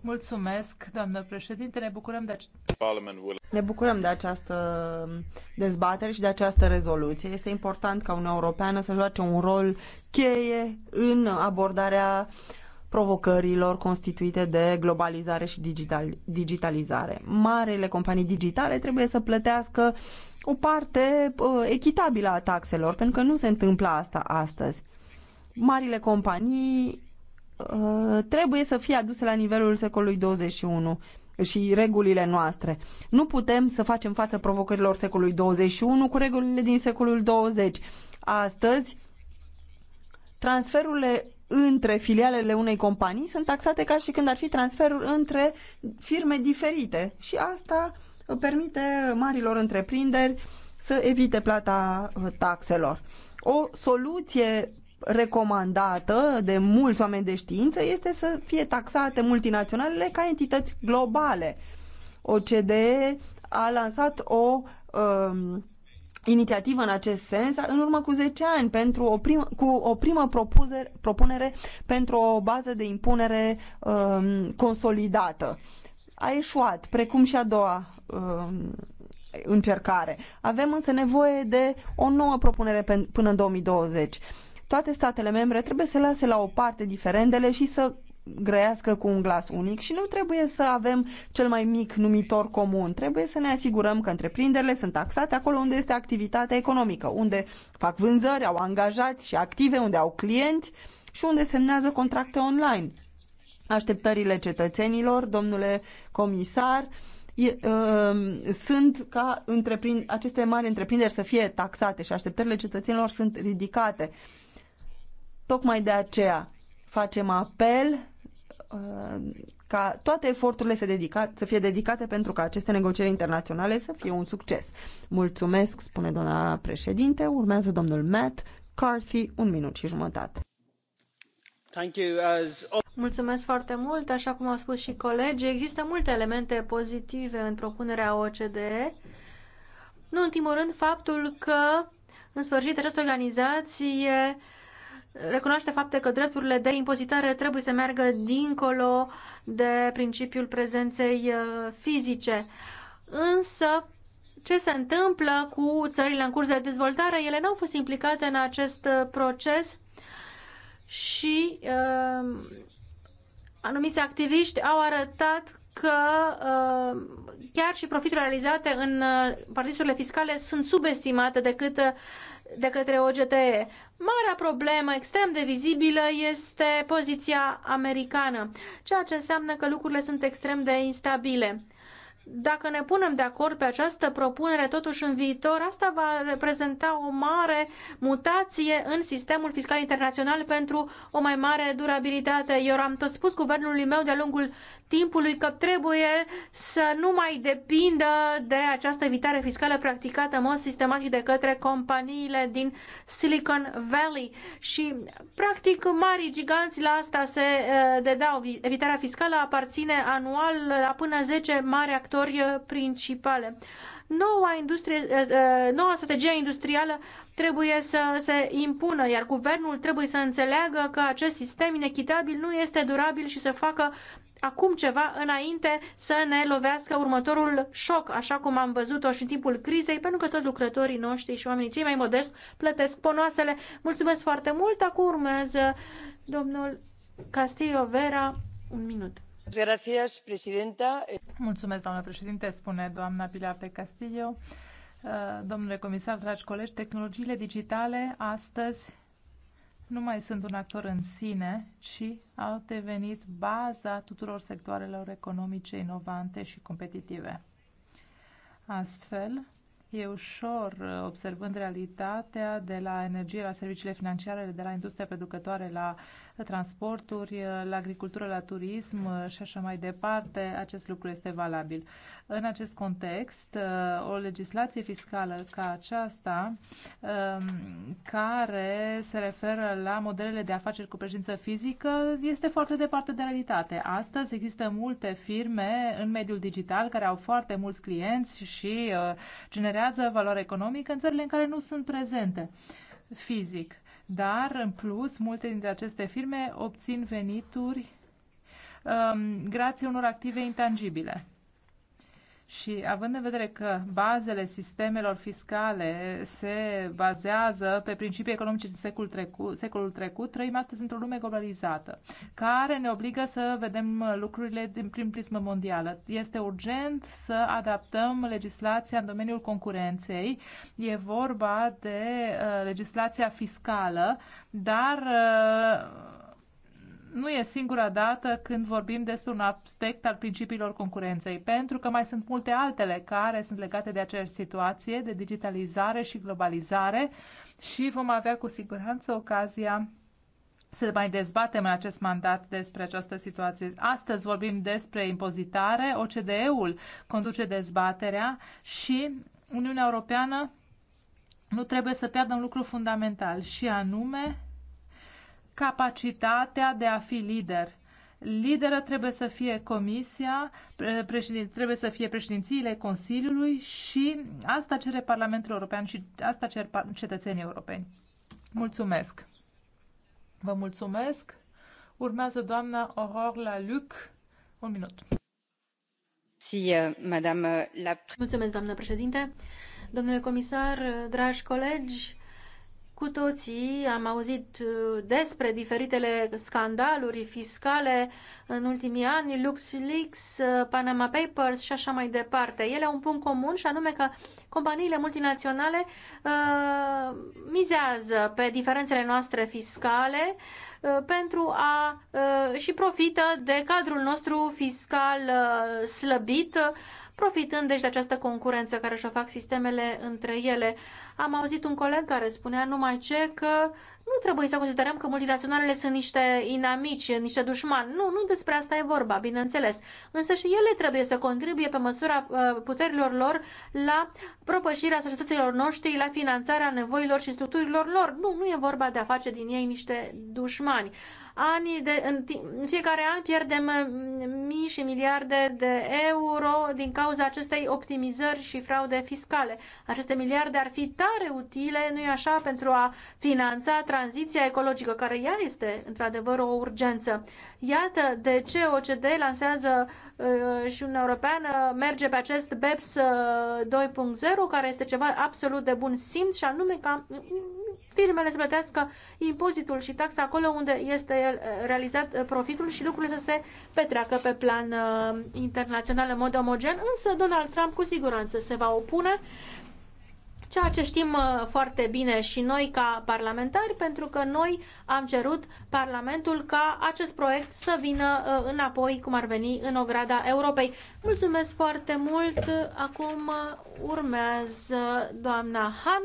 L: Mulțumesc, doamnă președinte. Ne bucurăm de, ne bucurăm de această
M: dezbatere și de această rezoluție. Este important ca Uniunea Europeană să joace un rol cheie în abordarea provocărilor constituite de globalizare și digital, digitalizare. Marele companii digitale trebuie să plătească o parte uh, echitabilă a taxelor, pentru că nu se întâmplă asta astăzi. Marile companii Uh, trebuie să fie aduse la nivelul secolului 21 și regulile noastre. Nu putem să facem față provocărilor secolului 21 cu regulile din secolul 20. Astăzi, transferurile între filialele unei companii sunt taxate ca și când ar fi transferuri între firme diferite și asta permite marilor întreprinderi să evite plata uh, taxelor. O soluție recomandată de mulți oameni de știință este să fie taxate multinaționalele ca entități globale. OCDE a lansat o um, inițiativă în acest sens în urmă cu 10 ani pentru o prim, cu o primă propuzere, propunere pentru o bază de impunere um, consolidată. A eșuat, precum și a doua um, încercare. Avem însă nevoie de o nouă propunere până în 2020 toate statele membre trebuie să lase la o parte diferendele și să grăiască cu un glas unic și nu trebuie să avem cel mai mic numitor comun. Trebuie să ne asigurăm că întreprinderile sunt taxate acolo unde este activitatea economică, unde fac vânzări, au angajați și active, unde au clienți și unde semnează contracte online. Așteptările cetățenilor, domnule comisar, um, sunt ca aceste mari întreprinderi să fie taxate și așteptările cetățenilor sunt ridicate. Tocmai de aceea facem apel ca toate eforturile să, dedica, să fie dedicate pentru ca aceste negocieri internaționale să fie un succes. Mulțumesc, spune doamna președinte. Urmează domnul Matt Carthy, un minut și jumătate.
N: Mulțumesc foarte mult. Așa cum au spus și colegii, există multe elemente pozitive în propunerea OCDE. Nu în timpul rând faptul că, în sfârșit, această organizație uh, recunoaște fapte că drepturile de impozitare trebuie să meargă dincolo de principiul prezenței uh, fizice. Însă, ce se întâmplă cu țările în curs de dezvoltare? Ele nu au fost implicate în acest uh, proces și uh, anumiți activiști au arătat că uh, chiar și profiturile realizate în uh, partidurile fiscale sunt subestimate decât uh, de către OGTE. Marea problemă extrem de vizibilă este poziția americană, ceea ce înseamnă că lucrurile sunt extrem de instabile. Dacă ne punem de acord pe această propunere, totuși în viitor, asta va reprezenta o mare mutație în sistemul fiscal internațional pentru o mai mare durabilitate. Eu am tot spus guvernului meu de-a lungul timpului că trebuie să nu mai depindă de această evitare fiscală practicată în mod sistematic de către companiile din Silicon Valley și practic mari giganți la asta se eh, dedau. Evitarea fiscală aparține anual la până 10 mari actori eh, principale noua, industrie, eh, noua strategie industrială trebuie să se impună, iar guvernul trebuie să înțeleagă că acest sistem inechitabil nu este durabil și să facă acum ceva înainte să ne lovească următorul șoc, așa cum am văzut-o și în timpul crizei, pentru că toți lucrătorii noștri și oamenii cei mai modesti plătesc ponoasele. Mulțumesc foarte mult. Acum urmează
L: domnul Castillo Vera. Un minut. Mulțumesc, doamnă președinte, spune doamna Pilar de Castillo. Uh, domnule comisar, dragi colegi, tehnologiile digitale astăzi nu mai sunt un actor în sine, ci au devenit baza tuturor sectoarelor economice inovante și competitive. Astfel, E ușor, uh, observând realitatea de la energie la serviciile financiare, de la industria producătoare la la transporturi, la agricultură, la turism și așa mai departe, acest lucru este valabil. În acest context, uh, o legislație fiscală ca aceasta, um, care se referă la modelele de afaceri cu prezență fizică, este foarte departe de realitate. Astăzi există multe firme în mediul digital care au foarte mulți clienți și uh, generează valoare economică în țările în care nu sunt prezente fizic. Dar, în plus, multe dintre aceste firme obțin venituri um, grație unor active intangibile. Și având în vedere că bazele sistemelor fiscale se bazează pe principii economice din secolul trecut, secolul trecut trăim astăzi într-o lume globalizată, care ne obligă să vedem lucrurile din prim prismă mondială. Este urgent să adaptăm legislația în domeniul concurenței. E vorba de uh, legislația fiscală, dar uh, nu e singura dată când vorbim despre un aspect al principiilor concurenței, pentru că mai sunt multe altele care sunt legate de aceeași situație, de digitalizare și globalizare și vom avea cu siguranță ocazia să mai dezbatem în acest mandat despre această situație. Astăzi vorbim despre impozitare, OCDE-ul conduce dezbaterea și Uniunea Europeană nu trebuie să piardă un lucru fundamental și anume capacitatea de a fi lider. Lideră trebuie să fie comisia, trebuie să fie președințiile Consiliului și asta cere Parlamentul European și asta cer cetățenii europeni. Mulțumesc! Vă mulțumesc! Urmează doamna Aurore Luc. Un minut.
N: Uh, mulțumesc, doamnă președinte. Domnule comisar, dragi colegi, cu toții am auzit uh, despre diferitele scandaluri fiscale în ultimii ani, LuxLeaks, uh, Panama Papers și așa mai departe. Ele au un punct comun și anume că companiile multinaționale uh, mizează pe diferențele noastre fiscale uh, pentru a și profită de cadrul nostru fiscal slăbit profitând deci de această concurență care și-o fac sistemele între ele. Am auzit un coleg care spunea numai ce că nu trebuie să considerăm că multinaționalele sunt niște inamici, niște dușmani. Nu, nu despre asta e vorba, bineînțeles. Însă și ele trebuie să contribuie pe măsura uh, puterilor lor la propășirea societăților noștri, la finanțarea nevoilor și structurilor lor. Nu, nu e vorba de a face din ei niște dușmani ani de, în, în fiecare an pierdem mii și miliarde de euro din cauza acestei optimizări și fraude fiscale. Aceste miliarde ar fi tare utile, nu-i așa, pentru a finanța tranziția ecologică, care ea este într-adevăr o urgență. Iată de ce OCD lansează uh, și Uniunea Europeană merge pe acest BEPS 2.0, uh, care este ceva absolut de bun simț și anume ca firmele să plătească impozitul și taxa acolo unde este eh, realizat eh, profitul și lucrurile să se petreacă pe plan uh, internațional în mod omogen, însă Donald Trump cu siguranță se va opune ceea ce știm foarte bine și noi ca parlamentari, pentru că noi am cerut Parlamentul ca acest proiect să vină înapoi, cum ar veni, în ograda Europei. Mulțumesc foarte mult! Acum urmează doamna Han,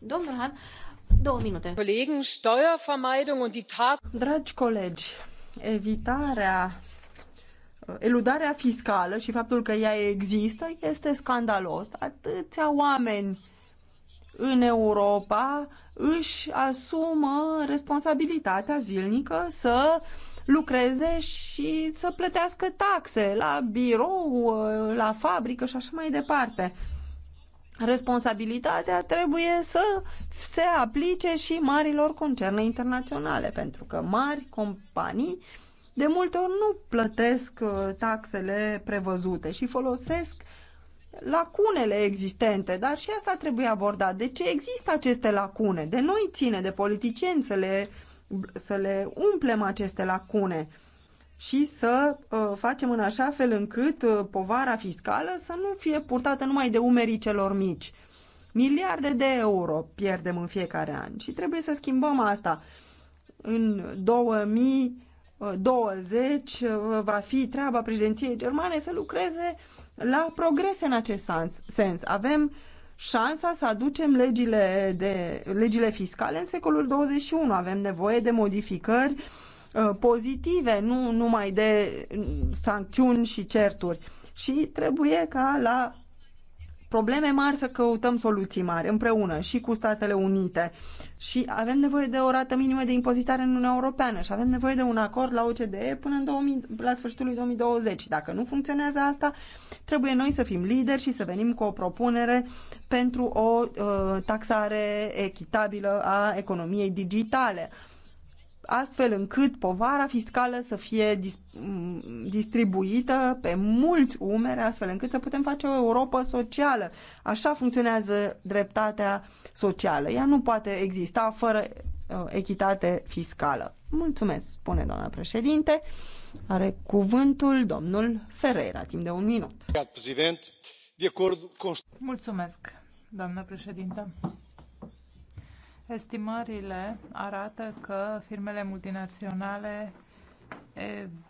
N: domnul Han,
M: Dragi colegi, evitarea eludarea fiscală și faptul că ea există este scandalos. Atâția oameni în Europa își asumă responsabilitatea zilnică să lucreze și să plătească taxe la birou, la fabrică și așa mai departe responsabilitatea trebuie să se aplice și marilor concerne internaționale, pentru că mari companii de multe ori nu plătesc uh, taxele prevăzute și folosesc lacunele existente, dar și asta trebuie abordat. De ce există aceste lacune? De noi ține, de politicieni să le, să le umplem aceste lacune și să uh, facem în așa fel încât uh, povara fiscală să nu fie purtată numai de umerii celor mici. Miliarde de euro pierdem în fiecare an și trebuie să schimbăm asta. În 2020 uh, va fi treaba președinției germane să lucreze la progrese în acest sens. Avem șansa să aducem legile, de, legile fiscale în secolul 21. Avem nevoie de modificări uh, Uh, pozitive, nu numai de sancțiuni și certuri. Și trebuie ca la probleme mari să căutăm soluții mari împreună și cu Statele Unite. Și avem nevoie de o rată minimă de impozitare în Uniunea Europeană și avem nevoie de un acord la OCDE până în 2000, la sfârșitul lui 2020. Dacă nu funcționează asta, trebuie noi să fim lideri și să venim cu o propunere pentru o uh, taxare echitabilă a economiei digitale. Uh, astfel încât povara fiscală să fie distribuită pe mulți umeri, astfel încât să putem face o Europa socială. Așa funcționează dreptatea socială. Ea nu poate exista fără uh, echitate fiscală. Mulțumesc, spune doamna președinte. Are cuvântul domnul Ferreira, timp de un minut.
L: Mulțumesc, doamna președinte. Estimările arată că firmele multinaționale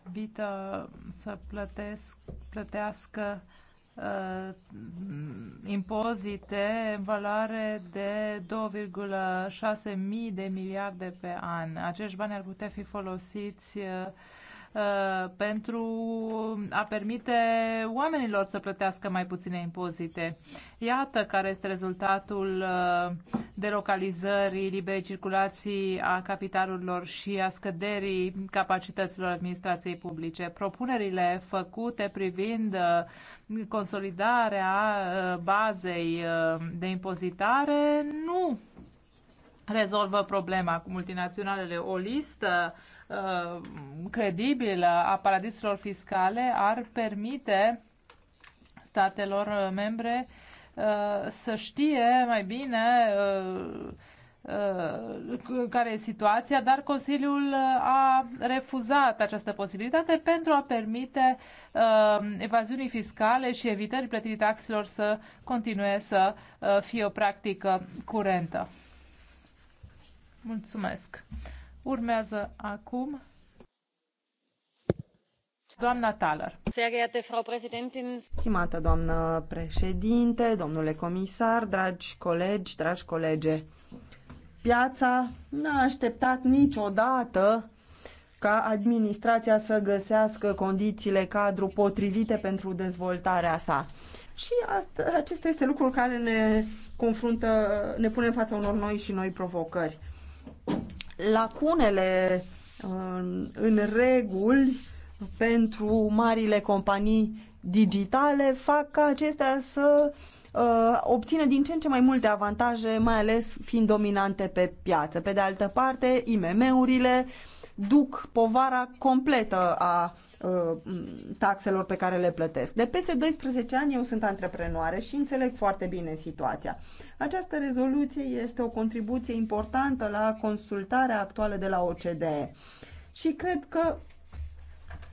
L: evită să plătesc, plătească uh, impozite în valoare de 2,6 mii de miliarde pe an. Acești bani ar putea fi folosiți uh, Uh, pentru a permite oamenilor să plătească mai puține impozite. Iată care este rezultatul uh, delocalizării, liberei circulații a capitalurilor și a scăderii capacităților administrației publice. Propunerile făcute privind uh, consolidarea bazei de impozitare nu rezolvă problema cu multinaționalele. O listă uh, credibilă a paradisurilor fiscale ar permite statelor uh, membre uh, să știe mai bine uh, uh care e situația, dar Consiliul uh, a refuzat această posibilitate pentru a permite evaziunii fiscale și evitării plătirii taxelor să continue să fie o practică curentă. Mulțumesc. Urmează acum doamna Thaler.
M: Stimată doamnă președinte, domnule comisar, dragi colegi, dragi colege, piața n-a așteptat niciodată ca administrația să găsească condițiile cadru potrivite pentru dezvoltarea sa. Și asta, acesta este lucrul care ne confruntă, ne pune în fața unor noi și noi provocări lacunele um, în reguli pentru marile companii digitale fac ca acestea să uh, obțină din ce în ce mai multe avantaje, mai ales fiind dominante pe piață. Pe de altă parte, IMM-urile uh, duc povara completă a uh, taxelor pe care le plătesc. De peste 12 ani eu sunt antreprenoare și înțeleg foarte bine situația. Această rezoluție este o contribuție importantă la consultarea actuală de la OCDE și cred că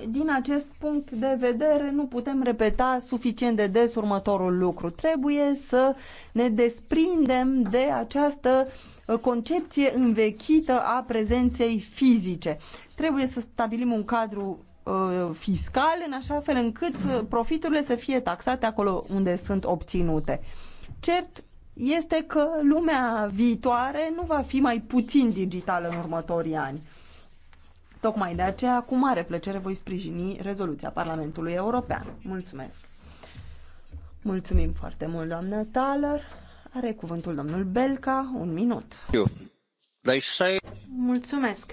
M: din acest punct de vedere nu putem repeta suficient de des următorul lucru. Trebuie să ne desprindem de această Uh, concepție învechită a prezenței fizice. Trebuie să stabilim un cadru uh, fiscal în așa fel încât uh, profiturile să fie taxate acolo unde sunt obținute. Cert este că lumea viitoare nu va fi mai puțin digitală în următorii ani. Tocmai de aceea, cu mare plăcere, voi sprijini rezoluția Parlamentului European. Mulțumesc! Mulțumim foarte mult, doamnă Thaler! Are cuvântul domnul
N: Belca, un minut. Mulțumesc.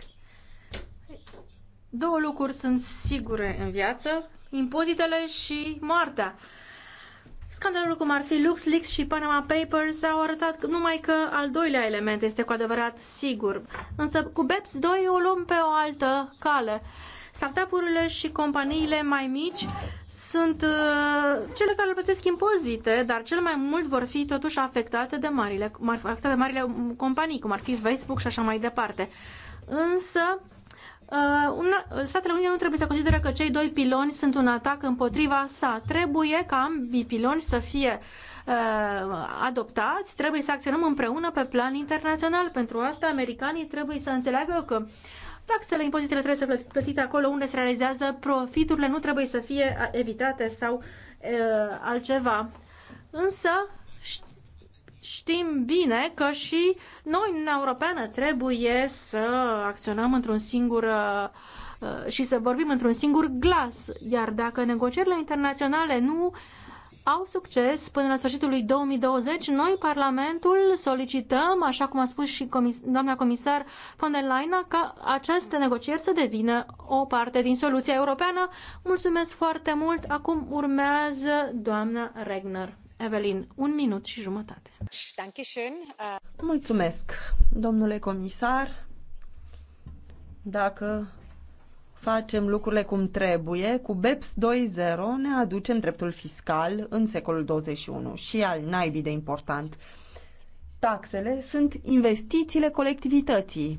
N: Două lucruri sunt sigure în viață, impozitele și moartea. Scandalul cum ar fi LuxLeaks și Panama Papers au arătat numai că al doilea element este cu adevărat sigur. Însă cu BEPS 2 o luăm pe o altă cale. Startup-urile și companiile mai mici sunt uh, cele care plătesc impozite, dar cel mai mult vor fi totuși afectate de marile, afectate de marile companii, cum ar fi Facebook și așa mai departe. Însă, uh, una, Statele Unite nu trebuie să consideră că cei doi piloni sunt un atac împotriva sa. Trebuie ca ambii piloni să fie uh, adoptați, trebuie să acționăm împreună pe plan internațional. Pentru asta, americanii trebuie să înțeleagă că Taxele, impozitele trebuie să plătite acolo unde se realizează profiturile, nu trebuie să fie evitate sau e, altceva. Însă știm bine că și noi, în Europeană, trebuie să acționăm într-un singur și să vorbim într-un singur glas. Iar dacă negocierile internaționale nu uh, au succes până la sfârșitul lui 2020. Noi, Parlamentul, solicităm, așa cum a spus și comis- doamna comisar von der Leyen, ca aceste negocieri să devină o parte din soluția europeană. Mulțumesc foarte mult. Acum urmează doamna Regner. Evelyn, un minut și jumătate. Mulțumesc, domnule comisar. Dacă
M: facem lucrurile cum trebuie, cu BEPS 2.0 ne aducem dreptul fiscal în secolul 21 și al naibii de important. Taxele sunt investițiile colectivității,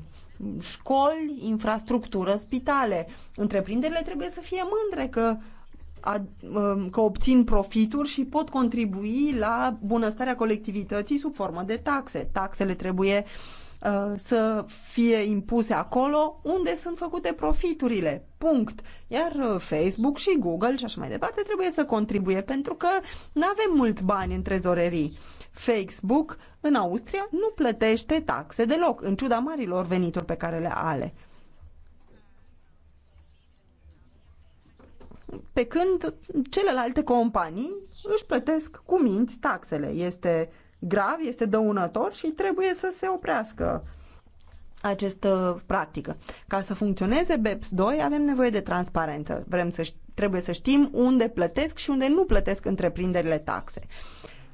M: școli, infrastructură, spitale. Întreprinderile trebuie să fie mândre că, a, um, că obțin profituri și pot contribui la bunăstarea colectivității sub formă de taxe. Taxele trebuie uh, Uh, să fie impuse acolo unde sunt făcute profiturile. Punct. Iar uh, Facebook și Google și așa mai departe trebuie să contribuie pentru că nu avem mulți bani în trezorerii. Facebook în Austria nu plătește taxe deloc, în ciuda marilor venituri pe care le are. Pe când celelalte companii își plătesc cu minți taxele. Este grav, este dăunător și trebuie să se oprească această practică. Ca să funcționeze BEPS 2 avem nevoie de transparență. Vrem să trebuie să știm unde plătesc și unde nu plătesc întreprinderile taxe.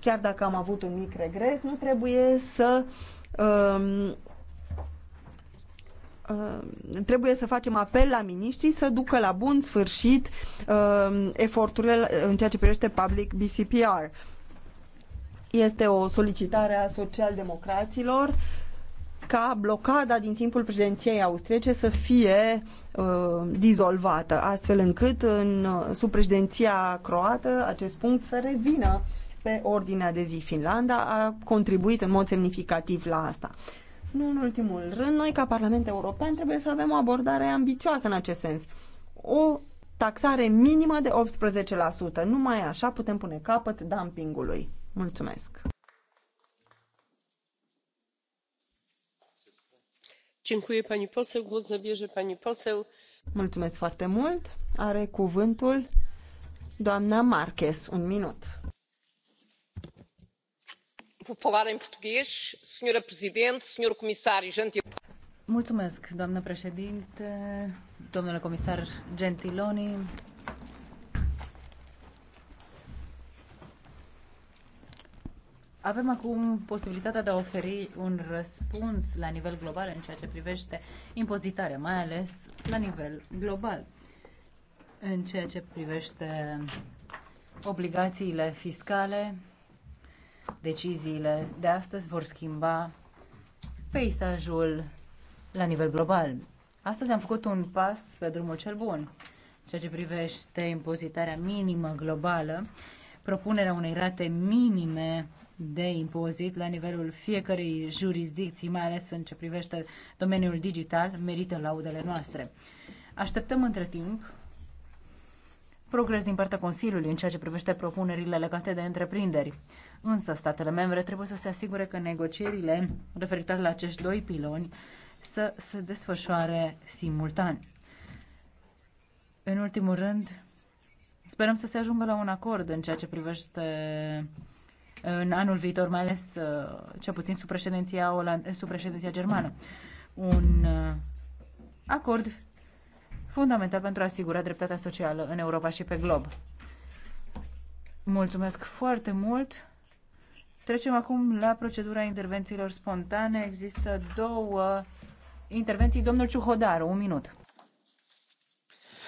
M: Chiar dacă am avut un mic regres, nu trebuie să um, um trebuie să facem apel la miniștri să ducă la bun sfârșit uh, eforturile în ceea ce privește public BCPR. Este o solicitare a socialdemocraților ca blocada din timpul președinției austriece să fie uh, dizolvată, astfel încât în, uh, sub președinția croată acest punct să revină pe ordinea de zi. Finlanda a contribuit în mod semnificativ la asta. Nu în ultimul rând, noi ca Parlament European trebuie să avem o abordare ambițioasă în acest sens. O taxare minimă de 18%. Numai așa putem pune capăt dumpingului. Mulțumesc! Mulțumesc foarte mult. Are cuvântul doamna Marques, un minut.
R: Mulțumesc, doamnă președinte, domnule comisar Gentiloni, Avem acum posibilitatea de a oferi un răspuns la nivel global în ceea ce privește impozitarea, mai ales la nivel global. În ceea ce privește obligațiile fiscale, deciziile de astăzi vor schimba peisajul la nivel global. Astăzi am făcut un pas pe drumul cel bun. Ceea ce privește impozitarea minimă globală, propunerea unei rate minime de impozit la nivelul fiecărei jurisdicții, mai ales în ce privește domeniul digital, merită laudele noastre. Așteptăm între timp progres din partea Consiliului în ceea ce privește propunerile legate de întreprinderi. Însă statele membre trebuie să se asigure că negocierile referitoare la acești doi piloni să se desfășoare simultan. În ultimul rând, Sperăm să se ajungă la un acord în ceea ce privește în anul viitor, mai ales uh, cel puțin sub președinția, Oland- eh, sub președinția germană. Un uh, acord fundamental pentru a asigura dreptatea socială în Europa și pe glob. Mulțumesc foarte mult! Trecem acum la procedura intervențiilor spontane. Există două intervenții. Domnul Ciuhodaru, un minut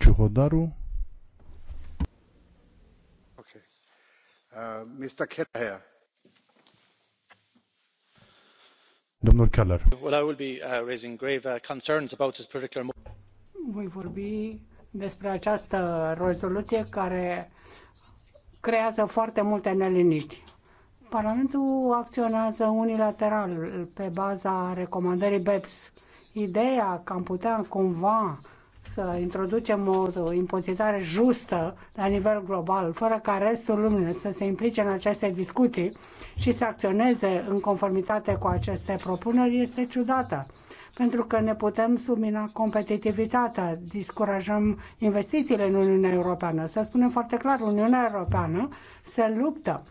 O: Ciuhodaru.
F: Okay. Uh, Mr. Kelleher.
O: Domnul Keller.
F: Well, I will be uh, raising grave uh, concerns about this particular
S: voi vorbi despre această rezoluție care creează foarte multe neliniști. Parlamentul acționează unilateral pe baza recomandării BEPS. Ideea că am putea cumva să introducem o impozitare justă la nivel global, fără ca restul lumii să se implice în aceste discuții și să acționeze în conformitate cu aceste propuneri, este ciudată pentru că ne putem submina competitivitatea, discurajăm investițiile în Uniunea Europeană. Să spunem foarte clar, Uniunea Europeană se luptă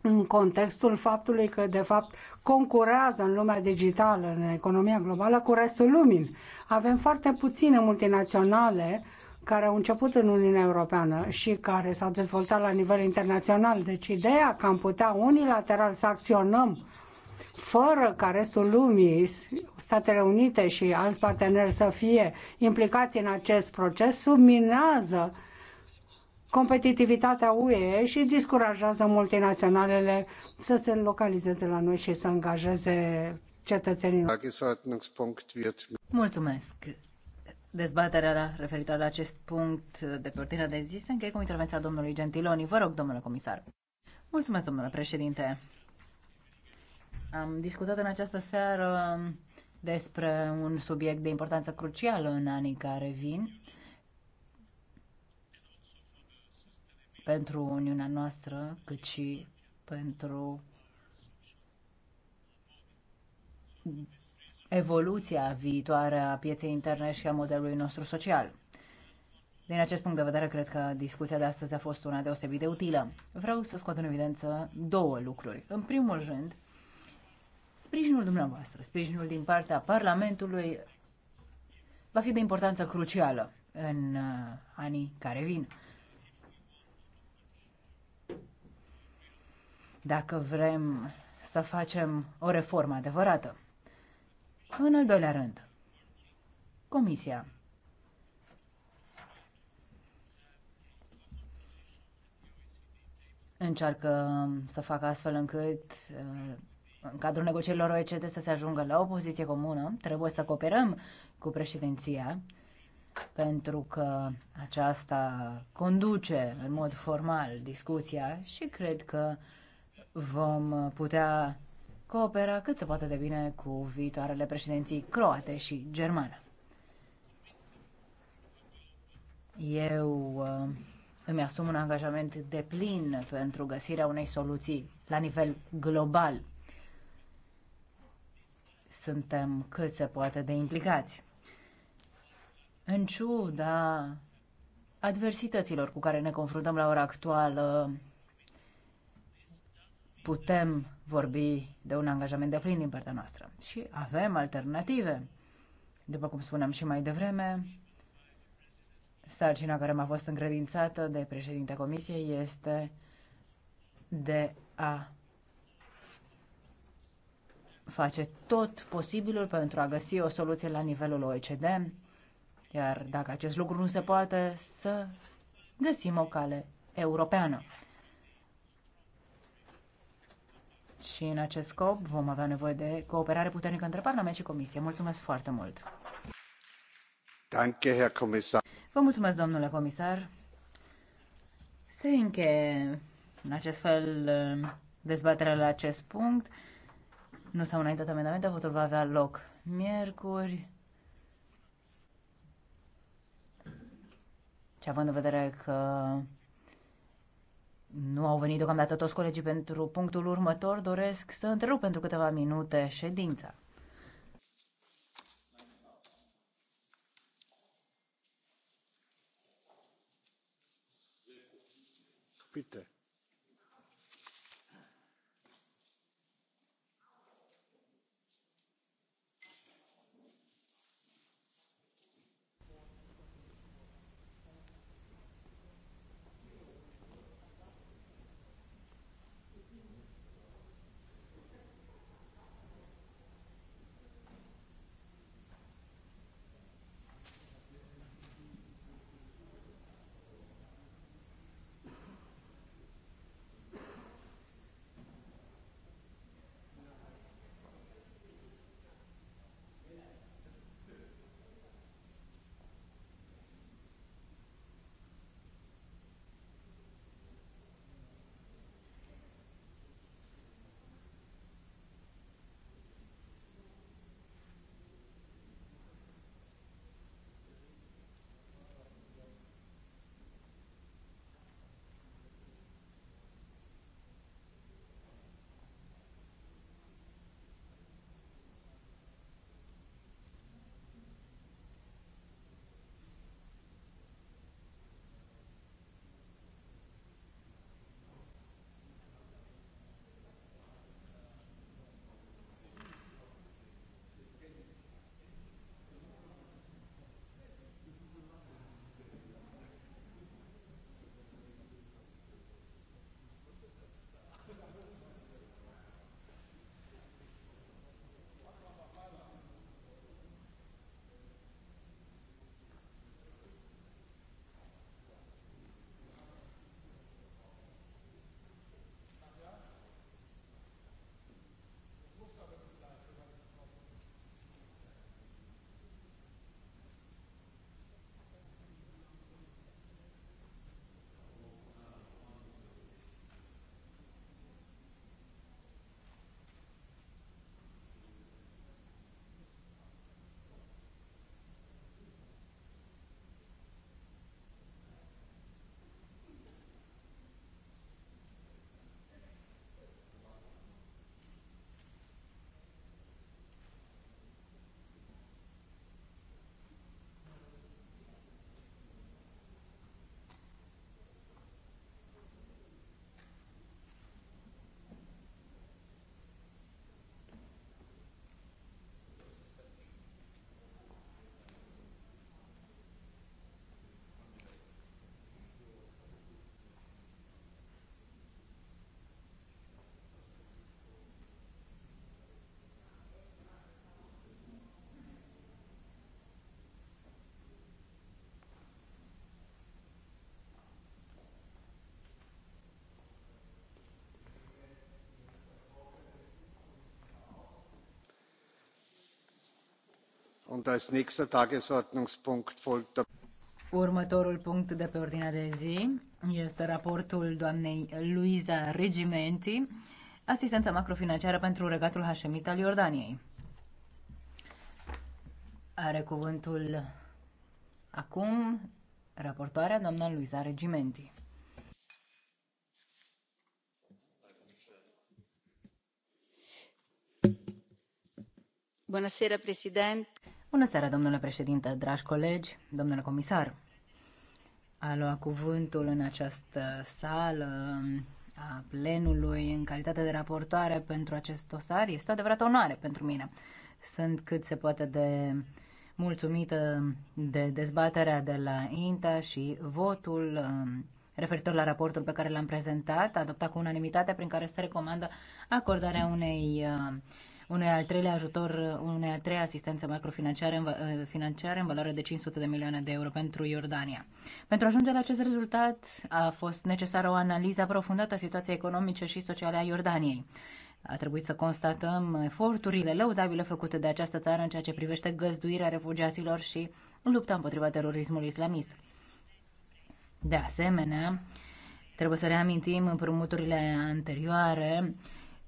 S: în contextul faptului că, de fapt, concurează în lumea digitală, în economia globală, cu restul lumii. Avem foarte puține multinaționale care au început în Uniunea Europeană și care s-au dezvoltat la nivel internațional. Deci ideea că am putea unilateral să acționăm fără ca restul lumii, Statele Unite și alți parteneri să fie implicați în acest proces, subminează uh, competitivitatea UE și discurajează multinaționalele să se localizeze la noi și să angajeze cetățenii. Mulțumesc!
F: Dezbaterea
R: referitoare la acest punct de pe ordinea de zi se încheie cu intervenția domnului Gentiloni. Vă rog, domnule comisar. Mulțumesc, domnule președinte. Am discutat în această seară despre un subiect de importanță crucială în anii care vin pentru Uniunea noastră, cât și pentru evoluția viitoare a pieței interne și a modelului nostru social. Din acest punct de vedere, cred că discuția de astăzi a fost una deosebit de utilă. Vreau să scot în evidență două lucruri. În primul rând, sprijinul dumneavoastră, sprijinul din partea Parlamentului va fi de importanță crucială în uh, anii care vin. dacă vrem să facem o reformă adevărată. În al doilea rând, Comisia. Încearcă să facă astfel încât uh, în cadrul negocierilor OECD să se ajungă la o poziție comună. Trebuie să cooperăm cu președinția pentru că aceasta conduce în mod formal discuția și cred că vom putea coopera cât se poate de bine cu viitoarele președinții croate și germană. Eu uh, îmi asum un angajament de plin pentru găsirea unei soluții la nivel global. Suntem cât se poate de implicați. În ciuda adversităților cu care ne confruntăm la ora actuală, putem vorbi de un angajament de plin din partea noastră. Și avem alternative. După cum spuneam și mai devreme, sarcina care m-a fost încredințată de președintea Comisiei este de a face tot posibilul pentru a găsi o soluție la nivelul OECD, iar dacă acest lucru nu se poate, să găsim o cale europeană. Și în acest scop vom avea nevoie de cooperare puternică între Parlament și Comisie. Mulțumesc foarte mult!
F: Danke, Herr Kommissar.
R: Vă mulțumesc, domnule comisar. Se încheie în acest fel uh, dezbaterea la acest punct. Nu s-au înaintat amendamente, votul va avea loc miercuri. Și având în vedere că nu au venit deocamdată toți colegii pentru punctul următor. Doresc să întrerup pentru câteva minute ședința. Uite. Următorul punct de pe ordinea de zi este raportul doamnei Luiza Regimenti, asistența macrofinanciară pentru regatul Hașemit al Iordaniei. Are cuvântul acum raportoarea doamna Luiza Regimenti. Bună seara, președinte. Bună seara, domnule președinte, dragi colegi, domnule comisar. A luat cuvântul în această sală a plenului în calitate de raportoare pentru acest dosar este o adevărată onoare pentru mine. Sunt cât se poate de mulțumită de dezbaterea de la INTA și votul um, referitor la raportul pe care l-am prezentat, adoptat cu unanimitate, prin care se recomandă acordarea unei uh, unei al treilea ajutor, unei al treia asistențe macrofinanciare în, eh, financiare în valoare de 500 de milioane de euro pentru Iordania. Pentru a ajunge la acest rezultat a fost necesară o analiză aprofundată a situației economice și sociale a Iordaniei. A trebuit să constatăm eforturile lăudabile făcute de această țară în ceea ce privește găzduirea refugiaților și lupta împotriva terorismului islamist. De asemenea, trebuie să reamintim împrumuturile anterioare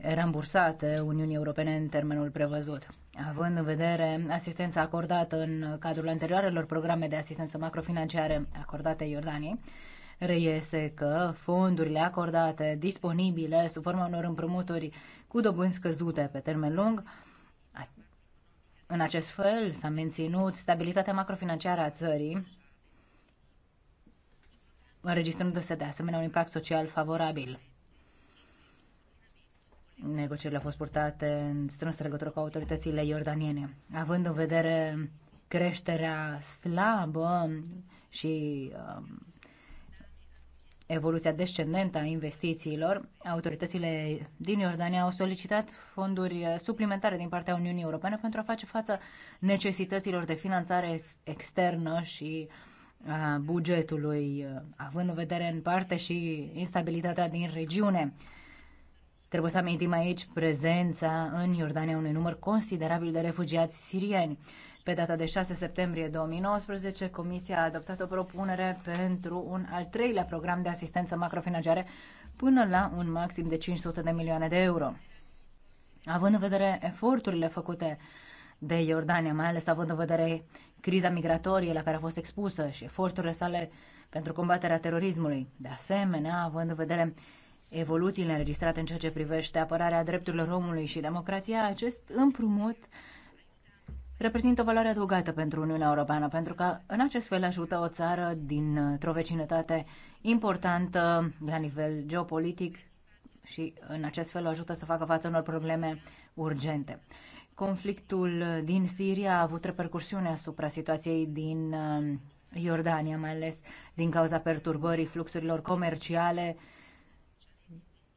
R: rambursate Uniunii Europene în termenul prevăzut. Având în vedere asistența acordată în cadrul anterioarelor programe de asistență macrofinanciare acordate Iordaniei, reiese că fondurile acordate disponibile sub forma unor împrumuturi cu dobânzi scăzute pe termen lung în acest fel s-a menținut stabilitatea macrofinanciară a țării, înregistrându-se de asemenea un impact social favorabil. Negocierile au fost purtate în strânsă legătură cu autoritățile iordaniene. Având în vedere creșterea slabă și uh, evoluția descendentă a investițiilor, autoritățile din Iordania au solicitat fonduri suplimentare din partea Uniunii Europene pentru a face față necesităților de finanțare externă și a uh, bugetului, uh, având în vedere în parte și instabilitatea din regiune. Trebuie să amintim aici prezența în Iordania unui număr considerabil de refugiați sirieni. Pe data de 6 septembrie 2019, Comisia a adoptat o propunere pentru un al treilea program de asistență macrofinanciare până la un maxim de 500 de milioane de euro. Având în vedere eforturile făcute de Iordania, mai ales având în vedere criza migratorie la care a fost expusă și eforturile sale pentru combaterea terorismului, de asemenea, având în vedere uh, evoluțiile înregistrate în ceea ce privește apărarea drepturilor omului și democrația, acest împrumut reprezintă o valoare adăugată pentru Uniunea Europeană, pentru că în acest fel ajută o țară dintr-o vecinătate importantă la nivel geopolitic și în acest fel o ajută să facă față unor probleme urgente. Conflictul din Siria a avut repercursiune asupra situației din uh, Iordania, mai ales din cauza perturbării fluxurilor comerciale uh,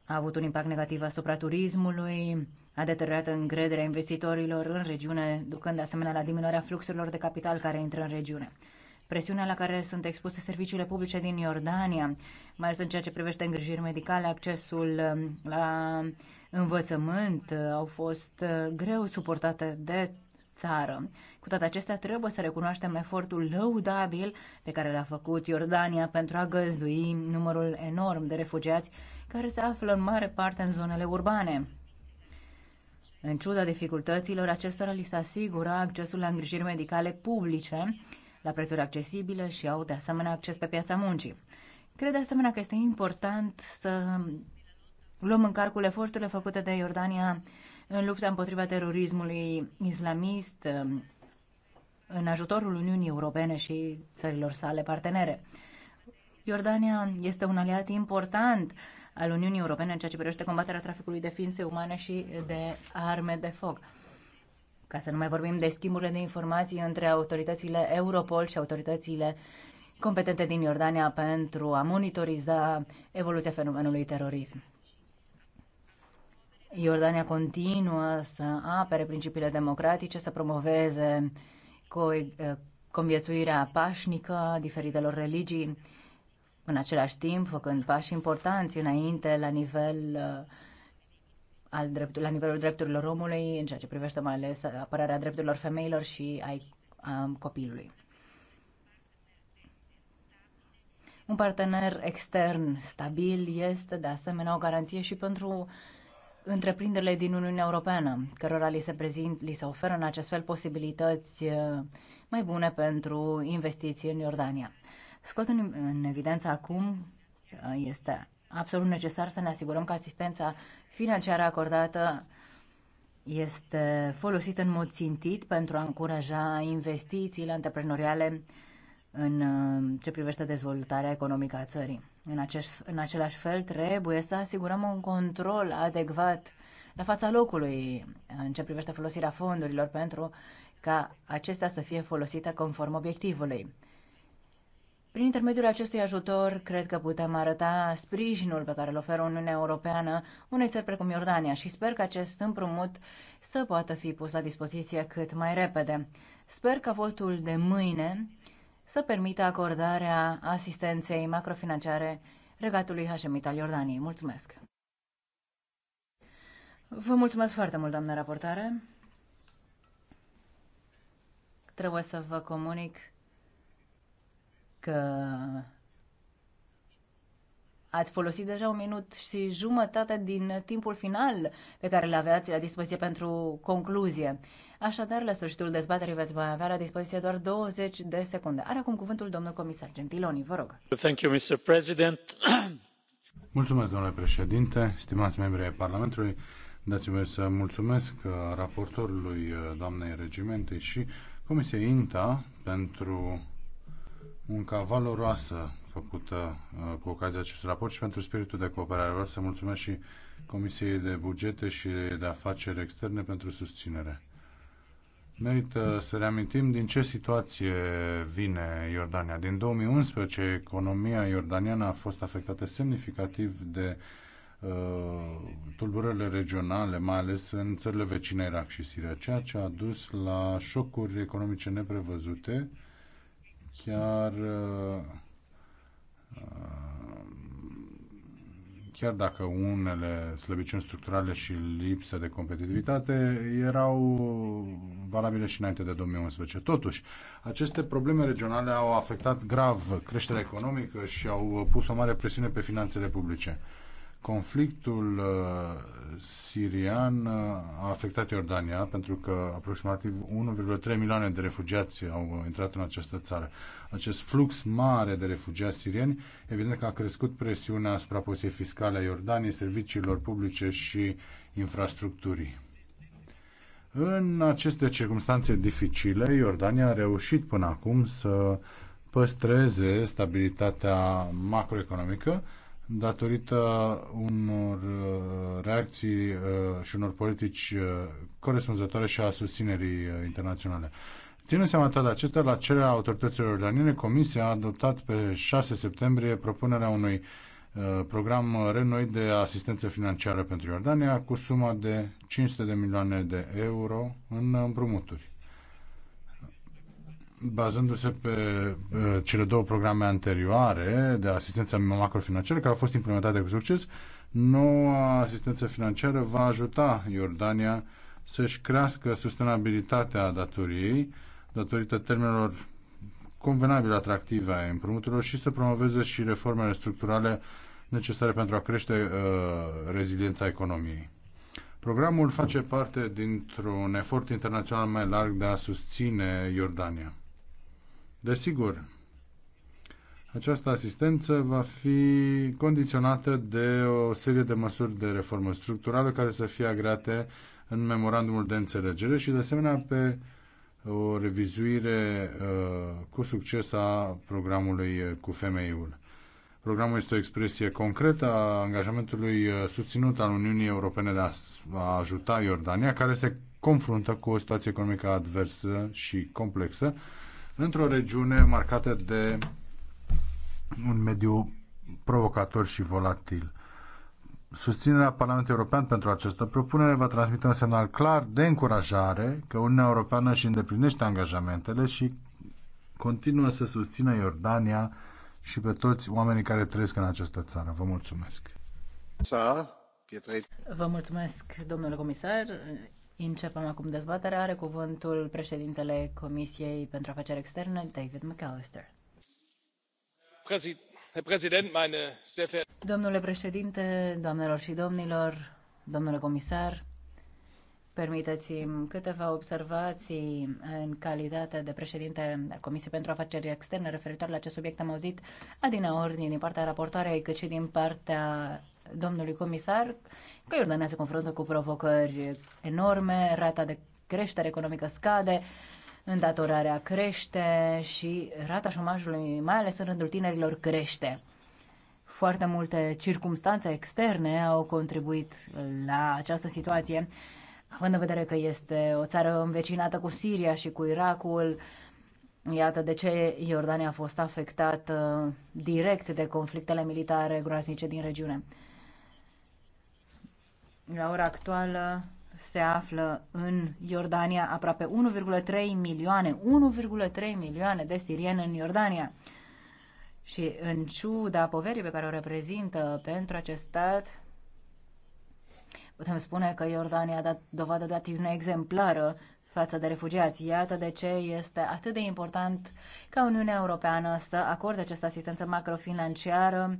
R: a avut un impact negativ asupra turismului, a deteriorat încrederea investitorilor în regiune, ducând de asemenea la diminuarea fluxurilor de capital care intră în regiune. Presiunea la care sunt expuse serviciile publice din Iordania, mai ales în ceea ce privește îngrijiri medicale, accesul um, la învățământ, uh, au fost uh, greu suportate de țară cu toate acestea, trebuie să recunoaștem efortul lăudabil pe care l-a făcut Iordania pentru a găzdui numărul enorm de refugiați care se află în mare parte în zonele urbane. În ciuda dificultăților, acestora li se asigură accesul la îngrijiri medicale publice, la prețuri accesibile și au de asemenea acces pe piața muncii. Cred de asemenea că este important să luăm în calcul eforturile făcute de Iordania în lupta împotriva terorismului islamist, în ajutorul Uniunii Europene și țărilor sale partenere. Iordania este un aliat important al Uniunii Europene în ceea ce privește combaterea traficului de ființe umane și de arme de foc. Ca să nu mai vorbim de schimburile de informații între autoritățile Europol și autoritățile competente din Iordania pentru a monitoriza evoluția fenomenului terorism. Iordania continuă să apere principiile democratice, să promoveze co- uh, conviețuirea pașnică a diferitelor religii, în același timp făcând pași importanți înainte la nivel uh, al drept, la nivelul drepturilor omului, în ceea ce privește mai ales apărarea drepturilor femeilor și ai a, copilului. Un partener extern stabil este de asemenea o garanție și pentru întreprinderile din Uniunea Europeană, cărora li se, prezint, li se oferă în acest fel posibilități uh, mai bune pentru investiții în Iordania. Scot în, în evidență acum uh, este absolut necesar să ne asigurăm că asistența financiară acordată este folosită în mod țintit pentru a încuraja investițiile antreprenoriale în uh, ce privește dezvoltarea economică a țării. În, acest, în același fel, trebuie să asigurăm un control adecvat la fața locului în ce privește folosirea fondurilor pentru ca acestea să fie folosite conform obiectivului. Prin intermediul acestui ajutor, cred că putem arăta sprijinul pe care îl oferă Uniunea Europeană unei țări precum Iordania și sper că acest împrumut să poată fi pus la dispoziție cât mai repede. Sper că votul de mâine să permită acordarea asistenței macrofinanciare regatului Hașemit al Iordaniei. Mulțumesc! Vă mulțumesc foarte mult, doamnă raportare. Trebuie să vă comunic că Ați folosit deja un minut și jumătate din timpul final pe care îl aveați la dispoziție pentru concluzie. Așadar, la sfârșitul dezbaterii veți mai avea la dispoziție doar 20 de secunde. Are acum cuvântul domnul comisar Gentiloni, vă rog.
O: Thank you, Mr. President. Mulțumesc, domnule președinte, stimați membri ai Parlamentului. Dați-mi să mulțumesc uh, raportorului uh, doamnei regimente și Comisiei INTA pentru munca valoroasă făcută uh, cu ocazia acestui raport și pentru spiritul de cooperare. Vreau să mulțumesc și Comisiei de Bugete și de Afaceri Externe pentru susținere. Merită să reamintim din ce situație vine Iordania. Din 2011, economia iordaniană a fost afectată semnificativ de uh, tulburările regionale, mai ales în țările vecine Irak și Siria, ceea ce a dus la șocuri economice neprevăzute, chiar uh, Ehm, chiar dacă unele slăbiciuni structurale și lipsă de competitivitate erau valabile și înainte de 2011. Totuși, aceste probleme regionale au afectat grav creșterea economică și au pus o mare presiune pe finanțele publice. Conflictul uh, sirian uh, a afectat Iordania pentru că aproximativ 1,3 milioane de refugiați au intrat în această țară. Acest flux mare de refugiați sirieni evident că a crescut presiunea asupra poziției fiscale a Iordaniei, serviciilor publice și infrastructurii. În aceste circunstanțe dificile, Iordania a reușit până acum să păstreze stabilitatea macroeconomică, datorită unor uh, reacții uh, și unor politici uh, corespunzătoare și a susținerii internaționale. Ținând seama toate acestea, la cererea autorităților iraniene, Comisia a adoptat pe 6 septembrie propunerea unui program renoit de asistență financiară pentru Iordania cu suma de 500 de milioane de euro în împrumuturi bazându-se pe cele două programe anterioare de asistență macrofinanciară care au fost implementate cu succes, noua asistență financiară va ajuta Iordania să-și crească sustenabilitatea datoriei datorită termenelor convenabil atractive a împrumuturilor și să promoveze și reformele structurale necesare pentru a crește uh, reziliența economiei. Programul face parte dintr-un efort internațional mai larg de a susține Iordania. Desigur, această asistență va fi condiționată de o serie de măsuri de reformă structurală care să fie agreate în memorandumul de înțelegere și, de asemenea, pe o revizuire uh, cu succes a programului cu femeiul. Programul este o expresie concretă a angajamentului uh, susținut al Uniunii Europene de a ajuta Iordania, care se confruntă cu o situație economică adversă și complexă, într-o regiune marcată de un mediu provocator și volatil. Susținerea Parlamentului European pentru această propunere va transmite un semnal clar de încurajare că Uniunea Europeană își îndeplinește angajamentele și continuă să susțină Iordania și pe toți oamenii care trăiesc în această țară. Vă mulțumesc!
R: Vă mulțumesc, domnule comisar. Începem acum dezbaterea. Are cuvântul președintele Comisiei pentru Afaceri Externe, David McAllister. Domnule președinte, doamnelor și domnilor, domnule comisar, Permiteți-mi câteva observații în calitate de președinte al Comisiei pentru Afaceri Externe referitor la acest subiect. Am auzit adineori din partea raportoarei, cât și din partea domnului comisar că Iordania se confruntă cu provocări enorme, rata de creștere economică scade, îndatorarea crește și rata șomajului, mai ales în rândul tinerilor, crește. Foarte multe circumstanțe externe au contribuit la această situație, având în vedere că este o țară învecinată cu Siria și cu Irakul. Iată de ce Iordania a fost afectată direct de conflictele militare groaznice din regiune la ora actuală se află în Iordania aproape 1,3 milioane, 1,3 milioane de sirieni în Iordania. Și în ciuda poverii pe care o reprezintă pentru acest stat, putem spune că Iordania a dat dovadă de atitudine exemplară față de refugiați. Iată de ce este atât de important ca Uniunea Europeană să acorde această asistență macrofinanciară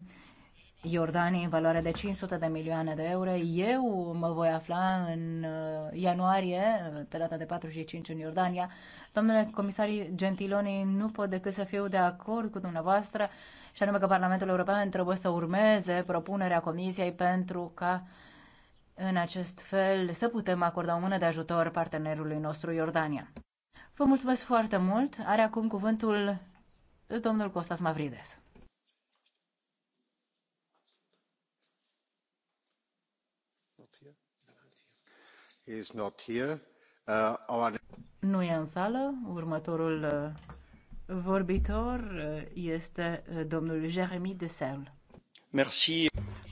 R: Iordaniei în valoare de 500 de milioane de euro. Eu mă voi afla în uh, ianuarie, uh, pe data de 45 și în Iordania. Domnule comisar Gentiloni, nu pot decât să fiu de acord cu dumneavoastră și anume că Parlamentul European trebuie să urmeze propunerea Comisiei pentru ca în acest fel să putem acorda o mână de ajutor partenerului nostru Iordania. Vă mulțumesc foarte mult. Are acum cuvântul domnul Costas Mavrides.
F: Uh,
R: nu e în sală. Următorul uh, vorbitor uh, este domnul Jeremy de Serle.
S: Merci.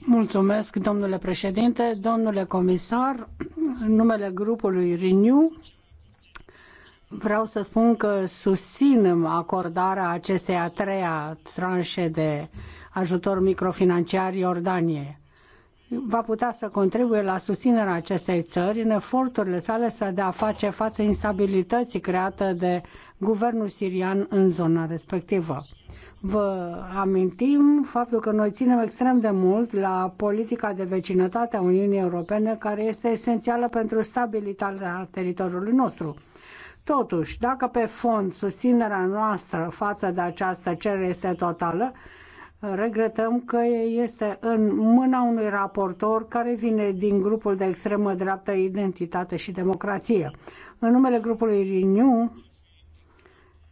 S: Mulțumesc, domnule președinte, domnule comisar, în numele grupului Renew, vreau să spun că susținem acordarea acestei a treia tranșe de ajutor microfinanciar Iordaniei va putea să contribuie la susținerea acestei țări în eforturile sale să de a face față instabilității create de guvernul sirian în zona respectivă. Vă amintim faptul că noi ținem extrem de mult la politica de vecinătate a Uniunii Europene, care este esențială pentru stabilitatea teritoriului nostru. Totuși, dacă pe fond susținerea noastră față de această cerere este totală, Regretăm că este în mâna unui raportor care vine din grupul de extremă dreaptă Identitate și Democrație. În numele grupului Renew,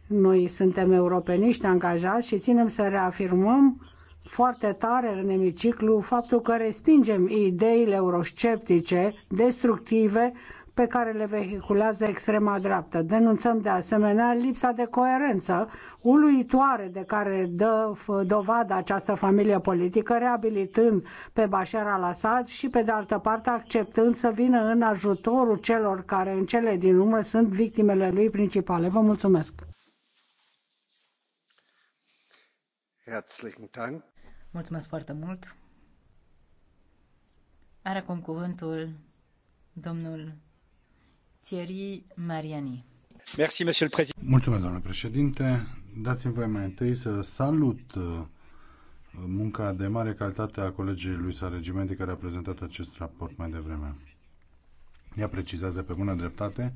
S: noi suntem europeniști angajați și ținem să reafirmăm foarte tare în emiciclu faptul că respingem ideile eurosceptice, destructive, pe care le vehiculează extrema dreaptă. Denunțăm de asemenea lipsa de coerență uluitoare de care dă dovadă această familie politică, reabilitând pe Bashar al-Assad și pe de altă parte acceptând să vină în ajutorul celor care în cele din urmă sunt victimele lui principale. Vă mulțumesc! Mulțumesc foarte mult!
O: Are
R: acum cuvântul domnul Thierry Mariani.
O: Merci, monsieur le président. Mulțumesc, domnule președinte. Dați-mi voi mai întâi să salut uh, munca de mare calitate a colegii lui Saregimenti care a prezentat acest raport mai devreme. Ea precizează pe bună dreptate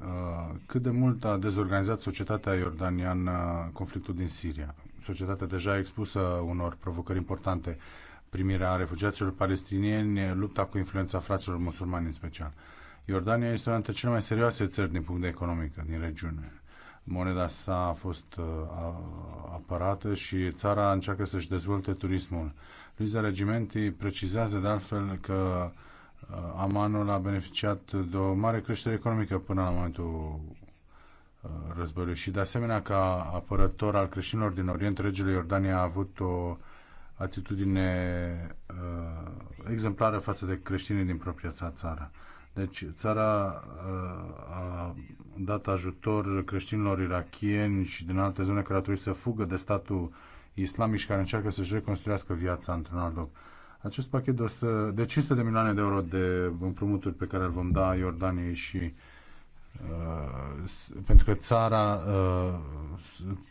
O: uh, cât de mult a dezorganizat societatea iordaniană conflictul din Siria. Societatea deja expusă uh, unor provocări importante, primirea refugiaților palestinieni, lupta cu influența fraților musulmani în special. Iordania este una dintre cele mai serioase țări din punct de economic din regiune. Moneda sa a fost uh, apărată și țara încearcă să-și dezvolte turismul. Luisa Regimenti precizează de altfel că uh, Amanul a beneficiat de o mare creștere economică până la momentul uh, războiului și de asemenea ca apărător al creștinilor din Orient, regele Iordania a avut o atitudine uh, exemplară față de creștinii din propria sa țară. Deci țara uh, a dat ajutor creștinilor irachieni și din alte zone care trebuie să fugă de statul islamic și care încearcă să-și reconstruiască viața într-un alt loc. Acest pachet de, 100, de 500 de milioane de euro de împrumuturi pe care îl vom da Iordaniei și Uh, pentru că țara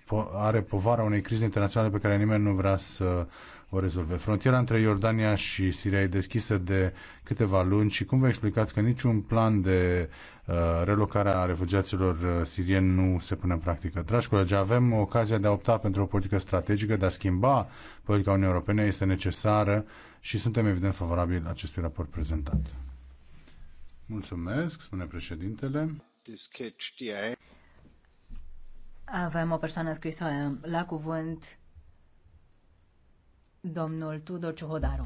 O: uh, are povara unei crize internaționale pe care nimeni nu vrea să o rezolve. Frontiera între Iordania și Siria e deschisă de câteva luni și cum vă explicați că niciun plan de uh, relocare a refugiaților uh, sirieni nu se pune în practică? Dragi colegi, avem ocazia de a opta pentru o politică strategică, de a schimba politica Uniunii Europene, este necesară și suntem evident favorabili acestui raport prezentat. Mulțumesc, spune președintele.
R: Avem o persoană scrisă la cuvânt domnul Tudor Ciuhodaru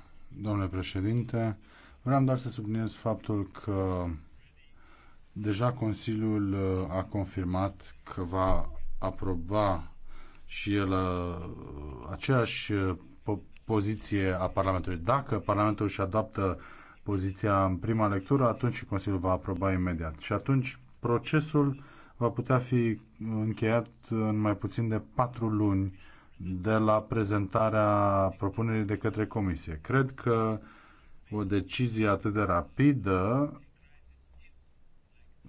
O: domnule președinte. Vreau doar să subliniez faptul că deja Consiliul uh, a confirmat că va aproba și el uh, aceeași uh, poziție a Parlamentului. Dacă Parlamentul își adaptă poziția în prima lectură, atunci Consiliul va aproba imediat. Și atunci procesul va putea fi încheiat în mai puțin de patru luni de la prezentarea propunerii de către Comisie. Cred că o decizie atât de rapidă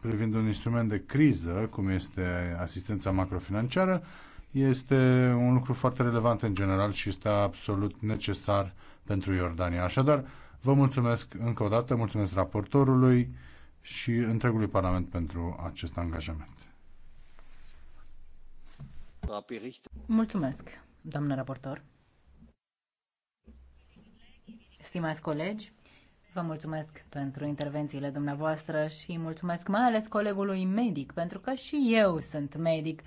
O: privind un instrument de criză, cum este asistența macrofinanciară, este un lucru foarte relevant în general și este absolut necesar pentru Iordania. Așadar, vă mulțumesc încă o dată, mulțumesc raportorului și întregului Parlament pentru acest angajament.
R: Mulțumesc, doamnă raportor. Stimați colegi, vă mulțumesc pentru intervențiile dumneavoastră și mulțumesc mai ales colegului medic, pentru că și eu sunt medic.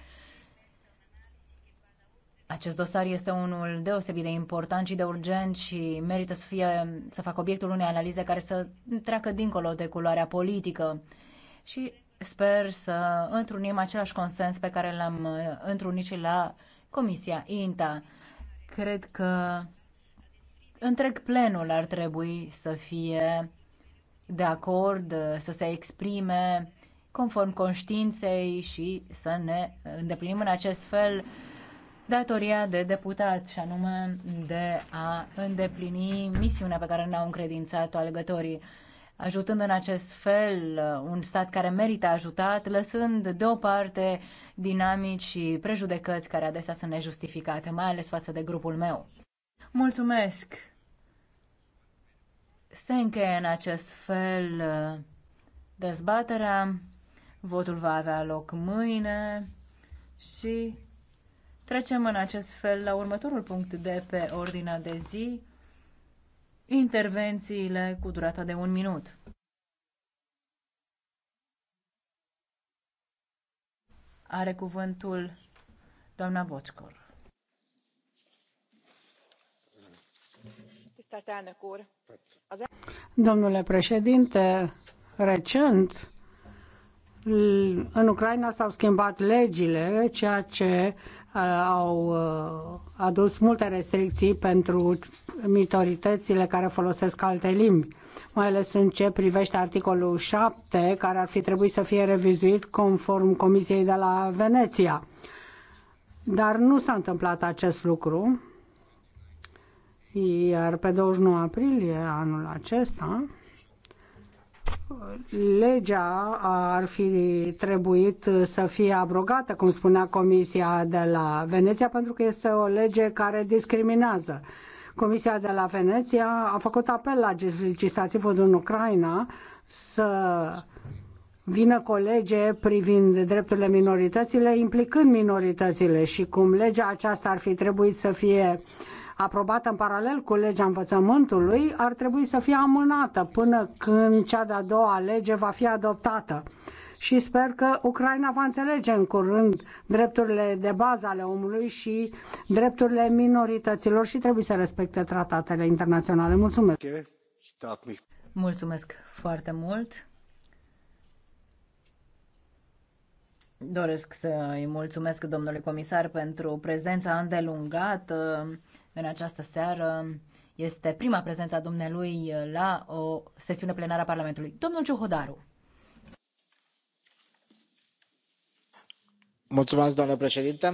R: Acest dosar este unul deosebit de important și de urgent și merită să, fie, să fac obiectul unei analize care să treacă dincolo de culoarea politică. Și Sper să întrunim același consens pe care l-am uh, întrunit și la Comisia INTA. Cred că întreg plenul ar trebui să fie de acord, uh, să se exprime conform conștiinței și să ne îndeplinim în acest fel datoria de deputat și anume de a îndeplini misiunea pe care ne-au încredințat-o alegătorii ajutând în acest fel uh, un stat care merită ajutat, lăsând deoparte dinamici și prejudecăți care adesea sunt nejustificate, mai ales față de grupul meu. Mulțumesc! Se încheie în acest fel uh, dezbaterea, votul va avea loc mâine și trecem în acest fel la următorul punct de pe ordinea de zi, intervențiile cu durata de un minut. Are cuvântul doamna Bocskor.
S: Domnule președinte, recent în Ucraina s-au schimbat legile, ceea ce uh, au uh, adus multe restricții pentru minoritățile care folosesc alte limbi, mai ales în ce privește articolul 7, care ar fi trebuit să fie revizuit conform Comisiei de la Veneția. Dar nu s-a întâmplat acest lucru, iar pe 29 aprilie anul acesta, legea ar fi trebuit să fie abrogată, cum spunea Comisia de la Veneția, pentru că este o lege care discriminează. Comisia de la Veneția a făcut apel la legislativul din Ucraina să vină cu o lege privind drepturile minorităților, implicând minoritățile și cum legea aceasta ar fi trebuit să fie uh, aprobată în paralel cu legea învățământului ar trebui să fie amânată până când cea de-a doua lege va fi adoptată. Și sper că Ucraina va înțelege în curând drepturile de bază ale omului și drepturile minorităților și trebuie să respecte tratatele internaționale. Mulțumesc!
R: Mulțumesc foarte mult! Doresc să i mulțumesc domnului comisar pentru prezența îndelungată în această seară este prima prezență a dumnealui la o sesiune plenară a Parlamentului. Domnul Ciuhodaru.
T: Mulțumesc, doamnă președintă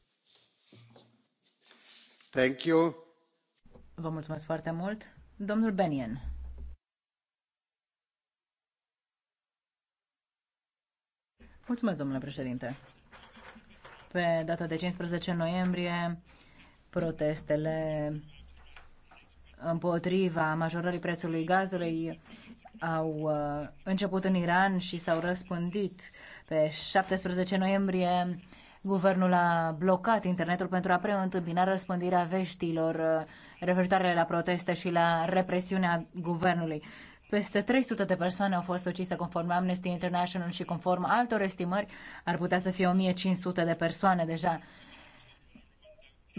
R: Vă mulțumesc foarte mult. Domnul Benian. Mulțumesc, domnule președinte. Pe data de 15 noiembrie, protestele împotriva majorării prețului gazului au uh, început în Iran și s-au răspândit. Pe 17 noiembrie, Guvernul a blocat internetul pentru a preîntâmpina răspândirea veștilor uh, referitoare la proteste și la represiunea guvernului. Peste 300 de persoane au fost ucise conform Amnesty International și conform altor estimări ar putea să fie 1500 de persoane deja.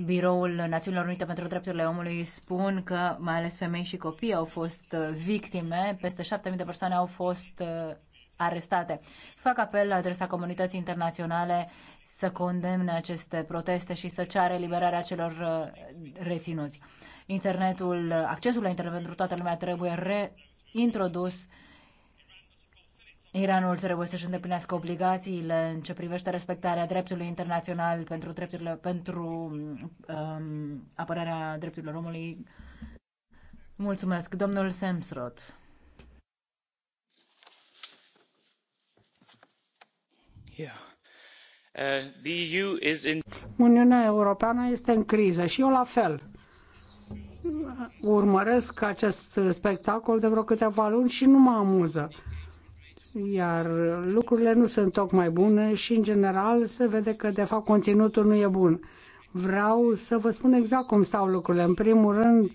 R: Biroul Națiunilor Unite pentru Drepturile Omului spun că mai ales femei și copii au fost uh, victime, peste 7000 de persoane au fost uh, arestate. Fac apel la adresa comunității internaționale să condemne aceste proteste și să ceară eliberarea celor uh, reținuți. Internetul, accesul la internet pentru toată lumea trebuie reintrodus. Iranul trebuie să-și îndeplinească obligațiile în ce privește respectarea dreptului internațional pentru, drepturile, pentru um, apărarea drepturilor omului. Mulțumesc. Domnul Semsrot.
U: Yeah. Uh,
S: Uniunea Europeană este în criză și eu la fel. Urmăresc acest spectacol de vreo câteva luni și nu mă amuză. Iar lucrurile nu sunt tocmai bune și, în general, se vede că, de fapt, conținutul nu e bun. Vreau să vă spun exact cum stau lucrurile. În primul rând,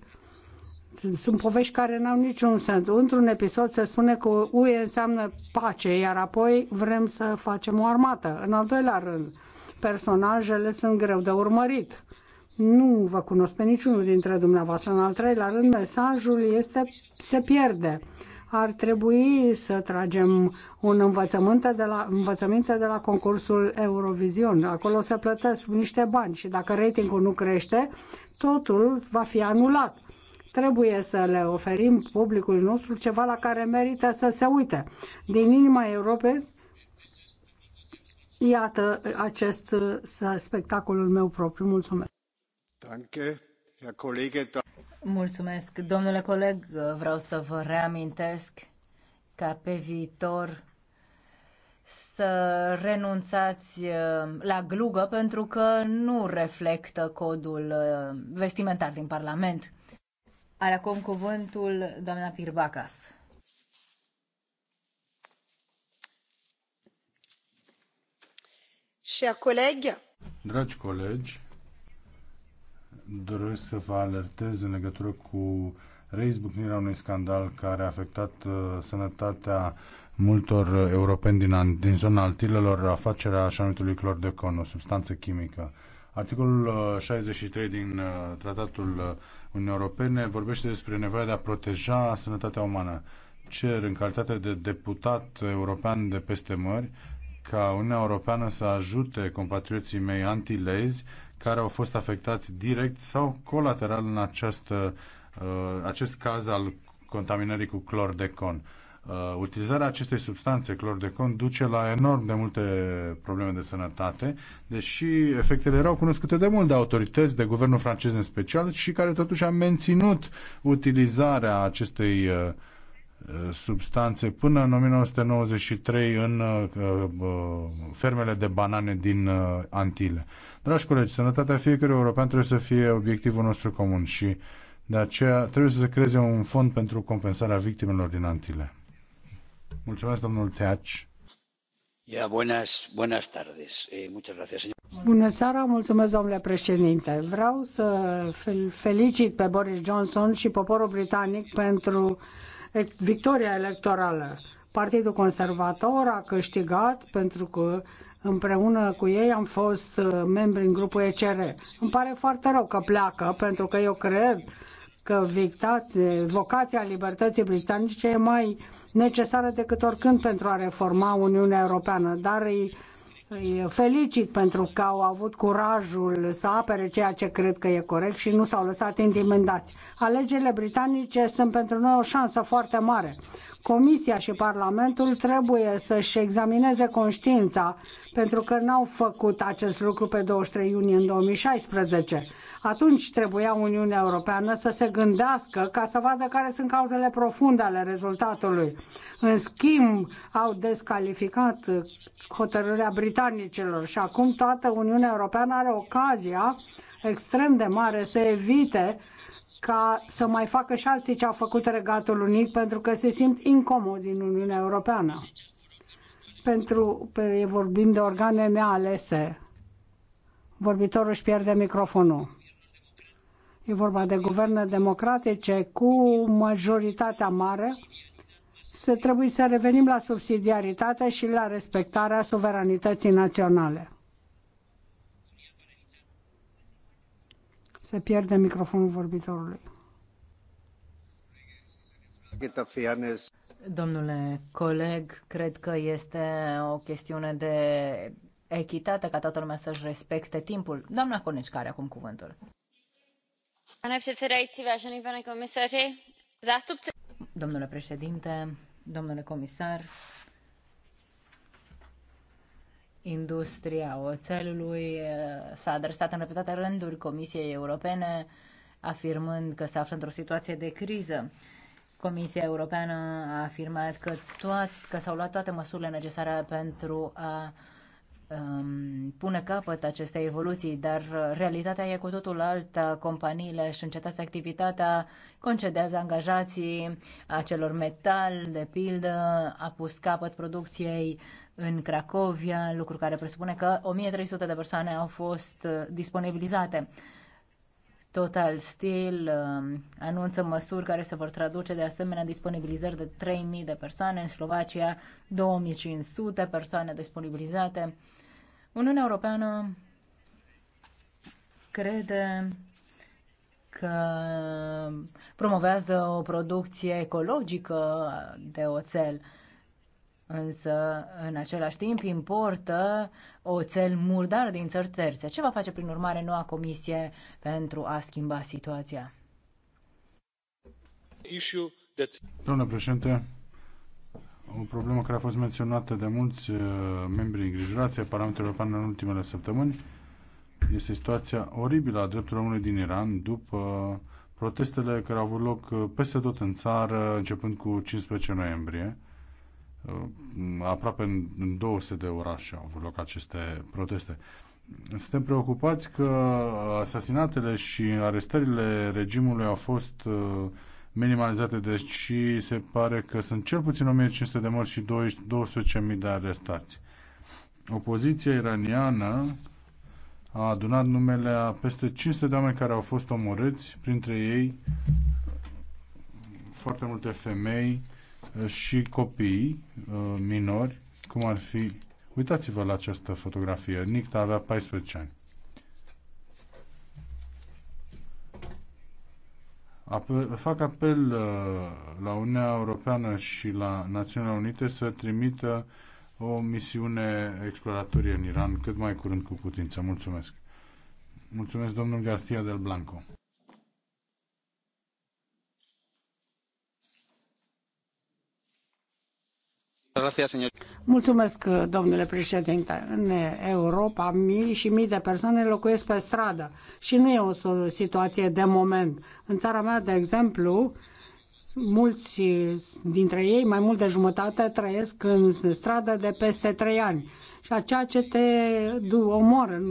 S: sunt povești care n-au niciun sens. Într-un episod se spune că UE înseamnă pace, iar apoi vrem să facem o armată. În al doilea rând, personajele sunt greu de urmărit. Nu vă cunosc pe niciunul dintre dumneavoastră. În al treilea rând, mesajul este se pierde. Ar trebui să tragem un învățământ de la, învățăminte de la concursul Eurovision. Acolo se plătesc niște bani și dacă ratingul nu crește, totul va fi anulat Trebuie să le oferim publicului nostru ceva la care merită să se uite. Din inima Europei, iată acest uh, spectacolul meu propriu. Mulțumesc!
F: Danke, Herr Kollege.
S: Mulțumesc. Domnule coleg,
R: vreau să vă reamintesc ca pe viitor să renunțați uh, la glugă pentru că nu reflectă codul uh, vestimentar din Parlament. Are acum cuvântul doamna Pirbacas.
E: Colegi.
O: Dragi colegi, doresc să vă alertez în legătură cu reizbucnirea unui scandal care a afectat uh, sănătatea multor uh, europeni din, din zona altilelor, afacerea așa numitului clor de con, o substanță chimică. Articolul 63 uh, din uh, Tratatul uh, Uniunii Europene vorbește despre nevoia de a proteja sănătatea umană. Cer în calitate de deputat european de peste mări ca Uniunea Europeană să ajute compatrioții mei antilezi care au fost afectați direct sau colateral în această, acest caz al contaminării cu clor de con. Uh, utilizarea acestei substanțe, clor de con, duce la enorm de multe probleme de sănătate, deși efectele erau cunoscute de mult de autorități, de guvernul francez în special, și care totuși a menținut utilizarea acestei uh, uh, substanțe până în 1993 în fermele de banane din Antile. Dragi colegi, sănătatea fiecărui european trebuie să fie obiectivul nostru comun și de aceea trebuie să se creeze un fond pentru compensarea victimelor din Antile. Mulțumesc,
A: eh,
S: Bună seara, mulțumesc, domnule președinte. Vreau să felicit pe Boris Johnson și poporul britanic pentru victoria electorală. Partidul Conservator a câștigat pentru că împreună cu ei am fost uh, membri în grupul ECR. Îmi pare foarte rău că pleacă, pentru că eu cred că victat, vocația libertății britanice e mai necesară decât oricând pentru a reforma Uniunea Europeană, dar îi felicit pentru că au avut curajul să apere ceea ce cred că e corect și nu s-au lăsat intimidați. Alegerile britanice sunt pentru noi o șansă foarte mare. Comisia și Parlamentul trebuie să-și examineze conștiința pentru că n-au făcut acest lucru pe 23 iunie în 2016 atunci trebuia Uniunea Europeană să se gândească ca să vadă care sunt cauzele profunde ale rezultatului. În schimb, au descalificat hotărârea britanicilor și acum toată Uniunea Europeană are ocazia extrem de mare să evite ca să mai facă și alții ce au făcut Regatul Unit pentru că se simt incomozi în Uniunea Europeană. Pentru vorbim de organe nealese. Vorbitorul își pierde microfonul. E vorba de guverne democratice cu majoritatea mare. Se trebuie să revenim la subsidiaritate și la respectarea suveranității naționale. Se pierde microfonul vorbitorului. Domnule coleg, cred că este o
R: chestiune de echitate ca toată lumea să-și respecte timpul. Doamna Coneci, care acum cuvântul domnule președinte domnule comisar industria oțelului eh, s-a adresat în repetate rânduri Comisiei Europene afirmând că se află într-o situație de criză. Comisia Europeană a afirmat că, toat, că s-au luat toate măsurile necesare pentru a um, pune capăt acestei evoluții, dar realitatea e cu totul alta. Companiile își încetați activitatea, concedează angajații acelor metal, de pildă, a pus capăt producției în Cracovia, lucru care presupune că 1300 de persoane au fost disponibilizate. Total Steel um, anunță măsuri care se vor traduce de asemenea disponibilizări de 3.000 de persoane, în Slovacia 2.500 persoane disponibilizate. Uniunea Europeană crede că promovează o producție ecologică de oțel, însă în același timp importă oțel murdar din țări terțe. Ce va face prin urmare noua comisie pentru a schimba situația?
O: Doamnă președinte, o problemă care a fost menționată de mulți uh, membri îngrijorați ai Parlamentului European în ultimele săptămâni este situația oribilă a drepturilor omului din Iran după protestele care au avut loc uh, peste tot în țară, începând cu 15 noiembrie. Uh, aproape în 200 de orașe au avut loc aceste proteste. Suntem preocupați că asasinatele și arestările regimului au fost minimalizate, deci se pare că sunt cel puțin 1500 de morți și 12.000 de arestați. Opoziția iraniană a adunat numele a peste 500 de oameni care au fost omorâți, printre ei foarte multe femei eh, și copii eh, minori, cum ar fi... Uitați-vă la această fotografie. Nicta avea 14 ani. Apel, fac apel uh, la Uniunea Europeană și la Națiunile Unite să trimită o misiune exploratorie în Iran cât mai curând cu putință. Mulțumesc. Mulțumesc, domnul Garcia del Blanco.
S: Mulțumesc, domnule președinte. În Europa, mii și mii de persoane locuiesc pe stradă și nu e o situație de moment. În țara mea, de exemplu, mulți dintre ei, mai mult de jumătate, trăiesc în stradă de peste trei ani. Și ceea ce te omoră,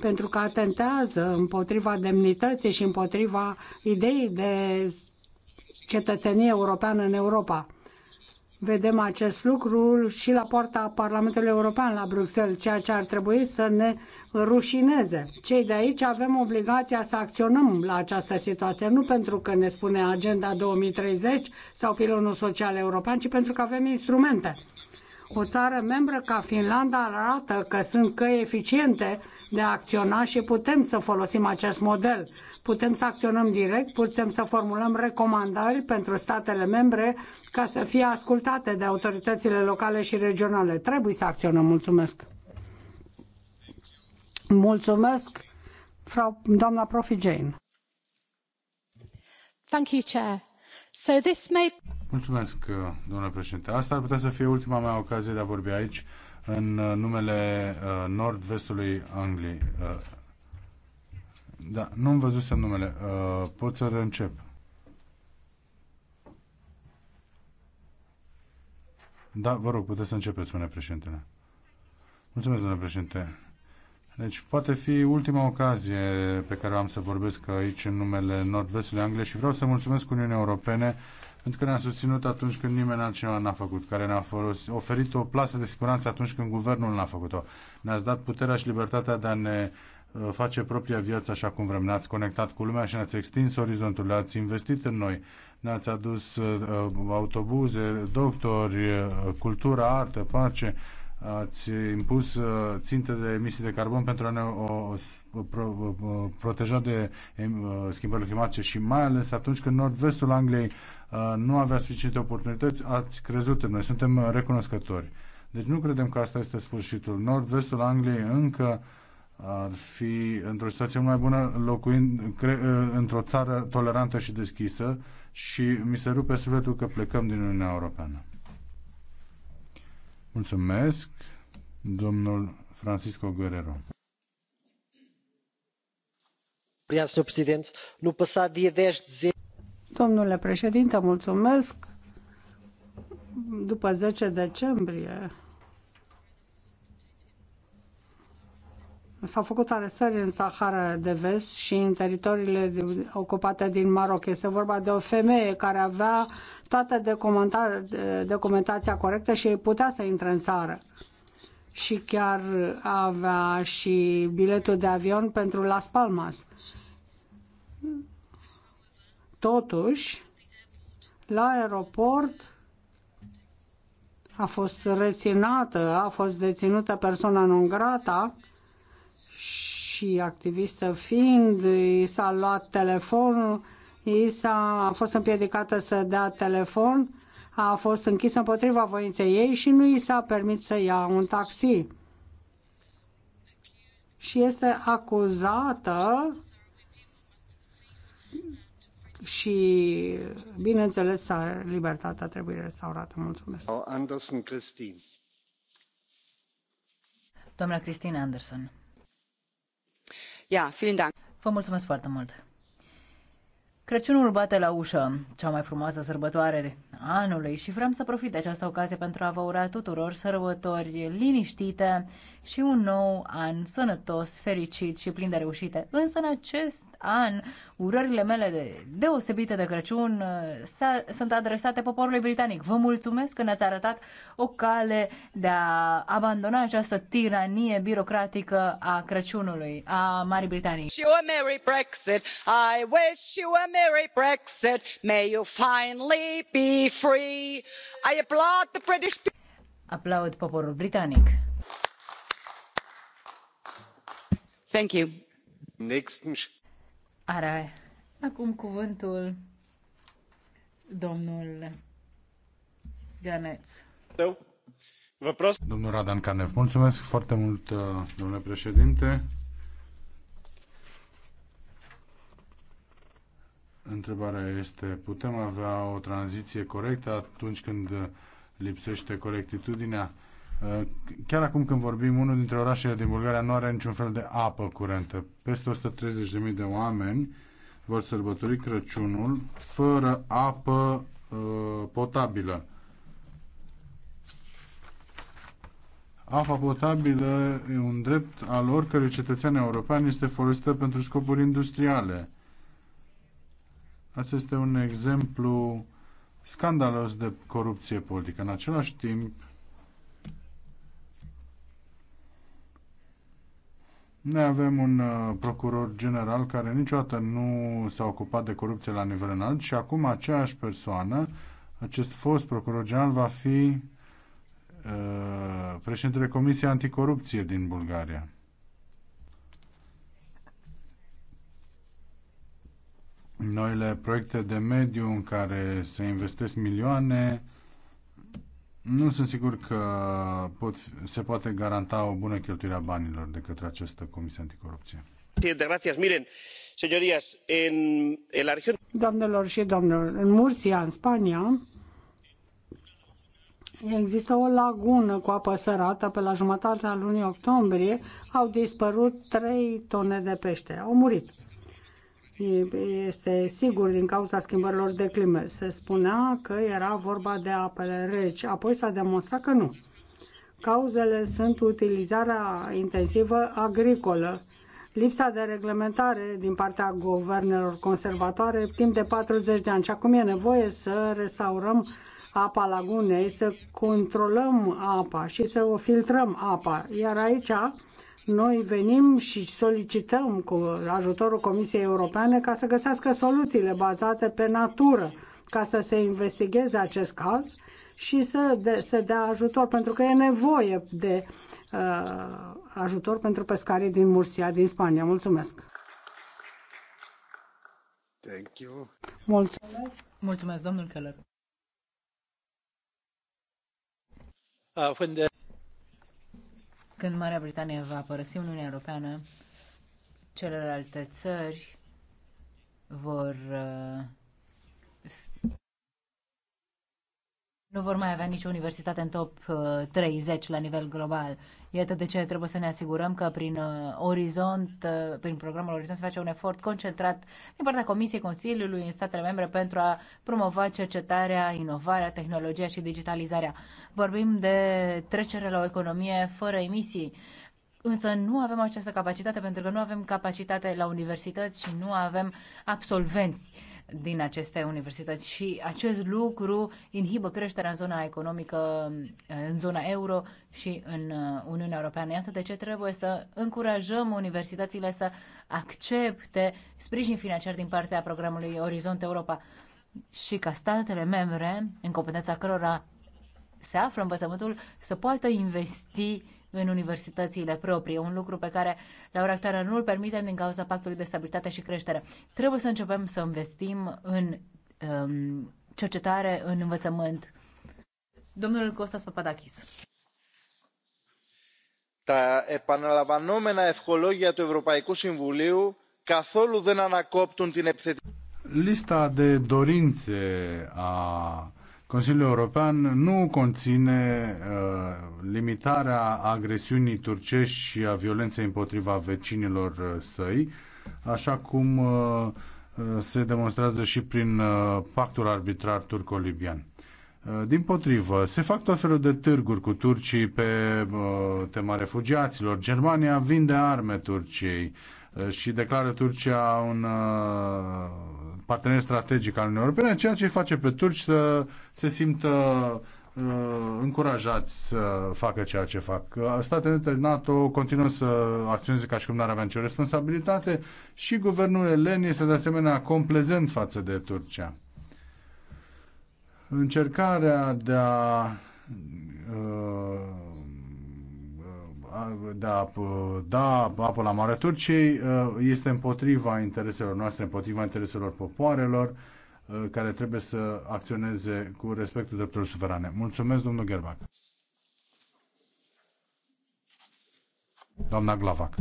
S: pentru că atentează împotriva demnității și împotriva ideii de cetățenie europeană în Europa. Vedem acest lucru și la poarta Parlamentului European la Bruxelles, ceea ce ar trebui să ne rușineze. Cei de aici avem obligația să acționăm la această situație, nu pentru că ne spune Agenda 2030 sau pilonul social european, ci pentru că avem instrumente. O țară membră ca Finlanda arată că sunt căi eficiente de a acționa și putem să folosim acest model putem să acționăm direct, putem să formulăm recomandări pentru statele membre ca să fie ascultate de autoritățile locale și regionale. Trebuie să acționăm. Mulțumesc! Mulțumesc, frau, doamna Profi Jane. Thank you, Chair. So this may...
O: Mulțumesc, domnule președinte. Asta ar putea să fie ultima mea ocazie de a vorbi aici în numele uh, nord-vestului Angliei. Uh, da, nu-mi văzusem numele. Uh, pot să reîncep. Da, vă rog, puteți să începeți, spune președintele. Mulțumesc, domnule președinte. Deci poate fi ultima ocazie pe care am să vorbesc aici în numele Nord-Vestului Angliei și vreau să mulțumesc Uniunii Europene pentru că ne-a susținut atunci când nimeni altcineva n-a făcut, care ne-a oferit o plasă de siguranță atunci când guvernul n-a făcut-o. Ne-ați dat puterea și libertatea de a ne Uh, face propria viață așa cum vrem. Ne-ați conectat cu lumea și ne-ați extins orizontul, ne-ați investit în noi, ne-ați adus uh, uh, autobuze, doctori, cultură, artă, pace, ați impus ținte de emisii de carbon pentru a ne o, pro, proteja de schimbările climatice și mai ales atunci când nord-vestul Angliei nu avea suficiente oportunități, ați crezut în noi. Suntem recunoscători. Deci nu credem că asta este sfârșitul. Nord-vestul Angliei încă uh, ar fi într-o situație mai bună locuind ă, într-o țară tolerantă și deschisă și mi se rupe sufletul că plecăm din Uniunea Europeană. Mulțumesc, domnul Francisco Guerrero.
S: Domnule președinte, mulțumesc. După 10 decembrie, S-au făcut arestări în Sahara de Vest și în teritoriile ocupate din Maroc. Este vorba de o femeie care avea toată documentația corectă și putea să intre în țară. Și chiar avea și biletul de avion pentru Las Palmas. Totuși, la aeroport a fost reținată, a fost deținută persoana non grata și activistă fiind, i s-a luat telefonul, i s-a a fost împiedicată să dea telefon, a fost închisă împotriva voinței ei și nu i s-a permis să ia un taxi. Și este acuzată și, bineînțeles, libertatea trebuie restaurată. Mulțumesc.
F: Anderson Christine.
R: Doamna Christine Anderson
F: Ja, vielen Dank. Vă
R: mulțumesc foarte mult. Crăciunul bate la ușă, cea mai frumoasă sărbătoare anului și vrem să profit de această ocazie pentru a vă ura tuturor sărbători liniștite și un nou an sănătos, fericit și plin de reușite. Însă în acest an, urările mele de deosebite de Crăciun uh, sunt adresate poporului britanic. Vă mulțumesc că ne-ați arătat o cale de a abandona această tiranie birocratică a Crăciunului, a Marii Britanii.
I: Și o Merry Brexit! I wish you a Merry Brexit! May you finally
E: be free. I applaud the British
R: Aplaud poporul britanic.
V: Thank you. Next.
R: Are acum cuvântul domnul
L: Ganeț.
O: Domnul Radan Canev, mulțumesc foarte mult, domnule președinte. Întrebarea este, putem avea o tranziție corectă atunci când lipsește corectitudinea? Ă, chiar acum când vorbim, unul dintre orașele din Bulgaria nu are niciun fel de apă curentă. Peste 130.000 de oameni vor sărbători Crăciunul fără apă ă, potabilă. Apa potabilă e un drept al oricărui cetățean european, este folosită pentru scopuri industriale. Acesta este un exemplu scandalos de corupție politică. În același timp, Noi avem un uh, procuror general care niciodată nu s-a ocupat de corupție la nivel înalt și acum aceeași persoană, acest fost procuror general, va fi uh, președintele Comisiei Anticorupție din Bulgaria. noile proiecte de mediu în care se investesc milioane, nu sunt sigur că pot, se poate garanta o bună cheltuire a banilor de către această Comisie Anticorupție.
S: Doamnelor și domnilor, în Murcia, în Spania, există o lagună cu apă sărată. Pe la jumătatea lunii octombrie au dispărut 3 tone de pește. Au murit este sigur din cauza schimbărilor de climă. Se spunea că era vorba de apele reci, apoi s-a demonstrat că nu. Cauzele sunt utilizarea intensivă agricolă, lipsa de reglementare din partea guvernelor conservatoare timp de 40 de ani și acum e nevoie să restaurăm apa lagunei, să controlăm apa și să o filtrăm apa. Iar aici noi venim și solicităm cu ajutorul Comisiei Europene ca să găsească soluțiile bazate pe natură, ca să se investigheze acest caz și să, de, să dea ajutor, pentru că e nevoie de uh, ajutor pentru pescarii din Mursia, din Spania. Mulțumesc!
R: Thank you.
S: Mulțumesc!
R: Mulțumesc, domnul Keller! Uh, the... Când Marea Britanie va părăsi Uniunea Europeană, celelalte țări vor uh, nu vor mai avea nicio universitate în top 30 uh, la nivel global. Iată de ce trebuie să ne asigurăm că prin uh, Orizont, uh, prin programul Orizont se face un efort concentrat din partea Comisiei Consiliului în statele membre pentru a promova cercetarea, inovarea, tehnologia și digitalizarea. Vorbim de trecere la o economie fără emisii. Însă nu avem această capacitate pentru că nu avem capacitate la universități și nu avem absolvenți din aceste universități și acest lucru inhibă creșterea în zona economică, în zona euro și în uh, Uniunea Europeană. Iată de ce trebuie să încurajăm universitățile să accepte sprijin financiar din partea programului Orizont Europa și ca statele membre, în competența cărora se află învățământul, să poată investi în universitățile proprii, un lucru pe care la ora actuală nu îl permitem din cauza pactului de stabilitate și creștere. Trebuie să începem să investim în um, cercetare, în învățământ. Domnul Costas Papadakis.
F: Τα επαναλαμβανόμενα ευχολόγια του Ευρωπαϊκού Συμβουλίου καθόλου δεν ανακόπτουν την επιθετική.
O: Lista de dorințe a Consiliul European nu conține uh, limitarea agresiunii turcești și a violenței împotriva vecinilor uh, săi, așa cum uh, uh, se demonstrează și prin uh, pactul arbitrar turco-libian. Uh, din potrivă, se fac tot felul de târguri cu turcii pe uh, tema refugiaților. Germania vinde arme Turciei și declară Turcia un uh, partener strategic al Uniunii Europene, ceea ce îi face pe turci să se simtă uh, încurajați să facă ceea ce fac. Uh, Statele Unite NATO continuă să acționeze ca și cum n-ar avea nicio responsabilitate și guvernul elen este de asemenea complezent față de Turcia. Încercarea de a uh, da, da apă la Marea Turciei uh, este împotriva intereselor noastre, împotriva intereselor popoarelor uh, care trebuie să acționeze cu respectul drepturilor suverane. Mulțumesc, domnul Gerbac. Doamna Glavac.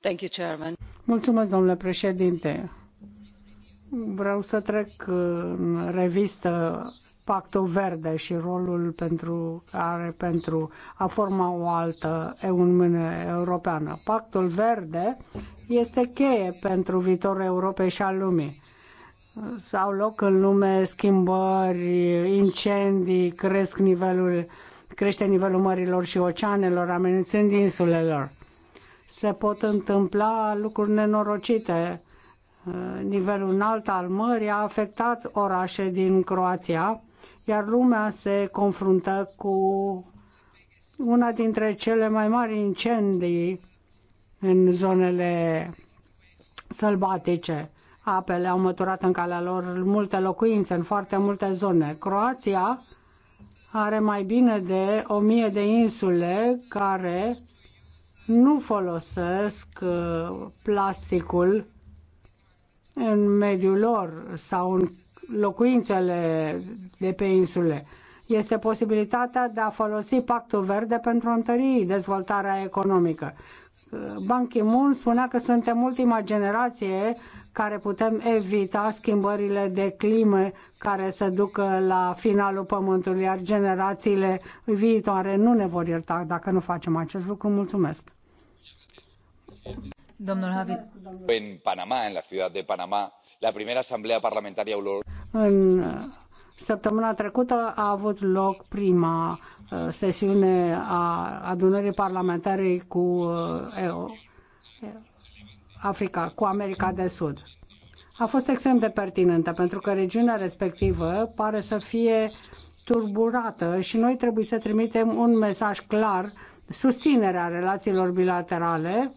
S: Thank you, Chairman. Mulțumesc, domnule președinte Vreau să trec în revistă Pactul Verde și rolul pentru care pentru a forma o altă Uniune Europeană. Pactul Verde este cheie pentru viitorul Europei și al lumii. S-au loc în lume schimbări, incendii, cresc nivelul, crește nivelul mărilor și oceanelor, amenințând insulelor. Se pot întâmpla lucruri nenorocite nivelul înalt al mării a afectat orașe din Croația, iar lumea se confruntă cu una dintre cele mai mari incendii în zonele sălbatice. Apele au măturat în calea lor multe locuințe în foarte multe zone. Croația are mai bine de o mie de insule care nu folosesc uh, plasticul în mediul lor sau în locuințele de pe insule. Este posibilitatea de a folosi pactul verde pentru a întări dezvoltarea economică. Ban Ki-moon spunea că suntem ultima generație care putem evita schimbările de climă care se ducă la finalul Pământului, iar generațiile viitoare nu ne vor ierta dacă nu facem acest lucru. Mulțumesc!
H: În Panama, în la ciudad de Panama, la primera asamblea parlamentară
S: În uh, săptămâna trecută a avut loc prima uh, sesiune a adunării parlamentare cu uh, Africa, cu America de Sud. A fost extrem de pertinentă pentru că regiunea respectivă pare să fie turburată și noi trebuie să trimitem un mesaj clar susținerea relațiilor bilaterale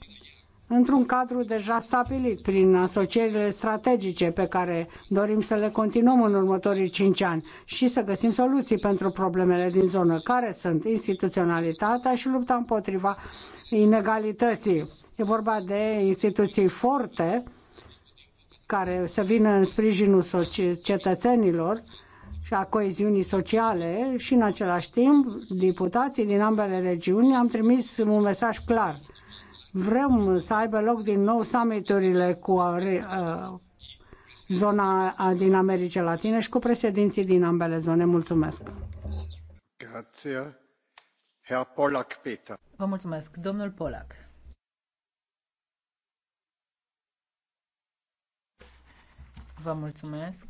S: într-un cadru deja stabilit prin asocierile strategice pe care dorim să le continuăm în următorii cinci ani și să găsim soluții pentru problemele din zonă, care sunt instituționalitatea și lupta împotriva inegalității. E vorba de instituții forte care să vină în sprijinul cetățenilor și a coeziunii sociale și în același timp, deputații din ambele regiuni am trimis un mesaj clar – Vrem să aibă loc din nou summiturile cu uh, uh, zona uh, din America Latină și cu președinții din ambele zone. Mulțumesc!
F: Grazie. Herr Polak, Peter.
R: Vă mulțumesc, domnul Polak. Vă mulțumesc.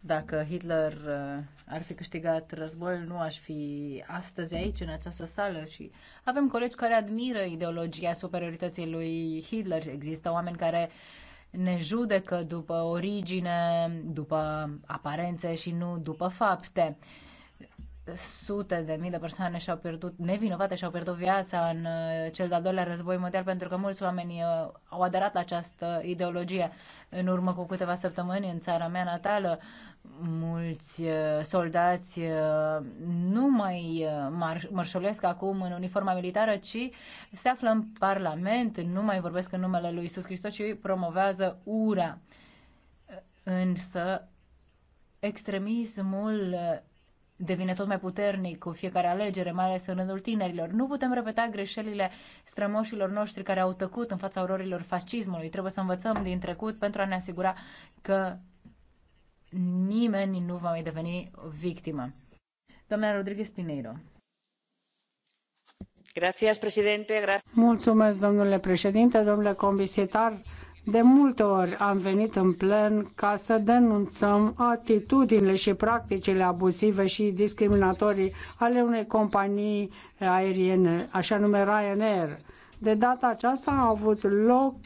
R: Dacă Hitler ar fi câștigat războiul, nu aș fi astăzi aici, în această sală. Și avem colegi care admiră ideologia superiorității lui Hitler. Există oameni care ne judecă după origine, după aparențe și nu după fapte sute de mii de persoane și-au pierdut, nevinovate și-au pierdut viața în uh, cel de-al doilea război mondial pentru că mulți oameni uh, au aderat la această ideologie. În urmă cu câteva săptămâni în țara mea natală, mulți uh, soldați uh, nu mai uh, mărșulesc acum în uniforma militară, ci se află în Parlament, nu mai vorbesc în numele lui Iisus Hristos, ci promovează ura. Însă extremismul devine tot mai puternic cu fiecare alegere, mai ales în rândul tinerilor. Nu putem repeta greșelile strămoșilor noștri care au tăcut în fața aurorilor fascismului. Trebuie să învățăm din trecut pentru a ne asigura că nimeni nu va mai deveni victimă. Doamna Rodriguez Pineiro. Gracias, presidente. Gracias.
S: Mulțumesc, domnule președinte, domnule comisar. De multe ori am venit în plen ca să denunțăm atitudinile și practicile abuzive și discriminatorii ale unei companii aeriene, așa nume Ryanair. De data aceasta au avut loc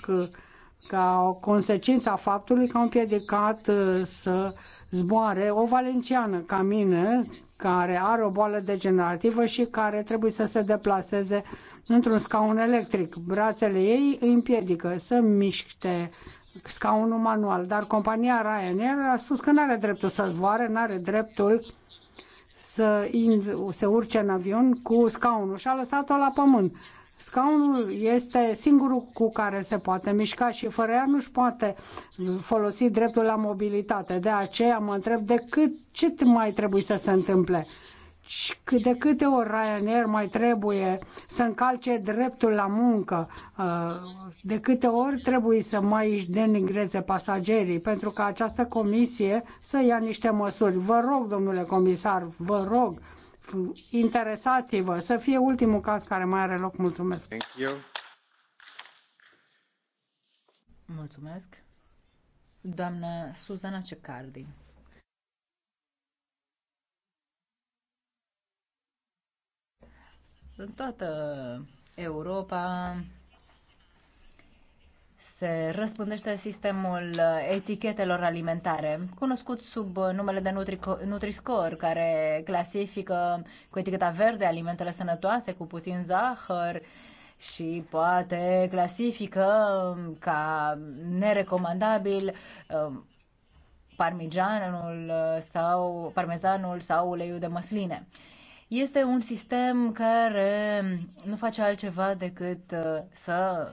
S: ca o consecință a faptului că am împiedicat uh, să zboare o valenciană ca mine, care are o boală degenerativă și care trebuie să se deplaseze într-un scaun electric. Brațele ei îi împiedică să miște scaunul manual, dar compania Ryanair a spus că nu are dreptul să zboare, nu are dreptul să se urce în avion cu scaunul și a lăsat-o la pământ. Scaunul este singurul cu care se poate mișca și fără ea nu-și poate folosi dreptul la mobilitate. De aceea mă întreb de cât, ce mai trebuie să se întâmple. De câte ori Ryanair mai trebuie să încalce dreptul la muncă? Uh, de câte ori trebuie să mai își denigreze pasagerii? Pentru că această comisie să ia niște măsuri. Vă rog, domnule comisar, vă rog, interesați-vă, să fie ultimul caz care mai are loc. Mulțumesc! Thank
F: you.
R: Mulțumesc! Doamna Suzana Cecardi. În toată Europa se răspândește sistemul uh, etichetelor alimentare, cunoscut sub uh, numele de Nutri- Nutri-Score, care clasifică cu eticheta verde alimentele sănătoase cu puțin zahăr și poate clasifică um, ca nerecomandabil um, parmigianul uh, sau parmezanul sau uleiul de măsline. Este un sistem care nu face altceva decât să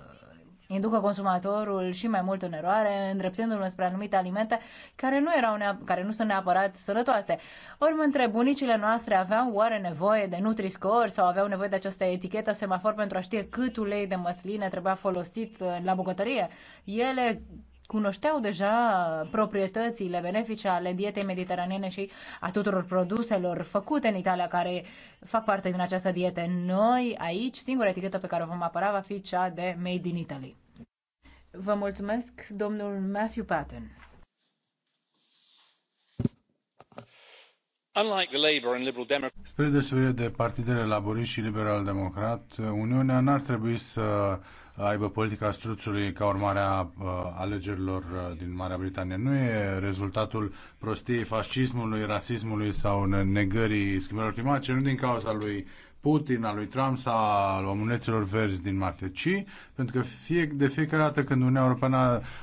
R: inducă consumatorul și mai mult în eroare, îndreptându-l spre anumite alimente care nu, erau care nu sunt neapărat sănătoase. Ori mă întreb, bunicile noastre aveau oare nevoie de Nutri-Score sau aveau nevoie de această etichetă semafor pentru a ști cât ulei de măsline trebuia folosit uh, la bucătărie? Ele cunoșteau deja proprietățile benefice ale dietei mediteraneene și a tuturor produselor făcute în Italia care fac parte din această dietă. Noi aici, singura etichetă pe care o vom apăra va fi cea de Made in Italy. Vă mulțumesc, domnul Matthew Patton.
O: Spre deosebire de partidele laboriști și liberal-democrat, Uniunea n-ar trebui să aibă politica struțului ca urmare a uh, alegerilor uh, din Marea Britanie. Nu e rezultatul prostiei fascismului, rasismului sau negării schimbărilor climatice, nu din cauza lui Putin, a lui Trump sau al omuleților verzi din martie, ci pentru că fie, de fiecare dată când Uniunea Europeană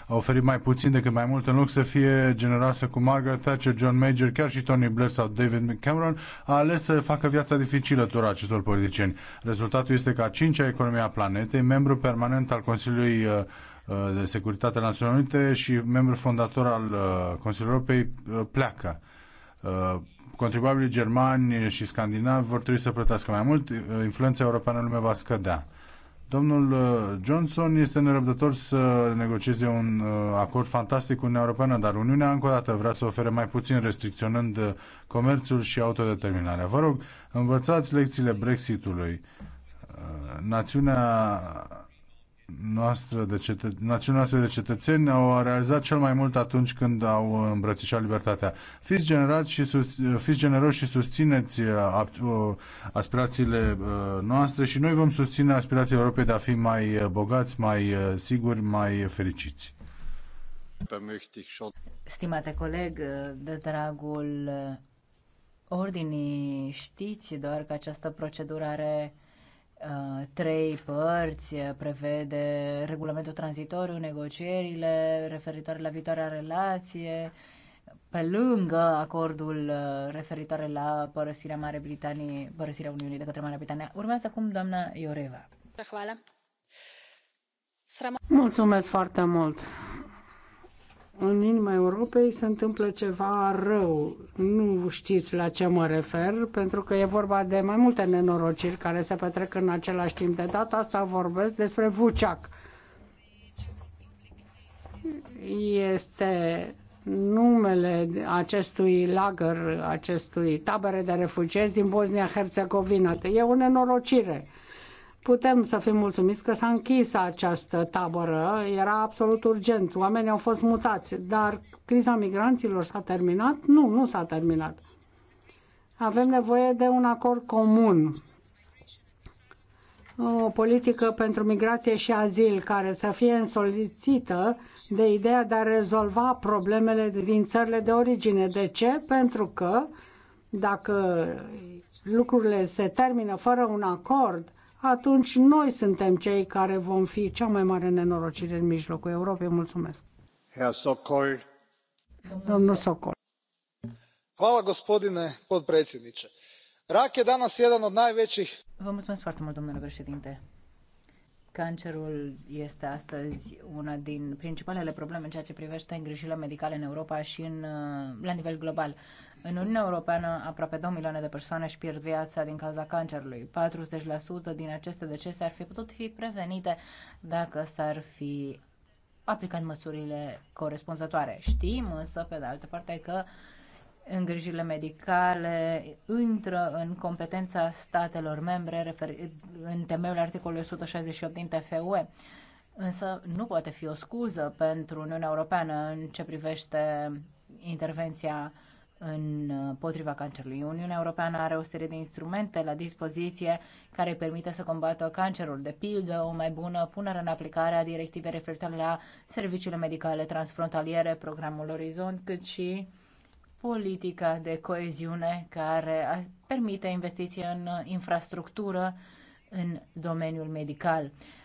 O: a oferit mai puțin decât mai mult, în loc să fie generoasă cu Margaret Thatcher, John Major, chiar și Tony Blair sau David Cameron, a ales să facă viața dificilă tuturor acestor politicieni. Rezultatul este că a cincea economie a planetei, membru permanent al Consiliului uh, uh, de Securitate Naționale Unite și membru fondator al uh, Consiliului Europei, pleacă contribuabilii germani și scandinavi vor trebui să plătească mai mult, influența europeană în lume va scădea. Domnul uh, Johnson este nerăbdător să negocieze un uh, acord fantastic cu Uniunea Europeană, dar Uniunea încă o dată vrea să ofere mai puțin restricționând uh, comerțul și autodeterminarea. Vă rog, învățați lecțiile Brexitului. Națiunea noastră de cetă- națiunea noastră de cetățeni au realizat cel mai mult atunci când au îmbrățișat libertatea. Fiți, generați și sus- fiți generoși și susțineți uh, uh, aspirațiile uh, noastre și noi vom susține aspirațiile Europei de a fi mai bogați, mai siguri, mai fericiți.
R: Stimate coleg, de dragul ordinii, știți doar că această procedură are Uh, trei părți uh, prevede regulamentul tranzitoriu, negocierile referitoare la viitoarea relație, pe lângă acordul uh, referitoare la părăsirea Mare Britanie, părăsirea Uniunii de către Marea Britanie. Urmează acum doamna Ioreva.
S: Mulțumesc foarte mult! în inima Europei se întâmplă ceva rău. Nu știți la ce mă refer, pentru că e vorba de mai multe nenorociri care se petrec în același timp. De data asta vorbesc despre Vuciac. Este numele acestui lagăr, acestui tabere de refugiați din Bosnia-Herzegovina. E o nenorocire putem să fim mulțumiți că s-a închis această tabără, era absolut urgent, oamenii au fost mutați, dar criza migranților s-a terminat? Nu, nu s-a terminat. Avem nevoie de un acord comun, o politică pentru migrație și azil care să fie însolțită de ideea de a rezolva problemele din țările de origine. De ce? Pentru că dacă lucrurile se termină fără un acord, atunci noi suntem cei care vom fi cea mai mare nenorocire în mijlocul Europei. Mulțumesc.
F: Herr Sokol.
S: Domnul Sokol.
F: Hvala gospodine podpredsjedniče.
J: Rak je danas jedan od najvećih...
R: Vă mulțumesc foarte mult, domnule președinte. Cancerul este astăzi una din principalele probleme în ceea ce privește îngrijirile medicale în Europa și în, la nivel global. În Uniunea Europeană, aproape 2 milioane de persoane își pierd viața din cauza cancerului. 40% din aceste decese ar fi putut fi prevenite dacă s-ar fi aplicat măsurile corespunzătoare. Știm însă, pe de altă parte, că îngrijirile medicale intră în competența statelor membre în temeiul articolului 168 din TFUE. Însă nu poate fi o scuză pentru Uniunea Europeană în ce privește intervenția uh, împotriva cancerului. Uniunea Europeană are o serie de instrumente la dispoziție care permite să combată cancerul, de pildă o mai bună punere în aplicare a directivei referitoare la serviciile medicale transfrontaliere, programul Orizont, cât și politica de coeziune care permite investiții în infrastructură în domeniul medical.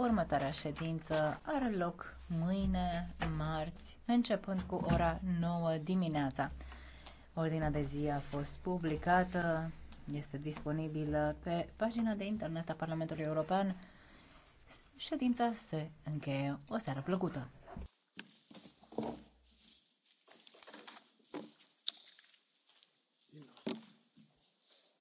R: Următoarea ședință are loc mâine, marți, începând cu ora 9 dimineața. Ordinea de zi a fost publicată, este disponibilă pe pagina de internet a Parlamentului European. Ședința se încheie. O seară plăcută!